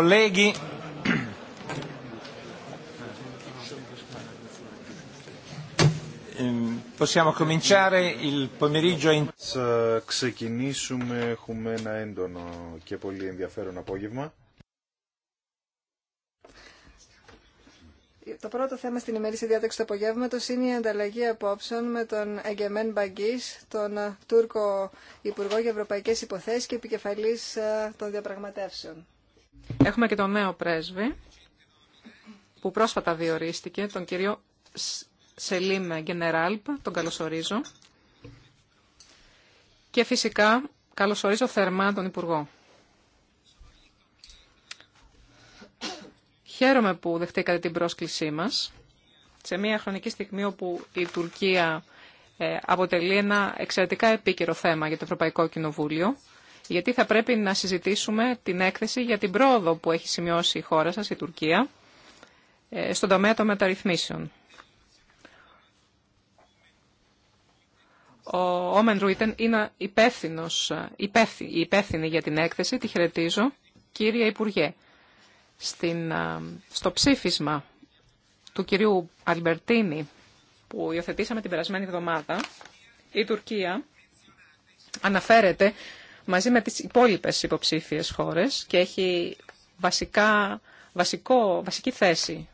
Colleghi, ehm, possiamo cominciare il pomeriggio in... Ε, ξεκινήσουμε, έχουμε ένα έντονο και πολύ ενδιαφέρον απόγευμα. Το πρώτο θέμα στην ημερήσια διάταξη του απογεύματο είναι η ανταλλαγή απόψεων με τον Εγκεμέν Μπαγκή, τον ε, Τούρκο Υπουργό για Ευρωπαϊκέ Υποθέσει και επικεφαλή ε, των διαπραγματεύσεων. Έχουμε και τον νέο πρέσβη που πρόσφατα διορίστηκε, τον κύριο Σελίμ Γενεράλπ, τον καλωσορίζω. Και φυσικά καλωσορίζω θερμά τον Υπουργό. Χαίρομαι που δεχτήκατε την πρόσκλησή μας σε μια χρονική στιγμή όπου η Τουρκία ε, αποτελεί ένα εξαιρετικά επίκαιρο θέμα για το Ευρωπαϊκό Κοινοβούλιο γιατί θα πρέπει να συζητήσουμε την έκθεση για την πρόοδο που έχει σημειώσει η χώρα σας, η Τουρκία, ε, στον τομέα των μεταρρυθμίσεων. Ο Όμεν Ρούιτεν είναι υπεύθυνος, υπεύθυ, υπεύθυνη για την έκθεση, τη χαιρετίζω. Κύριε Υπουργέ, στην, στο ψήφισμα του κυρίου Αλμπερτίνη που υιοθετήσαμε την περασμένη εβδομάδα, η Τουρκία αναφέρεται μαζί με τις υπόλοιπες υποψήφιες χώρες και έχει βασικά, βασικό, βασική θέση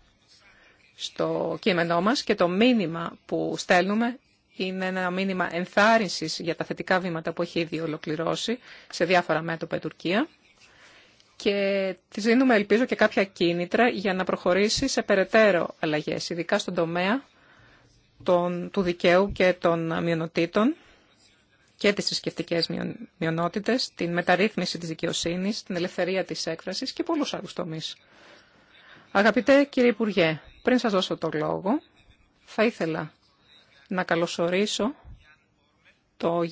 στο κείμενό μας και το μήνυμα που στέλνουμε είναι ένα μήνυμα ενθάρρυνσης για τα θετικά βήματα που έχει ήδη ολοκληρώσει σε διάφορα μέτωπα η Τουρκία και της δίνουμε ελπίζω και κάποια κίνητρα για να προχωρήσει σε περαιτέρω αλλαγές, ειδικά στον τομέα των, του δικαίου και των μειονοτήτων και τις θρησκευτικέ μειονότητες, την μεταρρύθμιση της δικαιοσύνης, την ελευθερία της έκφρασης και πολλούς άλλους τομείς. Αγαπητέ κύριε Υπουργέ, πριν σας δώσω το λόγο, θα ήθελα να καλωσορίσω το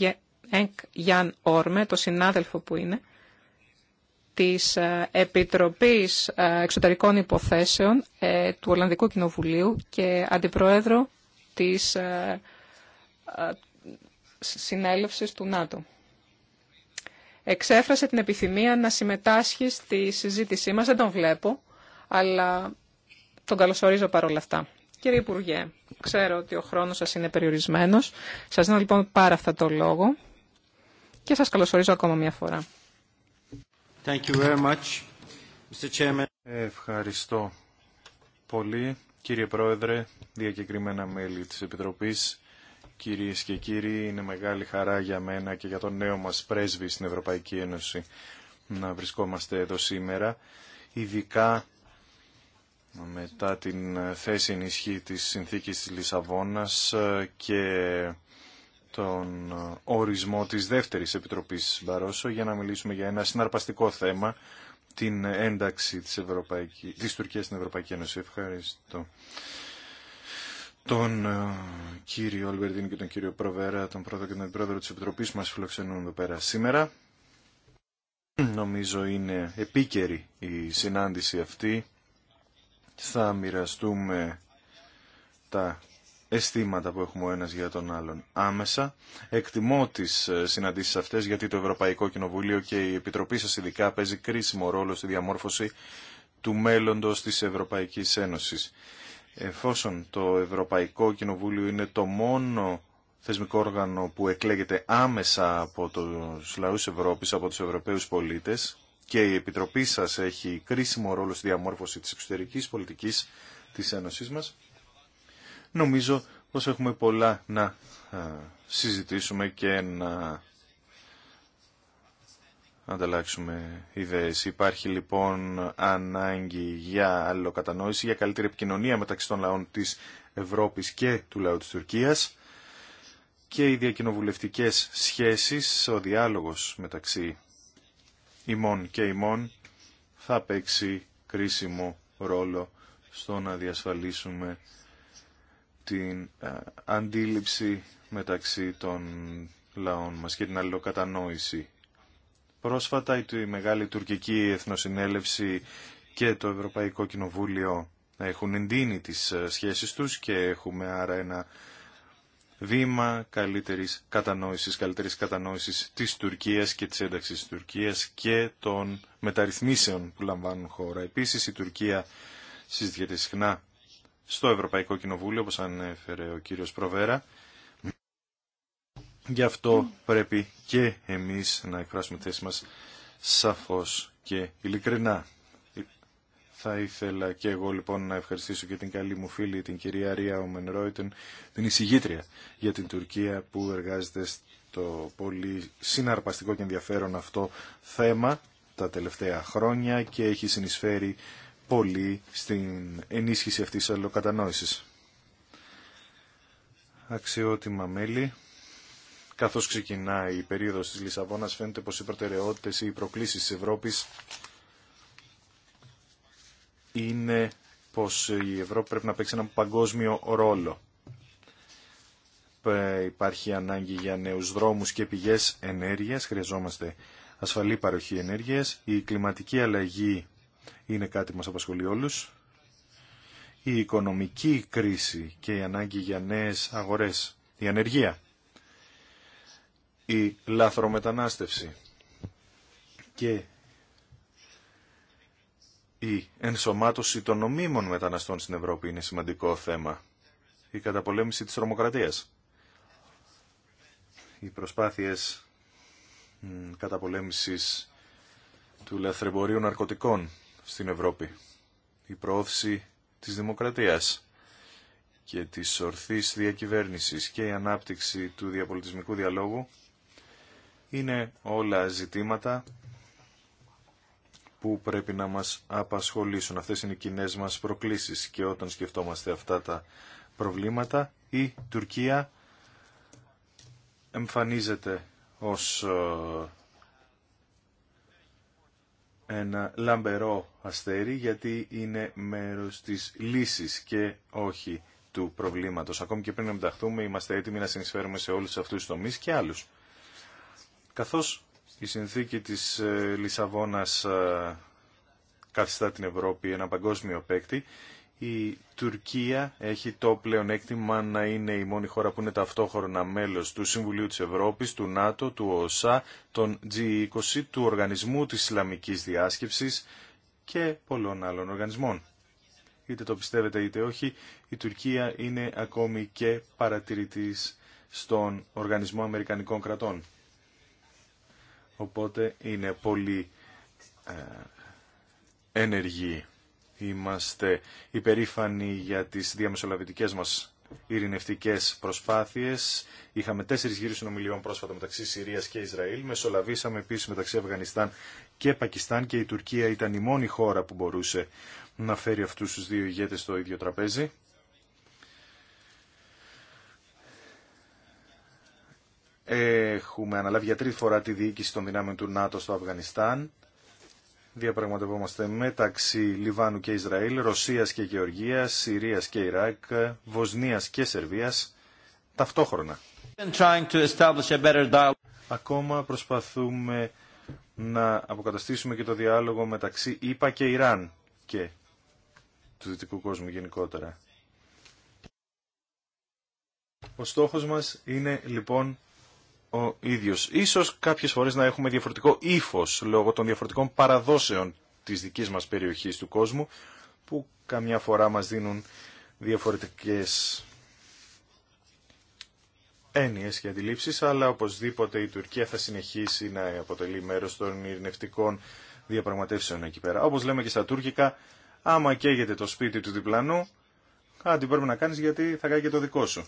ΕΚ Γιάν Όρμε, το συνάδελφο που είναι, της ε, Επιτροπής ε, Εξωτερικών Υποθέσεων ε, του Ολλανδικού Κοινοβουλίου και Αντιπρόεδρο της, συνέλευσης του ΝΑΤΟ. Εξέφρασε την επιθυμία να συμμετάσχει στη συζήτησή μας, δεν τον βλέπω, αλλά τον καλωσορίζω παρόλα αυτά. Κύριε Υπουργέ, ξέρω ότι ο χρόνος σας είναι περιορισμένος. Σας δίνω λοιπόν πάρα αυτά το λόγο και σας καλωσορίζω ακόμα μια φορά. Thank you very much, Mr. Chairman. Ευχαριστώ πολύ, κύριε Πρόεδρε, διακεκριμένα μέλη της Επιτροπής, Κυρίες και κύριοι, είναι μεγάλη χαρά για μένα και για τον νέο μας πρέσβη στην Ευρωπαϊκή Ένωση να βρισκόμαστε εδώ σήμερα, ειδικά μετά την θέση ενισχύ της συνθήκης της Λισαβόνας και τον ορισμό της δεύτερης Επιτροπής Μπαρόσο για να μιλήσουμε για ένα συναρπαστικό θέμα, την ένταξη της, Ευρωπαϊκή, της Τουρκίας στην Ευρωπαϊκή Ένωση. Ευχαριστώ τον ε, κύριο Αλβερδίνη και τον κύριο Προβέρα, τον πρόεδρο και τον πρόεδρο της Επιτροπής μας φιλοξενούν εδώ πέρα σήμερα. Νομίζω είναι επίκαιρη η συνάντηση αυτή. Θα μοιραστούμε τα αισθήματα που έχουμε ο ένας για τον άλλον άμεσα. Εκτιμώ τις ε, συναντήσεις αυτές γιατί το Ευρωπαϊκό Κοινοβούλιο και η Επιτροπή σας ειδικά παίζει κρίσιμο ρόλο στη διαμόρφωση του μέλλοντος της Ευρωπαϊκής Ένωσης εφόσον το Ευρωπαϊκό Κοινοβούλιο είναι το μόνο θεσμικό όργανο που εκλέγεται άμεσα από τους λαούς Ευρώπης, από τους Ευρωπαίους πολίτες και η Επιτροπή σας έχει κρίσιμο ρόλο στη διαμόρφωση της εξωτερικής πολιτικής της Ένωσης μας, νομίζω πως έχουμε πολλά να ε, συζητήσουμε και να ανταλλάξουμε ιδέες. Υπάρχει λοιπόν ανάγκη για αλληλοκατανόηση, για καλύτερη επικοινωνία μεταξύ των λαών της Ευρώπης και του λαού της Τουρκίας και οι διακοινοβουλευτικές σχέσεις, ο διάλογος μεταξύ ημών και ημών θα παίξει κρίσιμο ρόλο στο να διασφαλίσουμε την αντίληψη μεταξύ των λαών μας και την αλληλοκατανόηση Πρόσφατα η Μεγάλη Τουρκική Εθνοσυνέλευση και το Ευρωπαϊκό Κοινοβούλιο έχουν εντείνει τις ε, σχέσεις τους και έχουμε άρα ένα βήμα καλύτερης κατανόησης, καλύτερης κατανόησης της Τουρκίας και της ένταξης της Τουρκίας και των μεταρρυθμίσεων που λαμβάνουν χώρα. Επίσης η Τουρκία συζητιέται συχνά στο Ευρωπαϊκό Κοινοβούλιο, όπως ανέφερε ο κύριος Προβέρα, Γι' αυτό πρέπει και εμείς να εκφράσουμε θέση μας σαφώς και ειλικρινά. Θα ήθελα και εγώ λοιπόν να ευχαριστήσω και την καλή μου φίλη, την κυρία Ρία Ομενρόιτεν, την εισηγήτρια για την Τουρκία που εργάζεται στο πολύ συναρπαστικό και ενδιαφέρον αυτό θέμα τα τελευταία χρόνια και έχει συνεισφέρει πολύ στην ενίσχυση αυτής της αλληλοκατανόησης. Αξιότιμα μέλη. Καθώς ξεκινάει η περίοδος της Λισαβόνας φαίνεται πως οι προτεραιότητες ή οι προκλήσεις της Ευρώπης είναι πως η Ευρώπη πρέπει να παίξει έναν παγκόσμιο ρόλο. Ε, υπάρχει ανάγκη για νέους δρόμους και πηγές ενέργειας, χρειαζόμαστε ασφαλή παροχή ενέργειας, η κλιματική αλλαγή είναι κάτι που μας απασχολεί όλους, η οικονομική κρίση και η ανάγκη για νέες αγορές, η ανεργία η λάθρομετανάστευση και η ενσωμάτωση των νομίμων μεταναστών στην Ευρώπη είναι σημαντικό θέμα. Η καταπολέμηση της τρομοκρατίας. Οι προσπάθειες καταπολέμησης του λαθρεμπορίου ναρκωτικών στην Ευρώπη. Η προώθηση της δημοκρατίας και της ορθής διακυβέρνησης και η ανάπτυξη του διαπολιτισμικού διαλόγου είναι όλα ζητήματα που πρέπει να μας απασχολήσουν. Αυτές είναι οι κοινέ μας προκλήσεις και όταν σκεφτόμαστε αυτά τα προβλήματα η Τουρκία εμφανίζεται ως ε, ένα λαμπερό αστέρι γιατί είναι μέρος της λύσης και όχι του προβλήματος. Ακόμη και πριν ενταχθούμε είμαστε έτοιμοι να συνεισφέρουμε σε όλους αυτούς τους τομείς και άλλους. Καθώς η συνθήκη της ε, Λισαβόνας ε, καθιστά την Ευρώπη ένα παγκόσμιο παίκτη, η Τουρκία έχει το πλεονέκτημα να είναι η μόνη χώρα που είναι ταυτόχρονα μέλος του Συμβουλίου της Ευρώπης, του ΝΑΤΟ, του ΟΣΑ, των G20, του Οργανισμού της Ισλαμικής Διάσκεψης και πολλών άλλων οργανισμών. Είτε το πιστεύετε είτε όχι, η Τουρκία είναι ακόμη και παρατηρητής στον Οργανισμό Αμερικανικών Κρατών. Οπότε είναι πολύ ενεργοί. Είμαστε υπερήφανοι για τις διαμεσολαβητικές μας ειρηνευτικές προσπάθειες. Είχαμε τέσσερις γύρους συνομιλιών πρόσφατα μεταξύ Συρίας και Ισραήλ. Μεσολαβήσαμε επίση μεταξύ Αφγανιστάν και Πακιστάν και η Τουρκία ήταν η μόνη χώρα που μπορούσε να φέρει αυτούς τους δύο ηγέτες στο ίδιο τραπέζι. Έχουμε αναλάβει για τρίτη φορά τη διοίκηση των δυνάμεων του ΝΑΤΟ στο Αφγανιστάν. Διαπραγματευόμαστε μεταξύ Λιβάνου και Ισραήλ, Ρωσίας και Γεωργίας, Συρίας και Ιράκ, Βοσνίας και Σερβίας ταυτόχρονα. Ακόμα προσπαθούμε να αποκαταστήσουμε και το διάλογο μεταξύ ΙΠΑ και Ιράν και του δυτικού κόσμου γενικότερα. Ο στόχος μας είναι λοιπόν ο ίδιος. Ίσως κάποιες φορές να έχουμε διαφορετικό ύφος λόγω των διαφορετικών παραδόσεων της δικής μας περιοχής του κόσμου που καμιά φορά μας δίνουν διαφορετικές έννοιες και αντιλήψεις, αλλά οπωσδήποτε η Τουρκία θα συνεχίσει να αποτελεί μέρος των ειρηνευτικών διαπραγματεύσεων εκεί πέρα. Όπως λέμε και στα τουρκικά, άμα καίγεται το σπίτι του διπλανού, κάτι πρέπει να κάνεις γιατί θα κάνει και το δικό σου.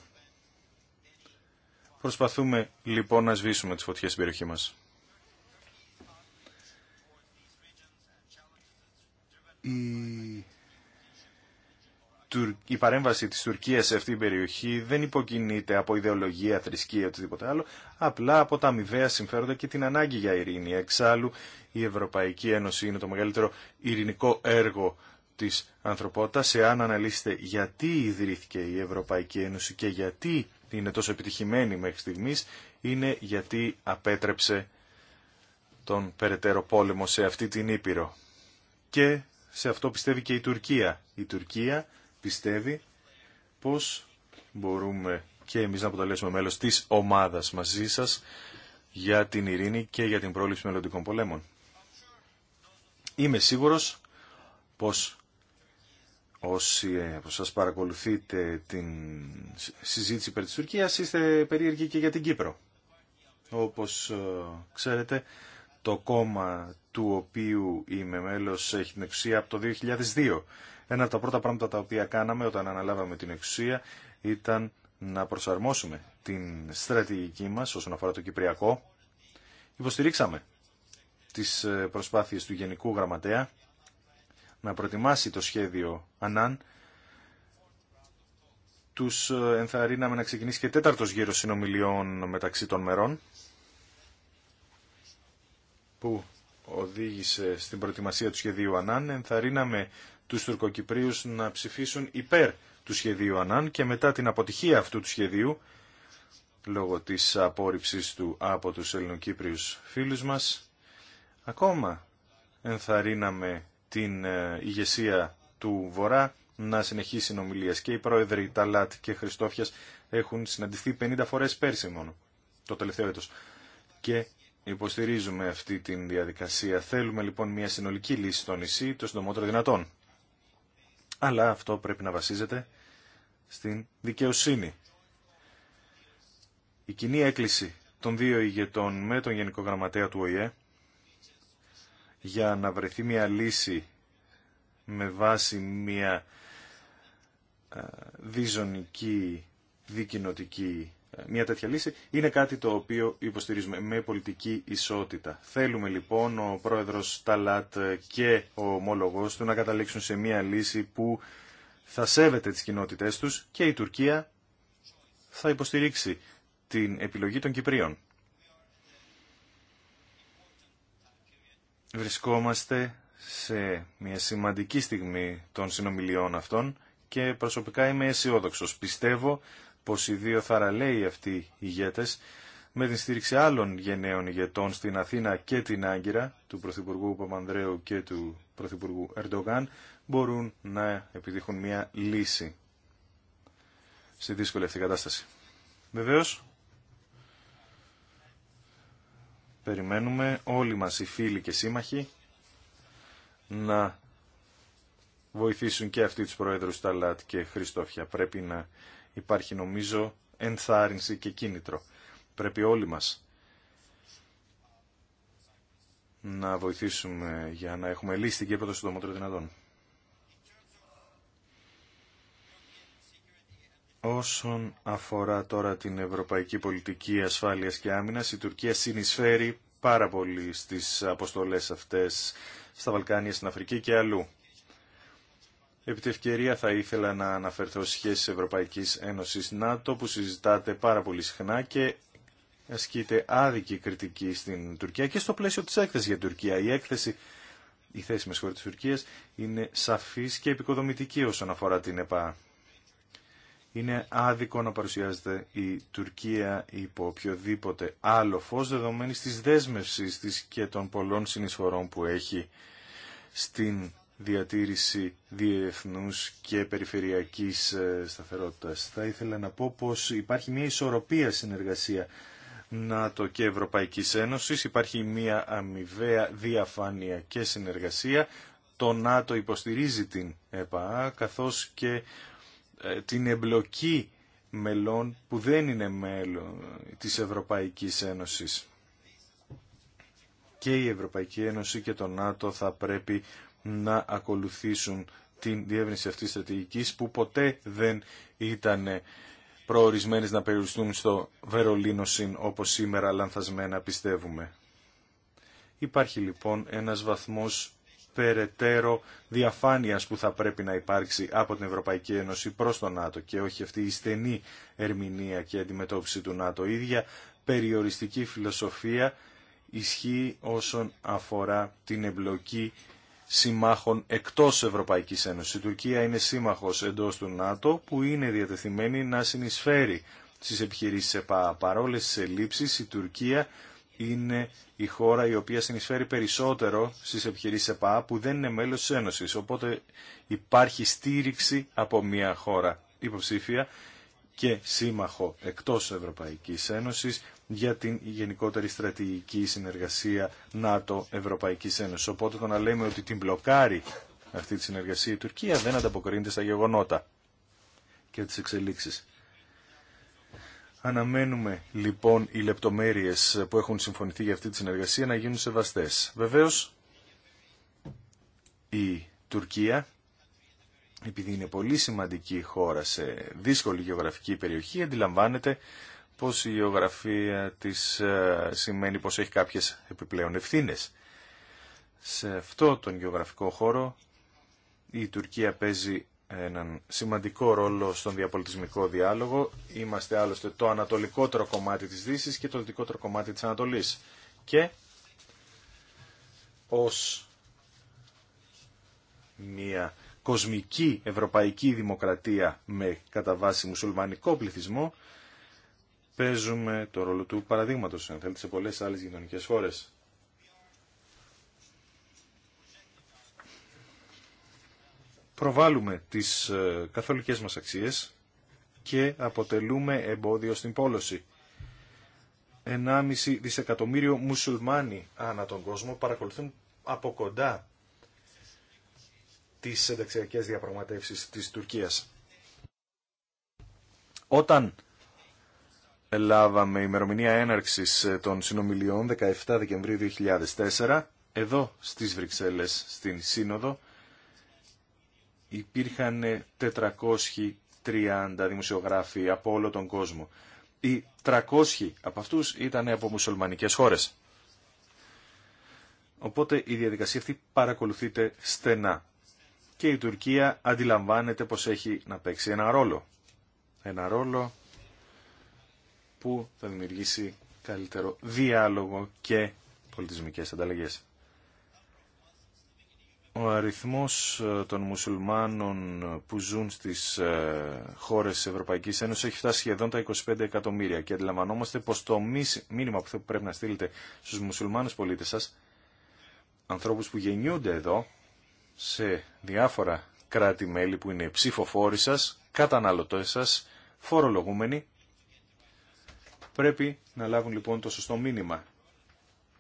Προσπαθούμε λοιπόν να σβήσουμε τις φωτιές στην περιοχή μας. Η... Η παρέμβαση της Τουρκίας σε αυτή την περιοχή δεν υποκινείται από ιδεολογία, θρησκεία ή οτιδήποτε άλλο, απλά από τα αμοιβαία συμφέροντα και την ανάγκη για ειρήνη. Εξάλλου, η Ευρωπαϊκή Ένωση είναι το μεγαλύτερο ειρηνικό έργο της ανθρωπότητας. Εάν αναλύσετε γιατί ιδρύθηκε η Ευρωπαϊκή Ένωση και γιατί είναι τόσο επιτυχημένη μέχρι στιγμής είναι γιατί απέτρεψε τον περαιτέρω πόλεμο σε αυτή την Ήπειρο. Και σε αυτό πιστεύει και η Τουρκία. Η Τουρκία πιστεύει πως μπορούμε και εμείς να αποτελέσουμε μέλος της ομάδας μαζί σας για την ειρήνη και για την πρόληψη μελλοντικών πολέμων. Είμαι σίγουρος πως όσοι από ε, σας παρακολουθείτε την συζήτηση περί της Τουρκίας είστε περίεργοι και για την Κύπρο. Όπως ε, ξέρετε το κόμμα του οποίου είμαι μέλος έχει την εξουσία από το 2002. Ένα από τα πρώτα πράγματα τα οποία κάναμε όταν αναλάβαμε την εξουσία ήταν να προσαρμόσουμε την στρατηγική μας όσον αφορά το Κυπριακό. Υποστηρίξαμε τις ε, προσπάθειες του Γενικού Γραμματέα να προετοιμάσει το σχέδιο Ανάν, τους ενθαρρύναμε να ξεκινήσει και τέταρτος γύρος συνομιλιών μεταξύ των μερών, που οδήγησε στην προετοιμασία του σχεδίου Ανάν. Ενθαρρύναμε τους τουρκοκυπρίους να ψηφίσουν υπέρ του σχεδίου Ανάν και μετά την αποτυχία αυτού του σχεδίου, λόγω της απόρριψης του από τους Ελληνοκύπριους φίλους μας, ακόμα ενθαρρύναμε την ε, ηγεσία του Βορρά να συνεχίσει συνομιλίε. Και οι πρόεδροι Ταλάτ και Χριστόφια έχουν συναντηθεί 50 φορέ πέρσι μόνο, το τελευταίο έτο. Και υποστηρίζουμε αυτή τη διαδικασία. Θέλουμε λοιπόν μια συνολική λύση στο νησί το συντομότερο δυνατόν. Αλλά αυτό πρέπει να βασίζεται στην δικαιοσύνη. Η κοινή έκκληση των δύο ηγετών με τον Γενικό Γραμματέα του ΟΗΕ για να βρεθεί μια λύση με βάση μια διζωνική, δικοινοτική μια τέτοια λύση είναι κάτι το οποίο υποστηρίζουμε με πολιτική ισότητα. Θέλουμε λοιπόν ο πρόεδρος Ταλάτ και ο ομόλογος του να καταλήξουν σε μια λύση που θα σέβεται τις κοινότητές τους και η Τουρκία θα υποστηρίξει την επιλογή των Κυπρίων. Βρισκόμαστε σε μια σημαντική στιγμή των συνομιλιών αυτών και προσωπικά είμαι αισιόδοξο. Πιστεύω πω οι δύο θαραλέοι αυτοί οι με την στήριξη άλλων γενναίων ηγετών στην Αθήνα και την Άγκυρα, του Πρωθυπουργού Παπανδρέου και του Πρωθυπουργού Ερντογάν, μπορούν να επιτύχουν μια λύση στη δύσκολη αυτή κατάσταση. Βεβαίως, περιμένουμε όλοι μας οι φίλοι και σύμμαχοι να βοηθήσουν και αυτοί τους Προέδρους Ταλάτ και Χριστόφια. Πρέπει να υπάρχει νομίζω ενθάρρυνση και κίνητρο. Πρέπει όλοι μας να βοηθήσουμε για να έχουμε λύση την Κύπρο των συντομότερων Όσον αφορά τώρα την ευρωπαϊκή πολιτική ασφάλειας και άμυνας, η Τουρκία συνεισφέρει πάρα πολύ στις αποστολές αυτές στα Βαλκάνια, στην Αφρική και αλλού. Επί τη ευκαιρία θα ήθελα να αναφερθώ στις σχέσεις Ευρωπαϊκής Ένωσης ΝΑΤΟ που συζητάτε πάρα πολύ συχνά και ασκείται άδικη κριτική στην Τουρκία και στο πλαίσιο της έκθεσης για Τουρκία. Η έκθεση, η θέση με σχόλια της Τουρκίας είναι σαφής και επικοδομητική όσον αφορά την ΕΠΑ είναι άδικο να παρουσιάζεται η Τουρκία υπό οποιοδήποτε άλλο φως δεδομένη της δέσμευσης της και των πολλών συνεισφορών που έχει στην διατήρηση διεθνούς και περιφερειακής ε, σταθερότητας. Θα ήθελα να πω πως υπάρχει μια ισορροπία συνεργασία ΝΑΤΟ και Ευρωπαϊκής Ένωσης, υπάρχει μια αμοιβαία διαφάνεια και συνεργασία. Το ΝΑΤΟ υποστηρίζει την ΕΠΑ καθώς και ε, την εμπλοκή μελών που δεν είναι μέλο της Ευρωπαϊκής Ένωσης. Και η Ευρωπαϊκή Ένωση και το ΝΑΤΟ θα πρέπει να ακολουθήσουν την διεύρυνση αυτής της στρατηγικής που ποτέ δεν ήταν προορισμένες να περιοριστούν στο Βερολίνο συν όπως σήμερα λανθασμένα πιστεύουμε. Υπάρχει λοιπόν ένας βαθμός περαιτέρω διαφάνειας που θα πρέπει να υπάρξει από την Ευρωπαϊκή Ένωση προς το ΝΑΤΟ και όχι αυτή η στενή ερμηνεία και αντιμετώπιση του ΝΑΤΟ. Η ίδια περιοριστική φιλοσοφία ισχύει όσον αφορά την εμπλοκή συμμάχων εκτός Ευρωπαϊκής Ένωσης. Η Τουρκία είναι σύμμαχος εντός του ΝΑΤΟ που είναι διατεθειμένη να συνεισφέρει στις επιχειρήσεις ΕΠΑ. Παρόλες τις ελλείψεις η Τουρκία είναι η χώρα η οποία συνεισφέρει περισσότερο στις επιχειρήσεις ΕΠΑ που δεν είναι μέλος της Ένωσης. Οπότε υπάρχει στήριξη από μια χώρα υποψήφια και σύμμαχο εκτός Ευρωπαϊκής Ένωσης για την γενικότερη στρατηγική συνεργασία ΝΑΤΟ-Ευρωπαϊκής Ένωσης. Οπότε το να λέμε ότι την μπλοκάρει αυτή τη συνεργασία η Τουρκία δεν ανταποκρίνεται στα γεγονότα και τις εξελίξεις. Αναμένουμε λοιπόν οι λεπτομέρειες που έχουν συμφωνηθεί για αυτή τη συνεργασία να γίνουν σεβαστές. Βεβαίως η Τουρκία, επειδή είναι πολύ σημαντική χώρα σε δύσκολη γεωγραφική περιοχή, αντιλαμβάνεται πως η γεωγραφία της ε, σημαίνει πως έχει κάποιες επιπλέον ευθύνες. Σε αυτό τον γεωγραφικό χώρο η Τουρκία παίζει έναν σημαντικό ρόλο στον διαπολιτισμικό διάλογο. Είμαστε άλλωστε το ανατολικότερο κομμάτι της Δύσης και το δυτικότερο κομμάτι της Ανατολής. Και ως μια κοσμική ευρωπαϊκή δημοκρατία με κατά βάση μουσουλμανικό πληθυσμό παίζουμε το ρόλο του παραδείγματος, αν θέλετε, σε πολλές άλλες γειτονικές χώρες. προβάλλουμε τις ε, καθολικές μας αξίες και αποτελούμε εμπόδιο στην πόλωση. 1,5 δισεκατομμύριο μουσουλμάνοι ανά τον κόσμο παρακολουθούν από κοντά τις ενταξιακές διαπραγματεύσεις της Τουρκίας. Όταν λάβαμε ημερομηνία έναρξης ε, των συνομιλιών 17 Δεκεμβρίου 2004, εδώ στις Βρυξέλλες, στην Σύνοδο, υπήρχαν 430 δημοσιογράφοι από όλο τον κόσμο. Οι 300 από αυτούς ήταν από μουσουλμανικές χώρες. Οπότε η διαδικασία αυτή παρακολουθείται στενά. Και η Τουρκία αντιλαμβάνεται πως έχει να παίξει ένα ρόλο. Ένα ρόλο που θα δημιουργήσει καλύτερο διάλογο και πολιτισμικές ανταλλαγές. Ο αριθμός ε, των μουσουλμάνων που ζουν στις ε, χώρες της Ευρωπαϊκής Ένωσης έχει φτάσει σχεδόν τα 25 εκατομμύρια και αντιλαμβανόμαστε πως το μήνυμα που πρέπει να στείλετε στους μουσουλμάνους πολίτες σας, ανθρώπους που γεννιούνται εδώ, σε διάφορα κράτη-μέλη που είναι ψηφοφόροι σας, καταναλωτές σας, φορολογούμενοι, πρέπει να λάβουν λοιπόν το σωστό μήνυμα.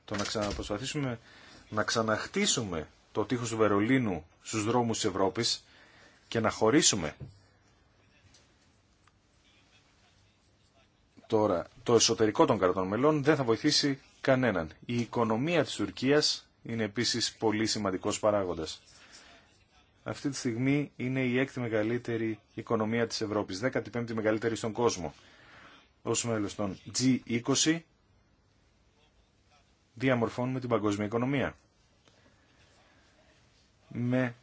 Το να ξαναπροσπαθήσουμε να ξαναχτίσουμε το τείχος του Βερολίνου στους δρόμους της Ευρώπης και να χωρίσουμε τώρα το εσωτερικό των κρατών μελών δεν θα βοηθήσει κανέναν. Η οικονομία της Τουρκίας είναι επίσης πολύ σημαντικός παράγοντας. Αυτή τη στιγμή είναι η έκτη μεγαλύτερη οικονομία της Ευρώπης, 15η μεγαλύτερη στον κόσμο. Ως μέλος των G20 διαμορφώνουμε την παγκόσμια οικονομία με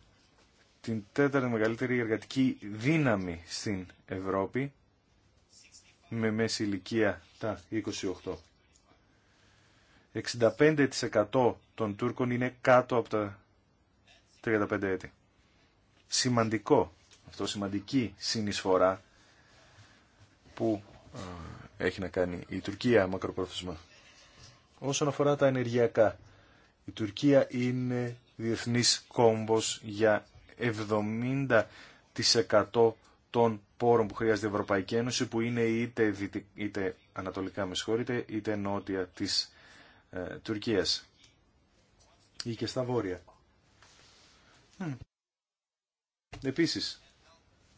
την τέταρτη μεγαλύτερη εργατική δύναμη στην Ευρώπη με μέση ηλικία τα 28. 65% των Τούρκων είναι κάτω από τα 35 έτη. Σημαντικό, αυτό σημαντική συνεισφορά που ε, έχει να κάνει η Τουρκία μακροπρόθεσμα. Όσον αφορά τα ενεργειακά, η Τουρκία είναι διεθνής κόμβος για 70% των πόρων που χρειάζεται η Ευρωπαϊκή Ένωση που είναι είτε, είτε ανατολικά με συγχωρείτε, είτε νότια της ε, Τουρκίας ή και στα βόρεια. Επίσης,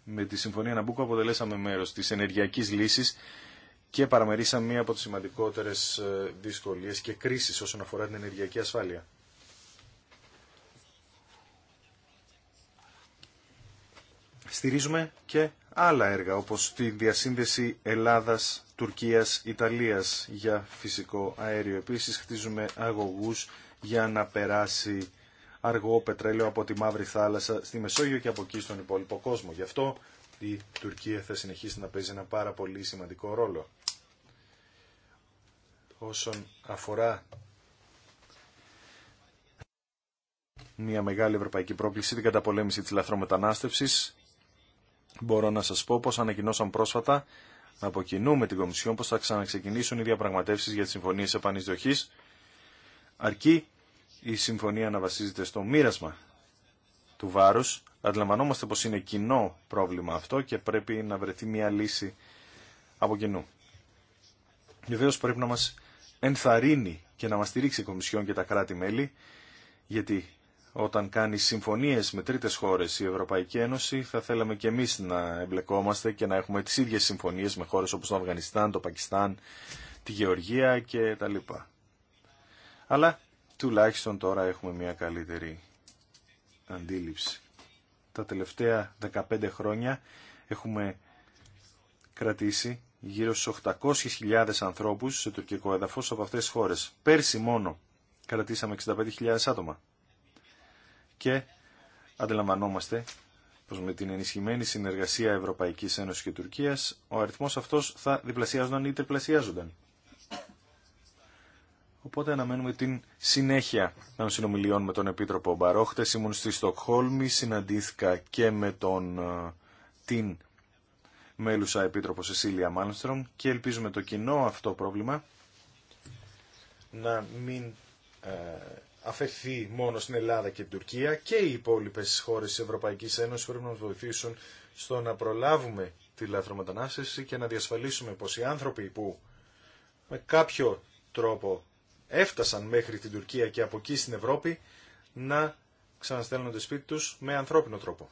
με τη Συμφωνία Ναμπούκο αποτελέσαμε μέρος της ενεργειακής λύσης και παραμερίσαμε μία από τις σημαντικότερες ε, δυσκολίες και κρίσεις όσον αφορά την ενεργειακή ασφάλεια. στηρίζουμε και άλλα έργα, όπως τη διασύνδεση Ελλάδας, Τουρκίας, Ιταλίας για φυσικό αέριο. Επίσης χτίζουμε αγωγούς για να περάσει αργό πετρέλαιο από τη Μαύρη Θάλασσα στη Μεσόγειο και από εκεί στον υπόλοιπο κόσμο. Γι' αυτό η Τουρκία θα συνεχίσει να παίζει ένα πάρα πολύ σημαντικό ρόλο. Όσον αφορά μια μεγάλη ευρωπαϊκή πρόκληση, την καταπολέμηση της λαθρομετανάστευσης, Μπορώ να σας πω πω ανακοινώσαν πρόσφατα από κοινού με την Κομισιόν πως θα ξαναξεκινήσουν οι διαπραγματεύσει για τι συμφωνίε επανεισδοχή, αρκεί η συμφωνία να βασίζεται στο μοίρασμα του βάρου. Αντιλαμβανόμαστε πως είναι κοινό πρόβλημα αυτό και πρέπει να βρεθεί μια λύση από κοινού. Βεβαίω πρέπει να μα ενθαρρύνει και να μα στηρίξει η Κομισιόν και τα κράτη-μέλη, γιατί όταν κάνει συμφωνίες με τρίτες χώρες η Ευρωπαϊκή Ένωση θα θέλαμε και εμείς να εμπλεκόμαστε και να έχουμε τις ίδιες συμφωνίες με χώρες όπως το Αφγανιστάν, το Πακιστάν, τη Γεωργία και τα λοιπά. Αλλά τουλάχιστον τώρα έχουμε μια καλύτερη αντίληψη. Τα τελευταία 15 χρόνια έχουμε κρατήσει γύρω στους 800.000 ανθρώπους σε τουρκικό έδαφος από αυτές τις χώρες. Πέρσι μόνο κρατήσαμε 65.000 άτομα και αντιλαμβανόμαστε πως με την ενισχυμένη συνεργασία Ευρωπαϊκής Ένωσης και Τουρκίας ο αριθμός αυτός θα διπλασιάζονταν ή τριπλασιάζονταν. Οπότε αναμένουμε την συνέχεια των συνομιλιών με τον Επίτροπο Μπαρόχτε. Ήμουν στη Στοκχόλμη, συναντήθηκα και με τον, ε, την μέλουσα Επίτροπο Σεσίλια Μάλμστρομ και ελπίζουμε το κοινό αυτό πρόβλημα να μην ε, αφαιθεί μόνο στην Ελλάδα και την Τουρκία και οι υπόλοιπε χώρε τη Ευρωπαϊκή Ένωση πρέπει να βοηθήσουν στο να προλάβουμε τη λαθρομετανάστευση και να διασφαλίσουμε πω οι άνθρωποι που με κάποιο τρόπο έφτασαν μέχρι την Τουρκία και από εκεί στην Ευρώπη να ξαναστέλνονται σπίτι τους με ανθρώπινο τρόπο.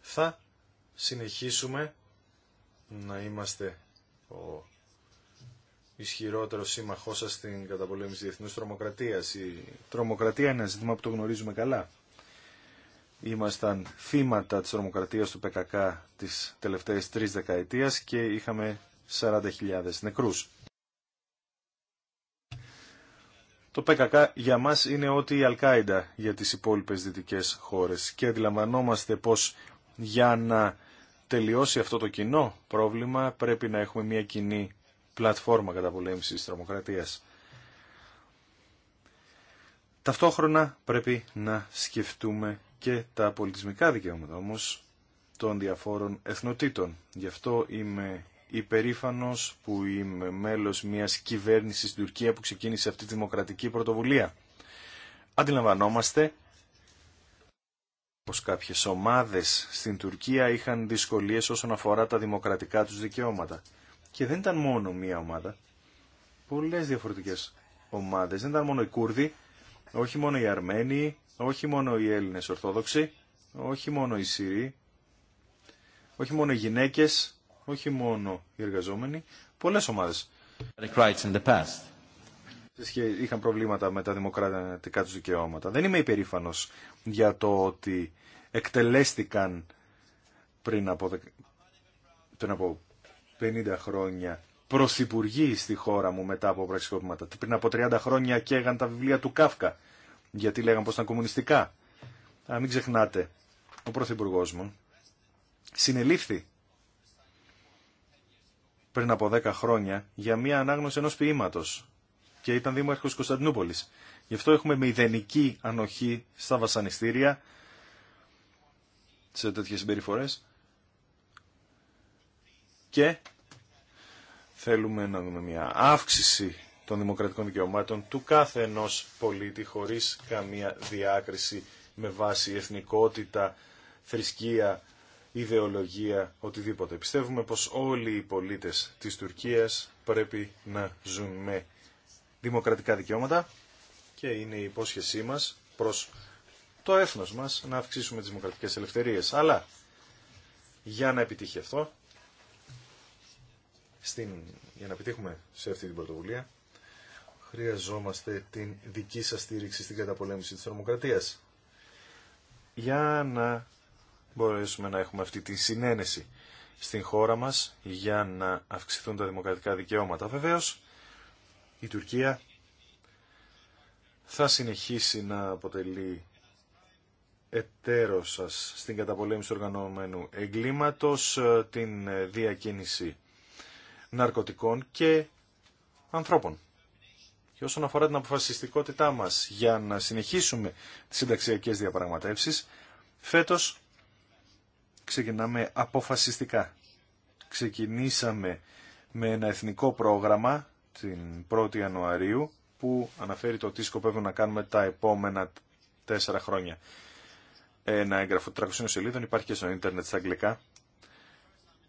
Θα συνεχίσουμε να είμαστε ο ισχυρότερο σύμμαχό σα στην καταπολέμηση διεθνού τρομοκρατίας. Η τρομοκρατία είναι ένα ζήτημα που το γνωρίζουμε καλά. Ήμασταν θύματα της τρομοκρατίας του ΠΚΚ τι τελευταίε τρει δεκαετίε και είχαμε 40.000 νεκρούς. Το ΠΚΚ για μας είναι ότι η Αλκάιντα για τις υπόλοιπες δυτικές χώρες και αντιλαμβανόμαστε πως για να τελειώσει αυτό το κοινό πρόβλημα πρέπει να έχουμε μια κοινή πλατφόρμα καταπολέμησης της τρομοκρατίας. Ταυτόχρονα πρέπει να σκεφτούμε και τα πολιτισμικά δικαιώματα όμως των διαφόρων εθνοτήτων. Γι' αυτό είμαι υπερήφανος που είμαι μέλος μιας κυβέρνησης στην Τουρκία που ξεκίνησε αυτή τη δημοκρατική πρωτοβουλία. Αντιλαμβανόμαστε πως κάποιες ομάδες στην Τουρκία είχαν δυσκολίες όσον αφορά τα δημοκρατικά τους δικαιώματα. Και δεν ήταν μόνο μία ομάδα. Πολλές διαφορετικές ομάδες. Δεν ήταν μόνο οι Κούρδοι, όχι μόνο οι Αρμένοι, όχι μόνο οι Έλληνες Ορθόδοξοι, όχι μόνο οι Σύριοι, όχι μόνο οι γυναίκες, όχι μόνο οι εργαζόμενοι, πολλές ομάδες. Είχαν προβλήματα με τα δημοκρατικά του δικαιώματα. Δεν είμαι υπερήφανο για το ότι εκτελέστηκαν πριν από, πριν από 50 χρόνια πρωθυπουργοί στη χώρα μου μετά από πραξικοπήματα. Πριν από 30 χρόνια καίγαν τα βιβλία του Κάφκα, γιατί λέγαν πως ήταν κομμουνιστικά. Α, μην ξεχνάτε, ο πρωθυπουργό μου συνελήφθη πριν από 10 χρόνια για μία ανάγνωση ενός ποίηματος και ήταν δήμαρχος Κωνσταντινούπολης. Γι' αυτό έχουμε ιδενική ανοχή στα βασανιστήρια σε τέτοιες συμπεριφορές και Θέλουμε να δούμε μια αύξηση των δημοκρατικών δικαιωμάτων του κάθε ενός πολίτη χωρίς καμία διάκριση με βάση εθνικότητα, θρησκεία, ιδεολογία, οτιδήποτε. Πιστεύουμε πως όλοι οι πολίτες της Τουρκίας πρέπει να ζουν με δημοκρατικά δικαιώματα και είναι η υπόσχεσή μας προς το έθνος μας να αυξήσουμε τις δημοκρατικές ελευθερίες. Αλλά για να επιτύχει αυτό στην, για να επιτύχουμε σε αυτή την πρωτοβουλία, χρειαζόμαστε την δική σας στήριξη στην καταπολέμηση της θερμοκρατίας. Για να μπορέσουμε να έχουμε αυτή τη συνένεση στην χώρα μας για να αυξηθούν τα δημοκρατικά δικαιώματα. Βεβαίως, η Τουρκία θα συνεχίσει να αποτελεί εταίρο σας στην καταπολέμηση του οργανωμένου εγκλήματος, την διακίνηση ναρκωτικών και ανθρώπων. Και όσον αφορά την αποφασιστικότητά μας για να συνεχίσουμε τις συνταξιακές διαπραγματεύσεις, φέτος ξεκινάμε αποφασιστικά. Ξεκινήσαμε με ένα εθνικό πρόγραμμα την 1η Ιανουαρίου που αναφέρει το τι σκοπεύουμε να κάνουμε τα επόμενα τέσσερα χρόνια. Ένα έγγραφο 300 σελίδων υπάρχει και στο ίντερνετ στα αγγλικά.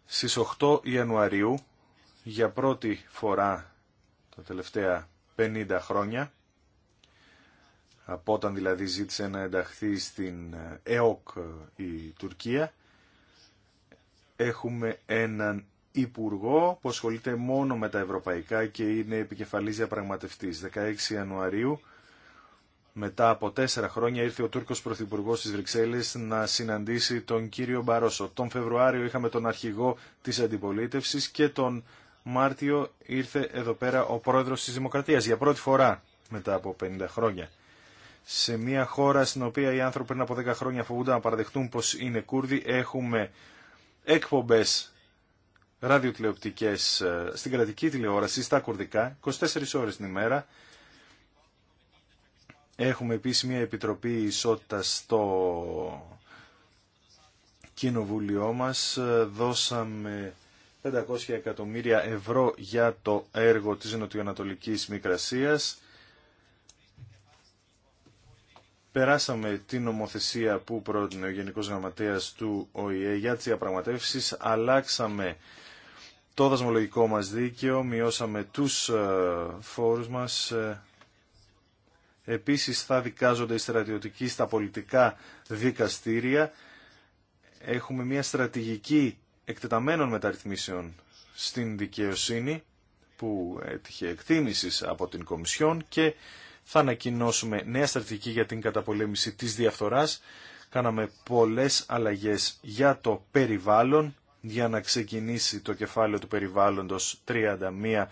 Στις 8 Ιανουαρίου για πρώτη φορά τα τελευταία 50 χρόνια, από όταν δηλαδή ζήτησε να ενταχθεί στην ΕΟΚ η Τουρκία, έχουμε έναν υπουργό που ασχολείται μόνο με τα ευρωπαϊκά και είναι επικεφαλής διαπραγματευτής. 16 Ιανουαρίου, μετά από τέσσερα χρόνια, ήρθε ο Τούρκος Πρωθυπουργό της Βρυξέλλης να συναντήσει τον κύριο Μπαρόσο. Τον Φεβρουάριο είχαμε τον αρχηγό της αντιπολίτευσης και τον Μάρτιο ήρθε εδώ πέρα ο πρόεδρος της Δημοκρατίας για πρώτη φορά μετά από 50 χρόνια. Σε μια χώρα στην οποία οι άνθρωποι πριν από 10 χρόνια φοβούνται να παραδεχτούν πως είναι Κούρδοι έχουμε εκπομπές ραδιοτηλεοπτικές ε, στην κρατική τηλεόραση στα κουρδικά 24 ώρες την ημέρα. Έχουμε επίσης μια επιτροπή ισότητας στο κοινοβούλιο μας. Δώσαμε 500 εκατομμύρια ευρώ για το έργο της Νοτιοανατολικής Μικρασίας. Περάσαμε την νομοθεσία που πρότεινε ο Γενικός Γραμματέας του ΟΗΕ για τις διαπραγματεύσεις. Αλλάξαμε το δασμολογικό μας δίκαιο, μειώσαμε τους ε, φόρους μας. Ε, επίσης θα δικάζονται οι στρατιωτικοί στα πολιτικά δικαστήρια. Έχουμε μια στρατηγική εκτεταμένων μεταρρυθμίσεων στην δικαιοσύνη που έτυχε εκτίμηση από την Κομισιόν και θα ανακοινώσουμε νέα στρατηγική για την καταπολέμηση της διαφθοράς. Κάναμε πολλές αλλαγές για το περιβάλλον για να ξεκινήσει το κεφάλαιο του περιβάλλοντος 31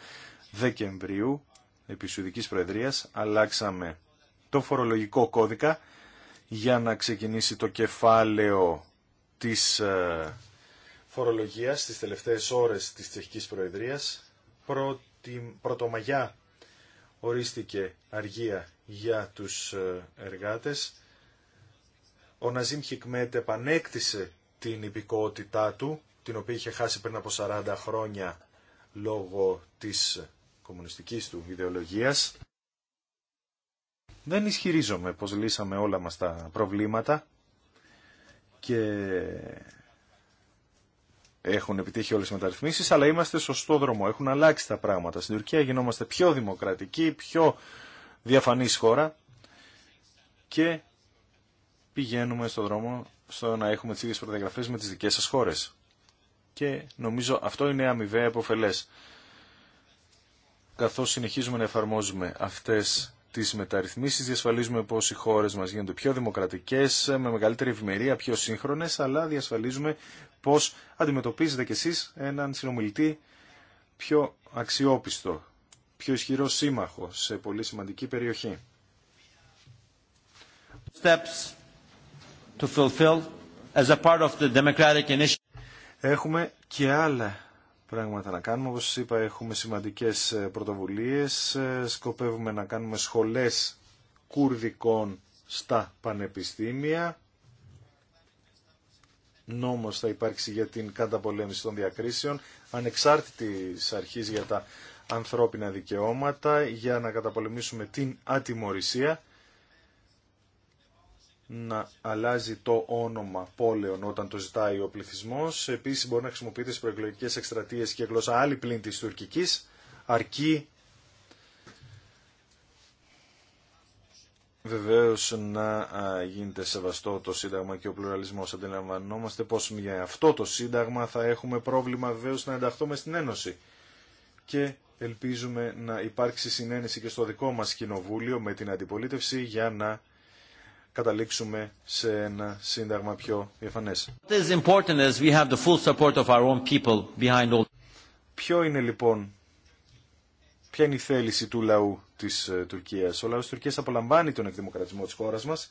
Δεκεμβρίου επί Σουηδικής Προεδρίας. Αλλάξαμε το φορολογικό κώδικα για να ξεκινήσει το κεφάλαιο της ε, φορολογίας στις τελευταίες ώρες της Τσεχικής Προεδρίας. πρωτομαγιά ορίστηκε αργία για τους ε, εργάτες. Ο Ναζίμ Χικμέτ επανέκτησε την υπηκότητά του, την οποία είχε χάσει πριν από 40 χρόνια λόγω της κομμουνιστικής του ιδεολογίας. Δεν ισχυρίζομαι πως λύσαμε όλα μας τα προβλήματα και έχουν επιτύχει όλες οι μεταρρυθμίσεις, αλλά είμαστε σωστό δρόμο. Έχουν αλλάξει τα πράγματα. Στην Τουρκία γινόμαστε πιο δημοκρατική, πιο διαφανής χώρα και πηγαίνουμε στο δρόμο στο να έχουμε τις ίδιες προδιαγραφές με τις δικές σας χώρες. Και νομίζω αυτό είναι αμοιβαία επωφελές. Καθώς συνεχίζουμε να εφαρμόζουμε αυτές τι μεταρρυθμίσει, διασφαλίζουμε πως οι χώρες μας γίνονται πιο δημοκρατικές, με μεγαλύτερη ευημερία, πιο σύγχρονες, αλλά διασφαλίζουμε πως αντιμετωπίζετε κι εσεί έναν συνομιλητή πιο αξιόπιστο, πιο ισχυρό σύμμαχο σε πολύ σημαντική περιοχή. Steps to fulfill as a part of the democratic initiative. Έχουμε και άλλα πράγματα να κάνουμε. Όπως είπα έχουμε σημαντικές ε, πρωτοβουλίες. Ε, σκοπεύουμε να κάνουμε σχολές κουρδικών στα πανεπιστήμια. Νόμος θα υπάρξει για την καταπολέμηση των διακρίσεων, ανεξάρτητη αρχή για τα ανθρώπινα δικαιώματα, για να καταπολεμήσουμε την ατιμορρησία να αλλάζει το όνομα πόλεων όταν το ζητάει ο πληθυσμό. Επίση, μπορεί να χρησιμοποιείται στι προεκλογικέ εκστρατείε και γλώσσα άλλη πλην τη τουρκική, αρκεί βεβαίω να γίνεται σεβαστό το Σύνταγμα και ο πλουραλισμό. Αντιλαμβανόμαστε πω για αυτό το Σύνταγμα θα έχουμε πρόβλημα βεβαίω να ενταχθούμε στην Ένωση. Και ελπίζουμε να υπάρξει συνένεση και στο δικό μας κοινοβούλιο με την αντιπολίτευση για να καταλήξουμε σε ένα σύνταγμα πιο διαφανές. Ποιο είναι λοιπόν, ποια είναι η θέληση του λαού της ε, Τουρκίας. Ο λαός της Τουρκίας απολαμβάνει τον εκδημοκρατισμό της χώρας μας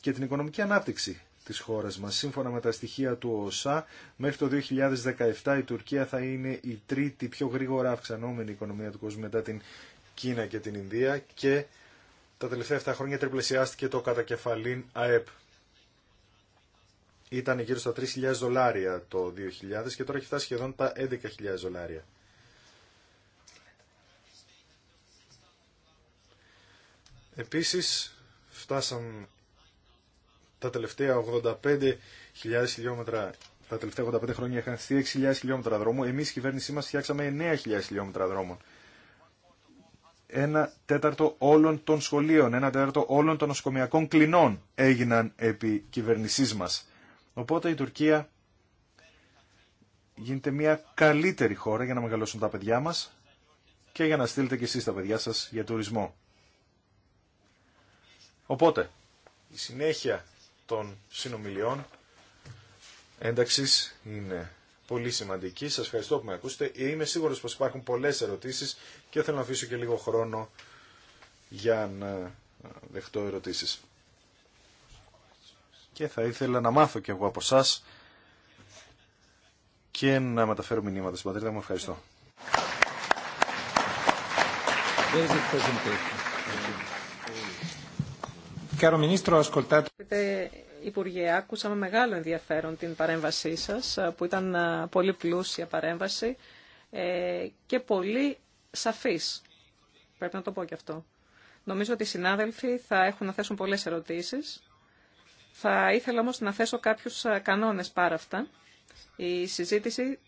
και την οικονομική ανάπτυξη της χώρας μας. Σύμφωνα με τα στοιχεία του ΟΣΑ, μέχρι το 2017 η Τουρκία θα είναι η τρίτη πιο γρήγορα αυξανόμενη οικονομία του κόσμου μετά την Κίνα και την Ινδία και τα τελευταία 7 χρόνια τριπλασιάστηκε το κατακεφαλήν ΑΕΠ. Ήταν γύρω στα 3.000 δολάρια το 2000 και τώρα έχει φτάσει σχεδόν τα 11.000 δολάρια. Επίσης φτάσαν τα τελευταία 85.000 χιλιόμετρα τα τελευταία 85 χρόνια είχαν στη 6.000 χιλιόμετρα δρόμου. Εμείς, η κυβέρνησή μα, φτιάξαμε 9.000 χιλιόμετρα δρόμων ένα τέταρτο όλων των σχολείων, ένα τέταρτο όλων των νοσοκομιακών κλινών έγιναν επί κυβερνησής μας. Οπότε η Τουρκία γίνεται μια καλύτερη χώρα για να μεγαλώσουν τα παιδιά μας και για να στείλετε και εσείς τα παιδιά σας για τουρισμό. Οπότε, η συνέχεια των συνομιλιών ένταξης είναι πολύ σημαντική. Σας ευχαριστώ που με ακούσετε. Είμαι σίγουρος πως υπάρχουν πολλές ερωτήσεις και θέλω να αφήσω και λίγο χρόνο για να δεχτώ ερωτήσεις. Και θα ήθελα να μάθω κι εγώ από εσά και να μεταφέρω μηνύματα στην πατρίδα μου. Ευχαριστώ. Caro Ministro, Υπουργέ, άκουσα με μεγάλο ενδιαφέρον την παρέμβασή σας, ε, που ήταν ε, πολύ πλούσια παρέμβαση ε, και πολύ σαφής. Πρέπει να το πω και αυτό. Νομίζω ότι οι συνάδελφοι θα έχουν να θέσουν πολλές ερωτήσεις. Θα ήθελα όμως να θέσω κάποιους κανόνες πάρα αυτά. Η συζήτηση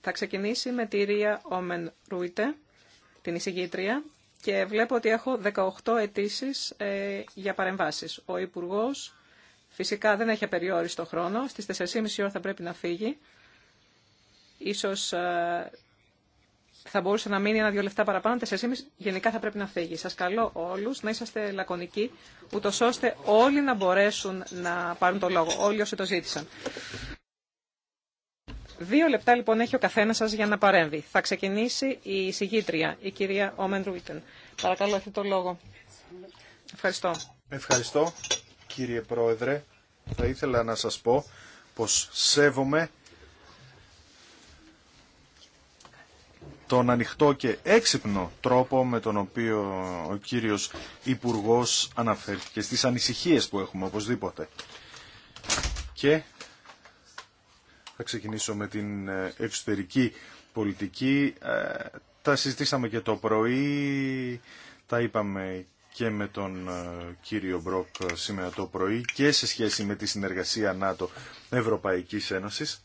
θα ξεκινήσει με τη Ρία Όμεν Ρούιτε, την εισηγήτρια, και βλέπω ότι έχω 18 αιτήσει για παρεμβάσεις. Ο Υπουργός Φυσικά δεν έχει απεριόριστο χρόνο. Στις 4.30 ώρα θα πρέπει να φύγει. Ίσως ε, θα μπορούσε να μείνει ένα-δύο λεφτά παραπάνω. 4.30 γενικά θα πρέπει να φύγει. Σας καλώ όλους να είσαστε λακωνικοί, ούτω ώστε όλοι να μπορέσουν να πάρουν το λόγο. Όλοι όσοι το ζήτησαν. Δύο λεπτά λοιπόν έχει ο καθένας σας για να παρέμβει. Θα ξεκινήσει η συγγήτρια, η κυρία Όμεν Ρούιτεν. Παρακαλώ, έχετε το λόγο. Ευχαριστώ. Ευχαριστώ κύριε Πρόεδρε. Θα ήθελα να σας πω πως σέβομαι τον ανοιχτό και έξυπνο τρόπο με τον οποίο ο κύριος Υπουργός αναφέρθηκε στις ανησυχίες που έχουμε οπωσδήποτε. Και θα ξεκινήσω με την ε, εξωτερική πολιτική. Ε, τα συζητήσαμε και το πρωί, τα είπαμε και με τον ε, κύριο Μπροκ ε, σήμερα το πρωί και σε σχέση με τη συνεργασία ΝΑΤΟ Ευρωπαϊκής Ένωσης.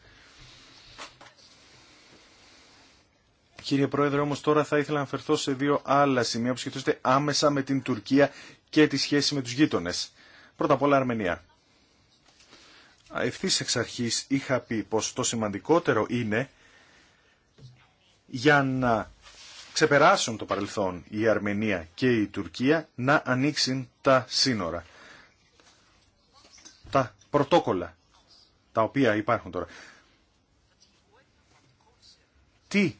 Κύριε Πρόεδρε, όμως τώρα θα ήθελα να αφαιρθώ σε δύο άλλα σημεία που σχετίζονται άμεσα με την Τουρκία και τη σχέση με τους γείτονες. Πρώτα απ' όλα Αρμενία. Ευθύ εξ αρχής είχα πει πως το σημαντικότερο είναι για να ξεπεράσουν το παρελθόν η Αρμενία και η Τουρκία να ανοίξουν τα σύνορα. Τα πρωτόκολλα τα οποία υπάρχουν τώρα. Τι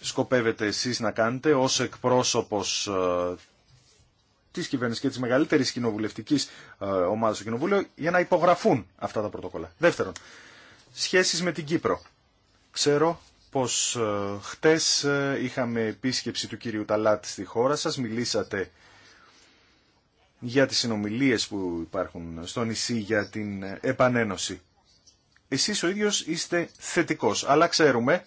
σκοπεύετε εσείς να κάνετε ως εκπρόσωπος ε, της κυβέρνησης και της μεγαλύτερης κοινοβουλευτικής ε, ομάδας του Κοινοβούλιο για να υπογραφούν αυτά τα πρωτόκολλα. Δεύτερον, σχέσεις με την Κύπρο. Ξέρω πως ε, χτες ε, είχαμε επίσκεψη του κυρίου Ταλάτη στη χώρα σας, μιλήσατε για τις συνομιλίες που υπάρχουν στο νησί για την επανένωση. Εσείς ο ίδιος είστε θετικός, αλλά ξέρουμε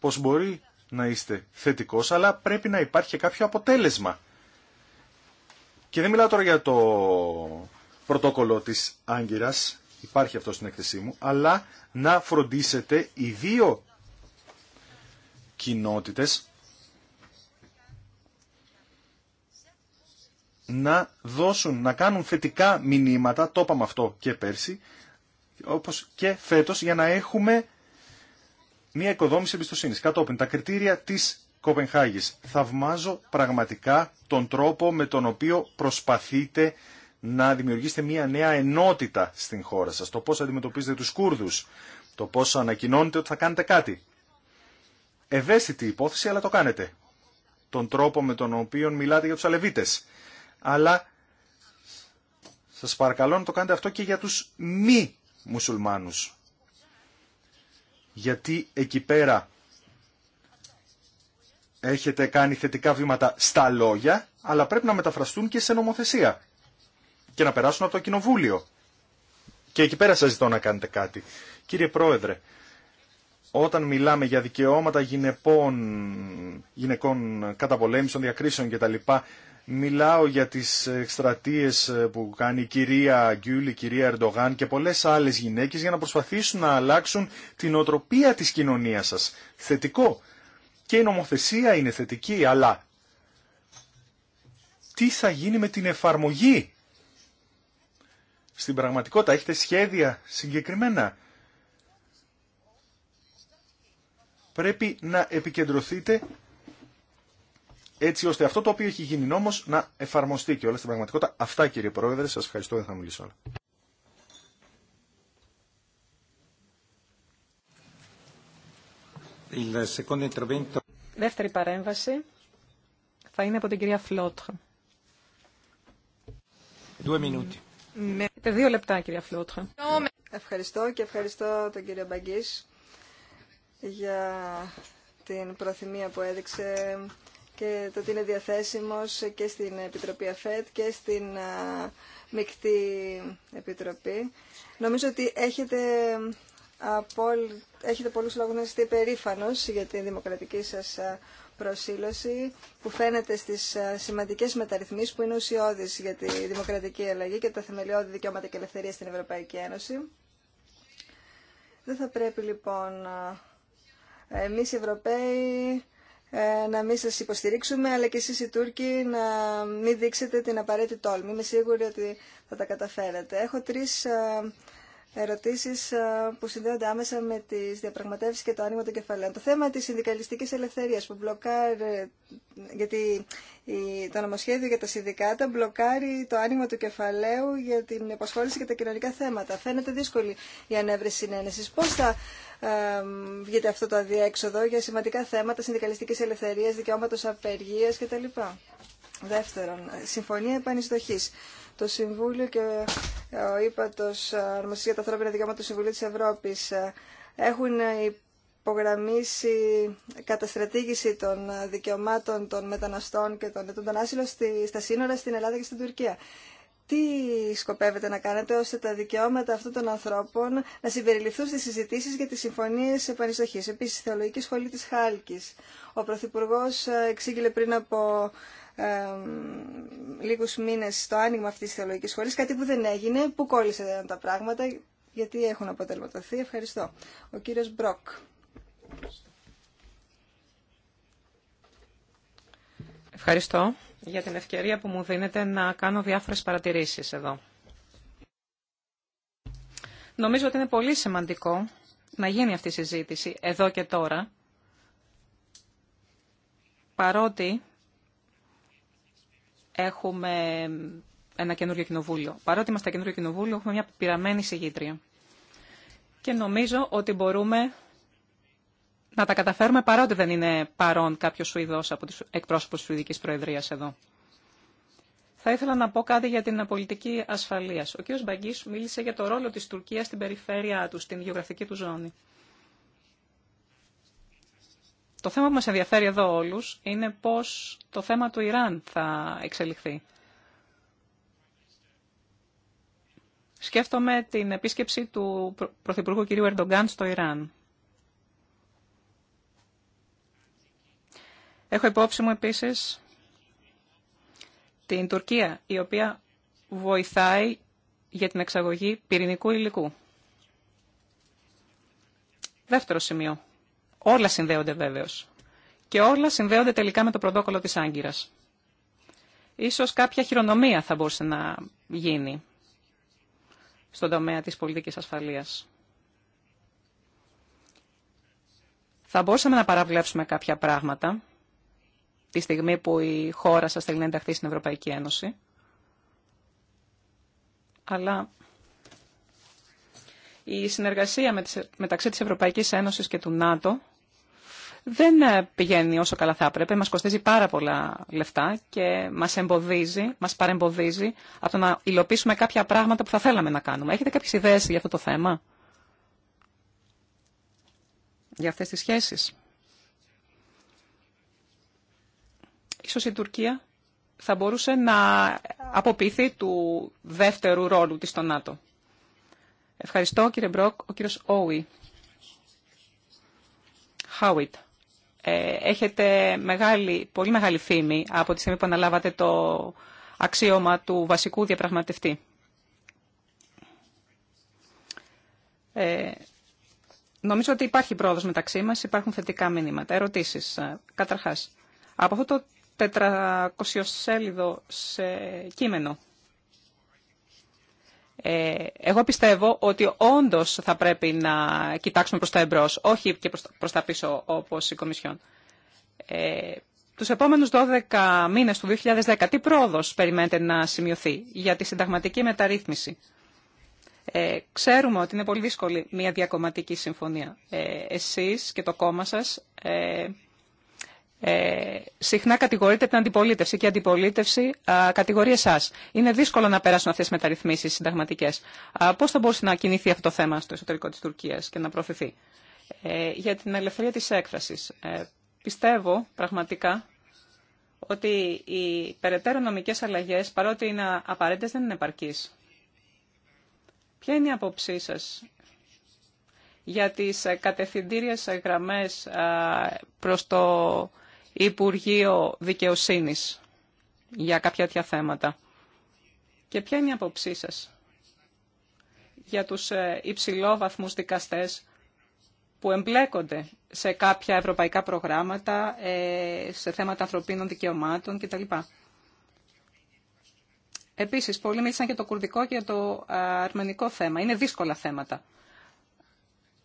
πως μπορεί να είστε θετικός, αλλά πρέπει να υπάρχει κάποιο αποτέλεσμα. Και δεν μιλάω τώρα για το πρωτόκολλο της Άγκυρας, υπάρχει αυτό στην έκθεσή μου, αλλά να φροντίσετε οι δύο κοινότητες να δώσουν, να κάνουν θετικά μηνύματα, το είπαμε αυτό και πέρσι, όπως και φέτος, για να έχουμε μια οικοδόμηση εμπιστοσύνης. Κατόπιν, τα κριτήρια της Κοπενχάγης. Θαυμάζω πραγματικά τον τρόπο με τον οποίο προσπαθείτε να δημιουργήσετε μια νέα ενότητα στην χώρα σας, το πώς αντιμετωπίζετε τους Κούρδους, το πώς ανακοινώνετε ότι θα κάνετε κάτι. Ευαίσθητη υπόθεση, αλλά το κάνετε. Τον τρόπο με τον οποίο μιλάτε για τους Αλεβίτες. Αλλά σας παρακαλώ να το κάνετε αυτό και για τους μη μουσουλμάνους. Γιατί εκεί πέρα έχετε κάνει θετικά βήματα στα λόγια, αλλά πρέπει να μεταφραστούν και σε νομοθεσία και να περάσουν από το Κοινοβούλιο. Και εκεί πέρα σας ζητώ να κάνετε κάτι. Κύριε Πρόεδρε, όταν μιλάμε για δικαιώματα γυναικών, γυναικών καταπολέμησης διακρίσεων κτλ. Μιλάω για τις εκστρατείε που κάνει η κυρία Γκιούλη, η κυρία Ερντογάν και πολλές άλλες γυναίκες για να προσπαθήσουν να αλλάξουν την οτροπία της κοινωνίας σας. Θετικό. Και η νομοθεσία είναι θετική, αλλά τι θα γίνει με την εφαρμογή στην πραγματικότητα έχετε σχέδια συγκεκριμένα. Πρέπει να επικεντρωθείτε έτσι ώστε αυτό το οποίο έχει γίνει νόμος να εφαρμοστεί και όλα στην πραγματικότητα. Αυτά κύριε Πρόεδρε, σας ευχαριστώ, δεν θα μιλήσω όλα. Δεύτερη παρέμβαση θα είναι από την κυρία Φλότχ. Δύο μινούτι. Με... Έχετε δύο λεπτά, κυρία Ευχαριστώ και ευχαριστώ τον κύριο Μπαγκής για την προθυμία που έδειξε και το ότι είναι διαθέσιμος και στην Επιτροπή ΑΦΕΤ και στην Μικτή Επιτροπή. Νομίζω ότι έχετε, έχετε πολλούς λόγους να είστε υπερήφανος για την δημοκρατική σας προσήλωση που φαίνεται στις ε, σημαντικές μεταρρυθμίσεις που είναι ουσιώδεις για τη δημοκρατική αλλαγή και τα θεμελιώδη δικαιώματα και ελευθερία στην Ευρωπαϊκή Ένωση. Δεν θα πρέπει λοιπόν ε, εμείς οι Ευρωπαίοι ε, να μην σας υποστηρίξουμε, αλλά και εσείς οι Τούρκοι να μην δείξετε την απαραίτητη τόλμη. Είμαι σίγουρη ότι θα τα καταφέρετε. Έχω τρεις Ερωτήσει ε, που συνδέονται άμεσα με τι διαπραγματεύσει και το άνοιγμα των κεφαλαίων. Το θέμα τη συνδικαλιστική ελευθερία που μπλοκάρει, γιατί το νομοσχέδιο για τα συνδικάτα μπλοκάρει το άνοιγμα του κεφαλαίου για την επασχόληση και τα κοινωνικά θέματα. Φαίνεται δύσκολη η ανέβρεση συνένεση. Πώ θα ε, αυτό το αδιέξοδο για σημαντικά θέματα συνδικαλιστικής ελευθερίας, δικαιώματος απεργία κτλ. Δεύτερον, συμφωνία επανειστοχής. Το Συμβούλιο και ε, ο Ήπατος ε, αρμοστή για τα ανθρώπινα δικαιώματα του Συμβουλίου της Ευρώπης ε, έχουν υπογραμμίσει καταστρατήγηση των δικαιωμάτων των μεταναστών και των ετών άσυλων στα σύνορα στην Ελλάδα και στην Τουρκία. Τι σκοπεύετε να κάνετε ώστε τα δικαιώματα αυτών των ανθρώπων να συμπεριληφθούν στις συζητήσεις για τις συμφωνίες επανεισοχής. Επίσης, η Θεολογική Σχολή της Χάλκης. Ο Πρωθυπουργό εξήγηλε πριν από λίγους μήνες στο άνοιγμα αυτής της θεολογικής σχολής, κάτι που δεν έγινε, που κόλλησε τα πράγματα, γιατί έχουν αποτελματωθεί. Ευχαριστώ. Ο κύριος Μπροκ. Ευχαριστώ για την ευκαιρία που μου δίνετε να κάνω διάφορες παρατηρήσεις εδώ. Νομίζω ότι είναι πολύ σημαντικό να γίνει αυτή η συζήτηση εδώ και τώρα, παρότι έχουμε ένα καινούριο κοινοβούλιο. Παρότι είμαστε καινούριο κοινοβούλιο, έχουμε μια πειραμένη συγγήτρια. Και νομίζω ότι μπορούμε να τα καταφέρουμε παρότι δεν είναι παρόν κάποιος Σουηδό από του εκπρόσωπου τη Σουηδική Προεδρίας εδώ. Θα ήθελα να πω κάτι για την πολιτική ασφαλεία. Ο κ. Μπαγκή μίλησε για το ρόλο τη Τουρκία στην περιφέρειά του, στην γεωγραφική του ζώνη. Το θέμα που μας ενδιαφέρει εδώ όλους είναι πώς το θέμα του Ιράν θα εξελιχθεί. Σκέφτομαι την επίσκεψη του Πρωθυπουργού κυρίου Ερντογκάν στο Ιράν. Έχω υπόψη μου επίσης την Τουρκία, η οποία βοηθάει για την εξαγωγή πυρηνικού υλικού. Δεύτερο σημείο. Όλα συνδέονται βέβαιως. Και όλα συνδέονται τελικά με το πρωτόκολλο της Άγκυρας. Ίσως κάποια χειρονομία θα μπορούσε να γίνει στον τομέα της πολιτικής ασφαλείας. Θα μπορούσαμε να παραβλέψουμε κάποια πράγματα τη στιγμή που η χώρα σας θέλει να ενταχθεί στην Ευρωπαϊκή Ένωση. Αλλά η συνεργασία μεταξύ της Ευρωπαϊκής Ένωσης και του ΝΑΤΟ δεν ε, πηγαίνει όσο καλά θα έπρεπε, μας κοστίζει πάρα πολλά λεφτά και μας εμποδίζει, μας παρεμποδίζει από το να υλοποιήσουμε κάποια πράγματα που θα θέλαμε να κάνουμε. Έχετε κάποιες ιδέες για αυτό το θέμα, για αυτές τις σχέσεις. Ίσως η Τουρκία θα μπορούσε να αποποιηθεί του δεύτερου ρόλου της στο ΝΑΤΟ. Ευχαριστώ κύριε Μπρόκ, ο κύριος Όουι. Χάουιτ. Ε, έχετε μεγάλη, πολύ μεγάλη φήμη από τη στιγμή που αναλάβατε το αξίωμα του βασικού διαπραγματευτή. Ε, νομίζω ότι υπάρχει πρόοδος μεταξύ μας, υπάρχουν θετικά μηνύματα. Ερωτήσεις, ε, καταρχάς. Από αυτό το 400 σέλιδο σε κείμενο, ε, εγώ πιστεύω ότι όντως θα πρέπει να κοιτάξουμε προς τα εμπρός, όχι και προς τα πίσω όπως η Κομισιόν. Ε, τους επόμενους 12 μήνες του 2010, τι πρόοδος περιμένετε να σημειωθεί για τη συνταγματική μεταρρύθμιση. Ε, ξέρουμε ότι είναι πολύ δύσκολη μια διακομματική συμφωνία. Ε, εσείς και το κόμμα σας ε, ε, συχνά κατηγορείται την αντιπολίτευση και η αντιπολίτευση α, κατηγορεί εσά. Είναι δύσκολο να περάσουν αυτέ τι μεταρρυθμίσει συνταγματικέ. Πώ θα μπορούσε να κινηθεί αυτό το θέμα στο εσωτερικό τη Τουρκία και να προωθηθεί. Ε, για την ελευθερία τη έκφραση. Ε, πιστεύω πραγματικά ότι οι περαιτέρω νομικέ αλλαγέ, παρότι είναι απαραίτητε, δεν είναι επαρκεί. Ποια είναι η άποψή σα για τις κατευθυντήριες γραμμές προς το Υπουργείο Δικαιοσύνης για κάποια τέτοια θέματα. Και ποια είναι η απόψή σας για τους ε, υψηλόβαθμους δικαστές που εμπλέκονται σε κάποια ευρωπαϊκά προγράμματα, ε, σε θέματα ανθρωπίνων δικαιωμάτων κτλ. Επίσης, πολλοί μίλησαν για το κουρδικό και το αρμενικό θέμα. Είναι δύσκολα θέματα.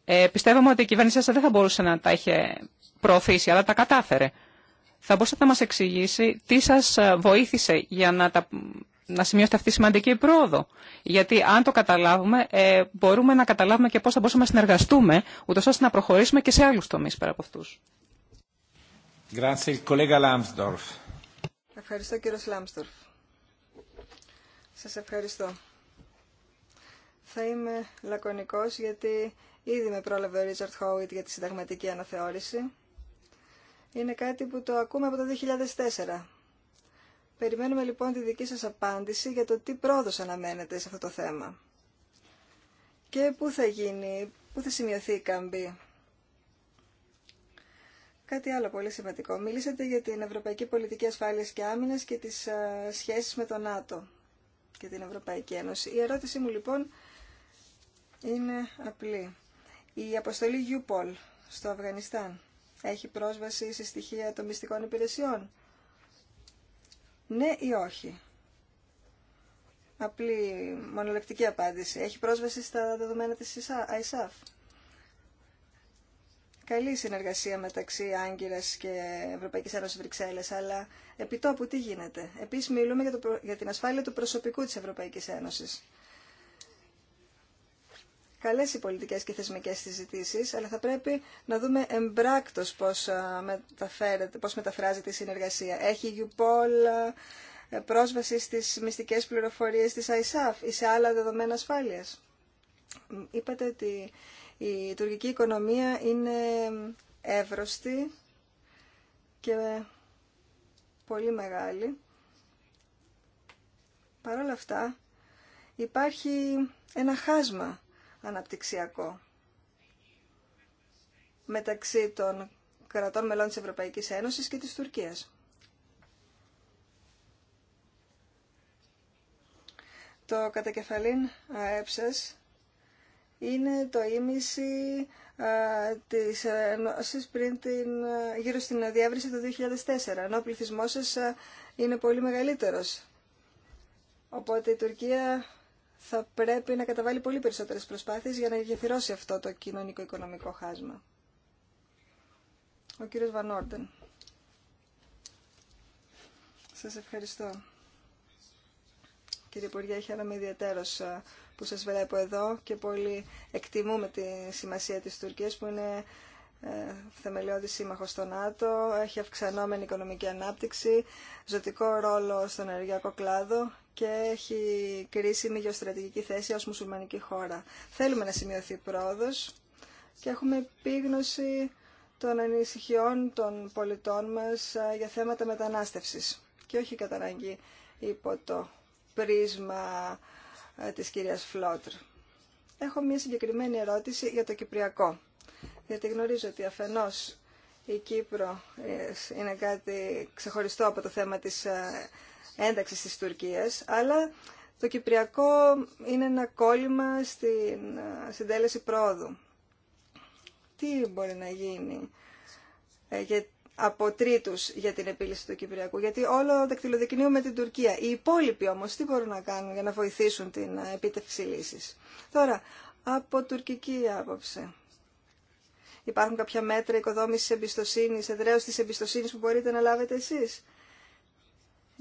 Ε, ότι η κυβέρνησή σας δεν θα μπορούσε να τα είχε προωθήσει, αλλά τα κατάφερε. Θα μπορούσατε να μας εξηγήσει τι σας ε, βοήθησε για να, να σημειώσετε αυτή τη σημαντική πρόοδο. Γιατί αν το καταλάβουμε, ε, μπορούμε να καταλάβουμε και πώς θα μπορούσαμε να συνεργαστούμε, ούτως ώστε να προχωρήσουμε και σε άλλους τομείς πέρα από αυτούς. Ευχαριστώ κύριο Λάμστορφ. Σας ευχαριστώ. Θα είμαι λακωνικός γιατί ήδη με πρόλαβε ο Ρίτσαρτ Χόουιτ για τη συνταγματική αναθεώρηση είναι κάτι που το ακούμε από το 2004. Περιμένουμε λοιπόν τη δική σας απάντηση για το τι πρόοδος αναμένεται σε αυτό το θέμα. Και πού θα γίνει, πού θα σημειωθεί η καμπή. Κάτι άλλο πολύ σημαντικό. Μιλήσατε για την Ευρωπαϊκή Πολιτική Ασφάλειας και Άμυνας και τις ε, σχέσεις με το ΝΑΤΟ και την Ευρωπαϊκή Ένωση. Η ερώτησή μου λοιπόν είναι απλή. Η αποστολή UPOL στο Αφγανιστάν έχει πρόσβαση σε στοιχεία των μυστικών υπηρεσιών. Ναι ή όχι. Απλή μονολεκτική απάντηση. Έχει πρόσβαση στα δεδομένα της ISAF. Καλή συνεργασία μεταξύ Άγκυρας και Ευρωπαϊκής Ένωσης Βρυξέλλες, αλλά επί τόπου τι γίνεται. Επίσης μιλούμε για, το, για την ασφάλεια του προσωπικού της Ευρωπαϊκής Ένωσης καλές οι πολιτικές και θεσμικές συζητήσεις, αλλά θα πρέπει να δούμε εμπράκτο πώς, ε, μεταφέρεται, πώς μεταφράζεται η συνεργασία. Έχει UPOL ε, πρόσβαση στι μυστικές πληροφορίες της ISAF ή σε άλλα δεδομένα ασφάλειας. Είπατε ότι η τουρκική οικονομία είναι εύρωστη και πολύ μεγάλη. Παρ' όλα αυτά υπάρχει ένα χάσμα αναπτυξιακό μεταξύ των κρατών μελών της Ευρωπαϊκής Ένωσης και της Τουρκίας. Το κατακεφαλήν ΑΕΠΣΕΣ είναι το ίμιση της ενώσης πριν την, γύρω στην διεύρυνση του 2004, ενώ ο πληθυσμός σας είναι πολύ μεγαλύτερος. Οπότε η Τουρκία θα πρέπει να καταβάλει πολύ περισσότερες προσπάθειες για να γεφυρώσει αυτό το κοινωνικό-οικονομικό χάσμα. Ο κύριος Βανόρντεν. Σας ευχαριστώ. Κύριε Υπουργέ, χαίρομαι ιδιαίτερο ε, που σας βλέπω εδώ και πολύ εκτιμούμε τη σημασία της Τουρκίας που είναι ε, θεμελιώδη σύμμαχο στο ΝΑΤΟ, έχει αυξανόμενη οικονομική ανάπτυξη, ζωτικό ρόλο στον ενεργειακό κλάδο και έχει κρίσιμη γεωστρατηγική θέση ως μουσουλμανική χώρα. Θέλουμε να σημειωθεί πρόοδος και έχουμε επίγνωση των ανησυχιών των πολιτών μας για θέματα μετανάστευσης και όχι κατά υπό το πρίσμα της κυρίας Φλότρ. Έχω μια συγκεκριμένη ερώτηση για το Κυπριακό, γιατί γνωρίζω ότι αφενός η Κύπρο ε, είναι κάτι ξεχωριστό από το θέμα της Ένταξη της Τουρκίας, αλλά το Κυπριακό είναι ένα κόλλημα στην ε, συντέλεση πρόοδου. Τι μπορεί να γίνει ε, για, από τρίτους για την επίλυση του Κυπριακού, γιατί όλο με την Τουρκία. Οι υπόλοιποι όμως τι μπορούν να κάνουν για να βοηθήσουν την ε, επίτευξη λύσης. Τώρα, από τουρκική άποψη. Υπάρχουν κάποια μέτρα οικοδόμησης εμπιστοσύνης, εδραίωσης της εμπιστοσύνης που μπορείτε να λάβετε εσείς.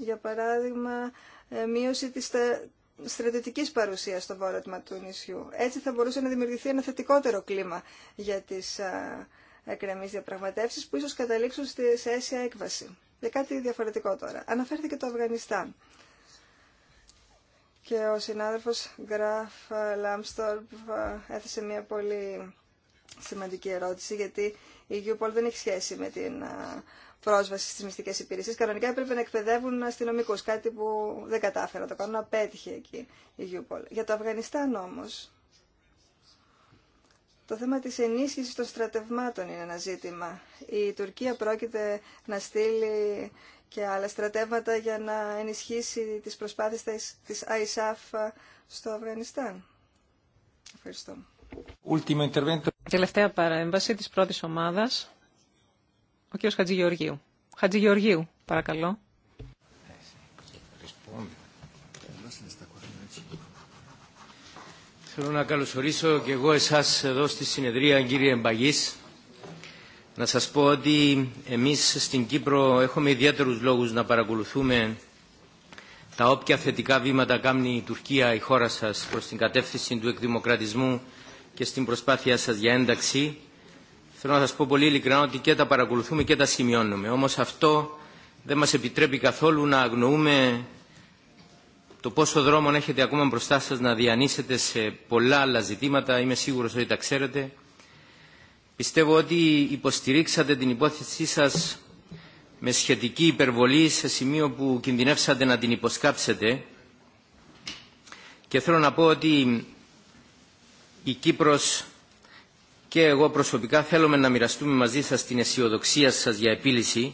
Για παράδειγμα, ε, μείωση της στρατιωτικής παρουσίας στο βόρειο του νησιού. Έτσι θα μπορούσε να δημιουργηθεί ένα θετικότερο κλίμα για τις εκκρεμείς διαπραγματεύσεις που ίσως καταλήξουν σε αίσια έκβαση. Για κάτι διαφορετικό τώρα. Αναφέρθηκε το Αφγανιστάν. Και ο συνάδελφος Γκραφ Λάμστορπ ε, έθεσε μια πολύ σημαντική ερώτηση γιατί η Γιούπολ δεν έχει σχέση με την ε, πρόσβαση στι μυστικέ υπηρεσίε. Κανονικά έπρεπε να εκπαιδεύουν αστυνομικού, κάτι που δεν κατάφερα το κάνω, απέτυχε εκεί η Γιούπολ. Για το Αφγανιστάν όμω, το θέμα της ενίσχυσης των στρατευμάτων είναι ένα ζήτημα. Η Τουρκία πρόκειται να στείλει και άλλα στρατεύματα για να ενισχύσει τις προσπάθειες της ISAF στο Αφγανιστάν. Ευχαριστώ. Τελευταία παρέμβαση της πρώτης ομάδας. Ο κύριος Χατζηγεωργίου. Χατζηγεωργίου, παρακαλώ. Θέλω να καλωσορίσω και εγώ εσάς εδώ στη συνεδρία, κύριε Μπαγής, Να σας πω ότι εμείς στην Κύπρο έχουμε ιδιαίτερους λόγους να παρακολουθούμε τα όποια θετικά βήματα κάνει η Τουρκία, η χώρα σας, προς την κατεύθυνση του εκδημοκρατισμού και στην προσπάθεια σας για ένταξη. Θέλω να σας πω πολύ ειλικρινά ότι και τα παρακολουθούμε και τα σημειώνουμε. Όμως αυτό δεν μας επιτρέπει καθόλου να αγνοούμε το πόσο δρόμο έχετε ακόμα μπροστά σας να διανύσετε σε πολλά άλλα ζητήματα. Είμαι σίγουρος ότι τα ξέρετε. Πιστεύω ότι υποστηρίξατε την υπόθεσή σας με σχετική υπερβολή σε σημείο που κινδυνεύσατε να την υποσκάψετε. Και θέλω να πω ότι η Κύπρος και εγώ προσωπικά θέλουμε να μοιραστούμε μαζί σας την αισιοδοξία σας για επίλυση.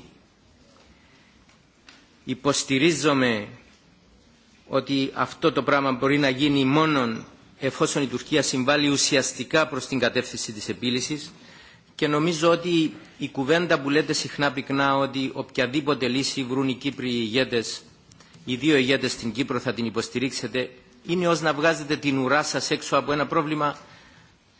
Υποστηρίζομαι ότι αυτό το πράγμα μπορεί να γίνει μόνον εφόσον η Τουρκία συμβάλλει ουσιαστικά προς την κατεύθυνση της επίλυσης και νομίζω ότι η κουβέντα που λέτε συχνά πυκνά ότι οποιαδήποτε λύση βρουν οι Κύπροι ηγέτες, οι δύο ηγέτες στην Κύπρο θα την υποστηρίξετε, είναι ως να βγάζετε την ουρά σας έξω από ένα πρόβλημα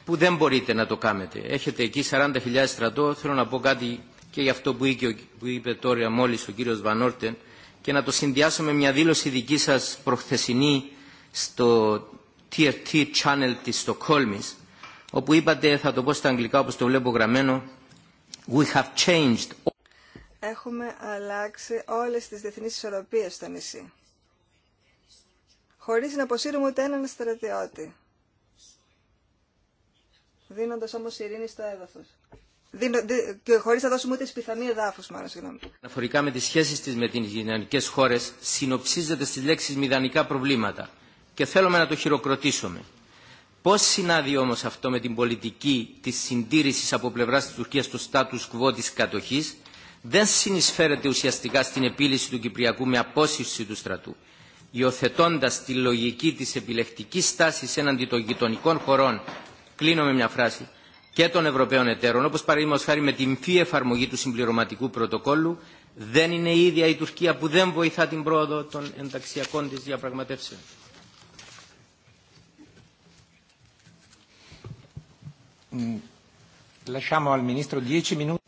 που δεν μπορείτε να το κάνετε. Έχετε εκεί 40.000 στρατό. Θέλω να πω κάτι και για αυτό που είπε, που τώρα μόλις ο κύριος Βανόρτεν και να το συνδυάσω με μια δήλωση δική σας προχθεσινή στο TRT channel της Στοκόλμης όπου είπατε, θα το πω στα αγγλικά όπως το βλέπω γραμμένο Έχουμε αλλάξει όλες τις διεθνείς ισορροπίες στο νησί χωρίς να αποσύρουμε ούτε έναν στρατιώτη δίνοντας όμως ειρήνη στο έδαφος. χωρί και χωρίς να δώσουμε ούτε σπιθανή εδάφους, μάλλον, συγγνώμη. Αναφορικά με τις σχέσεις της με τις γυναικές χώρες, συνοψίζεται στις λέξεις μηδανικά προβλήματα και θέλουμε να το χειροκροτήσουμε. Πώς συνάδει όμως αυτό με την πολιτική της συντήρησης από πλευράς της Τουρκίας του στάτους κβό της κατοχής, δεν συνεισφέρεται ουσιαστικά στην επίλυση του Κυπριακού με απόσυρση του στρατού. Υιοθετώντα τη λογική τη επιλεκτική στάση έναντι των γειτονικών χωρών κλείνω με μια φράση, και των Ευρωπαίων εταίρων, όπω παραδείγματος χάρη με την φύ εφαρμογή του συμπληρωματικού πρωτοκόλλου, δεν είναι η ίδια η Τουρκία που δεν βοηθά την πρόοδο των ενταξιακών της διαπραγματεύσεων.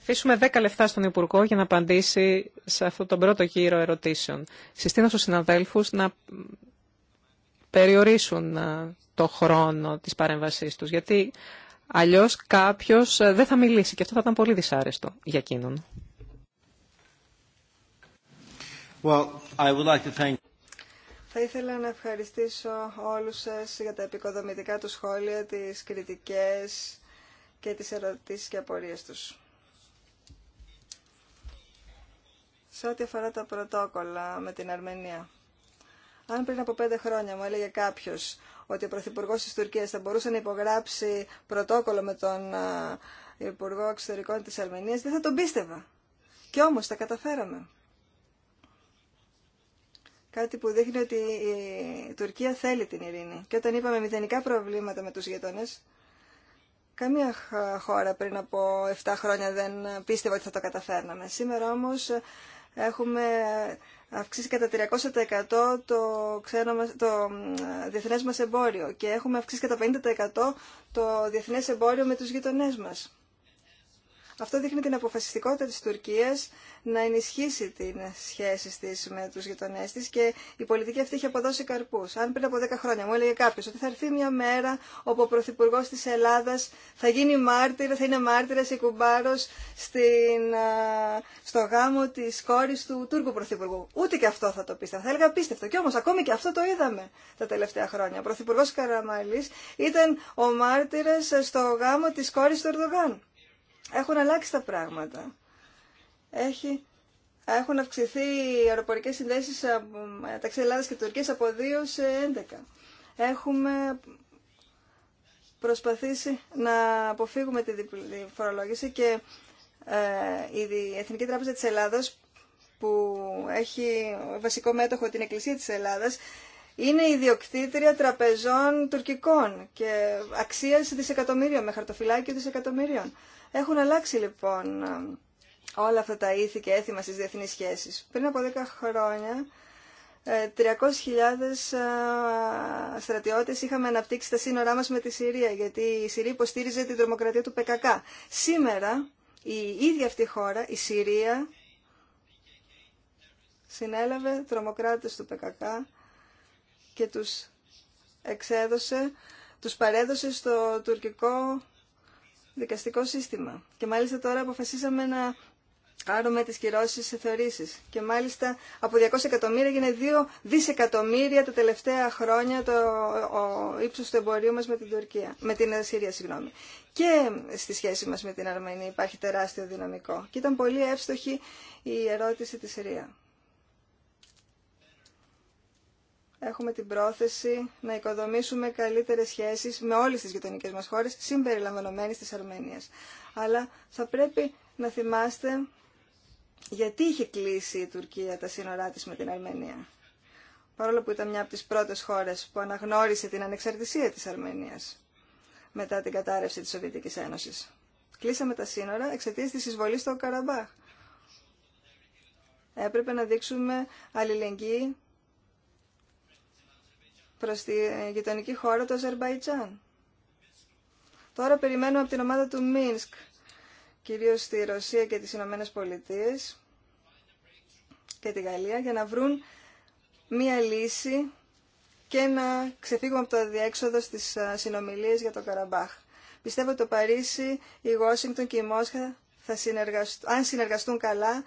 Αφήσουμε 10 λεφτά στον Υπουργό για να απαντήσει σε αυτόν τον πρώτο γύρο ερωτήσεων. Συστήνω στους συναδέλφους να περιορίσουν ε, το χρόνο της παρέμβασής τους, γιατί αλλιώς κάποιος ε, δεν θα μιλήσει και αυτό θα ήταν πολύ δυσάρεστο για εκείνον. Well, I would like to thank... Θα ήθελα να ευχαριστήσω όλους σας για τα επικοδομητικά του σχόλια, τις κριτικές και τις ερωτήσεις και απορίες τους. Σε ό,τι αφορά τα πρωτόκολλα με την Αρμενία. Αν πριν από πέντε χρόνια μου έλεγε κάποιο ότι ο Πρωθυπουργό τη Τουρκία θα μπορούσε να υπογράψει πρωτόκολλο με τον Υπουργό Εξωτερικών τη Αρμενία, δεν θα τον πίστευα. Και όμω τα καταφέραμε. Κάτι που δείχνει ότι η Τουρκία θέλει την ειρήνη. Και όταν είπαμε μηδενικά προβλήματα με του γείτονε, καμία χώρα πριν από 7 χρόνια δεν πίστευε ότι θα το καταφέρναμε. Σήμερα όμω ε, έχουμε αυξήσει κατά 300% το, ξένο μας, το διεθνές μας εμπόριο και έχουμε αυξήσει κατά 50% το διεθνές εμπόριο με τους γειτονές μας. Αυτό δείχνει την αποφασιστικότητα της Τουρκίας να ενισχύσει την σχέση της με τους γειτονές της και η πολιτική αυτή έχει αποδώσει καρπούς. Αν πριν από 10 χρόνια μου έλεγε κάποιο ότι θα έρθει μια μέρα όπου ο Πρωθυπουργό της Ελλάδας θα γίνει μάρτυρα, θα είναι μάρτυρας ή κουμπάρος στο γάμο της κόρης του Τούρκου Πρωθυπουργού. Ούτε και αυτό θα το πίστευα. Θα έλεγα πίστευτο. Και όμως ακόμη και αυτό το είδαμε τα τελευταία χρόνια. Ο Πρωθυπουργός Καραμάλη ήταν ο μάρτυρας στο γάμο της κόρης του Ερδογάν. Έχουν αλλάξει τα πράγματα. Έχει, έχουν αυξηθεί οι αεροπορικές συνδέσεις μεταξύ Ελλάδας και Τουρκίας από 2 σε 11. Έχουμε προσπαθήσει να αποφύγουμε τη διπλή φορολόγηση και ε, η Εθνική Τράπεζα της Ελλάδας που έχει βασικό μέτοχο την Εκκλησία της Ελλάδας είναι ιδιοκτήτρια τραπεζών τουρκικών και αξίας δισεκατομμύριων με χαρτοφυλάκιο δισεκατομμύριων. Έχουν αλλάξει λοιπόν όλα αυτά τα ήθη και έθιμα στις διεθνείς σχέσεις. Πριν από 10 χρόνια 300.000 ε, ε, στρατιώτες είχαμε αναπτύξει τα σύνορά μας με τη Συρία, γιατί η Συρία υποστήριζε την τρομοκρατία του ΠΚΚ. Σήμερα η ίδια αυτή χώρα, η Συρία, συνέλαβε τρομοκράτες του ΠΚΚ και τους εξέδωσε, τους παρέδωσε στο τουρκικό δικαστικό σύστημα. Και μάλιστα τώρα αποφασίσαμε να άρουμε τις κυρώσεις σε θεωρήσεις. Και μάλιστα από 200 εκατομμύρια έγινε 2 δισεκατομμύρια τα τελευταία χρόνια το ο, ύψος του εμπορίου μας με την, Τουρκία, με την Συρία. Συγγνώμη. Και στη σχέση μας με την Αρμενία υπάρχει τεράστιο δυναμικό. Και ήταν πολύ εύστοχη η ερώτηση της Συρία. έχουμε την πρόθεση να οικοδομήσουμε καλύτερε σχέσει με όλε τι γειτονικέ μα χώρε συμπεριλαμβανομένε τη Αρμενίας. Αλλά θα πρέπει να θυμάστε γιατί είχε κλείσει η Τουρκία τα σύνορά της με την Αρμενία. Παρόλο που ήταν μια από τις πρώτες χώρες που αναγνώρισε την ανεξαρτησία της Αρμενίας μετά την κατάρρευση της Σοβιετική Ένωσης. Κλείσαμε τα σύνορα εξαιτίας της εισβολής στο Καραμπάχ. Έπρεπε να δείξουμε αλληλεγγύη προς τη γειτονική χώρα του Αζερμπαϊτζάν. Τώρα περιμένουμε από την ομάδα του Μίνσκ, κυρίως στη Ρωσία και τις Ηνωμένε Πολιτείε και τη Γαλλία, για να βρουν μία λύση και να ξεφύγουμε από το διέξοδο στις ε, συνομιλίες για το Καραμπάχ. Πιστεύω ότι το Παρίσι, η Γόσιγκτον και η Μόσχα, θα συνεργαστούν, αν συνεργαστούν καλά,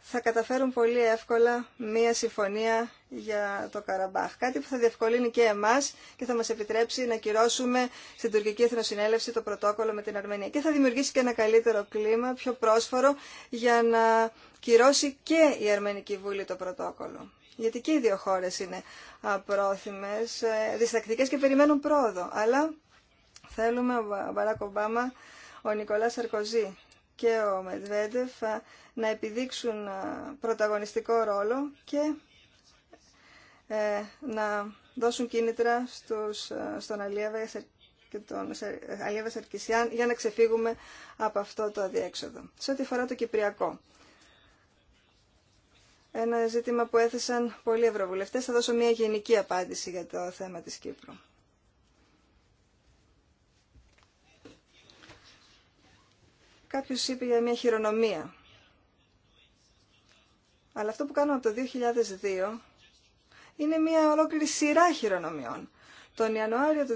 θα καταφέρουν πολύ εύκολα μία συμφωνία για το Καραμπάχ. Κάτι που θα διευκολύνει και εμάς και θα μας επιτρέψει να κυρώσουμε στην τουρκική εθνοσυνέλευση το πρωτόκολλο με την Αρμενία. Και θα δημιουργήσει και ένα καλύτερο κλίμα, πιο πρόσφορο, για να κυρώσει και η Αρμενική Βούλη το πρωτόκολλο. Γιατί και οι δύο χώρες είναι απρόθυμες, ε, διστακτικέ και περιμένουν πρόοδο. Αλλά θέλουμε ο Μπαράκ Ομπάμα, ο Νικολά Σαρκοζή και ο Μετβέντεφ να επιδείξουν ε, πρωταγωνιστικό ρόλο και ε, να δώσουν κίνητρα στους, ε, στον Αλίεβα και τον Αλίεβα Σαρκισιάν για να ξεφύγουμε από αυτό το αδιέξοδο. Σε ό,τι αφορά το Κυπριακό. Ένα ζήτημα που έθεσαν πολλοί ευρωβουλευτές. Θα δώσω μια γενική απάντηση για το θέμα της Κύπρου. Κάποιο είπε για μια χειρονομία. Αλλά αυτό που κάνω από το 2002 είναι μια ολόκληρη σειρά χειρονομιών. Τον Ιανουάριο του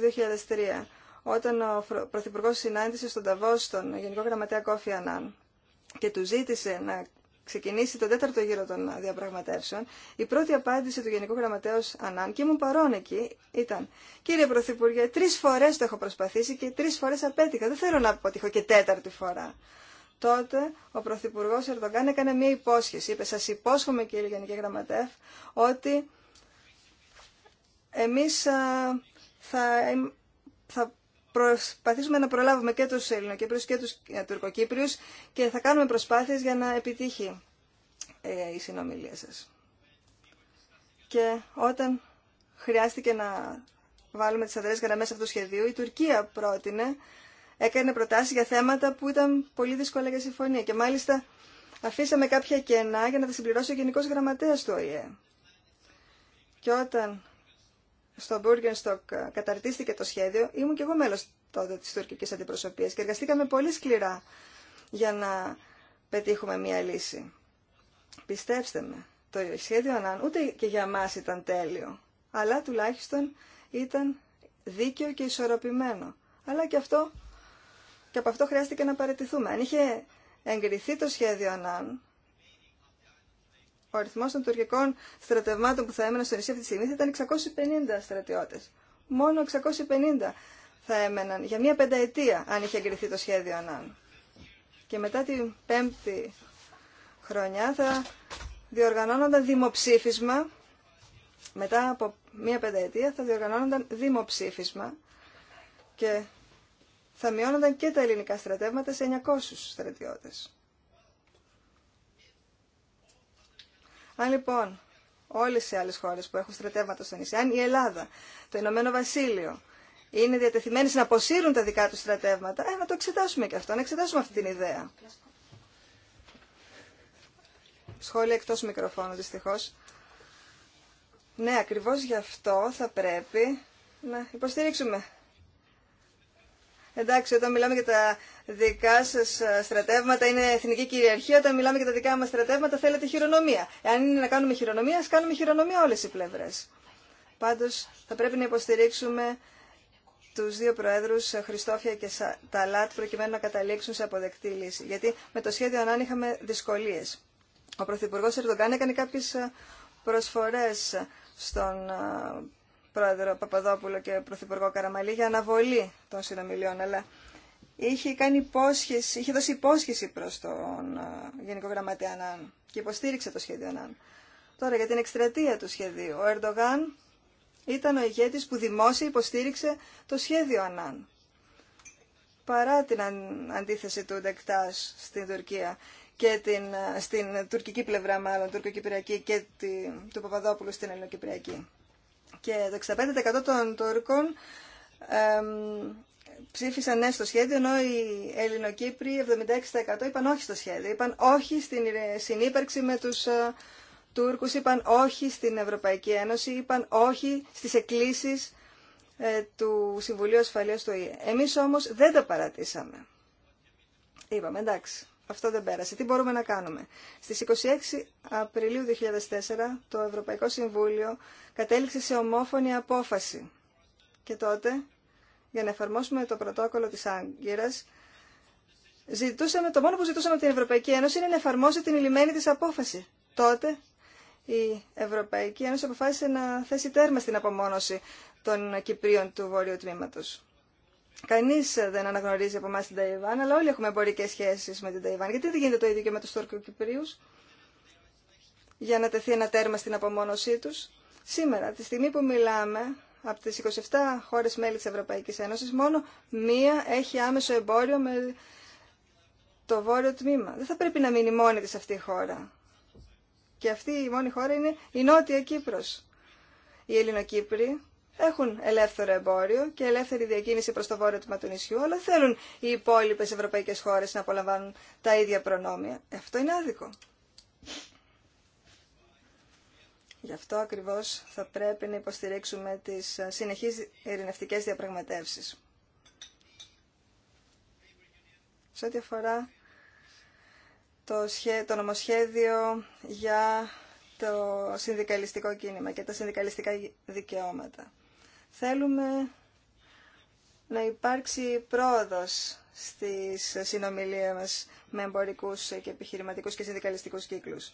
2003, όταν ο Πρωθυπουργό συνάντησε στον Ταβό στον Γενικό Γραμματέα Κόφη Ανάν και του ζήτησε να ξεκινήσει τον τέταρτο γύρο των διαπραγματεύσεων, η πρώτη απάντηση του Γενικού Γραμματέα Ανάν, και ήμουν παρόν εκεί, ήταν Κύριε Πρωθυπουργέ, τρει φορέ το έχω προσπαθήσει και τρει φορέ απέτυχα. Δεν θέλω να αποτύχω και τέταρτη φορά. Τότε ο Πρωθυπουργό Ερδογκάν έκανε μία υπόσχεση. Είπε: Σα υπόσχομαι, κύριε Γενική Γραμματεύ, ότι εμείς θα, θα προσπαθήσουμε να προλάβουμε και τους Ελληνοκύπριους και τους ε, Τουρκοκύπριους και θα κάνουμε προσπάθειες για να επιτύχει ε, η συνομιλία σας. Και όταν χρειάστηκε να βάλουμε τις αδρές γραμμές αυτού του σχεδίου, η Τουρκία πρότεινε, έκανε προτάσεις για θέματα που ήταν πολύ δύσκολα για συμφωνία και μάλιστα αφήσαμε κάποια κενά για να τα συμπληρώσει ο Γενικός Γραμματέας του ΟΗΕ. Και όταν στο Μπούργενστοκ καταρτίστηκε το σχέδιο, ήμουν και εγώ μέλος τότε της τουρκικής αντιπροσωπείας και εργαστήκαμε πολύ σκληρά για να πετύχουμε μία λύση. Πιστέψτε με, το σχέδιο Ανάν ούτε και για μας ήταν τέλειο, αλλά τουλάχιστον ήταν δίκαιο και ισορροπημένο. Αλλά και, αυτό, και από αυτό χρειάστηκε να παραιτηθούμε. Αν είχε εγκριθεί το σχέδιο Ανάν, ο αριθμός των τουρκικών στρατευμάτων που θα έμεναν στο νησί αυτή τη στιγμή ήταν 650 στρατιώτες. Μόνο 650 θα έμεναν για μία πενταετία αν είχε εγκριθεί το σχέδιο ΑΝΑΝ. Και μετά την πέμπτη χρονιά θα διοργανώνονταν δημοψήφισμα μετά από μία πενταετία θα διοργανώνονταν δημοψήφισμα και θα μειώνονταν και τα ελληνικά στρατεύματα σε 900 στρατιώτες. Αν λοιπόν όλες οι άλλες χώρες που έχουν στρατεύματα στο νησί, αν η Ελλάδα, το Ηνωμένο Βασίλειο, είναι διατεθειμένε να αποσύρουν τα δικά τους στρατεύματα, ε, να το εξετάσουμε και αυτό, να εξετάσουμε αυτή την ιδέα. Σχόλια εκτός μικροφώνου δυστυχώ. Ναι, ακριβώς γι' αυτό θα πρέπει να υποστηρίξουμε Εντάξει, όταν μιλάμε για τα δικά σα στρατεύματα είναι εθνική κυριαρχία. Όταν μιλάμε για τα δικά μα στρατεύματα θέλετε χειρονομία. Εάν είναι να κάνουμε χειρονομία, κάνουμε χειρονομία όλε οι πλευρέ. Πάντω θα πρέπει να υποστηρίξουμε του δύο προέδρου, ε, Χριστόφια και Ταλάτ, προκειμένου να καταλήξουν σε αποδεκτή λύση. Γιατί με το σχέδιο Ανάν είχαμε δυσκολίε. Ο Πρωθυπουργό Ερντογκάν έκανε κάποιε προσφορέ στον ε, πρόεδρο Παπαδόπουλο και πρωθυπουργό Καραμαλή για αναβολή των συνομιλιών, αλλά είχε, κάνει υπόσχεση, είχε δώσει υπόσχεση προ τον ε, Γενικό Γραμματέα Ναν και υποστήριξε το σχέδιο Ναν. Τώρα για την εκστρατεία του σχεδίου. Ο Ερντογάν ήταν ο ηγέτης που δημόσια υποστήριξε το σχέδιο Ανάν. Παρά την αντίθεση του Ντεκτάς στην Τουρκία και την, ε, στην τουρκική πλευρά μάλλον, τουρκοκυπριακή και του Παπαδόπουλου στην ελληνοκυπριακή. Και το 65% των Τούρκων ψήφισαν ναι στο σχέδιο, ενώ οι Ελληνοκύπροι 76% είπαν όχι στο σχέδιο. Είπαν όχι στην ε, συνύπαρξη με τους ε, Τούρκους, είπαν όχι στην Ευρωπαϊκή Ένωση, είπαν όχι στις εκκλήσεις ε, του Συμβουλίου Ασφαλείας του ΙΕ. Εμείς όμως δεν τα παρατήσαμε. Είπαμε εντάξει αυτό δεν πέρασε. Τι μπορούμε να κάνουμε. Στις 26 Απριλίου 2004 το Ευρωπαϊκό Συμβούλιο κατέληξε σε ομόφωνη απόφαση. Και τότε, για να εφαρμόσουμε το πρωτόκολλο της Άγκυρας, ζητούσαμε, το μόνο που ζητούσαμε από την Ευρωπαϊκή Ένωση είναι να εφαρμόσει την ηλυμένη της απόφαση. Τότε η Ευρωπαϊκή Ένωση αποφάσισε να θέσει τέρμα στην απομόνωση των Κυπρίων του Βορείου Τμήματος. Κανεί δεν αναγνωρίζει από εμά την Ταϊβάν, αλλά όλοι έχουμε εμπορικέ σχέσει με την Ταϊβάν. Γιατί δεν γίνεται το ίδιο και με του τουρκου για να τεθεί ένα τέρμα στην απομόνωσή του. Σήμερα, τη στιγμή που μιλάμε, από τι 27 χώρε μέλη τη Ευρωπαϊκή Ένωση, μόνο μία έχει άμεσο εμπόριο με το βόρειο τμήμα. Δεν θα πρέπει να μείνει μόνη τη αυτή η χώρα. Και αυτή η μόνη χώρα είναι η Νότια Κύπρος. Οι Ελληνοκύπροι έχουν ελεύθερο εμπόριο και ελεύθερη διακίνηση προς το βόρειο του Ματουνισιού, αλλά θέλουν οι υπόλοιπε ευρωπαϊκές χώρες να απολαμβάνουν τα ίδια προνόμια. Αυτό είναι άδικο. Γι' αυτό ακριβώς θα πρέπει να υποστηρίξουμε τις συνεχείς ειρηνευτικές διαπραγματεύσεις. Σε ό,τι αφορά το, σχέ, το νομοσχέδιο για το συνδικαλιστικό κίνημα και τα συνδικαλιστικά δικαιώματα. Θέλουμε να υπάρξει πρόοδος στις συνομιλίες μας με εμπορικούς και επιχειρηματικούς και συνδικαλιστικούς κύκλους.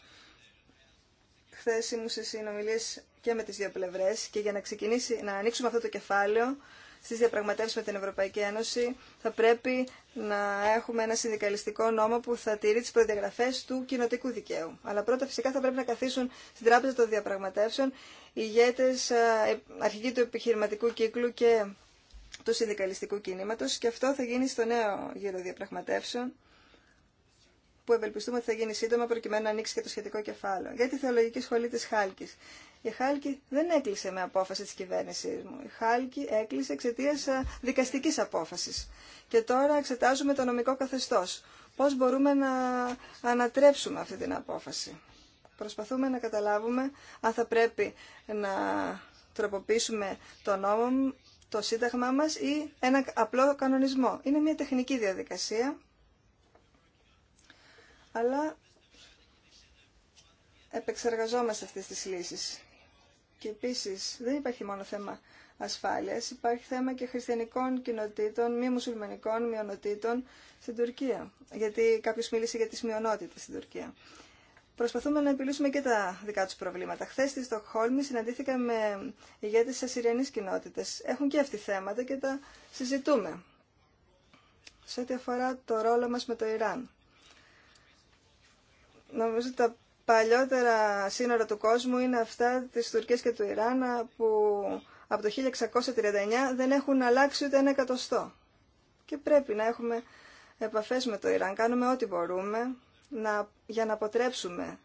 Χθε ήμουν σε συνομιλίες και με τις δύο πλευρές και για να ξεκινήσει να ανοίξουμε αυτό το κεφάλαιο στις διαπραγματεύσεις με την Ευρωπαϊκή Ένωση θα πρέπει να έχουμε ένα συνδικαλιστικό νόμο που θα τηρεί τις προδιαγραφές του κοινοτικού δικαίου. Αλλά πρώτα φυσικά θα πρέπει να καθίσουν στην τράπεζα των διαπραγματεύσεων οι ηγέτες ε, αρχηγοί του επιχειρηματικού κύκλου και του συνδικαλιστικού κινήματος και αυτό θα γίνει στο νέο γύρο διαπραγματεύσεων που ευελπιστούμε ότι θα γίνει σύντομα προκειμένου να ανοίξει και το σχετικό κεφάλαιο. Για τη θεολογική σχολή της Χάλκης. Η Χάλκη δεν έκλεισε με απόφαση της κυβέρνησής μου. Η Χάλκη έκλεισε εξαιτία ε, δικαστικής απόφασης. Και τώρα εξετάζουμε το νομικό καθεστώς. Πώς μπορούμε να ανατρέψουμε αυτή την απόφαση. Προσπαθούμε να καταλάβουμε αν θα πρέπει να τροποποιήσουμε το νόμο, το σύνταγμά μας ή ένα απλό κανονισμό. Είναι μια τεχνική διαδικασία, αλλά επεξεργαζόμαστε αυτές τις λύσεις. Και επίση δεν υπάρχει μόνο θέμα ασφάλεια. υπάρχει θέμα και χριστιανικών κοινοτήτων, μη μουσουλμανικών μειονοτήτων στην Τουρκία. Γιατί κάποιο μίλησε για τις μειονότητες στην Τουρκία. Προσπαθούμε να επιλύσουμε και τα δικά του προβλήματα. Χθε στη Στοχόλμη συναντήθηκα με ηγέτε της ασυριανής Έχουν και αυτοί θέματα και τα συζητούμε. Σε ό,τι αφορά το ρόλο μα με το Ιράν. Νομίζω τα παλιότερα σύνορα του κόσμου είναι αυτά της Τουρκίας και του Ιράν που από το 1639 δεν έχουν αλλάξει ούτε ένα εκατοστό. Και πρέπει να έχουμε επαφές με το Ιράν. Κάνουμε ό,τι μπορούμε να, για να αποτρέψουμε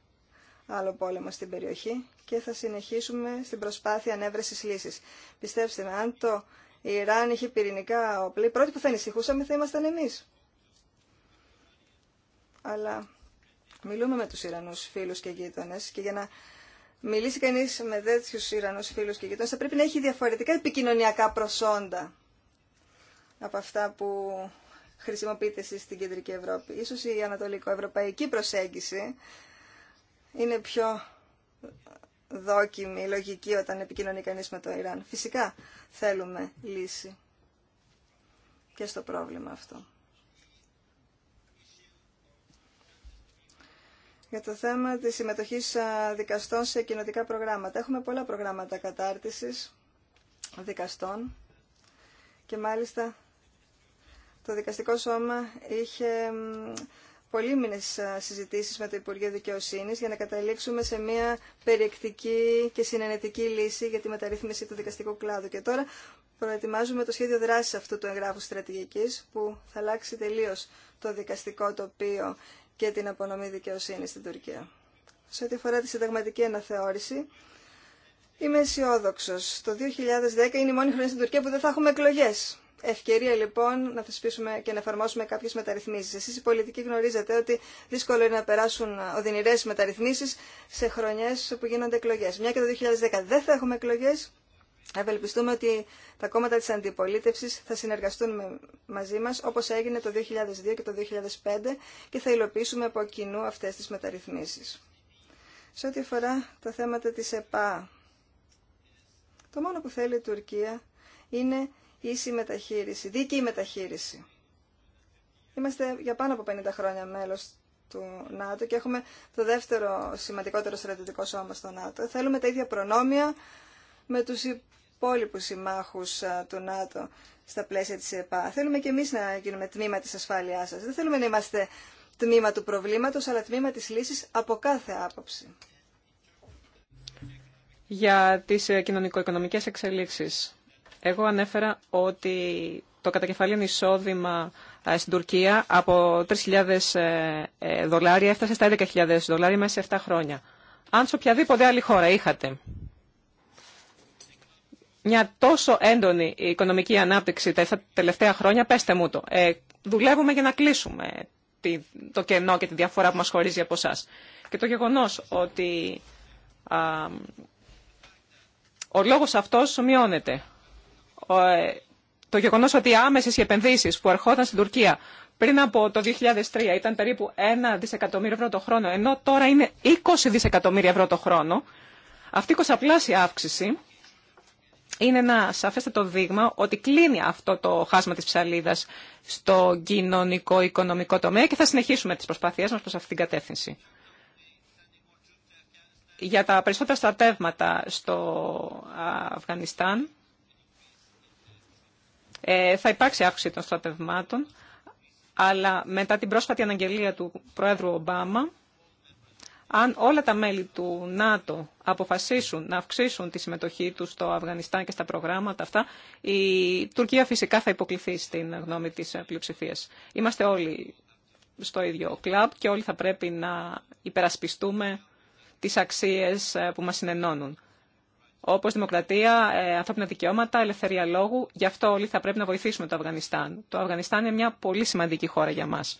άλλο πόλεμο στην περιοχή και θα συνεχίσουμε στην προσπάθεια ανέβρεσης λύσης. Πιστέψτε με, αν το Ιράν είχε πυρηνικά όπλα, οι πρώτοι που θα ανησυχούσαμε θα ήμασταν εμείς. Αλλά Μιλούμε με τους Ιρανούς φίλους και γείτονες και για να μιλήσει κανείς με τέτοιου Ιρανούς φίλους και γείτονες θα πρέπει να έχει διαφορετικά επικοινωνιακά προσόντα από αυτά που χρησιμοποιείται εσείς στην Κεντρική Ευρώπη. Ίσως η ανατολικό-ευρωπαϊκή προσέγγιση είναι πιο δόκιμη, λογική όταν επικοινωνεί κανείς με το Ιράν. Φυσικά θέλουμε λύση και στο πρόβλημα αυτό. για το θέμα της συμμετοχής δικαστών σε κοινοτικά προγράμματα. Έχουμε πολλά προγράμματα κατάρτισης δικαστών και μάλιστα το δικαστικό σώμα είχε πολύμινες συζητήσεις με το Υπουργείο Δικαιοσύνης για να καταλήξουμε σε μια περιεκτική και συνενετική λύση για τη μεταρρύθμιση του δικαστικού κλάδου. Και τώρα προετοιμάζουμε το σχέδιο δράσης αυτού του εγγράφου στρατηγικής που θα αλλάξει τελείως το δικαστικό τοπίο και την απονομή δικαιοσύνη στην Τουρκία. Σε ό,τι αφορά τη συνταγματική αναθεώρηση, είμαι αισιόδοξο. Το 2010 είναι η μόνη χρονιά στην Τουρκία που δεν θα έχουμε εκλογέ. Ευκαιρία λοιπόν να θεσπίσουμε και να εφαρμόσουμε κάποιε μεταρρυθμίσει. Εσεί οι πολιτικοί γνωρίζετε ότι δύσκολο είναι να περάσουν οδυνηρέ μεταρρυθμίσει σε χρονιέ που γίνονται εκλογέ. Μια και το 2010 δεν θα έχουμε εκλογέ, Ευελπιστούμε ότι τα κόμματα της αντιπολίτευσης θα συνεργαστούν μαζί μας όπως έγινε το 2002 και το 2005 και θα υλοποιήσουμε από κοινού αυτές τις μεταρρυθμίσεις. Σε ό,τι αφορά τα θέματα της ΕΠΑ, το μόνο που θέλει η Τουρκία είναι ίση μεταχείριση, δίκαιη μεταχείριση. Είμαστε για πάνω από 50 χρόνια μέλος του ΝΑΤΟ και έχουμε το δεύτερο σημαντικότερο στρατιωτικό σώμα στο ΝΑΤΟ. Θέλουμε τα ίδια προνόμια με τους υπόλοιπους συμμάχους του ΝΑΤΟ στα πλαίσια της ΕΠΑ. Θέλουμε και εμείς να γίνουμε τμήμα της ασφάλειάς σας. Δεν θέλουμε να είμαστε τμήμα του προβλήματος, αλλά τμήμα της λύσης από κάθε άποψη. Για τις ε, κοινωνικο-οικονομικές εξελίξεις. Εγώ ανέφερα ότι το κατακεφαλήν εισόδημα ε, στην Τουρκία από 3.000 ε, δολάρια έφτασε στα 11.000 δολάρια μέσα σε 7 χρόνια. Αν σε οποιαδήποτε άλλη χώρα είχατε μια τόσο έντονη οικονομική ανάπτυξη τα τελευταία χρόνια, πέστε μου το. Ε, δουλεύουμε για να κλείσουμε το κενό και τη διαφορά που μας χωρίζει από εσά. Και το γεγονός ότι ο λόγος αυτός μειώνεται. Ε, το γεγονός ότι οι άμεσες οι επενδύσεις που ερχόταν στην Τουρκία πριν από το 2003 ήταν περίπου 1 δισεκατομμύριο ευρώ το χρόνο, ενώ τώρα είναι 20 δισεκατομμύρια ευρώ το χρόνο, αυτή η κοσαπλάσια αύξηση είναι ένα σαφέστατο δείγμα ότι κλείνει αυτό το χάσμα της ψαλίδας στο κοινωνικό-οικονομικό τομέα και θα συνεχίσουμε τις προσπάθειές μας προς αυτή την κατεύθυνση. Για τα περισσότερα στρατεύματα στο Αφγανιστάν ε, θα υπάρξει αύξηση των στρατευμάτων αλλά μετά την πρόσφατη αναγγελία του Πρόεδρου Ομπάμα αν όλα τα μέλη του ΝΑΤΟ αποφασίσουν να αυξήσουν τη συμμετοχή τους στο Αφγανιστάν και στα προγράμματα αυτά, η Τουρκία φυσικά θα υποκληθεί στην γνώμη της πλειοψηφία. Είμαστε όλοι στο ίδιο κλαμπ και όλοι θα πρέπει να υπερασπιστούμε τις αξίες ε, που μας συνενώνουν. Όπως δημοκρατία, ε, ανθρώπινα δικαιώματα, ελευθερία λόγου, γι' αυτό όλοι θα πρέπει να βοηθήσουμε το Αφγανιστάν. Το Αφγανιστάν είναι μια πολύ σημαντική χώρα για μας.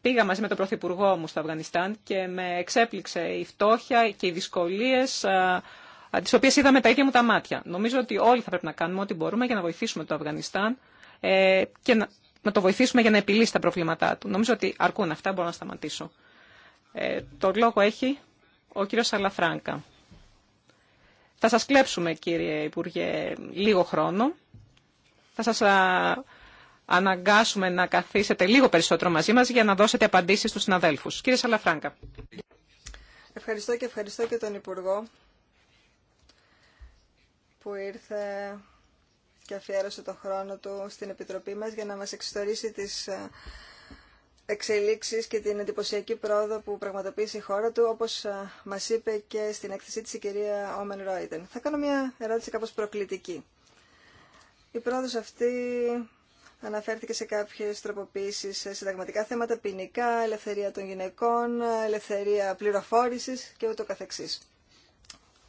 Πήγα μαζί με τον Πρωθυπουργό μου στο Αφγανιστάν και με εξέπληξε η φτώχεια και οι δυσκολίες τις οποίες είδα τα ίδια μου τα μάτια. Νομίζω ότι όλοι θα πρέπει να κάνουμε ό,τι μπορούμε για να βοηθήσουμε το Αφγανιστάν ε, και να, το βοηθήσουμε για να επιλύσει τα προβλήματά του. Νομίζω ότι αρκούν αυτά, μπορώ να σταματήσω. Ε, το λόγο έχει ο κύριος Σαλαφράγκα. Θα σας κλέψουμε, κύριε Υπουργέ, λίγο χρόνο. Θα σας αναγκάσουμε να καθίσετε λίγο περισσότερο μαζί μας για να δώσετε απαντήσεις στους συναδέλφους. Κύριε Σαλαφράγκα. Ευχαριστώ και ευχαριστώ και τον Υπουργό που ήρθε και αφιέρωσε τον χρόνο του στην Επιτροπή μας για να μας εξιστορήσει τις ε, εξελίξεις και την εντυπωσιακή πρόοδο που πραγματοποιεί η χώρα του, όπως ε, μας είπε και στην έκθεσή της η κυρία Όμεν Ρόιτεν. Θα κάνω μια ερώτηση κάπως προκλητική. Η πρόοδος αυτή αναφέρθηκε σε κάποιες τροποποίησεις σε συνταγματικά θέματα, ποινικά, ελευθερία των γυναικών, ελευθερία πληροφόρησης και ούτω καθεξής.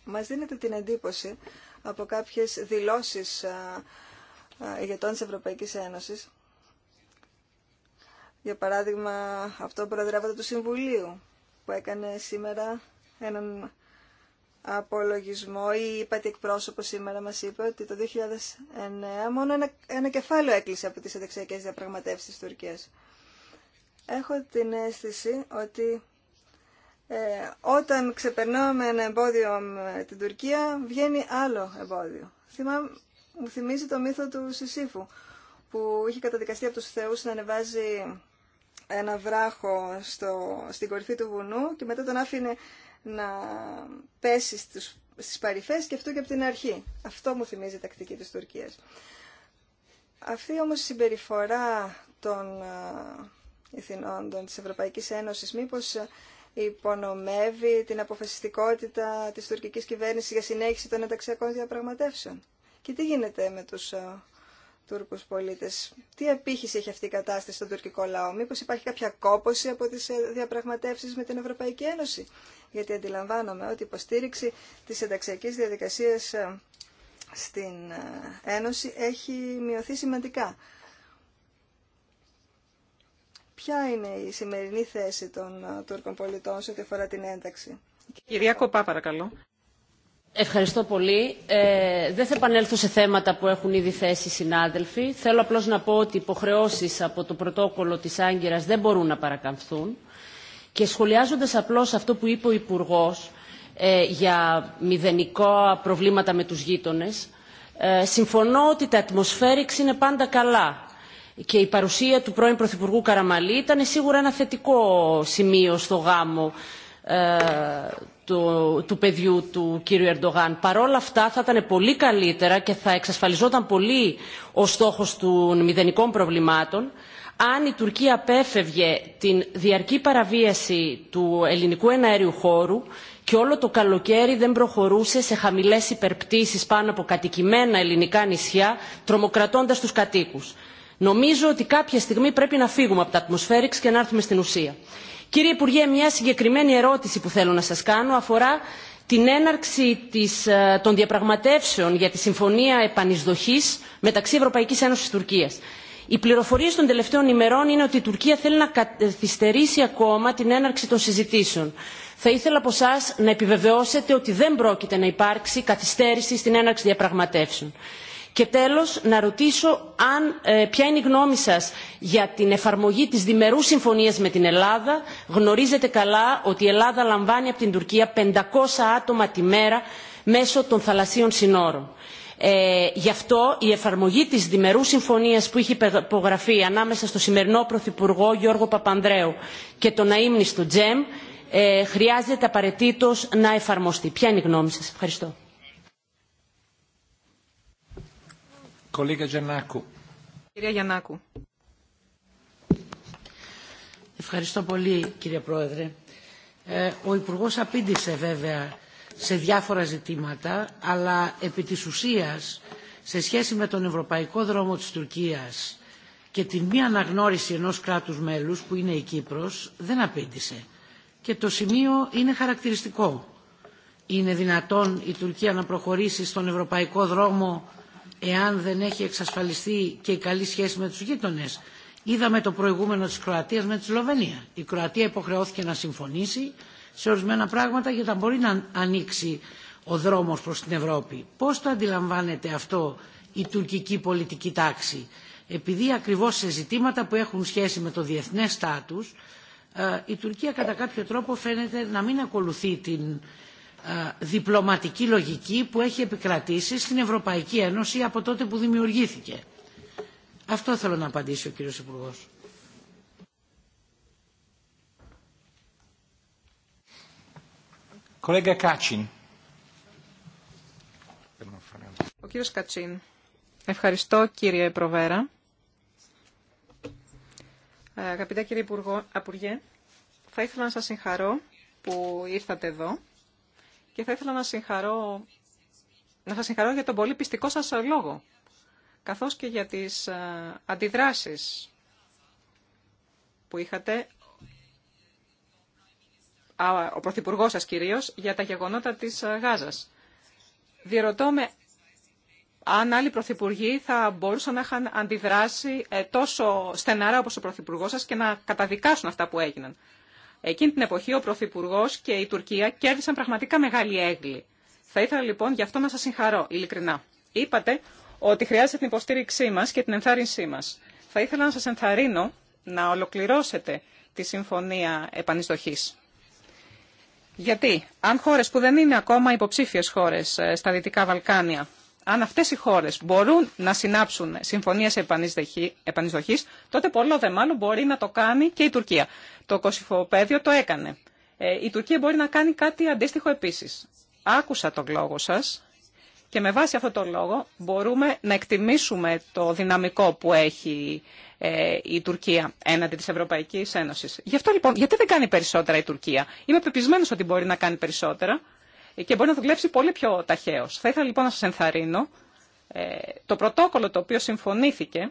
Μας δίνεται την εντύπωση από κάποιες δηλώσεις ηγετών της Ευρωπαϊκής Ένωσης, για παράδειγμα αυτό προεδρεύεται του Συμβουλίου, που έκανε σήμερα έναν απολογισμό ή είπατε εκπρόσωπο σήμερα μας είπε ότι το 2009 μόνο ένα, ένα κεφάλαιο έκλεισε από τις ενταξιακές διαπραγματεύσεις της Τουρκίας. Έχω την αίσθηση ότι ε, όταν ξεπερνάμε ένα εμπόδιο με την Τουρκία βγαίνει άλλο εμπόδιο. Θυμά, μου θυμίζει το μύθο του Σισίφου που είχε καταδικαστεί από τους θεούς να ανεβάζει ένα βράχο στο, στην κορυφή του βουνού και μετά τον άφηνε να πέσει στους, στις παρυφές και αυτό και από την αρχή. Αυτό μου θυμίζει η τακτική της Τουρκίας. Αυτή όμως η συμπεριφορά των εθνών της Ευρωπαϊκής Ένωσης μήπως ε, υπονομεύει την αποφασιστικότητα της τουρκικής κυβέρνησης για συνέχιση των ενταξιακών διαπραγματεύσεων. Και τι γίνεται με τους Τούρκους πολίτες. Τι επίχυση έχει αυτή η κατάσταση στον τουρκικό λαό. Μήπως υπάρχει κάποια κόποση από τις ε, διαπραγματεύσεις με την Ευρωπαϊκή Ένωση. Γιατί αντιλαμβάνομαι ότι η υποστήριξη της ενταξιακής διαδικασίας ε, στην ε, Ένωση έχει μειωθεί σημαντικά. Ποια είναι η σημερινή θέση των Τούρκων πολιτών σε ό,τι αφορά την ένταξη. Κυρία Κοπά, παρακαλώ. Ευχαριστώ πολύ. Ε, δεν θα επανέλθω σε θέματα που έχουν ήδη θέσει οι συνάδελφοι. Θέλω απλώς να πω ότι οι υποχρεώσεις από το πρωτόκολλο της Άγκυρας δεν μπορούν να παρακαμφθούν. Και σχολιάζοντας απλώς αυτό που είπε ο υπουργό ε, για μηδενικό προβλήματα με τους γείτονες, ε, συμφωνώ ότι τα ατμοσφαίριξ είναι πάντα καλά. Και η παρουσία του πρώην Πρωθυπουργού Καραμαλή ήταν σίγουρα ένα θετικό σημείο στο γάμο ε, του παιδιού του κύριου Ερντογάν. Παρόλα αυτά θα ήταν πολύ καλύτερα και θα εξασφαλιζόταν πολύ ο στόχος των μηδενικών προβλημάτων αν η Τουρκία απέφευγε την διαρκή παραβίαση του ελληνικού εναέριου χώρου και όλο το καλοκαίρι δεν προχωρούσε σε χαμηλές υπερπτήσεις πάνω από κατοικημένα ελληνικά νησιά, τρομοκρατώντας τους κατοίκους. Νομίζω ότι κάποια στιγμή πρέπει να φύγουμε από τα ατμοσφαίριξ και να έρθουμε στην ουσία. Κύριε Υπουργέ, μια συγκεκριμένη ερώτηση που θέλω να σας κάνω αφορά την έναρξη ε, των διαπραγματεύσεων για τη Συμφωνία Επανεισδοχής μεταξύ Ευρωπαϊκής Ένωσης και Τουρκίας. Οι πληροφορίες των τελευταίων ημερών είναι ότι η Τουρκία θέλει να καθυστερήσει ακόμα την έναρξη των συζητήσεων. Θα ήθελα από εσά να επιβεβαιώσετε ότι δεν πρόκειται να υπάρξει καθυστέρηση στην έναρξη διαπραγματεύσεων. Και τέλος, να ρωτήσω αν, ε, ποια είναι η γνώμη σας για την εφαρμογή της διμερούς συμφωνίας με την Ελλάδα. Γνωρίζετε καλά ότι η Ελλάδα λαμβάνει από την Τουρκία 500 άτομα τη μέρα μέσω των θαλασσίων συνόρων. Ε, γι' αυτό η εφαρμογή της διμερούς συμφωνίας που είχε υπογραφεί ανάμεσα στο σημερινό Πρωθυπουργό Γιώργο Παπανδρέου και τον αείμνηστο Τζέμ ε, χρειάζεται απαραίτητο να εφαρμοστεί. Ποια είναι η γνώμη σας. Ευχαριστώ. Κυρία Γιαννάκου. Ευχαριστώ πολύ κύριε Πρόεδρε. Ε, ο Υπουργός απήντησε βέβαια σε διάφορα ζητήματα, αλλά επί της ουσίας σε σχέση με τον ευρωπαϊκό δρόμο της Τουρκίας και την μη αναγνώριση ενός κράτους μέλους που είναι η Κύπρος δεν απήντησε. Και το σημείο είναι χαρακτηριστικό. Είναι δυνατόν η Τουρκία να προχωρήσει στον ευρωπαϊκό δρόμο εάν δεν έχει εξασφαλιστεί και η καλή σχέση με τους γείτονες. Είδαμε το προηγούμενο της Κροατίας με τη Σλοβενία. Η Κροατία υποχρεώθηκε να συμφωνήσει σε ορισμένα πράγματα για να μπορεί να ανοίξει ο δρόμος προς την Ευρώπη. Πώς το αντιλαμβάνεται αυτό η τουρκική πολιτική τάξη. Επειδή ακριβώς σε ζητήματα που έχουν σχέση με το διεθνές στάτους ε, η Τουρκία κατά κάποιο τρόπο φαίνεται να μην ακολουθεί την ε, διπλωματική λογική που έχει επικρατήσει στην Ευρωπαϊκή Ένωση από τότε που δημιουργήθηκε. Αυτό θέλω να απαντήσει ο κύριος Υπουργός. Ο κύριος Κατσίν. Ευχαριστώ κύριε Προβέρα. Αγαπητά κύριε Υπουργέ, θα ήθελα να σας συγχαρώ που ήρθατε εδώ και θα ήθελα να, συγχαρώ, να σας συγχαρώ για τον πολύ πιστικό σας λόγο, καθώς και για τις ε, αντιδράσεις που είχατε, ο Πρωθυπουργό σας κυρίως, για τα γεγονότα της ε, Γάζας. Διερωτώ με αν άλλοι πρωθυπουργοί θα μπορούσαν να είχαν αντιδράσει ε, τόσο στενάρα όπως ο πρωθυπουργό σας και να καταδικάσουν αυτά που έγιναν. Εκείνη την εποχή ο Πρωθυπουργό και η Τουρκία κέρδισαν πραγματικά μεγάλη έγκλη. Θα ήθελα λοιπόν γι' αυτό να σα συγχαρώ, ειλικρινά. Είπατε ότι χρειάζεται την υποστήριξή μα και την ενθάρρυνσή μα. Θα ήθελα να σα ενθαρρύνω να ολοκληρώσετε τη Συμφωνία Επανιστοχή. Γιατί αν χώρε που δεν είναι ακόμα υποψήφιε χώρε ε, στα Δυτικά Βαλκάνια αν αυτές οι χώρες μπορούν να συνάψουν συμφωνίε επανεισδοχή, τότε πολλό δε μάλλον μπορεί να το κάνει και η Τουρκία. Το Κωσυφοπαίδιο το έκανε. Ε, η Τουρκία μπορεί να κάνει κάτι αντίστοιχο επίσης. Άκουσα τον λόγο σας και με βάση αυτό τον λόγο μπορούμε να εκτιμήσουμε το δυναμικό που έχει ε, η Τουρκία έναντι τη Ευρωπαϊκή Ένωση. Γι' αυτό λοιπόν, γιατί δεν κάνει περισσότερα η Τουρκία. Είμαι πεπισμένο ότι μπορεί να κάνει περισσότερα και μπορεί να δουλέψει πολύ πιο ταχαίω. Θα ήθελα λοιπόν να σα ενθαρρύνω ε, το πρωτόκολλο το οποίο συμφωνήθηκε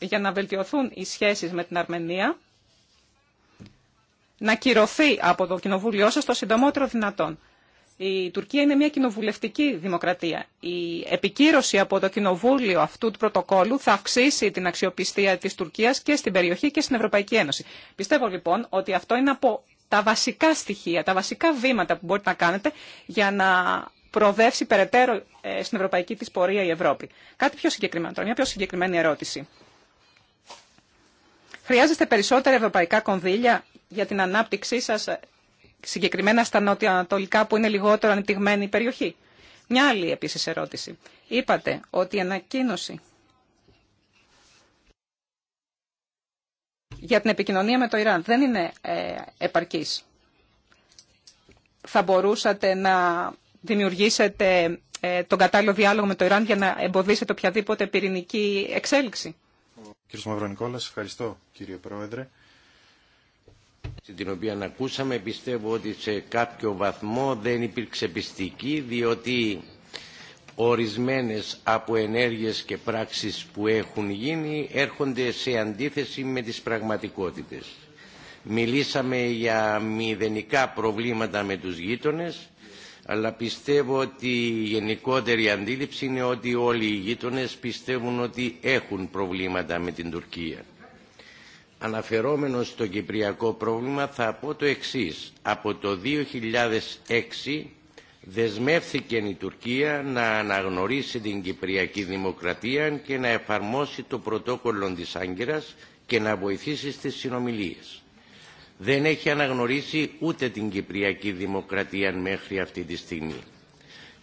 για να βελτιωθούν οι σχέσει με την Αρμενία να κυρωθεί από το κοινοβούλιο σα το συντομότερο δυνατόν. Η Τουρκία είναι μια κοινοβουλευτική δημοκρατία. Η επικύρωση από το κοινοβούλιο αυτού του πρωτοκόλλου θα αυξήσει την αξιοπιστία της Τουρκίας και στην περιοχή και στην Ευρωπαϊκή Ένωση. Πιστεύω λοιπόν ότι αυτό είναι από τα βασικά στοιχεία, τα βασικά βήματα που μπορείτε να κάνετε για να προοδεύσει περαιτέρω ε, στην ευρωπαϊκή της πορεία η Ευρώπη. Κάτι πιο συγκεκριμένο τώρα, μια πιο συγκεκριμένη ερώτηση. Χρειάζεστε περισσότερα ευρωπαϊκά κονδύλια για την ανάπτυξή σας ε, συγκεκριμένα στα νότια-ανατολικά που είναι λιγότερο ανεπτυγμένη περιοχή. Μια άλλη επίσης ερώτηση. Είπατε ότι η ανακοίνωση για την επικοινωνία με το Ιράν δεν είναι ε, επαρκής. Θα μπορούσατε να δημιουργήσετε ε, τον κατάλληλο διάλογο με το Ιράν για να εμποδίσετε οποιαδήποτε πυρηνική εξέλιξη. Κύριος Μαυρονικόλας, ευχαριστώ κύριε Πρόεδρε. Στην οποία ακούσαμε πιστεύω ότι σε κάποιο βαθμό δεν υπήρξε πιστική διότι ορισμένες από ενέργειες και πράξεις που έχουν γίνει έρχονται σε αντίθεση με τις πραγματικότητες. Μιλήσαμε για μηδενικά προβλήματα με τους γείτονες, αλλά πιστεύω ότι η γενικότερη αντίληψη είναι ότι όλοι οι γείτονες πιστεύουν ότι έχουν προβλήματα με την Τουρκία. Αναφερόμενος στο κυπριακό πρόβλημα θα πω το εξής. Από το 2006 δεσμεύθηκε η Τουρκία να αναγνωρίσει την Κυπριακή Δημοκρατία και να εφαρμόσει το πρωτόκολλο της Άγκυρας και να βοηθήσει στις συνομιλίες. Δεν έχει αναγνωρίσει ούτε την Κυπριακή Δημοκρατία μέχρι αυτή τη στιγμή.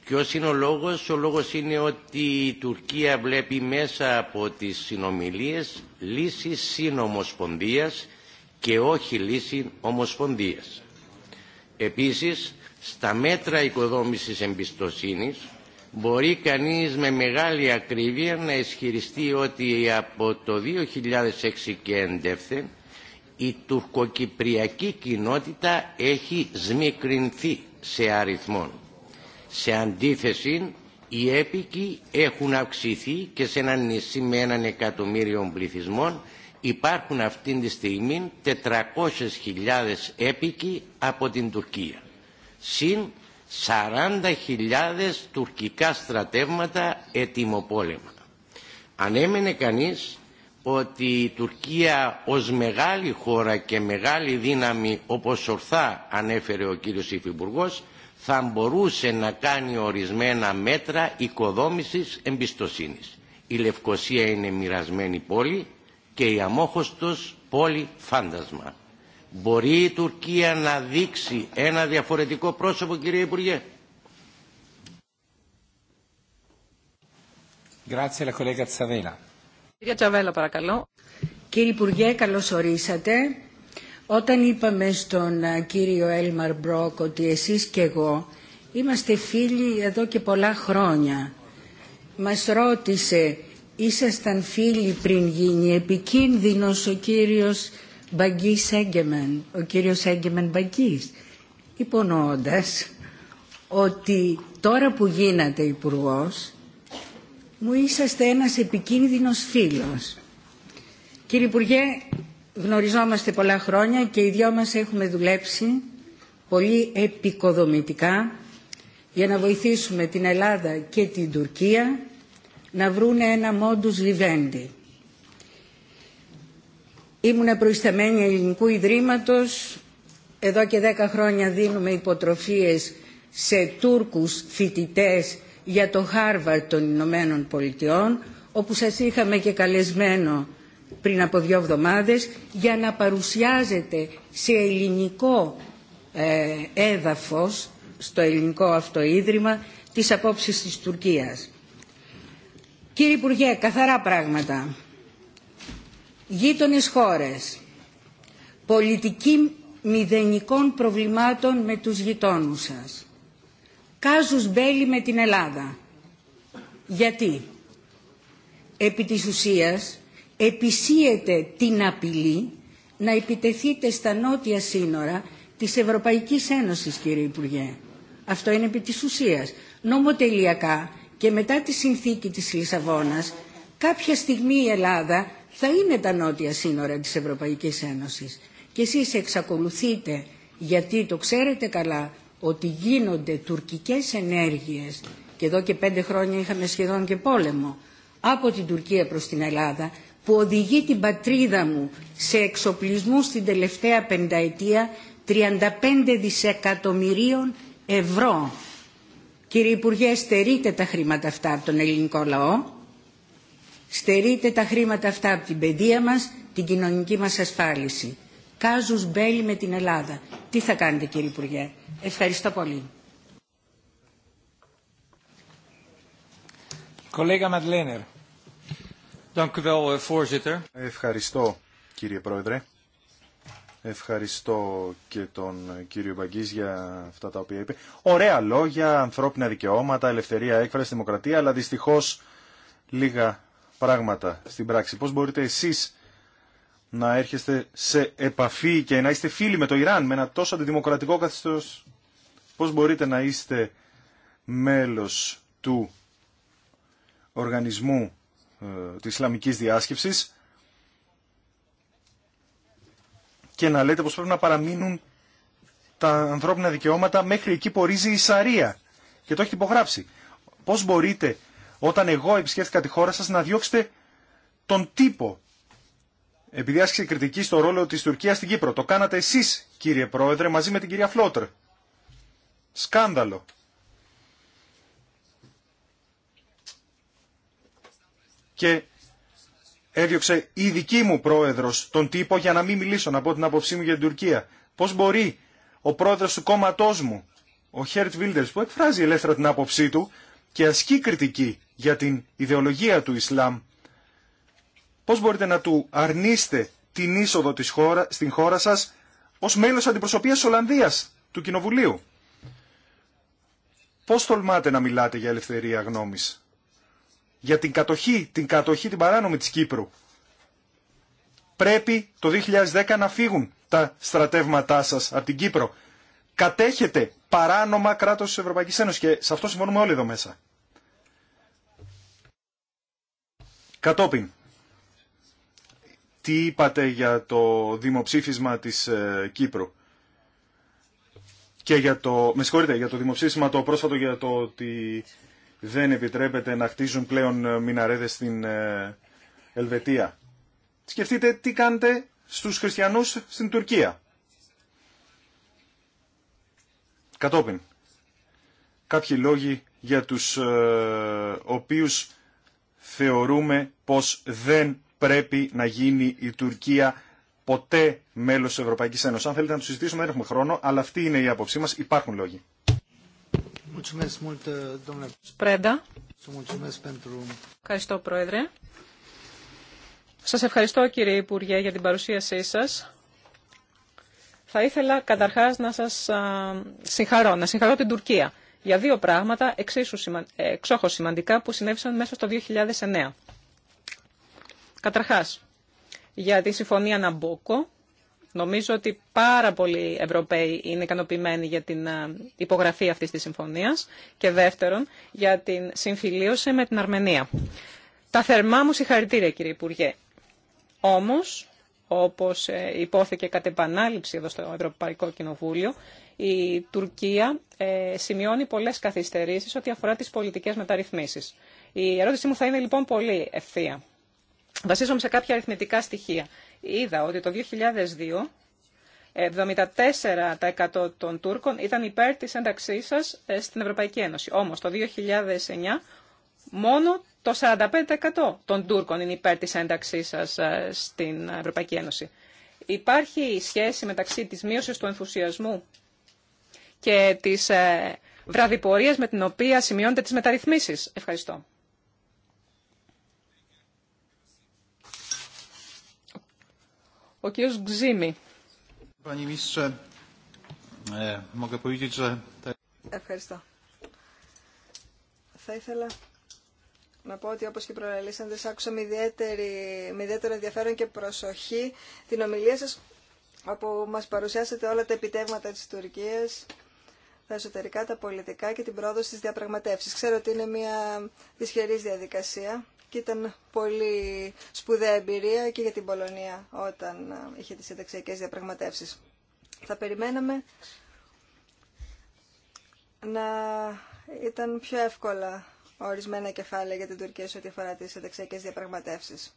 Ποιο είναι ο λόγος? Ο λόγος είναι ότι η Τουρκία βλέπει μέσα από τις συνομιλίες λύση συνομοσπονδίας και όχι λύση ομοσπονδίας. Επίσης, στα μέτρα οικοδόμησης εμπιστοσύνης μπορεί κανείς με μεγάλη ακρίβεια να ισχυριστεί ότι από το 2006 και εντεύθεν η τουρκοκυπριακή κοινότητα έχει σμικρινθεί σε αριθμόν. Σε αντίθεση, οι έπικοι έχουν αυξηθεί και σε ένα νησί με έναν εκατομμύριο πληθυσμών υπάρχουν αυτή τη στιγμή 400.000 έπικοι από την Τουρκία συν 40.000 τουρκικά στρατεύματα ετοιμοπόλεμα. Ανέμενε έμενε κανείς ότι η Τουρκία ως μεγάλη χώρα και μεγάλη δύναμη όπως ορθά ανέφερε ο κύριος Υφυπουργός θα μπορούσε να κάνει ορισμένα μέτρα οικοδόμησης εμπιστοσύνης. Η Λευκοσία είναι μοιρασμένη πόλη και η Αμόχωστος πόλη φάντασμα. Μπορεί η Τουρκία να δείξει ένα διαφορετικό πρόσωπο, κύριε Υπουργέ. Τσαβέλα, παρακαλώ. Κύριε Υπουργέ, καλώς ορίσατε. Όταν είπαμε στον ε, κύριο Έλμαρ Μπρόκ ότι εσείς και εγώ είμαστε φίλοι εδώ και πολλά χρόνια, μας ρώτησε ήσασταν φίλοι πριν γίνει επικίνδυνος ο κύριος ο κύριο Έγκεμεν Μπαγκή, υπονοώντα ότι τώρα που γίνατε υπουργό, μου είσαστε ένας επικίνδυνος φίλος. Κύριε Υπουργέ, γνωριζόμαστε πολλά χρόνια και οι δυο έχουμε δουλέψει πολύ επικοδομητικά για να βοηθήσουμε την Ελλάδα και την Τουρκία να βρουν ένα μόντους λιβέντη. Ήμουνα προϊσταμένη Ελληνικού Ιδρύματος. Εδώ και δέκα χρόνια δίνουμε υποτροφίες σε Τούρκους φοιτητές για το Χάρβαρτ των Ηνωμένων Πολιτειών, όπου σας είχαμε και καλεσμένο πριν από δύο εβδομάδες, για να παρουσιάζετε σε ελληνικό ε, έδαφος, στο ελληνικό αυτό ίδρυμα, τις απόψεις της Τουρκίας. Κύριε Υπουργέ, καθαρά πράγματα γείτονες χώρες, πολιτική μηδενικών προβλημάτων με τους γειτόνους σας, κάζους μπέλη με την Ελλάδα. Γιατί, επί της ουσίας, επισύεται την απειλή να επιτεθείτε στα νότια σύνορα της Ευρωπαϊκής Ένωσης, κύριε Υπουργέ. Αυτό είναι επί της ουσίας. Νομοτελειακά και μετά τη συνθήκη της Λισαβόνας, κάποια στιγμή η Ελλάδα θα είναι τα νότια σύνορα της Ευρωπαϊκής Ένωσης. Και εσείς εξακολουθείτε, γιατί το ξέρετε καλά, ότι γίνονται τουρκικές ενέργειες, και εδώ και πέντε χρόνια είχαμε σχεδόν και πόλεμο, από την Τουρκία προς την Ελλάδα, που οδηγεί την πατρίδα μου σε εξοπλισμού στην τελευταία πενταετία 35 δισεκατομμυρίων ευρώ. Κύριε Υπουργέ, στερείτε τα χρήματα αυτά από τον ελληνικό λαό Στερείτε τα χρήματα αυτά από την παιδεία μας, την κοινωνική μας ασφάλιση. Κάζους μπέλι με την Ελλάδα. Τι θα κάνετε κύριε Υπουργέ. Ευχαριστώ πολύ. Eh, Ευχαριστώ κύριε Πρόεδρε. Ευχαριστώ και τον κύριο Μπαγκής για αυτά τα οποία είπε. Ωραία λόγια, ανθρώπινα δικαιώματα, ελευθερία έκφραση, δημοκρατία, αλλά δυστυχώς λίγα πράγματα στην πράξη. Πώς μπορείτε εσείς να έρχεστε σε επαφή και να είστε φίλοι με το Ιράν, με ένα τόσο αντιδημοκρατικό καθεστώς. Πώς μπορείτε να είστε μέλος του οργανισμού ε, της Ισλαμικής Διάσκεψης και να λέτε πως πρέπει να παραμείνουν τα ανθρώπινα δικαιώματα μέχρι εκεί που ορίζει η Σαρία και το έχει υπογράψει. Πώς μπορείτε όταν εγώ επισκέφθηκα τη χώρα σας να διώξετε τον τύπο. Επειδή άσκησε κριτική στο ρόλο της Τουρκίας στην Κύπρο. Το κάνατε εσείς κύριε Πρόεδρε μαζί με την κυρία Φλότρ. Σκάνδαλο. Και έδιωξε η δική μου πρόεδρος τον τύπο για να μην μιλήσω, να πω την άποψή μου για την Τουρκία. Πώς μπορεί ο πρόεδρος του κόμματός μου, ο Χέρτ Βίλτερς, που εκφράζει ελεύθερα την άποψή του και ασκεί κριτική για την ιδεολογία του Ισλάμ, πώς μπορείτε να του αρνείστε την είσοδο της χώρα, στην χώρα σας ως μέλος αντιπροσωπείας Ολλανδίας, του Κοινοβουλίου. Πώς τολμάτε να μιλάτε για ελευθερία γνώμης, για την κατοχή, την κατοχή την παράνομη της Κύπρου. Πρέπει το 2010 να φύγουν τα στρατεύματά σας από την Κύπρο. Κατέχετε παράνομα κράτος της Ευρωπαϊκής Ένωσης και σε αυτό συμφωνούμε όλοι εδώ μέσα. Κατόπιν, τι είπατε για το δημοψήφισμα της ε, Κύπρου και για το, με συγχωρείτε, για το δημοψήφισμα το πρόσφατο για το ότι δεν επιτρέπεται να χτίζουν πλέον ε, μιναρέδες στην ε, Ελβετία. Σκεφτείτε τι κάνετε στους χριστιανούς στην Τουρκία. Κατόπιν, κάποιοι λόγοι για τους ε, οποίους θεωρούμε πως δεν πρέπει να γίνει η Τουρκία ποτέ μέλος της Ευρωπαϊκής Ένωσης. Αν θέλετε να το συζητήσουμε δεν έχουμε χρόνο, αλλά αυτή είναι η άποψή μας. Υπάρχουν λόγοι. Ευχαριστώ, Πρόεδρε. Σας ευχαριστώ, κύριε Υπουργέ, για την παρουσίασή σας. Θα ήθελα καταρχάς να σας συγχαρώ, να συγχαρώ την Τουρκία για δύο πράγματα εξίσου ε, εξόχω σημαντικά που συνέβησαν μέσα στο 2009. Καταρχάς, για τη συμφωνία Ναμπόκο, νομίζω ότι πάρα πολλοί Ευρωπαίοι είναι ικανοποιημένοι για την ε, υπογραφή αυτής της συμφωνίας και δεύτερον, για την συμφιλίωση με την Αρμενία. Τα θερμά μου συγχαρητήρια, κύριε Υπουργέ. Όμως, όπως ε, υπόθηκε κατ' επανάληψη εδώ στο Ευρωπαϊκό Κοινοβούλιο, η Τουρκία ε, σημειώνει πολλές καθυστερήσεις ό,τι αφορά τις πολιτικές μεταρρυθμίσεις. Η ερώτησή μου θα είναι λοιπόν πολύ ευθεία. Βασίζομαι σε κάποια αριθμητικά στοιχεία. Είδα ότι το 2002 74% των Τούρκων ήταν υπέρ της ένταξής σας ε, στην Ευρωπαϊκή Ένωση. Όμως το 2009 μόνο το 45% των Τούρκων είναι υπέρ της ένταξής σας ε, στην Ευρωπαϊκή Ένωση. Υπάρχει σχέση μεταξύ της μείωσης του ενθουσιασμού και τις ε, βραδιπορίες με την οποία σημειώνεται τις μεταρρυθμίσεις. Ευχαριστώ. Ο κύριος Γκζίμη. E, Ευχαριστώ. Θα ήθελα να πω ότι όπως και σας άκουσα με, με ιδιαίτερο ενδιαφέρον και προσοχή την ομιλία σας όπου μας παρουσιάσατε όλα τα επιτεύγματα της Τουρκίας τα εσωτερικά, τα πολιτικά και την πρόοδο στις διαπραγματεύσεις. Ξέρω ότι είναι μια δυσχερής διαδικασία και ήταν πολύ σπουδαία εμπειρία και για την Πολωνία όταν ε, είχε τις συνταξιακές διαπραγματεύσεις. Θα περιμέναμε να ήταν πιο εύκολα ορισμένα κεφάλαια για την Τουρκία σε ό,τι αφορά τις συνταξιακές διαπραγματεύσεις.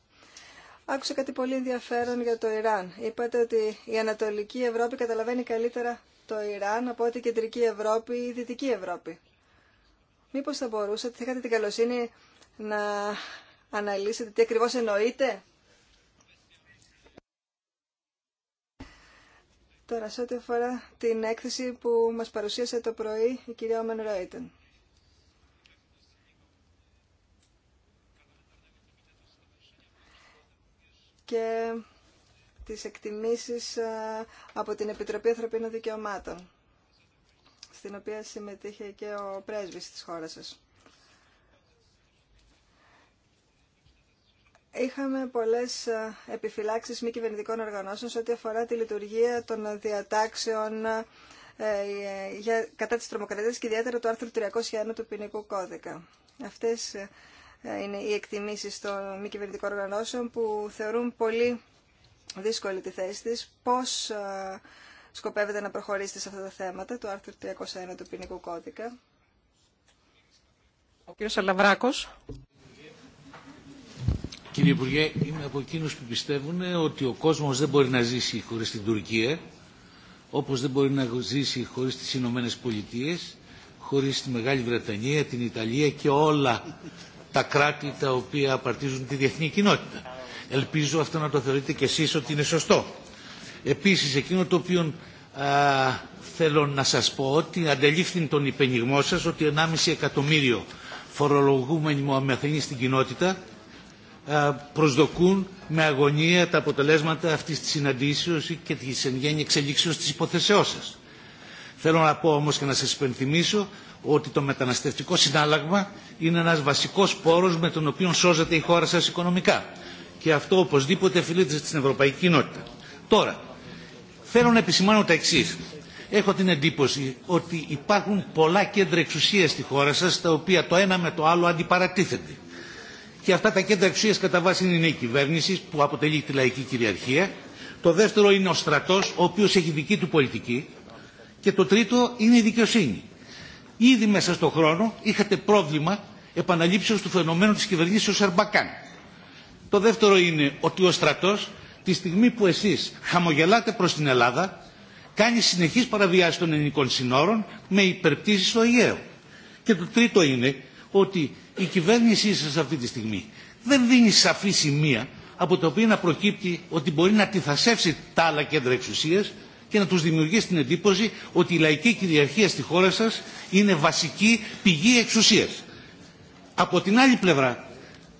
Άκουσα κάτι πολύ ενδιαφέρον για το Ιράν. Είπατε ότι η Ανατολική Ευρώπη καταλαβαίνει καλύτερα το Ιράν από ό,τι Κεντρική Ευρώπη ή Δυτική Ευρώπη. Μήπως θα μπορούσατε, θα είχατε την καλοσύνη να αναλύσετε τι ακριβώς εννοείτε. Τώρα, σε ό,τι αφορά την έκθεση που μας παρουσίασε το πρωί η κυρία Όμεν Ρόιτεν. Και τις εκτιμήσεις ε, από την Επιτροπή Ανθρωπίνων Δικαιωμάτων, στην οποία συμμετείχε και ο πρέσβης της χώρας σας. Είχαμε πολλές ε, επιφυλάξεις μη κυβερνητικών οργανώσεων σε ό,τι αφορά τη λειτουργία των διατάξεων ε, για, κατά της τρομοκρατίας και ιδιαίτερα του άρθρου 301 του ποινικού κώδικα. Αυτές είναι οι εκτιμήσεις των μη κυβερνητικών οργανώσεων που θεωρούν πολύ δύσκολη τη θέση της, πώς ε, σκοπεύετε να προχωρήσετε σε αυτά τα θέματα του άρθρου 301 του ποινικού κώδικα. Ο κύριος Αλαβράκος. Κύριε Υπουργέ, είμαι από εκείνους που πιστεύουν ότι ο κόσμος δεν μπορεί να ζήσει χωρίς την Τουρκία, όπως δεν μπορεί να ζήσει χωρίς τις Ηνωμένε Πολιτείες, χωρίς τη Μεγάλη Βρετανία, την Ιταλία και όλα τα κράτη τα οποία απαρτίζουν τη διεθνή κοινότητα. Ελπίζω αυτό να το θεωρείτε κι εσείς ότι είναι σωστό. Επίσης, εκείνο το οποίο θέλω να σας πω ότι αντελήφθην τον υπενιγμό σας ότι 1,5 εκατομμύριο φορολογούμενοι μου στην κοινότητα α, προσδοκούν με αγωνία τα αποτελέσματα αυτής της συναντήσεως και της εν γέννη εξελίξεως της υποθεσεώς σας. Θέλω να πω όμως και να σας υπενθυμίσω ότι το μεταναστευτικό συνάλλαγμα είναι ένας βασικός πόρος με τον οποίο σώζεται η χώρα σας οικονομικά. Και αυτό οπωσδήποτε φιλείται στην ευρωπαϊκή κοινότητα. Τώρα, θέλω να επισημάνω τα εξή. Έχω την εντύπωση ότι υπάρχουν πολλά κέντρα εξουσία στη χώρα σας, τα οποία το ένα με το άλλο αντιπαρατίθενται. Και αυτά τα κέντρα εξουσία κατά βάση είναι η κυβέρνηση που αποτελεί τη λαϊκή κυριαρχία. Το δεύτερο είναι ο στρατό, ο οποίο έχει δική του πολιτική. Και το τρίτο είναι η δικαιοσύνη. Ήδη μέσα στον χρόνο είχατε πρόβλημα επαναλήψεως του φαινομένου της κυβερνήσεως Ερμπακάν. Το δεύτερο είναι ότι ο στρατός τη στιγμή που εσείς χαμογελάτε προς την Ελλάδα κάνει συνεχείς παραβιάσεις των ελληνικών συνόρων με υπερπτήσεις στο Αιγαίο. Και το τρίτο είναι ότι η κυβέρνησή σας αυτή τη στιγμή δεν δίνει σαφή σημεία από το οποίο να προκύπτει ότι μπορεί να αντιθασεύσει τα άλλα κέντρα εξουσίας και να τους δημιουργήσει την εντύπωση ότι η λαϊκή κυριαρχία στη χώρα σας είναι βασική πηγή εξουσίας. Από την άλλη πλευρά,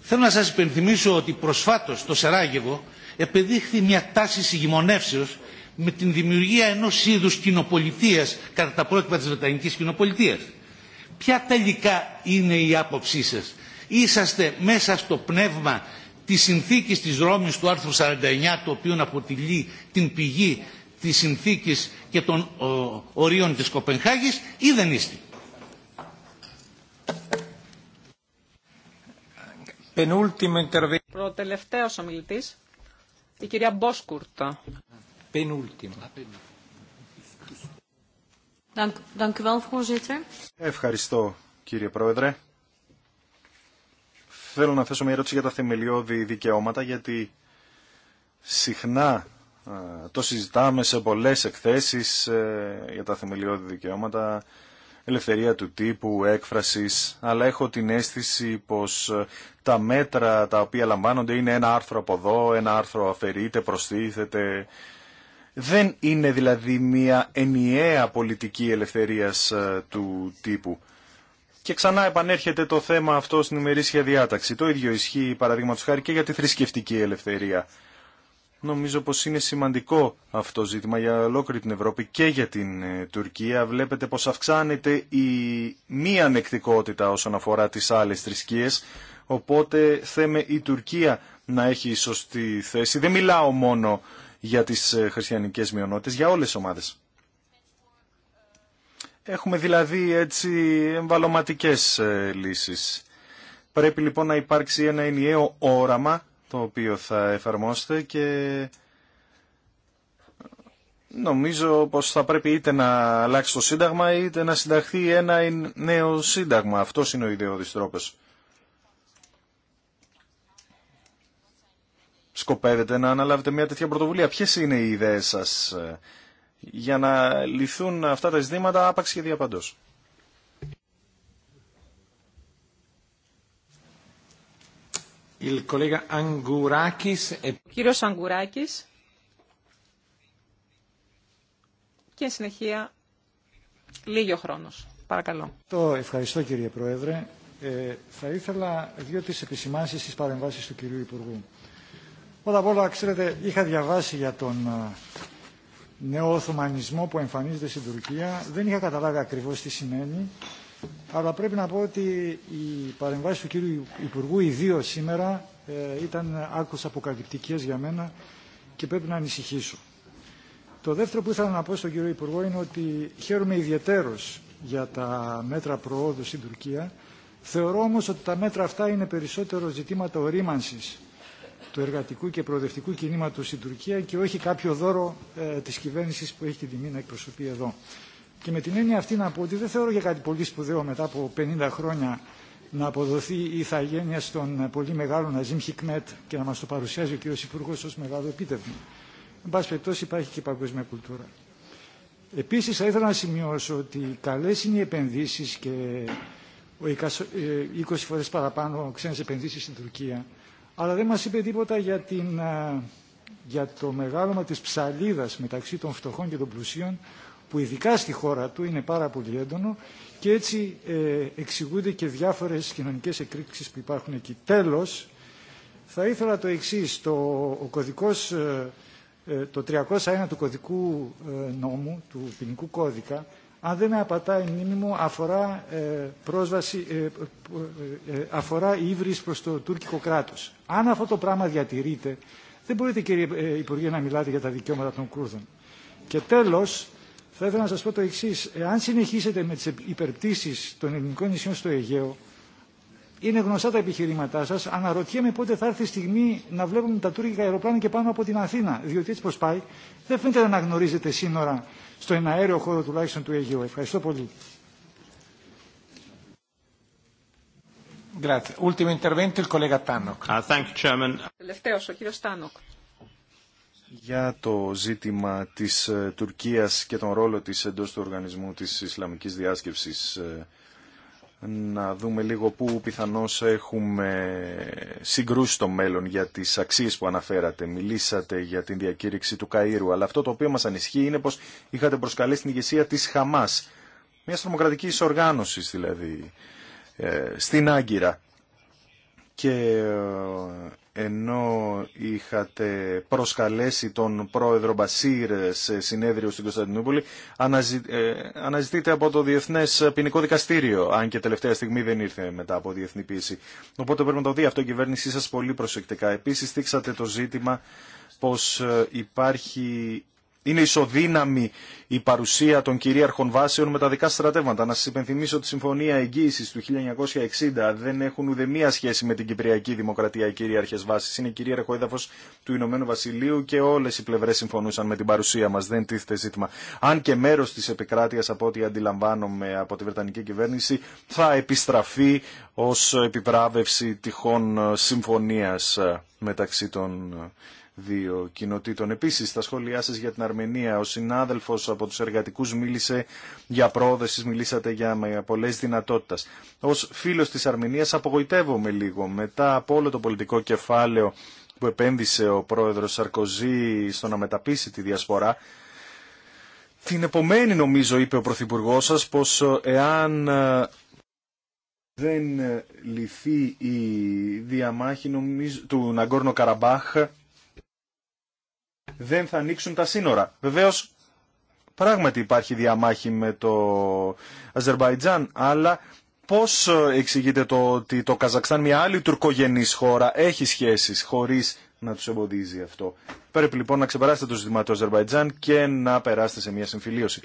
θέλω να σας υπενθυμίσω ότι προσφάτως το Σεράγεβο επεδείχθη μια τάση συγγυμονεύσεως με την δημιουργία ενός είδους κοινοπολιτείας κατά τα πρότυπα της Βρετανικής κοινοπολιτείας. Ποια τελικά είναι η άποψή σας. Είσαστε μέσα στο πνεύμα της συνθήκης της Ρώμης του άρθρου 49 το οποίο αποτελεί την πηγή της συνθήκης και των ορίων της Κοπενχάγης ή δεν είστε. Προτελευταίος ομιλητής, η κυρία προτελευταιος ομιλητη Ευχαριστώ κύριε Πρόεδρε. Θέλω να θέσω μια ερώτηση για τα θεμελιώδη δικαιώματα, γιατί συχνά το συζητάμε σε πολλές εκθέσεις ε, για τα θεμελιώδη δικαιώματα, ελευθερία του τύπου, έκφρασης, αλλά έχω την αίσθηση πως ε, τα μέτρα τα οποία λαμβάνονται είναι ένα άρθρο από εδώ, ένα άρθρο αφαιρείται, προστίθεται. Δεν είναι δηλαδή μια ενιαία πολιτική ελευθερίας ε, του τύπου. Και ξανά επανέρχεται το θέμα αυτό στην ημερήσια διάταξη. Το ίδιο ισχύει παραδείγματος χάρη και για τη θρησκευτική ελευθερία. Νομίζω πως είναι σημαντικό αυτό ζήτημα για ολόκληρη την Ευρώπη και για την ε, Τουρκία. Βλέπετε πως αυξάνεται η μη ανεκτικότητα όσον αφορά τις άλλες θρησκείες. Οπότε θέμε η Τουρκία να έχει σωστή θέση. Δεν μιλάω μόνο για τις ε, χριστιανικές μειονότητες, για όλες τις ομάδες. Έχουμε δηλαδή έτσι εμβαλωματικές ε, λύσεις. Πρέπει λοιπόν να υπάρξει ένα ενιαίο όραμα το οποίο θα εφαρμόσετε και νομίζω πως θα πρέπει είτε να αλλάξει το σύνταγμα είτε να συνταχθεί ένα νέο σύνταγμα. Αυτό είναι ο ιδεώδης τρόπος. Σκοπεύετε να αναλάβετε μια τέτοια πρωτοβουλία. Ποιες είναι οι ιδέες σας ε, για να λυθούν αυτά τα ζητήματα άπαξ και διαπαντός. E- Ο κύριος Αγκουράκης και συνεχεία λίγιο χρόνος. Παρακαλώ. Το ευχαριστώ κύριε Πρόεδρε. Ε, θα ήθελα δύο τις επισημάνσεις στις παρεμβάσεις του κυρίου Υπουργού. Πρώτα απ' όλα, ξέρετε, είχα διαβάσει για τον ε, νεοοθωμανισμό που εμφανίζεται στην Τουρκία. Δεν είχα καταλάβει ακριβώς τι σημαίνει αλλά πρέπει να πω ότι η παρεμβάση του κύριου Υπουργού, οι δύο σήμερα, ε, ήταν άκουσα αποκαλυπτικές για μένα και πρέπει να ανησυχήσω. Το δεύτερο που ήθελα να πω στον κύριο Υπουργό είναι ότι χαίρομαι ιδιαίτερος για τα μέτρα προόδου στην Τουρκία. Θεωρώ όμως ότι τα μέτρα αυτά είναι περισσότερο ζητήματα ορίμανσης του εργατικού και προοδευτικού κινήματος στην Τουρκία και όχι κάποιο δώρο ε, της κυβέρνησης που έχει την τιμή να εκπροσωπεί εδώ. Και με την έννοια αυτή να πω ότι δεν θεωρώ για κάτι πολύ σπουδαίο μετά από 50 χρόνια να αποδοθεί η ηθαγένεια στον πολύ μεγάλο Ναζίμ Χικμέτ και να μας το παρουσιάζει ο κ. Υπουργό ως μεγάλο επίτευγμα. Εν πάση περιπτώσει υπάρχει και παγκόσμια κουλτούρα. Επίσης θα ήθελα να σημειώσω ότι καλές είναι οι επενδύσεις και 20 ε, φορές παραπάνω ξένες επενδύσεις στην Τουρκία αλλά δεν μας είπε τίποτα για, την, ε, για το μεγάλωμα της ψαλίδας μεταξύ των φτωχών και των πλουσίων που ειδικά στη χώρα του είναι πάρα πολύ έντονο και έτσι ε, εξηγούνται και διάφορες κοινωνικές εκρήξεις που υπάρχουν εκεί. Τέλος, θα ήθελα το εξής, το, ε, ε, το 301 του κωδικού νόμου, του ποινικού κώδικα, αν δεν με απατάει η αφορά, ε, πρόσβαση, αφορά ύβρις προς το τουρκικό κράτος. Αν αυτό το πράγμα διατηρείται, δεν μπορείτε κύριε Υπουργέ να μιλάτε για τα δικαιώματα των Κούρδων. Και τέλος, θα ήθελα να σας πω το εξή: Εάν συνεχίσετε με τις υπερπτήσεις των ελληνικών νησιών στο Αιγαίο, είναι γνωστά τα επιχειρήματά σας, αναρωτιέμαι πότε θα έρθει η στιγμή να βλέπουμε τα τουρκικά αεροπλάνα και πάνω από την Αθήνα, διότι έτσι πως πάει, δεν φαίνεται να αναγνωρίζετε σύνορα στον αέριο χώρο τουλάχιστον του Αιγαίου. Ευχαριστώ πολύ. Uh, Τελευταίος, ο κύριος Τάνοκ για το ζήτημα της ε, Τουρκίας και τον ρόλο της εντός του οργανισμού της Ισλαμικής Διάσκεψης. Ε, να δούμε λίγο πού πιθανώς έχουμε συγκρούσει στο μέλλον για τις αξίες που αναφέρατε. Μιλήσατε για την διακήρυξη του Καΐρου, αλλά αυτό το οποίο μας ανισχύει είναι πως είχατε προσκαλέσει την ηγεσία της Χαμάς, μια τρομοκρατική οργάνωση δηλαδή, ε, στην Άγκυρα και ε, ενώ είχατε προσκαλέσει τον πρόεδρο Μπασίρ σε συνέδριο στην Κωνσταντινούπολη, ε, αναζητείτε από το Διεθνές Ποινικό Δικαστήριο, αν και τελευταία στιγμή δεν ήρθε μετά από διεθνή πίεση. Οπότε πρέπει να το δει αυτό η κυβέρνησή σας πολύ προσεκτικά. Επίσης, θίξατε το ζήτημα πως ε, υπάρχει είναι ισοδύναμη η παρουσία των κυρίαρχων βάσεων με τα δικά στρατεύματα. Να σα υπενθυμίσω ότι η Συμφωνία Εγγύηση του 1960 δεν έχουν ούτε μία σχέση με την Κυπριακή Δημοκρατία οι κυρίαρχε βάσει. Είναι κυρίαρχο έδαφος του Ηνωμένου Βασιλείου και όλε οι πλευρέ συμφωνούσαν με την παρουσία μα. Δεν τίθεται ζήτημα. Αν και μέρο τη επικράτεια, από ό,τι αντιλαμβάνομαι από τη Βρετανική κυβέρνηση θα επιστραφεί ω επιπράβευση τυχόν συμφωνία μεταξύ των δύο κοινοτήτων. Επίση, στα σχόλιά σα για την Αρμενία, ο συνάδελφο από του Εργατικού μίλησε για πρόοδες, μιλήσατε για πολλέ δυνατότητε. Ω φίλο τη Αρμενία, απογοητεύομαι λίγο. Μετά από όλο το πολιτικό κεφάλαιο που επένδυσε ο πρόεδρο Σαρκοζή στο να μεταπίσει τη διασπορά, την επομένη νομίζω είπε ο Πρωθυπουργό σα πω εάν ε, δεν λυθεί η διαμάχη νομίζω, του Ναγκόρνο Καραμπάχ δεν θα ανοίξουν τα σύνορα. Βεβαίως πράγματι υπάρχει διαμάχη με το Αζερβαϊτζάν, αλλά πώ ε, εξηγείται το ότι το Καζακστάν, μια άλλη τουρκογενής χώρα, έχει σχέσεις χωρίς να του εμποδίζει αυτό. Πρέπει λοιπόν να ξεπεράσετε το ζήτημα του Αζερβαϊτζάν και να περάσετε σε μια συμφιλίωση.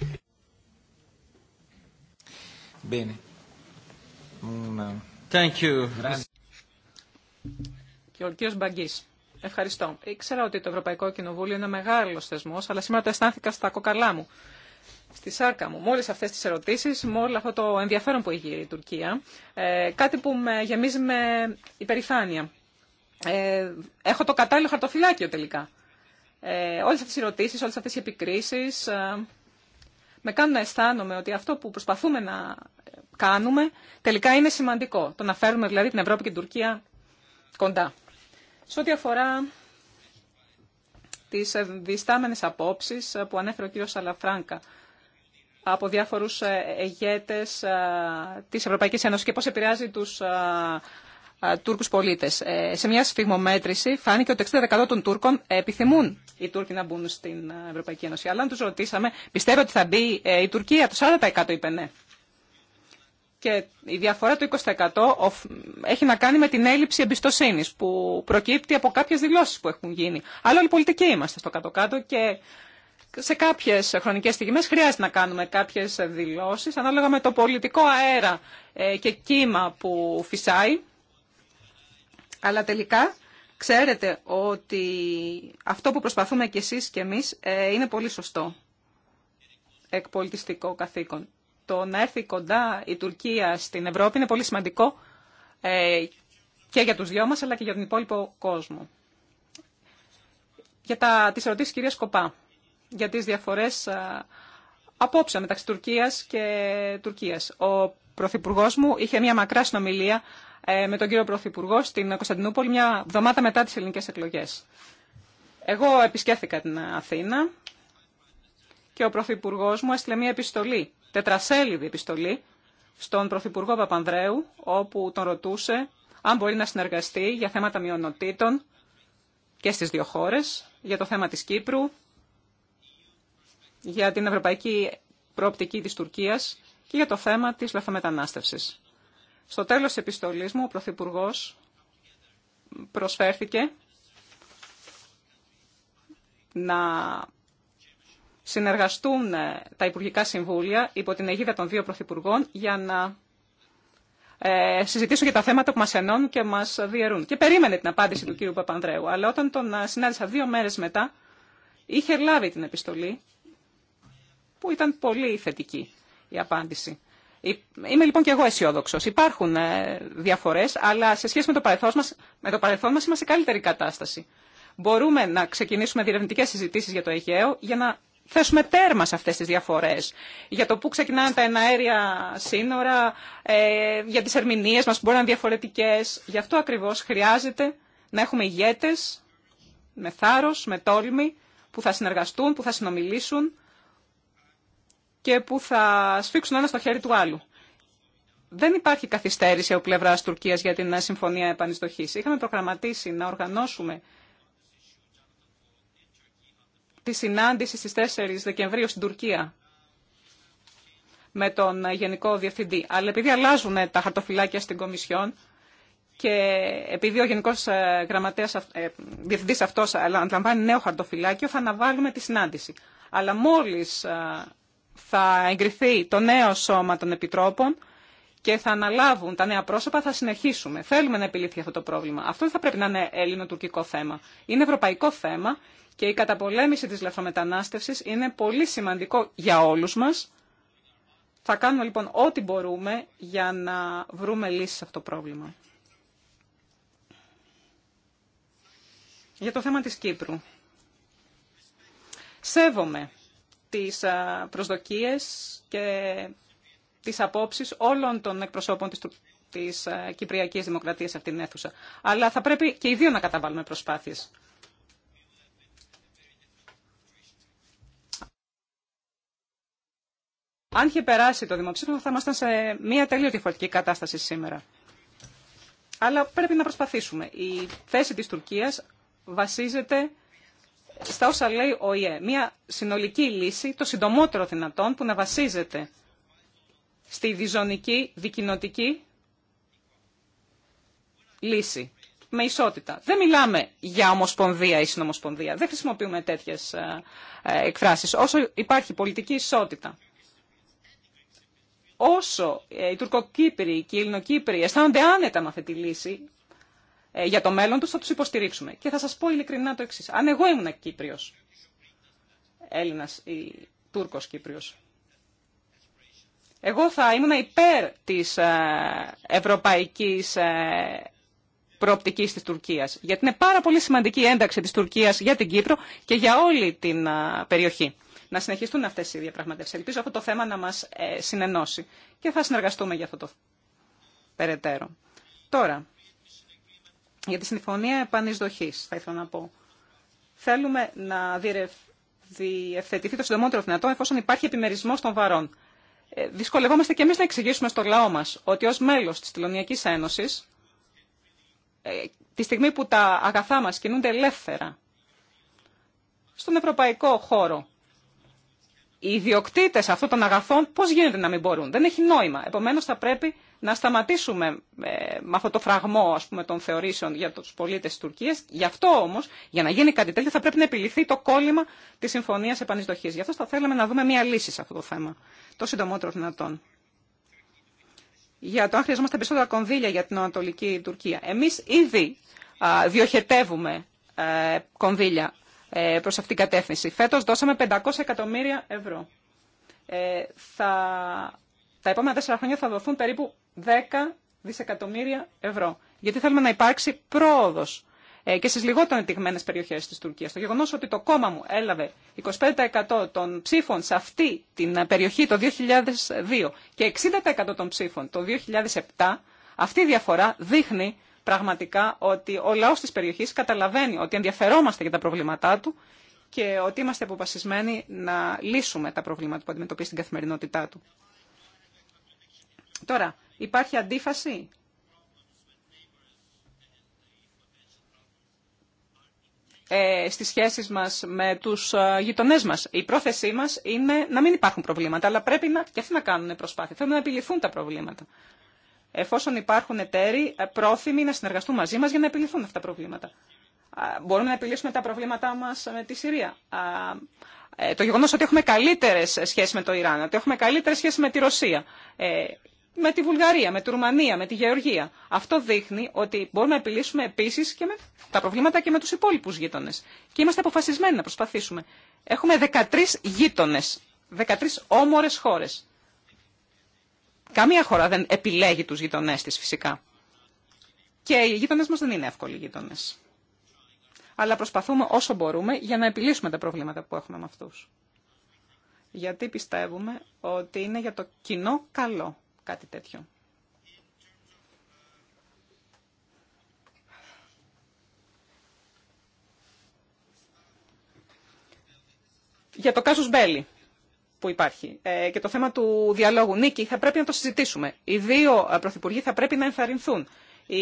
Thank you. Και ο Ευχαριστώ. Ήξερα ότι το Ευρωπαϊκό Κοινοβούλιο είναι μεγάλο θεσμό, αλλά σήμερα το αισθάνθηκα στα κοκαλά μου, στη σάρκα μου. Με όλε αυτέ τι ερωτήσει, με όλο αυτό το ενδιαφέρον που έχει η Τουρκία, ε, κάτι που με γεμίζει με υπερηφάνεια. Ε, έχω το κατάλληλο χαρτοφυλάκιο τελικά. Ε, όλες αυτές οι ερωτήσεις, όλες αυτές οι επικρίσεις ε, με κάνουν να αισθάνομαι ότι αυτό που προσπαθούμε να κάνουμε τελικά είναι σημαντικό. Το να φέρουμε δηλαδή την Ευρώπη και την Τουρκία κοντά. Σε ό,τι αφορά τις διστάμενες απόψεις που ανέφερε ο κύριος Σαλαφράνκα από διάφορους ε, ηγέτες ε, της Ευρωπαϊκής Ένωσης και πώς επηρεάζει τους ε, Τούρκους πολίτες. Σε μια σφιγμομέτρηση φάνηκε ότι 60% των Τούρκων επιθυμούν οι Τούρκοι να μπουν στην Ευρωπαϊκή Ένωση. Αλλά αν τους ρωτήσαμε, πιστεύω ότι θα μπει η Τουρκία, το 40% είπε ναι και η διαφορά του 20% έχει να κάνει με την έλλειψη εμπιστοσύνη που προκύπτει από κάποιες δηλώσεις που έχουν γίνει. Αλλά όλοι πολιτικοί είμαστε στο κάτω-κάτω και σε κάποιες χρονικές στιγμές χρειάζεται να κάνουμε κάποιες δηλώσεις ανάλογα με το πολιτικό αέρα ε, και κύμα που φυσάει. Αλλά τελικά ξέρετε ότι αυτό που προσπαθούμε κι εσείς κι εμείς ε, είναι πολύ σωστό εκπολιτιστικό καθήκον το να έρθει κοντά η Τουρκία στην Ευρώπη είναι πολύ σημαντικό ε, και για τους δυο μας αλλά και για τον υπόλοιπο κόσμο. Για τα, τις ερωτήσεις κυρία Σκοπά, για τις διαφορές ε, απόψε μεταξύ Τουρκίας και Τουρκίας. Ο Πρωθυπουργό μου είχε μια μακρά συνομιλία ε, με τον κύριο Πρωθυπουργό στην Κωνσταντινούπολη μια εβδομάδα μετά τις ελληνικές εκλογές. Εγώ επισκέφθηκα την Αθήνα και ο Πρωθυπουργό μου έστειλε μια επιστολή τετρασέλιδη επιστολή στον Πρωθυπουργό Παπανδρέου, όπου τον ρωτούσε αν μπορεί να συνεργαστεί για θέματα μειονοτήτων και στις δύο χώρες, για το θέμα της Κύπρου, για την ευρωπαϊκή προοπτική της Τουρκίας και για το θέμα της λαθομετανάστευσης. Στο τέλος της επιστολής μου, ο Πρωθυπουργό προσφέρθηκε να συνεργαστούν ε, τα Υπουργικά Συμβούλια υπό την αιγίδα των δύο Πρωθυπουργών για να ε, συζητήσουν για τα θέματα που μας ενώνουν και μας διαιρούν. Και περίμενε την απάντηση του κύριου Παπανδρέου, αλλά όταν τον ε, συνάντησα δύο μέρες μετά, είχε λάβει την επιστολή που ήταν πολύ θετική η απάντηση. Είμαι λοιπόν και εγώ αισιόδοξο. Υπάρχουν ε, διαφορέ, αλλά σε σχέση με το παρελθόν μα με το παρελθόν μας είμαστε σε καλύτερη κατάσταση. Μπορούμε να ξεκινήσουμε διερευνητικέ συζητήσει για το Αιγαίο για να θέσουμε τέρμα σε αυτές τις διαφορές. Για το πού ξεκινάνε τα εναέρια σύνορα, ε, για τις ερμηνείες μας που μπορεί να είναι διαφορετικές. Γι' αυτό ακριβώς χρειάζεται να έχουμε ηγέτες με θάρρος, με τόλμη, που θα συνεργαστούν, που θα συνομιλήσουν και που θα σφίξουν ένα στο χέρι του άλλου. Δεν υπάρχει καθυστέρηση από πλευρά Τουρκία για την Συμφωνία Επανιστοχή. Είχαμε προγραμματίσει να οργανώσουμε τη συνάντηση στις 4 Δεκεμβρίου στην Τουρκία με τον Γενικό Διευθυντή. Αλλά επειδή αλλάζουν τα χαρτοφυλάκια στην Κομισιόν και επειδή ο Γενικός ε, Γραμματέας, ε, Διευθυντής αυτός αναλαμβάνει νέο χαρτοφυλάκιο, θα αναβάλουμε τη συνάντηση. Αλλά μόλις ε, θα εγκριθεί το νέο σώμα των Επιτρόπων, και θα αναλάβουν τα νέα πρόσωπα, θα συνεχίσουμε. Θέλουμε να επιλύθει αυτό το πρόβλημα. Αυτό δεν θα πρέπει να είναι ελληνοτουρκικό θέμα. Είναι ευρωπαϊκό θέμα και η καταπολέμηση της λαθρομετανάστευσης είναι πολύ σημαντικό για όλους μας. Θα κάνουμε λοιπόν ό,τι μπορούμε για να βρούμε λύσεις σε αυτό το πρόβλημα. Για το θέμα της Κύπρου. Σέβομαι τις προσδοκίες και τις απόψεις όλων των εκπροσώπων της, της Κυπριακής Δημοκρατίας αυτήν την αίθουσα. Αλλά θα πρέπει και οι δύο να καταβάλουμε προσπάθειες. Αν είχε περάσει το δημοψήφισμα, θα ήμασταν σε μια τελείω διαφορετική κατάσταση σήμερα. Αλλά πρέπει να προσπαθήσουμε. Η θέση της Τουρκίας βασίζεται στα όσα λέει ο ΙΕ. Μια συνολική λύση, το συντομότερο δυνατόν, που να βασίζεται στη διζωνική, δικοινοτική λύση. Με ισότητα. Δεν μιλάμε για ομοσπονδία ή συνομοσπονδία. Δεν χρησιμοποιούμε τέτοιες ε, ε, εκφράσεις. Όσο υπάρχει πολιτική ισότητα όσο ε, οι Τουρκοκύπροι και οι Ελληνοκύπροι αισθάνονται άνετα με αυτή τη λύση ε, για το μέλλον τους, θα τους υποστηρίξουμε. Και θα σας πω ειλικρινά το εξή. Αν εγώ ήμουν Κύπριος, Έλληνας ή Τούρκος Κύπριος, εγώ θα ήμουν υπέρ της ε, ευρωπαϊκής προοπτικής της Τουρκίας. Γιατί είναι πάρα πολύ σημαντική η ένταξη της Τουρκίας για την Κύπρο και για όλη την περιοχή να συνεχιστούν αυτέ οι διαπραγματεύσει. Ελπίζω αυτό το θέμα να μα ε, συνενώσει και θα συνεργαστούμε για αυτό το περαιτέρω. Τώρα, για τη συμφωνία επανεισδοχή, θα ήθελα να πω. Θέλουμε να διευθετηθεί το συντομότερο δυνατό εφόσον υπάρχει επιμερισμό των βαρών. Ε, δυσκολευόμαστε και εμεί να εξηγήσουμε στο λαό μα ότι ω μέλο τη Τελωνιακή Ένωση, ε, τη στιγμή που τα αγαθά μα κινούνται ελεύθερα στον ευρωπαϊκό χώρο οι ιδιοκτήτε αυτών των αγαθών πώ γίνεται να μην μπορούν. Δεν έχει νόημα. Επομένω θα πρέπει να σταματήσουμε ε, με αυτό το φραγμό ας πούμε, των θεωρήσεων για του πολίτε τη Τουρκία. Γι' αυτό όμω, για να γίνει κάτι τέτοιο, θα πρέπει να επιληθεί το κόλλημα τη Συμφωνία Επανεισδοχή. Γι' αυτό θα θέλαμε να δούμε μία λύση σε αυτό το θέμα. Το συντομότερο δυνατόν. Για το αν χρειαζόμαστε περισσότερα κονδύλια για την Ανατολική Τουρκία. Εμεί ήδη διοχετεύουμε ε, κονδύλια ε, προς αυτήν την κατεύθυνση. Φέτος δώσαμε 500 εκατομμύρια ευρώ. Ε, θα, τα επόμενα τέσσερα χρόνια θα δοθούν περίπου 10 δισεκατομμύρια ευρώ. Γιατί θέλουμε να υπάρξει πρόοδος ε, και στι λιγότερο ανεπτυγμένε περιοχές της Τουρκίας. Το γεγονό ότι το κόμμα μου έλαβε 25% των ψήφων σε αυτή την περιοχή το 2002 και 60% των ψήφων το 2007, αυτή η διαφορά δείχνει πραγματικά ότι ο λαό τη περιοχή καταλαβαίνει ότι ενδιαφερόμαστε για τα προβλήματά του και ότι είμαστε αποφασισμένοι να λύσουμε τα προβλήματα που αντιμετωπίζει στην καθημερινότητά του. Τώρα, υπάρχει αντίφαση. Ε, στις σχέσεις μας με τους ε, γειτονές μας. Η πρόθεσή μας είναι να μην υπάρχουν προβλήματα, αλλά πρέπει να, και αυτοί να κάνουν προσπάθεια. Θέλουν να επιληθούν τα προβλήματα εφόσον υπάρχουν εταίροι ε, πρόθυμοι να συνεργαστούν μαζί μας για να επιληθούν αυτά τα προβλήματα. Μπορούμε να επιλύσουμε τα προβλήματά μας με τη Συρία. Ε, το γεγονός ότι έχουμε καλύτερες σχέσεις με το Ιράν, ότι έχουμε καλύτερες σχέσεις με τη Ρωσία, ε, με τη Βουλγαρία, με τη Ρουμανία, με τη Γεωργία. Αυτό δείχνει ότι μπορούμε να επιλύσουμε επίση και τα προβλήματα και με του υπόλοιπου γείτονε. Και είμαστε αποφασισμένοι να προσπαθήσουμε. Έχουμε 13 γείτονε, 13 όμορε χώρε. Καμία χώρα δεν επιλέγει τους γειτονές της φυσικά. Και οι γείτονες μας δεν είναι εύκολοι γείτονες. Αλλά προσπαθούμε όσο μπορούμε για να επιλύσουμε τα προβλήματα που έχουμε με αυτούς. Γιατί πιστεύουμε ότι είναι για το κοινό καλό κάτι τέτοιο. Για το κάσους Μπέλη που υπάρχει ε, και το θέμα του διαλόγου. Νίκη, θα πρέπει να το συζητήσουμε. Οι δύο ε, πρωθυπουργοί θα πρέπει να ενθαρρυνθούν. Η...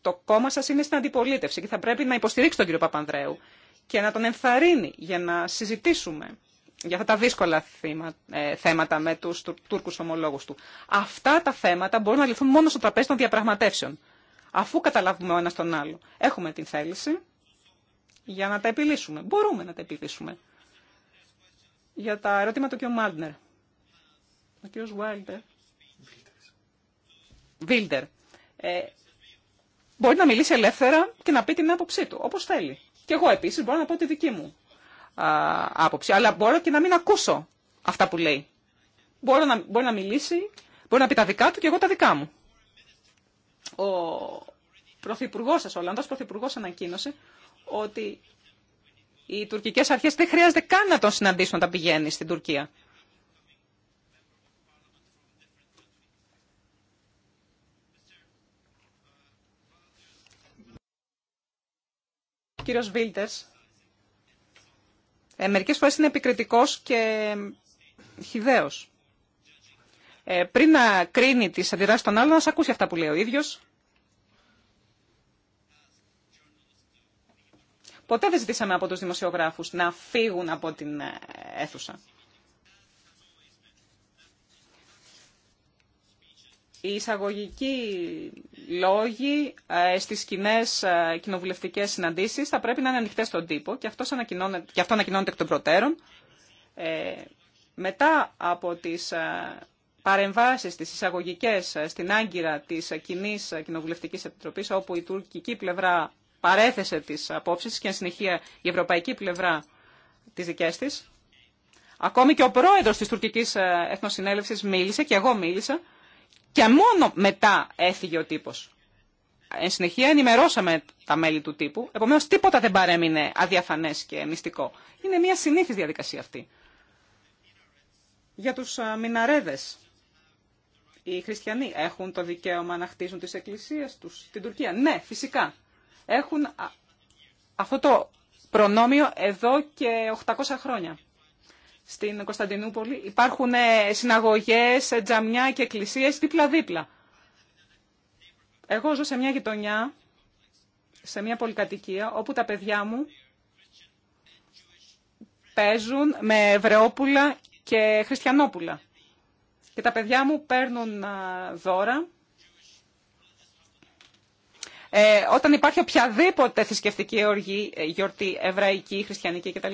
Το κόμμα σα είναι στην αντιπολίτευση και θα πρέπει να υποστηρίξει τον κύριο Παπανδρέου και να τον ενθαρρύνει για να συζητήσουμε για αυτά τα δύσκολα ε, θέματα με του Τούρκου ομολόγου του. Αυτά τα θέματα μπορούν να λυθούν μόνο στο τραπέζι των διαπραγματεύσεων, αφού καταλάβουμε ο ένας τον άλλο. Έχουμε την θέληση για να τα επιλύσουμε. Μπορούμε να τα επιλύσουμε για τα ερώτηματα του κ. Μάλτνερ. Ο κ. Βίλτερ. Ε, μπορεί να μιλήσει ελεύθερα και να πει την άποψή του, όπως θέλει. Και εγώ επίσης μπορώ να πω τη δική μου α, άποψη, αλλά μπορώ και να μην ακούσω αυτά που λέει. Μπορώ να, μπορεί να μιλήσει, μπορεί να πει τα δικά του και εγώ τα δικά μου. Ο πρωθυπουργός σα, ο Ολλανδός πρωθυπουργός, ανακοίνωσε ότι οι τουρκικές αρχές δεν χρειάζεται καν να τον συναντήσουν όταν πηγαίνει στην Τουρκία. κύριος Βίλτερς, ε, μερικές φορές είναι επικριτικός και χιδαίος. Ε, πριν να κρίνει τις αντιδράσεις των άλλων, να ακούσει αυτά που λέει ο ίδιος Ποτέ δεν ζητήσαμε από τους δημοσιογράφους να φύγουν από την ε, αίθουσα. Οι εισαγωγικοί λόγοι ε, στις κοινέ ε, κοινοβουλευτικές συναντήσεις θα πρέπει να είναι ανοιχτές στον τύπο και αυτό ανακοινώνεται, και αυτό ανακοινώνεται εκ των προτέρων. μετά από τις παρεμβάσεις, τις εισαγωγικές στην άγκυρα της κοινή Κοινοβουλευτικής Επιτροπής, όπου η τουρκική πλευρά παρέθεσε τις απόψεις και εν συνεχεία η ευρωπαϊκή πλευρά τις δικές της. Ακόμη και ο πρόεδρος της τουρκικής ε, εθνοσυνέλευσης μίλησε και εγώ μίλησα και μόνο μετά έφυγε ο τύπος. Εν συνεχεία ενημερώσαμε τα μέλη του τύπου, επομένως τίποτα δεν παρέμεινε αδιαφανές και μυστικό. Είναι μια συνήθις διαδικασία αυτή. Για τους ε, μιναρέδες, οι χριστιανοί έχουν το δικαίωμα να χτίζουν τις εκκλησίες τους στην Τουρκία. Ναι, φυσικά έχουν αυτό το προνόμιο εδώ και 800 χρόνια. Στην Κωνσταντινούπολη υπάρχουν ε, συναγωγές, ε, τζαμιά και εκκλησίες δίπλα-δίπλα. Εγώ ζω σε μια γειτονιά, σε μια πολυκατοικία, όπου τα παιδιά μου παίζουν με βρεόπουλα και χριστιανόπουλα. Και τα παιδιά μου παίρνουν δώρα ε, όταν υπάρχει οποιαδήποτε θρησκευτική οργή, ε, γιορτή εβραϊκή, χριστιανική κτλ.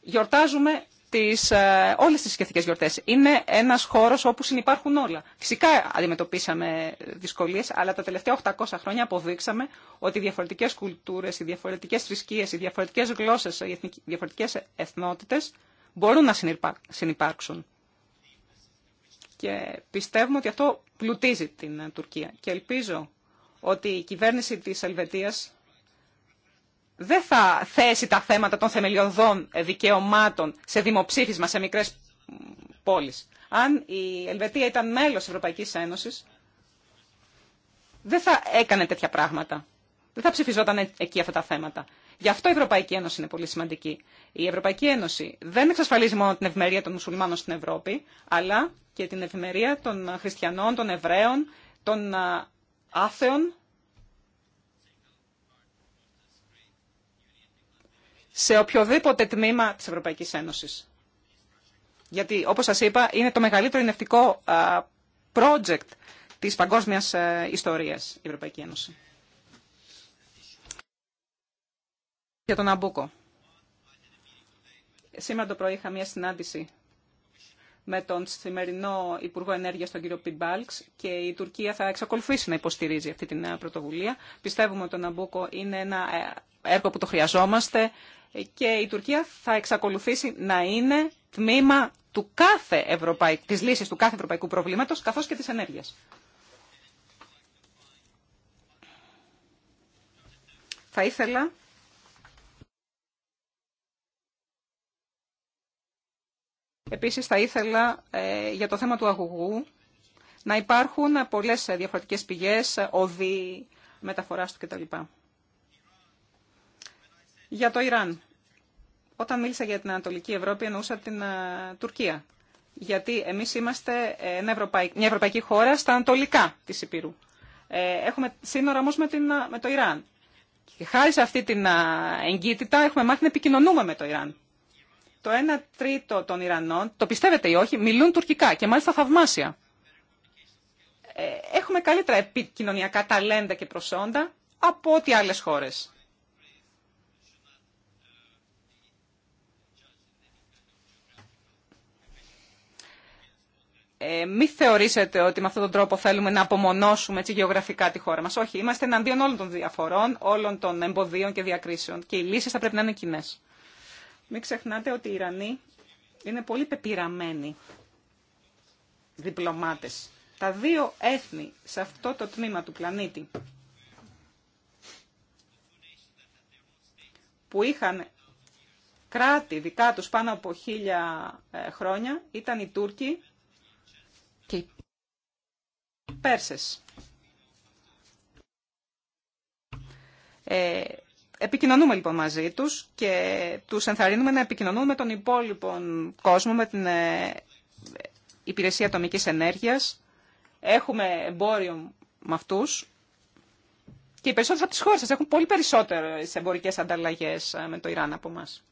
Γιορτάζουμε τις, ε, όλες τις θρησκευτικές γιορτές. Είναι ένας χώρος όπου συνεπάρχουν όλα. Φυσικά αντιμετωπίσαμε δυσκολίες, αλλά τα τελευταία 800 χρόνια αποδείξαμε ότι οι διαφορετικές κουλτούρες, οι διαφορετικές θρησκείες, οι διαφορετικές γλώσσες, οι διαφορετικές εθνότητες μπορούν να συνεπάρξουν. Και πιστεύουμε ότι αυτό πλουτίζει την Τουρκία. Και ελπίζω ότι η κυβέρνηση της Ελβετίας δεν θα θέσει τα θέματα των θεμελιωδών δικαιωμάτων σε δημοψήφισμα σε μικρές πόλεις. Αν η Ελβετία ήταν μέλος της Ευρωπαϊκής Ένωσης, δεν θα έκανε τέτοια πράγματα. Δεν θα ψηφιζόταν εκεί αυτά τα θέματα. Γι' αυτό η Ευρωπαϊκή Ένωση είναι πολύ σημαντική. Η Ευρωπαϊκή Ένωση δεν εξασφαλίζει μόνο την ευημερία των μουσουλμάνων στην Ευρώπη, αλλά και την ευημερία των χριστιανών, των Εβραίων, των άθεων σε οποιοδήποτε τμήμα της Ευρωπαϊκής Ένωσης. Γιατί, όπως σας είπα, είναι το μεγαλύτερο ενευτικό project της παγκόσμιας ε, ιστορίας η Ευρωπαϊκή Ένωση. Για τον Αμπούκο. Σήμερα το πρωί είχα μια συνάντηση με τον σημερινό Υπουργό Ενέργειας, τον κύριο Πιμπάλξ, και η Τουρκία θα εξακολουθήσει να υποστηρίζει αυτή την ε, πρωτοβουλία. Πιστεύουμε ότι το Ναμπούκο είναι ένα ε, έργο που το χρειαζόμαστε και η Τουρκία θα εξακολουθήσει να είναι τμήμα του κάθε της λύσης του κάθε ευρωπαϊκού προβλήματος, καθώς και της ενέργειας. Θα ήθελα Επίσης θα ήθελα ε, για το θέμα του αγωγού να υπάρχουν πολλές διαφορετικές πηγές, οδοί, μεταφοράς του κτλ. Για το Ιράν. Όταν μίλησα για την Ανατολική Ευρώπη εννοούσα την ε, Τουρκία. Γιατί εμείς είμαστε ε, μια ευρωπαϊκή χώρα στα ανατολικά της Υπήρου. Έχουμε σύνορα όμως με, με το Ιράν. Και χάρη σε αυτή την εγκύτητα έχουμε μάθει να επικοινωνούμε με το Ιράν το 1 τρίτο των Ιρανών, το πιστεύετε ή όχι, μιλούν τουρκικά και μάλιστα θαυμάσια. Ε, έχουμε καλύτερα επικοινωνιακά ταλέντα και προσόντα από ό,τι άλλες χώρες. Ε, μη θεωρήσετε ότι με αυτόν τον τρόπο θέλουμε να απομονώσουμε έτσι, γεωγραφικά τη χώρα μας. Όχι, είμαστε εναντίον όλων των διαφορών, όλων των εμποδίων και διακρίσεων και οι λύσεις θα πρέπει να είναι κοινέ. Μην ξεχνάτε ότι οι Ιρανοί είναι πολύ πεπειραμένοι διπλωμάτες. Τα δύο έθνη σε αυτό το τμήμα του πλανήτη που είχαν κράτη δικά τους πάνω από χίλια ε, χρόνια ήταν οι Τούρκοι και οι Πέρσες. Ε, Επικοινωνούμε λοιπόν μαζί τους και τους ενθαρρύνουμε να επικοινωνούν με τον υπόλοιπο κόσμο, με την ε, Υπηρεσία Ατομικής Ενέργειας. Έχουμε εμπόριο με αυτούς και οι περισσότερες από τις χώρες έχουν πολύ περισσότερες εμπορικές ανταλλαγές ε, με το Ιράν από εμάς.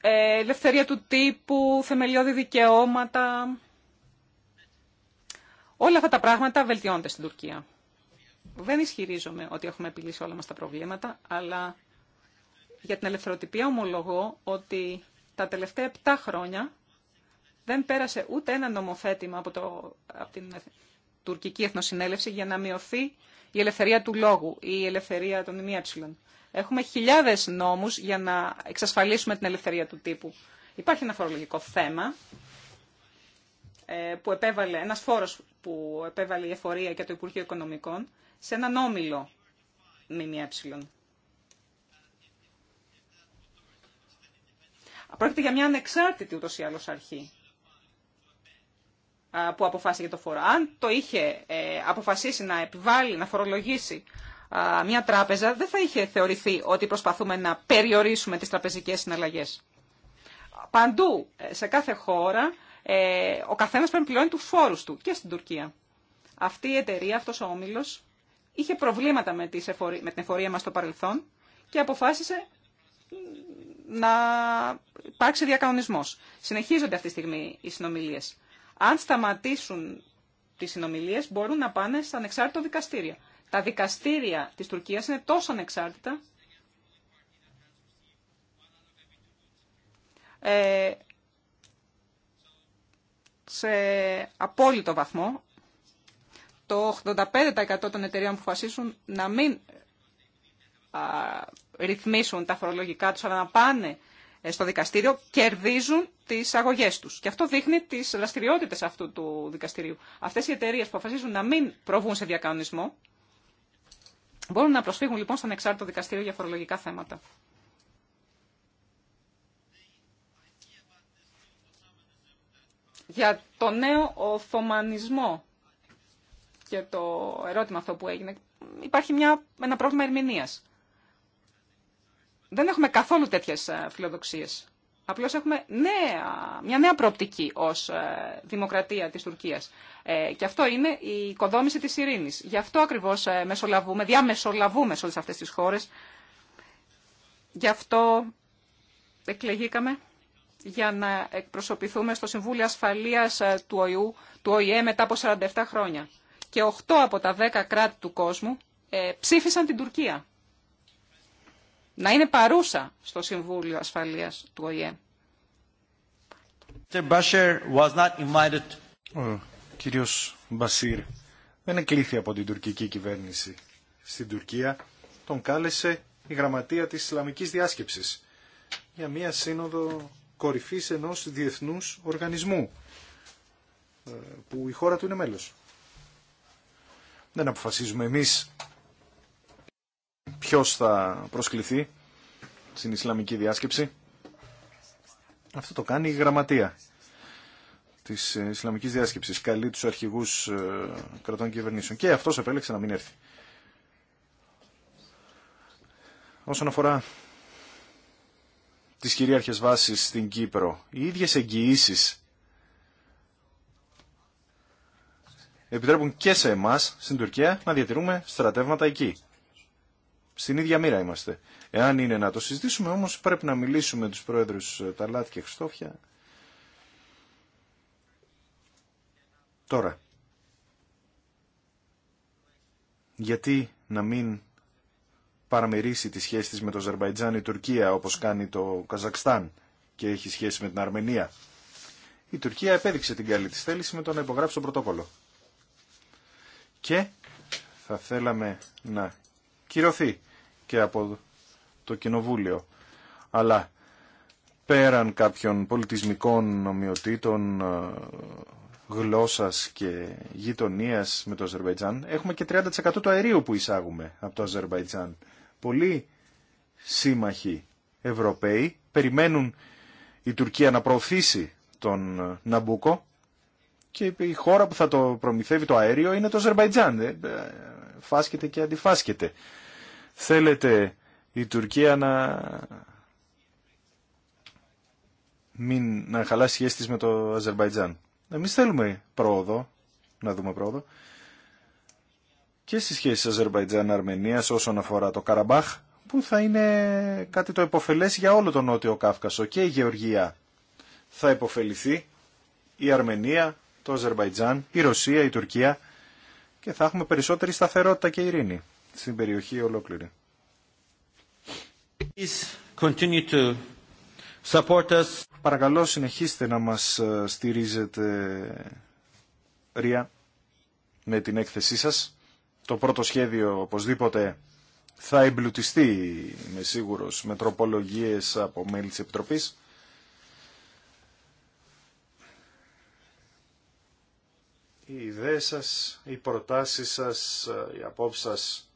Ε, ελευθερία του τύπου, θεμελιώδη δικαιώματα. Όλα αυτά τα πράγματα βελτιώνται στην Τουρκία. Δεν ισχυρίζομαι ότι έχουμε επιλύσει όλα μας τα προβλήματα, αλλά για την ελευθεροτυπία ομολογώ ότι τα τελευταία 7 χρόνια δεν πέρασε ούτε ένα νομοθέτημα από, το, από την τουρκική εθνοσυνέλευση για να μειωθεί η ελευθερία του λόγου ή η ελευθερία των ημιέψιλων. Έχουμε χιλιάδες νόμους για να εξασφαλίσουμε την ελευθερία του τύπου. Υπάρχει ένα φορολογικό θέμα ε, που επέβαλε, ένας φόρος που επέβαλε η εφορία και το Υπουργείο Οικονομικών σε έναν όμιλο ΜΜΕ. Πρόκειται για μια ανεξάρτητη ούτως ή άλλως αρχή που αποφάσισε για το φόρο. Αν το είχε ε, αποφασίσει να επιβάλλει, να φορολογήσει μια τράπεζα, δεν θα είχε θεωρηθεί ότι προσπαθούμε να περιορίσουμε τις τραπεζικές συναλλαγές. Παντού, ε, σε κάθε χώρα, ε, ο καθένας πρέπει να πληρώνει του φόρους του και στην Τουρκία. Αυτή η εταιρεία, αυτός ο όμιλος, είχε προβλήματα με, την εφορία μας στο παρελθόν και αποφάσισε να υπάρξει διακανονισμός. Συνεχίζονται αυτή τη στιγμή οι συνομιλίες. Αν σταματήσουν τις συνομιλίες μπορούν να πάνε στα ανεξάρτητο δικαστήρια. Τα δικαστήρια της Τουρκίας είναι τόσο ανεξάρτητα ε, σε απόλυτο βαθμό. Το 85% των εταιρείων που αποφασίσουν να μην ρυθμίσουν τα φορολογικά τους, αλλά να πάνε ε, στο δικαστήριο, κερδίζουν τις αγωγές τους. Και αυτό δείχνει τις δραστηριότητες αυτού του δικαστηρίου. Αυτές οι εταιρείε που αποφασίζουν να μην προβούν σε διακανονισμό, μπορούν να προσφύγουν λοιπόν στον εξάρτητο δικαστήριο για φορολογικά θέματα. για το νέο Οθωμανισμό και το ερώτημα αυτό που έγινε, υπάρχει μια, ένα πρόβλημα ερμηνείας. Δεν έχουμε καθόλου τέτοιες ε, φιλοδοξίες. Απλώς έχουμε νέα, μια νέα προοπτική ως ε, δημοκρατία της Τουρκίας. Ε, και αυτό είναι η οικοδόμηση της ειρήνης. Γι' αυτό ακριβώς μεσολαβούμε, διαμεσολαβούμε σε όλες αυτές τις χώρες. Γι' αυτό εκλεγήκαμε για να εκπροσωπηθούμε στο Συμβούλιο Ασφαλείας ε, του, ΟΗΕ μετά από 47 χρόνια. Και 8 από τα 10 κράτη του κόσμου ε, ψήφισαν την Τουρκία. Να είναι παρούσα στο Συμβούλιο Ασφαλείας του ΟΗΕ. Ο κύριος Μπασίρ δεν εκλήθη από την τουρκική κυβέρνηση. Στην Τουρκία τον κάλεσε η γραμματεία της Ισλαμικής Διάσκεψης για μία σύνοδο κορυφής ενός διεθνούς οργανισμού ε, που η χώρα του είναι μέλος. Δεν αποφασίζουμε εμείς ποιος θα προσκληθεί στην Ισλαμική διάσκεψη. Αυτό το κάνει η γραμματεία της ε, Ισλαμικής διάσκεψης. Καλεί τους αρχηγούς ε, κρατών κυβερνήσεων. Και αυτός επέλεξε να μην έρθει. Όσον αφορά τις κυρίαρχες βάσεις στην Κύπρο. Οι ίδιες εγγυήσει επιτρέπουν και σε εμάς, στην Τουρκία, να διατηρούμε στρατεύματα εκεί. Στην ίδια μοίρα είμαστε. Εάν είναι να το συζητήσουμε όμως πρέπει να μιλήσουμε τους πρόεδρους ε, Ταλάτ και Χριστόφια. Τώρα, γιατί να μην παραμερίσει τη σχέση της με το Αζερβαϊτζάν η Τουρκία όπως κάνει το Καζακστάν και έχει σχέση με την Αρμενία. Η Τουρκία επέδειξε την καλή της θέληση με το να υπογράψει το πρωτόκολλο. Και θα θέλαμε να κυρωθεί και από το Κοινοβούλιο. Αλλά πέραν κάποιων πολιτισμικών ομοιοτήτων, ε, γλώσσας και γειτονίας με το Αζερβαϊτζάν, έχουμε και 30% του αερίου που εισάγουμε από το Αζερβαϊτζάν πολλοί σύμμαχοι Ευρωπαίοι περιμένουν η Τουρκία να προωθήσει τον Ναμπούκο και η χώρα που θα το προμηθεύει το αέριο είναι το Αζερβαϊτζάν. Ε, ε, φάσκεται και αντιφάσκεται. Θέλετε η Τουρκία να μην να χαλάσει σχέσεις με το Αζερβαϊτζάν. Εμείς θέλουμε πρόοδο, να δούμε πρόοδο και στις σχέσεις Αζερβαϊτζάν-Αρμενίας όσον αφορά το Καραμπάχ, που θα είναι κάτι το υποφελές για όλο τον Νότιο Κάυκασο και η Γεωργία. Θα υποφεληθεί η Αρμενία, το Αζερβαϊτζάν, η Ρωσία, η Τουρκία και θα έχουμε περισσότερη σταθερότητα και ειρήνη στην περιοχή ολόκληρη. Παρακαλώ συνεχίστε να μας ε, στηρίζετε Ρία με την έκθεσή σας το πρώτο σχέδιο οπωσδήποτε θα εμπλουτιστεί, με σίγουρος, με από μέλη της Επιτροπής. Οι ιδέες σας, οι προτάσεις σας, οι απόψεις σας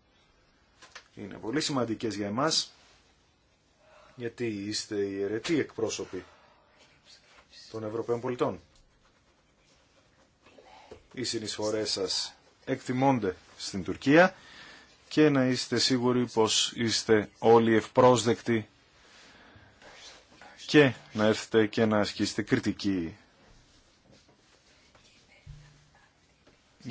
είναι πολύ σημαντικές για εμάς, γιατί είστε οι αιρετοί εκπρόσωποι των Ευρωπαίων πολιτών. Οι συνεισφορές σας εκτιμώνται στην Τουρκία και να είστε σίγουροι πως είστε όλοι ευπρόσδεκτοι και να έρθετε και να ασκήσετε κριτική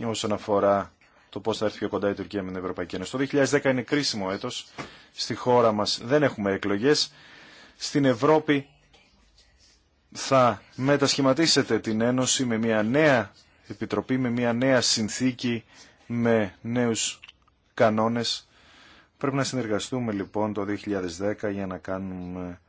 όσον αφορά το πώς θα έρθει πιο κοντά η Τουρκία με την Ευρωπαϊκή Ένωση. Το 2010 είναι κρίσιμο έτος. Στη χώρα μας δεν έχουμε εκλογές. Στην Ευρώπη θα μετασχηματίσετε την Ένωση με μια νέα επιτροπή, με μια νέα συνθήκη με νέους κανόνες. Πρέπει να συνεργαστούμε λοιπόν το 2010 για να κάνουμε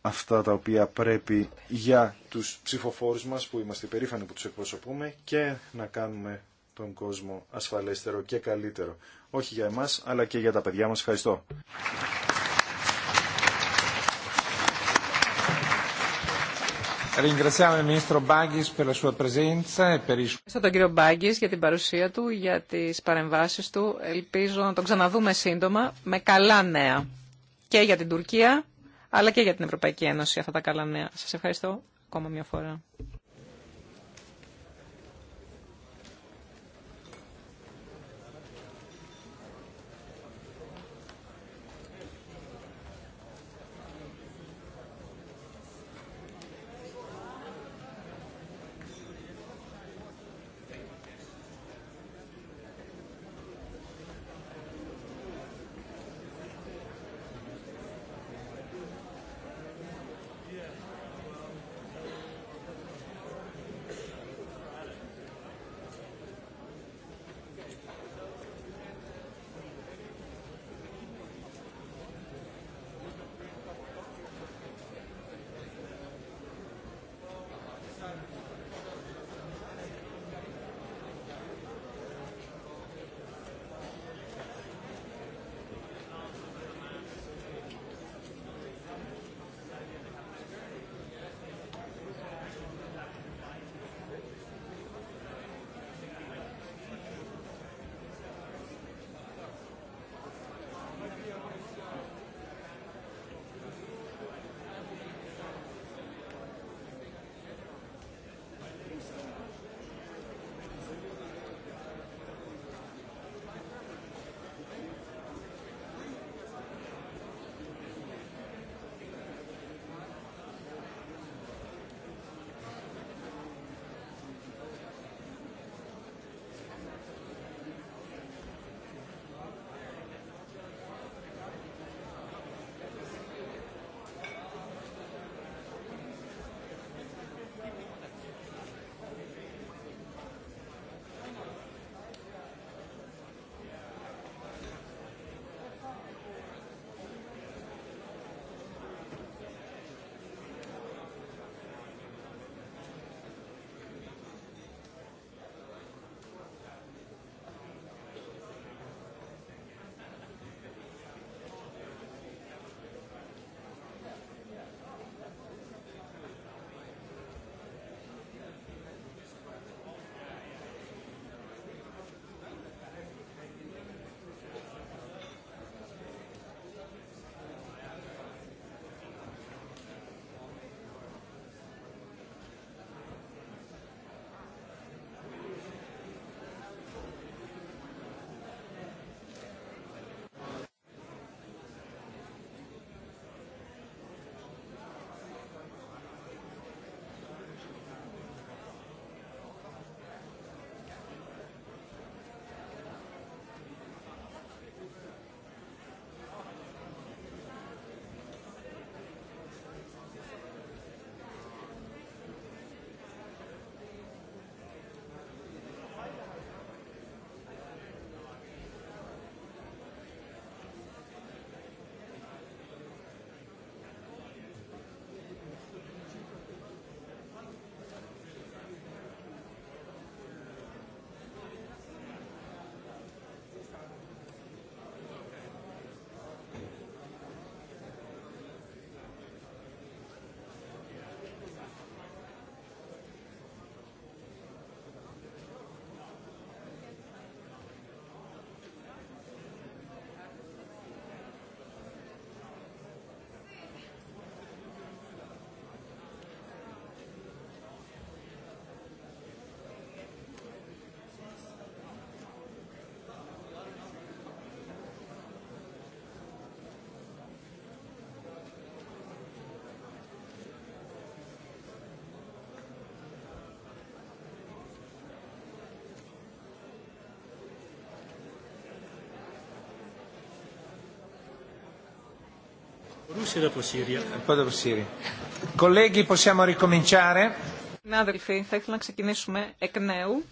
αυτά τα οποία πρέπει για τους ψηφοφόρους μας που είμαστε περήφανοι που τους εκπροσωπούμε και να κάνουμε τον κόσμο ασφαλέστερο και καλύτερο. Όχι για εμάς αλλά και για τα παιδιά μας. Ευχαριστώ. Ευχαριστώ τον κύριο Μπάγκη για την παρουσία του, για τι παρεμβάσει του. Ελπίζω να τον ξαναδούμε σύντομα με καλά νέα και για την Τουρκία αλλά και για την Ευρωπαϊκή Ένωση αυτά τα καλά νέα. Σα ευχαριστώ ακόμα μια φορά. Συνάδελφοι, θα ήθελα να ξεκινήσουμε εκ νέου.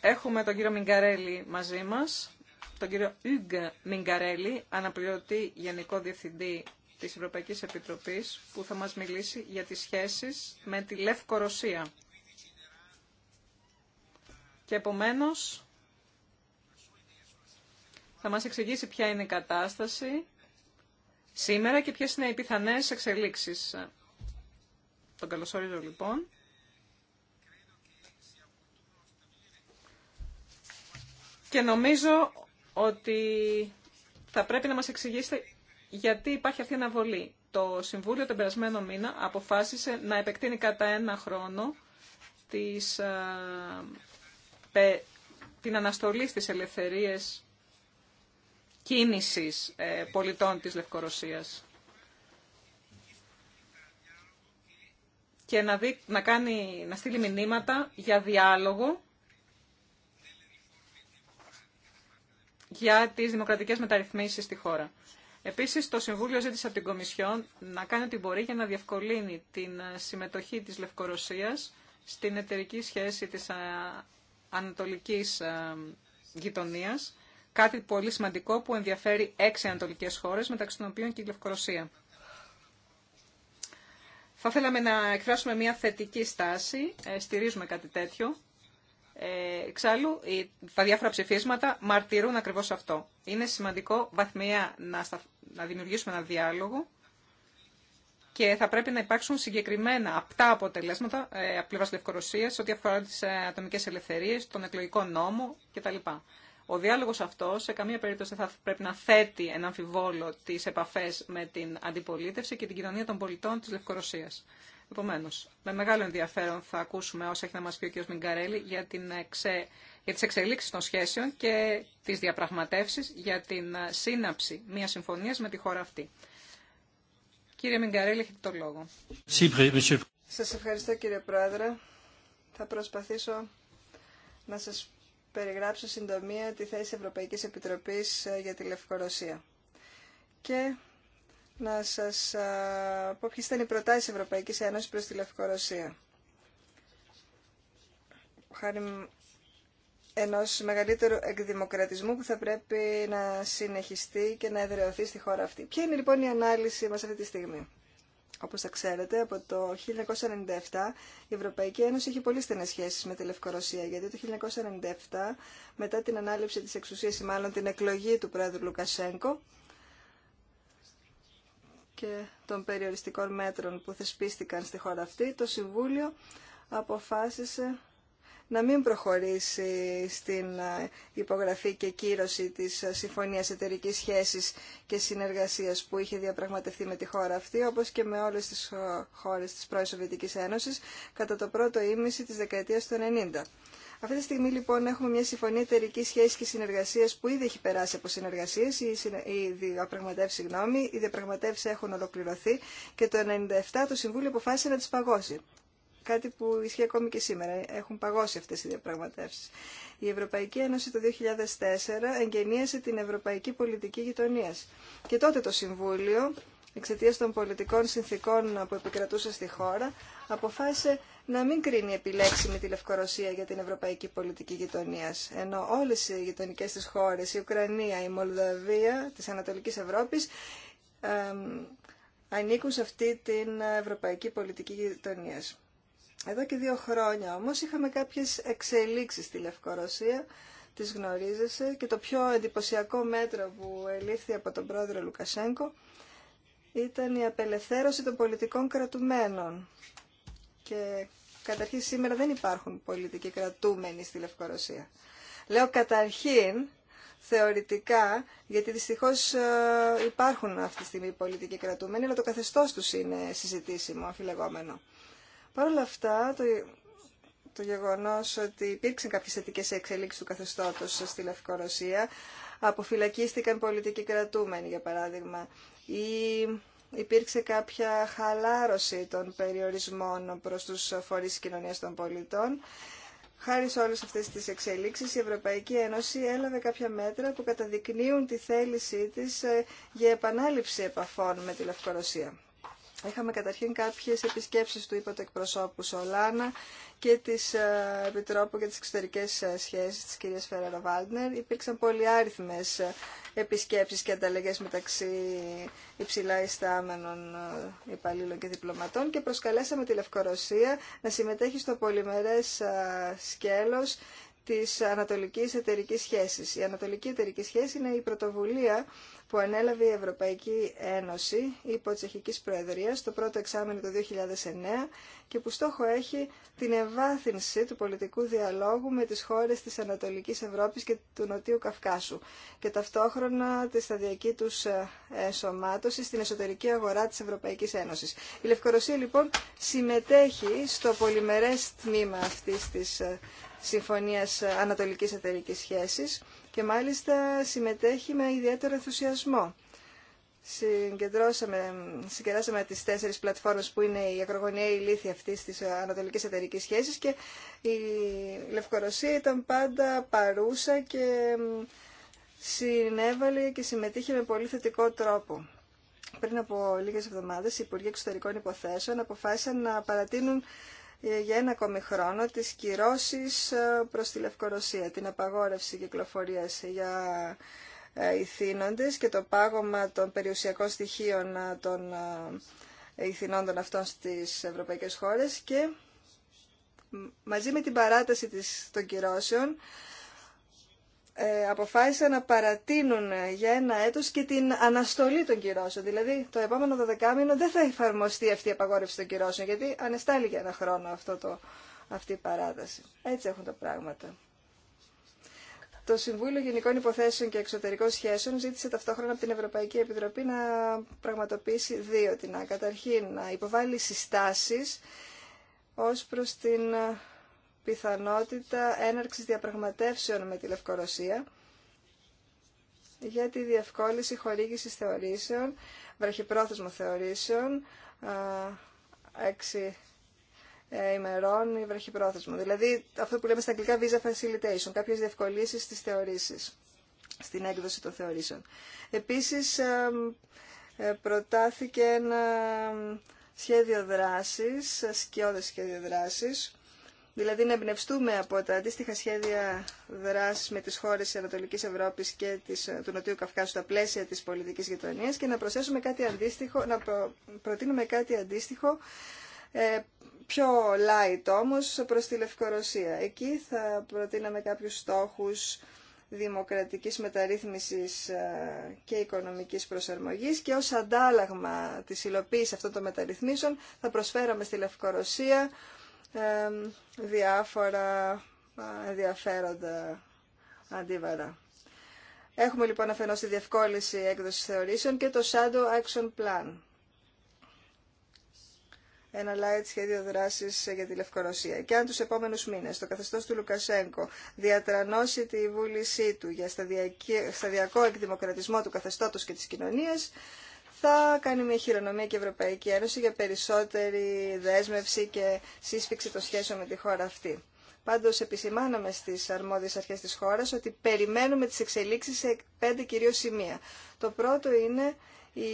Έχουμε τον κύριο Μιγκαρέλη μαζί μας, τον κύριο Ιγκ Μιγκαρέλη, αναπληρωτή Γενικό Διευθυντή της Ευρωπαϊκής Επιτροπής, που θα μας μιλήσει για τις σχέσεις με τη Λευκορωσία. Και επομένως, θα μας εξηγήσει ποια είναι η κατάσταση σήμερα και ποιες είναι οι πιθανές εξελίξεις. Τον καλωσορίζω λοιπόν. Και νομίζω ότι θα πρέπει να μας εξηγήσετε γιατί υπάρχει αυτή η αναβολή. Το Συμβούλιο τον περασμένο μήνα αποφάσισε να επεκτείνει κατά ένα χρόνο ε, την αναστολή στις ελευθερίες κίνησης ε, πολιτών της Λευκορωσίας. Και να, κάνει, να στείλει μηνύματα για διάλογο για τις δημοκρατικές μεταρρυθμίσεις στη χώρα. Επίσης, το Συμβούλιο ζήτησε από την Κομισιόν να κάνει ό,τι μπορεί για να διευκολύνει την ε, συμμετοχή της Λευκορωσίας στην εταιρική σχέση της ε, ανατολικής γειτονίας Κάτι πολύ σημαντικό που ενδιαφέρει έξι ανατολικέ χώρες, μεταξύ των οποίων και η Λευκορωσία. Θα θέλαμε να εκφράσουμε μια θετική στάση, ε, στηρίζουμε κάτι τέτοιο. Ε, εξάλλου, τα διάφορα ψηφίσματα μαρτυρούν ακριβώς αυτό. Είναι σημαντικό βαθμία να δημιουργήσουμε ένα διάλογο και θα πρέπει να υπάρξουν συγκεκριμένα απτά αποτελέσματα ε, από πλευρά Λευκορωσία ό,τι αφορά τι ατομικέ ελευθερίε, τον εκλογικό νόμο κτλ. Ο διάλογος αυτός σε καμία περίπτωση θα πρέπει να θέτει ένα αμφιβόλο τις επαφές με την αντιπολίτευση και την κοινωνία των πολιτών της Λευκορωσίας. Επομένω, με μεγάλο ενδιαφέρον θα ακούσουμε όσα έχει να μα πει ο κ. Μιγκαρέλη για, την εξε... για τι εξελίξει των σχέσεων και τι διαπραγματεύσει για την σύναψη μια συμφωνία με τη χώρα αυτή. Κύριε Μιγκαρέλη, έχετε το λόγο. Σα ευχαριστώ κύριε Πρόεδρε. Θα προσπαθήσω να σας περιγράψω συντομία τη θέση Ευρωπαϊκής Επιτροπής ε, για τη Λευκορωσία. Και να σας πω ποιες ήταν οι προτάσεις Ευρωπαϊκής Ένωσης προς τη Λευκορωσία. Χάρη ενός μεγαλύτερου εκδημοκρατισμού που θα πρέπει να συνεχιστεί και να εδραιωθεί στη χώρα αυτή. Ποια είναι λοιπόν η ανάλυση μας αυτή τη στιγμή. Όπως θα ξέρετε, από το 1997 η Ευρωπαϊκή Ένωση είχε πολύ στενές σχέσεις με τη Λευκορωσία, γιατί το 1997, μετά την ανάληψη της εξουσίας ή μάλλον την εκλογή του πρόεδρου Λουκασέγκο και των περιοριστικών μέτρων που θεσπίστηκαν στη χώρα αυτή, το Συμβούλιο αποφάσισε να μην προχωρήσει στην ε, υπογραφή και κύρωση της ε, Συμφωνίας εταιρική Σχέσης και Συνεργασίας που είχε διαπραγματευτεί με τη χώρα αυτή, όπως και με όλες τις ε, χώρες της πρώην Σοβιετικής Ένωσης, κατά το πρώτο ήμιση της δεκαετίας του 90. Αυτή τη στιγμή λοιπόν έχουμε μια συμφωνία εταιρική σχέση και συνεργασία που ήδη έχει περάσει από συνεργασίε, οι διαπραγματεύσει, συγγνώμη, οι διαπραγματεύσει έχουν ολοκληρωθεί και το 97 το Συμβούλιο αποφάσισε να τι παγώσει κάτι που ισχύει ακόμη και σήμερα. Έχουν παγώσει αυτές οι διαπραγματεύσεις. Η Ευρωπαϊκή Ένωση το 2004 εγγενίασε την Ευρωπαϊκή Πολιτική Γειτονίας. Και τότε το Συμβούλιο, εξαιτία των πολιτικών συνθήκων που επικρατούσε στη χώρα, αποφάσισε να μην κρίνει επιλέξιμη τη Λευκορωσία για την Ευρωπαϊκή Πολιτική Γειτονία. Ενώ όλε οι γειτονικέ της χώρε, η Ουκρανία, η Μολδαβία τη Ανατολική Ευρώπη, ανήκουν σε αυτή την Ευρωπαϊκή Πολιτική γειτονία. Εδώ και δύο χρόνια όμως είχαμε κάποιες εξελίξεις στη Λευκορωσία, τις γνωρίζεσαι και το πιο εντυπωσιακό μέτρο που ελήφθη από τον πρόεδρο Λουκασέγκο ήταν η απελευθέρωση των πολιτικών κρατουμένων. Και καταρχήν σήμερα δεν υπάρχουν πολιτικοί κρατούμενοι στη Λευκορωσία. Λέω καταρχήν θεωρητικά, γιατί δυστυχώς ε, υπάρχουν αυτή τη στιγμή πολιτικοί κρατούμενοι, αλλά το καθεστώς τους είναι συζητήσιμο, αφιλεγόμενο. Παρ' όλα αυτά, το, το γεγονός ότι υπήρξαν κάποιες θετικές εξελίξεις του καθεστώτος στη Λευκορωσία, αποφυλακίστηκαν πολιτικοί κρατούμενοι, για παράδειγμα, ή υπήρξε κάποια χαλάρωση των περιορισμών προς τους φορείς κοινωνίας των πολιτών, Χάρη σε όλες αυτές τις εξελίξεις, η Ευρωπαϊκή Ένωση έλαβε κάποια μέτρα που καταδεικνύουν τη θέλησή της ε, για επανάληψη επαφών με τη Λευκορωσία. Είχαμε καταρχήν κάποιες επισκέψεις του είπα Σολάνα και της ε, Επιτρόπου για τις εξωτερικές ε, σχέσεις της κυρίας Φέραρα Βάλτνερ. Υπήρξαν πολλοί άριθμες ε, επισκέψεις και ανταλλαγές μεταξύ υψηλά ιστάμενων υπαλλήλων και διπλωματών και προσκαλέσαμε τη Λευκορωσία να συμμετέχει στο πολυμερές σκέλος Τη Ανατολική εταιρική σχέση. Η Ανατολική Εταιρική Σχέση είναι η πρωτοβουλία που ανέλαβε η Ευρωπαϊκή Ένωση υπό Τσεχική προεδρία το πρώτο εξάμεινο του 2009 και που στόχο έχει την ευάθυνση του πολιτικού διαλόγου με τι χώρες τη Ανατολική Ευρώπης και του Νοτίου Καυκάσου και ταυτόχρονα τη σταδιακή του ε, ενσωμάτωση στην εσωτερική αγορά τη Ευρωπαϊκή Ένωση. Η Λευκορωσία λοιπόν συμμετέχει στο πολυμερέ τμήμα αυτή τη. Ε, Συμφωνίας Ανατολικής Εταιρικής Σχέσης και μάλιστα συμμετέχει με ιδιαίτερο ενθουσιασμό. Συγκεντρώσαμε, συγκεράσαμε τις τέσσερις πλατφόρμες που είναι η η λύθη αυτής της Ανατολικής Εταιρικής Σχέσης και η Λευκορωσία ήταν πάντα παρούσα και συνέβαλε και συμμετείχε με πολύ θετικό τρόπο. Πριν από λίγες εβδομάδες, οι Υπουργοί Εξωτερικών Υποθέσεων αποφάσισαν να παρατείνουν ε, για ένα ακόμη χρόνο τις κυρώσεις ε, προς τη Λευκορωσία, την απαγόρευση κυκλοφορίας για ε, ηθήνοντες και το πάγωμα των περιουσιακών στοιχείων των ηθινόντων αυτών στις ευρωπαϊκές χώρες και μαζί με την παράταση της, των κυρώσεων ε, αποφάσισαν να παρατείνουν για ένα έτος και την αναστολή των κυρώσεων. Δηλαδή το επόμενο μήνο δεν θα εφαρμοστεί αυτή η απαγόρευση των κυρώσεων γιατί ανεστάλλει για ένα χρόνο αυτό το, αυτή η παράταση. Έτσι έχουν τα πράγματα. Το Συμβούλιο Γενικών Υποθέσεων και Εξωτερικών Σχέσεων ζήτησε ταυτόχρονα από την Ευρωπαϊκή Επιτροπή να πραγματοποιήσει δύο τίνα. Καταρχήν να υποβάλει συστάσεις ως προς την πιθανότητα έναρξης διαπραγματεύσεων με τη Λευκορωσία για τη διευκόλυνση χορήγησης θεωρήσεων, βραχυπρόθεσμο θεωρήσεων, έξι ε, ημερών ή βραχυπρόθεσμο. Δηλαδή αυτό που λέμε στα αγγλικά visa facilitation, κάποιες διευκολύνσεις στις θεωρήσεις, στην έκδοση των θεωρήσεων. Επίσης ε, προτάθηκε ένα σχέδιο δράσης, σκιώδες σχέδιο δράσης, δηλαδή να εμπνευστούμε από τα αντίστοιχα σχέδια δράσης με τις χώρες της Ανατολικής Ευρώπης και της, ε, του Νοτιού Καυκάσου στα πλαίσια της πολιτικής γειτονίας και να προσθέσουμε κάτι αντίστοιχο, να προτείνουμε κάτι αντίστοιχο ε, πιο light όμως προς τη Λευκορωσία. Εκεί θα προτείναμε κάποιους στόχους δημοκρατικής μεταρρύθμισης ε, και οικονομικής προσαρμογής και ως αντάλλαγμα της υλοποίησης αυτών των μεταρρυθμίσεων θα προσφέραμε στη Λευκορωσία διάφορα ενδιαφέροντα αντίβαρα. Έχουμε λοιπόν αφενός τη διευκόλυνση έκδοσης θεωρήσεων και το Shadow Action Plan. Ένα light σχέδιο δράση για τη Λευκορωσία. Και αν του επόμενου μήνε το καθεστώ του Λουκασέγκο διατρανώσει τη βούλησή του για σταδιακό εκδημοκρατισμό του καθεστώτο και τη κοινωνία, θα κάνει μια χειρονομία και η Ευρωπαϊκή Ένωση για περισσότερη δέσμευση και σύσφυξη των σχέσεων με τη χώρα αυτή. Πάντως επισημάναμε στις αρμόδιες αρχές της χώρας ότι περιμένουμε τις εξελίξεις σε πέντε κυρίω σημεία. Το πρώτο είναι η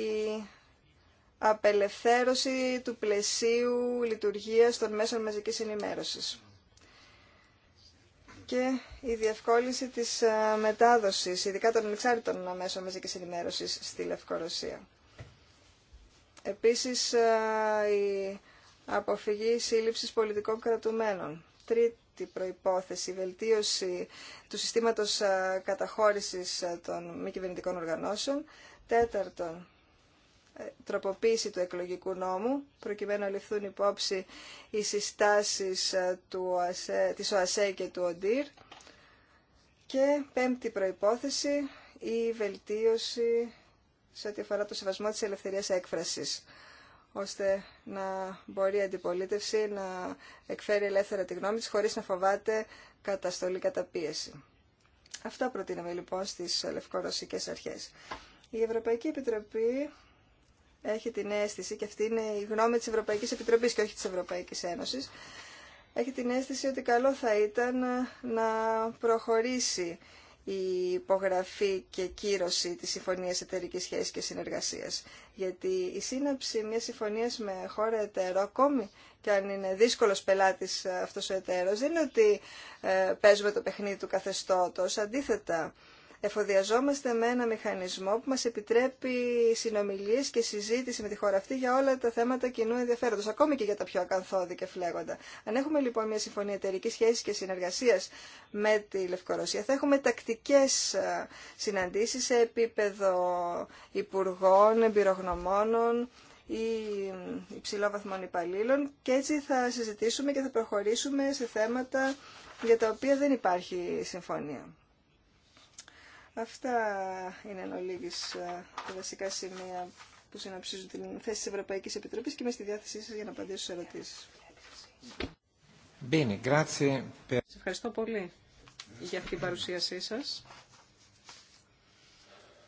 απελευθέρωση του πλαισίου λειτουργίας των μέσων μαζικής ενημέρωσης και η διευκόλυνση της ε, μετάδοσης, ειδικά των ανεξάρτητων μέσων μαζικής ενημέρωση στη Λευκορωσία. Επίσης, ε, η αποφυγή σύλληψης πολιτικών κρατουμένων. Τρίτη προϋπόθεση, βελτίωση του συστήματος ε, καταχώρησης ε, των μη κυβερνητικών οργανώσεων. Τέταρτον, τροποποίηση του εκλογικού νόμου, προκειμένου να ληφθούν υπόψη οι συστάσεις του ΟΑΣΕ, της ΟΑΣΕ και του ΟΝΤΙΡ. Και πέμπτη προϋπόθεση, η βελτίωση σε ό,τι αφορά το σεβασμό της ελευθερίας έκφρασης, ώστε να μπορεί η αντιπολίτευση να εκφέρει ελεύθερα τη γνώμη της χωρίς να φοβάται καταστολή καταπίεση. Αυτά προτείναμε λοιπόν στις λευκορωσικές αρχές. Η Ευρωπαϊκή Επιτροπή έχει την αίσθηση, και αυτή είναι η γνώμη της Ευρωπαϊκής Επιτροπής και όχι της Ευρωπαϊκής Ένωσης, έχει την αίσθηση ότι καλό θα ήταν να προχωρήσει η υπογραφή και κύρωση της Συμφωνίας Εταιρικής Σχέσης και Συνεργασίας. Γιατί η σύναψη μιας συμφωνίας με χώρα εταίρο, ακόμη και αν είναι δύσκολος πελάτης αυτός ο εταίρος, δεν είναι ότι ε, παίζουμε το παιχνίδι του καθεστώτος. Αντίθετα, εφοδιαζόμαστε με ένα μηχανισμό που μας επιτρέπει συνομιλίες και συζήτηση με τη χώρα αυτή για όλα τα θέματα κοινού ενδιαφέροντος, ακόμη και για τα πιο ακαθόδη και φλέγοντα. Αν έχουμε λοιπόν μια συμφωνία εταιρική σχέση και συνεργασίας με τη Λευκορωσία, θα έχουμε τακτικές ε, συναντήσεις σε επίπεδο υπουργών, εμπειρογνωμόνων, ή υψηλόβαθμων υπαλλήλων και έτσι θα συζητήσουμε και θα προχωρήσουμε σε θέματα για τα οποία δεν υπάρχει συμφωνία. Αυτά είναι εν ολίγης ε, τα βασικά σημεία που συνοψίζουν την θέση της Ευρωπαϊκής Επιτροπής και είμαι στη διάθεσή σας για να απαντήσω σε ερωτήσεις. Bene, grazie Σας ευχαριστώ πολύ για αυτή την παρουσίασή σας.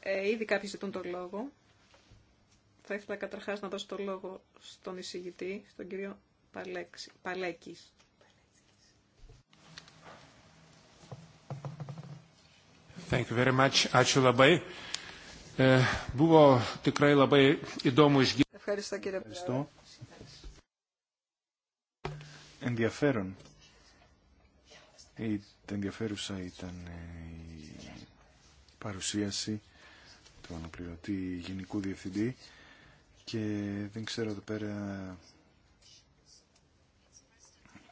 Ε, ήδη κάποιοι ζητούν τον λόγο. Θα ήθελα καταρχάς να δώσω το λόγο στον εισηγητή, στον κύριο Παλέξη, Παλέκης. Thank you very much. Ačiū labai. E, buvo tikrai labai įdomu išgirsti. Ευχαριστώ κύριε Ευχαριστώ. Ενδιαφέρον. Ήταν ενδιαφέρουσα ήταν ε, η παρουσίαση του αναπληρωτή γενικού διευθυντή και δεν ξέρω εδώ πέρα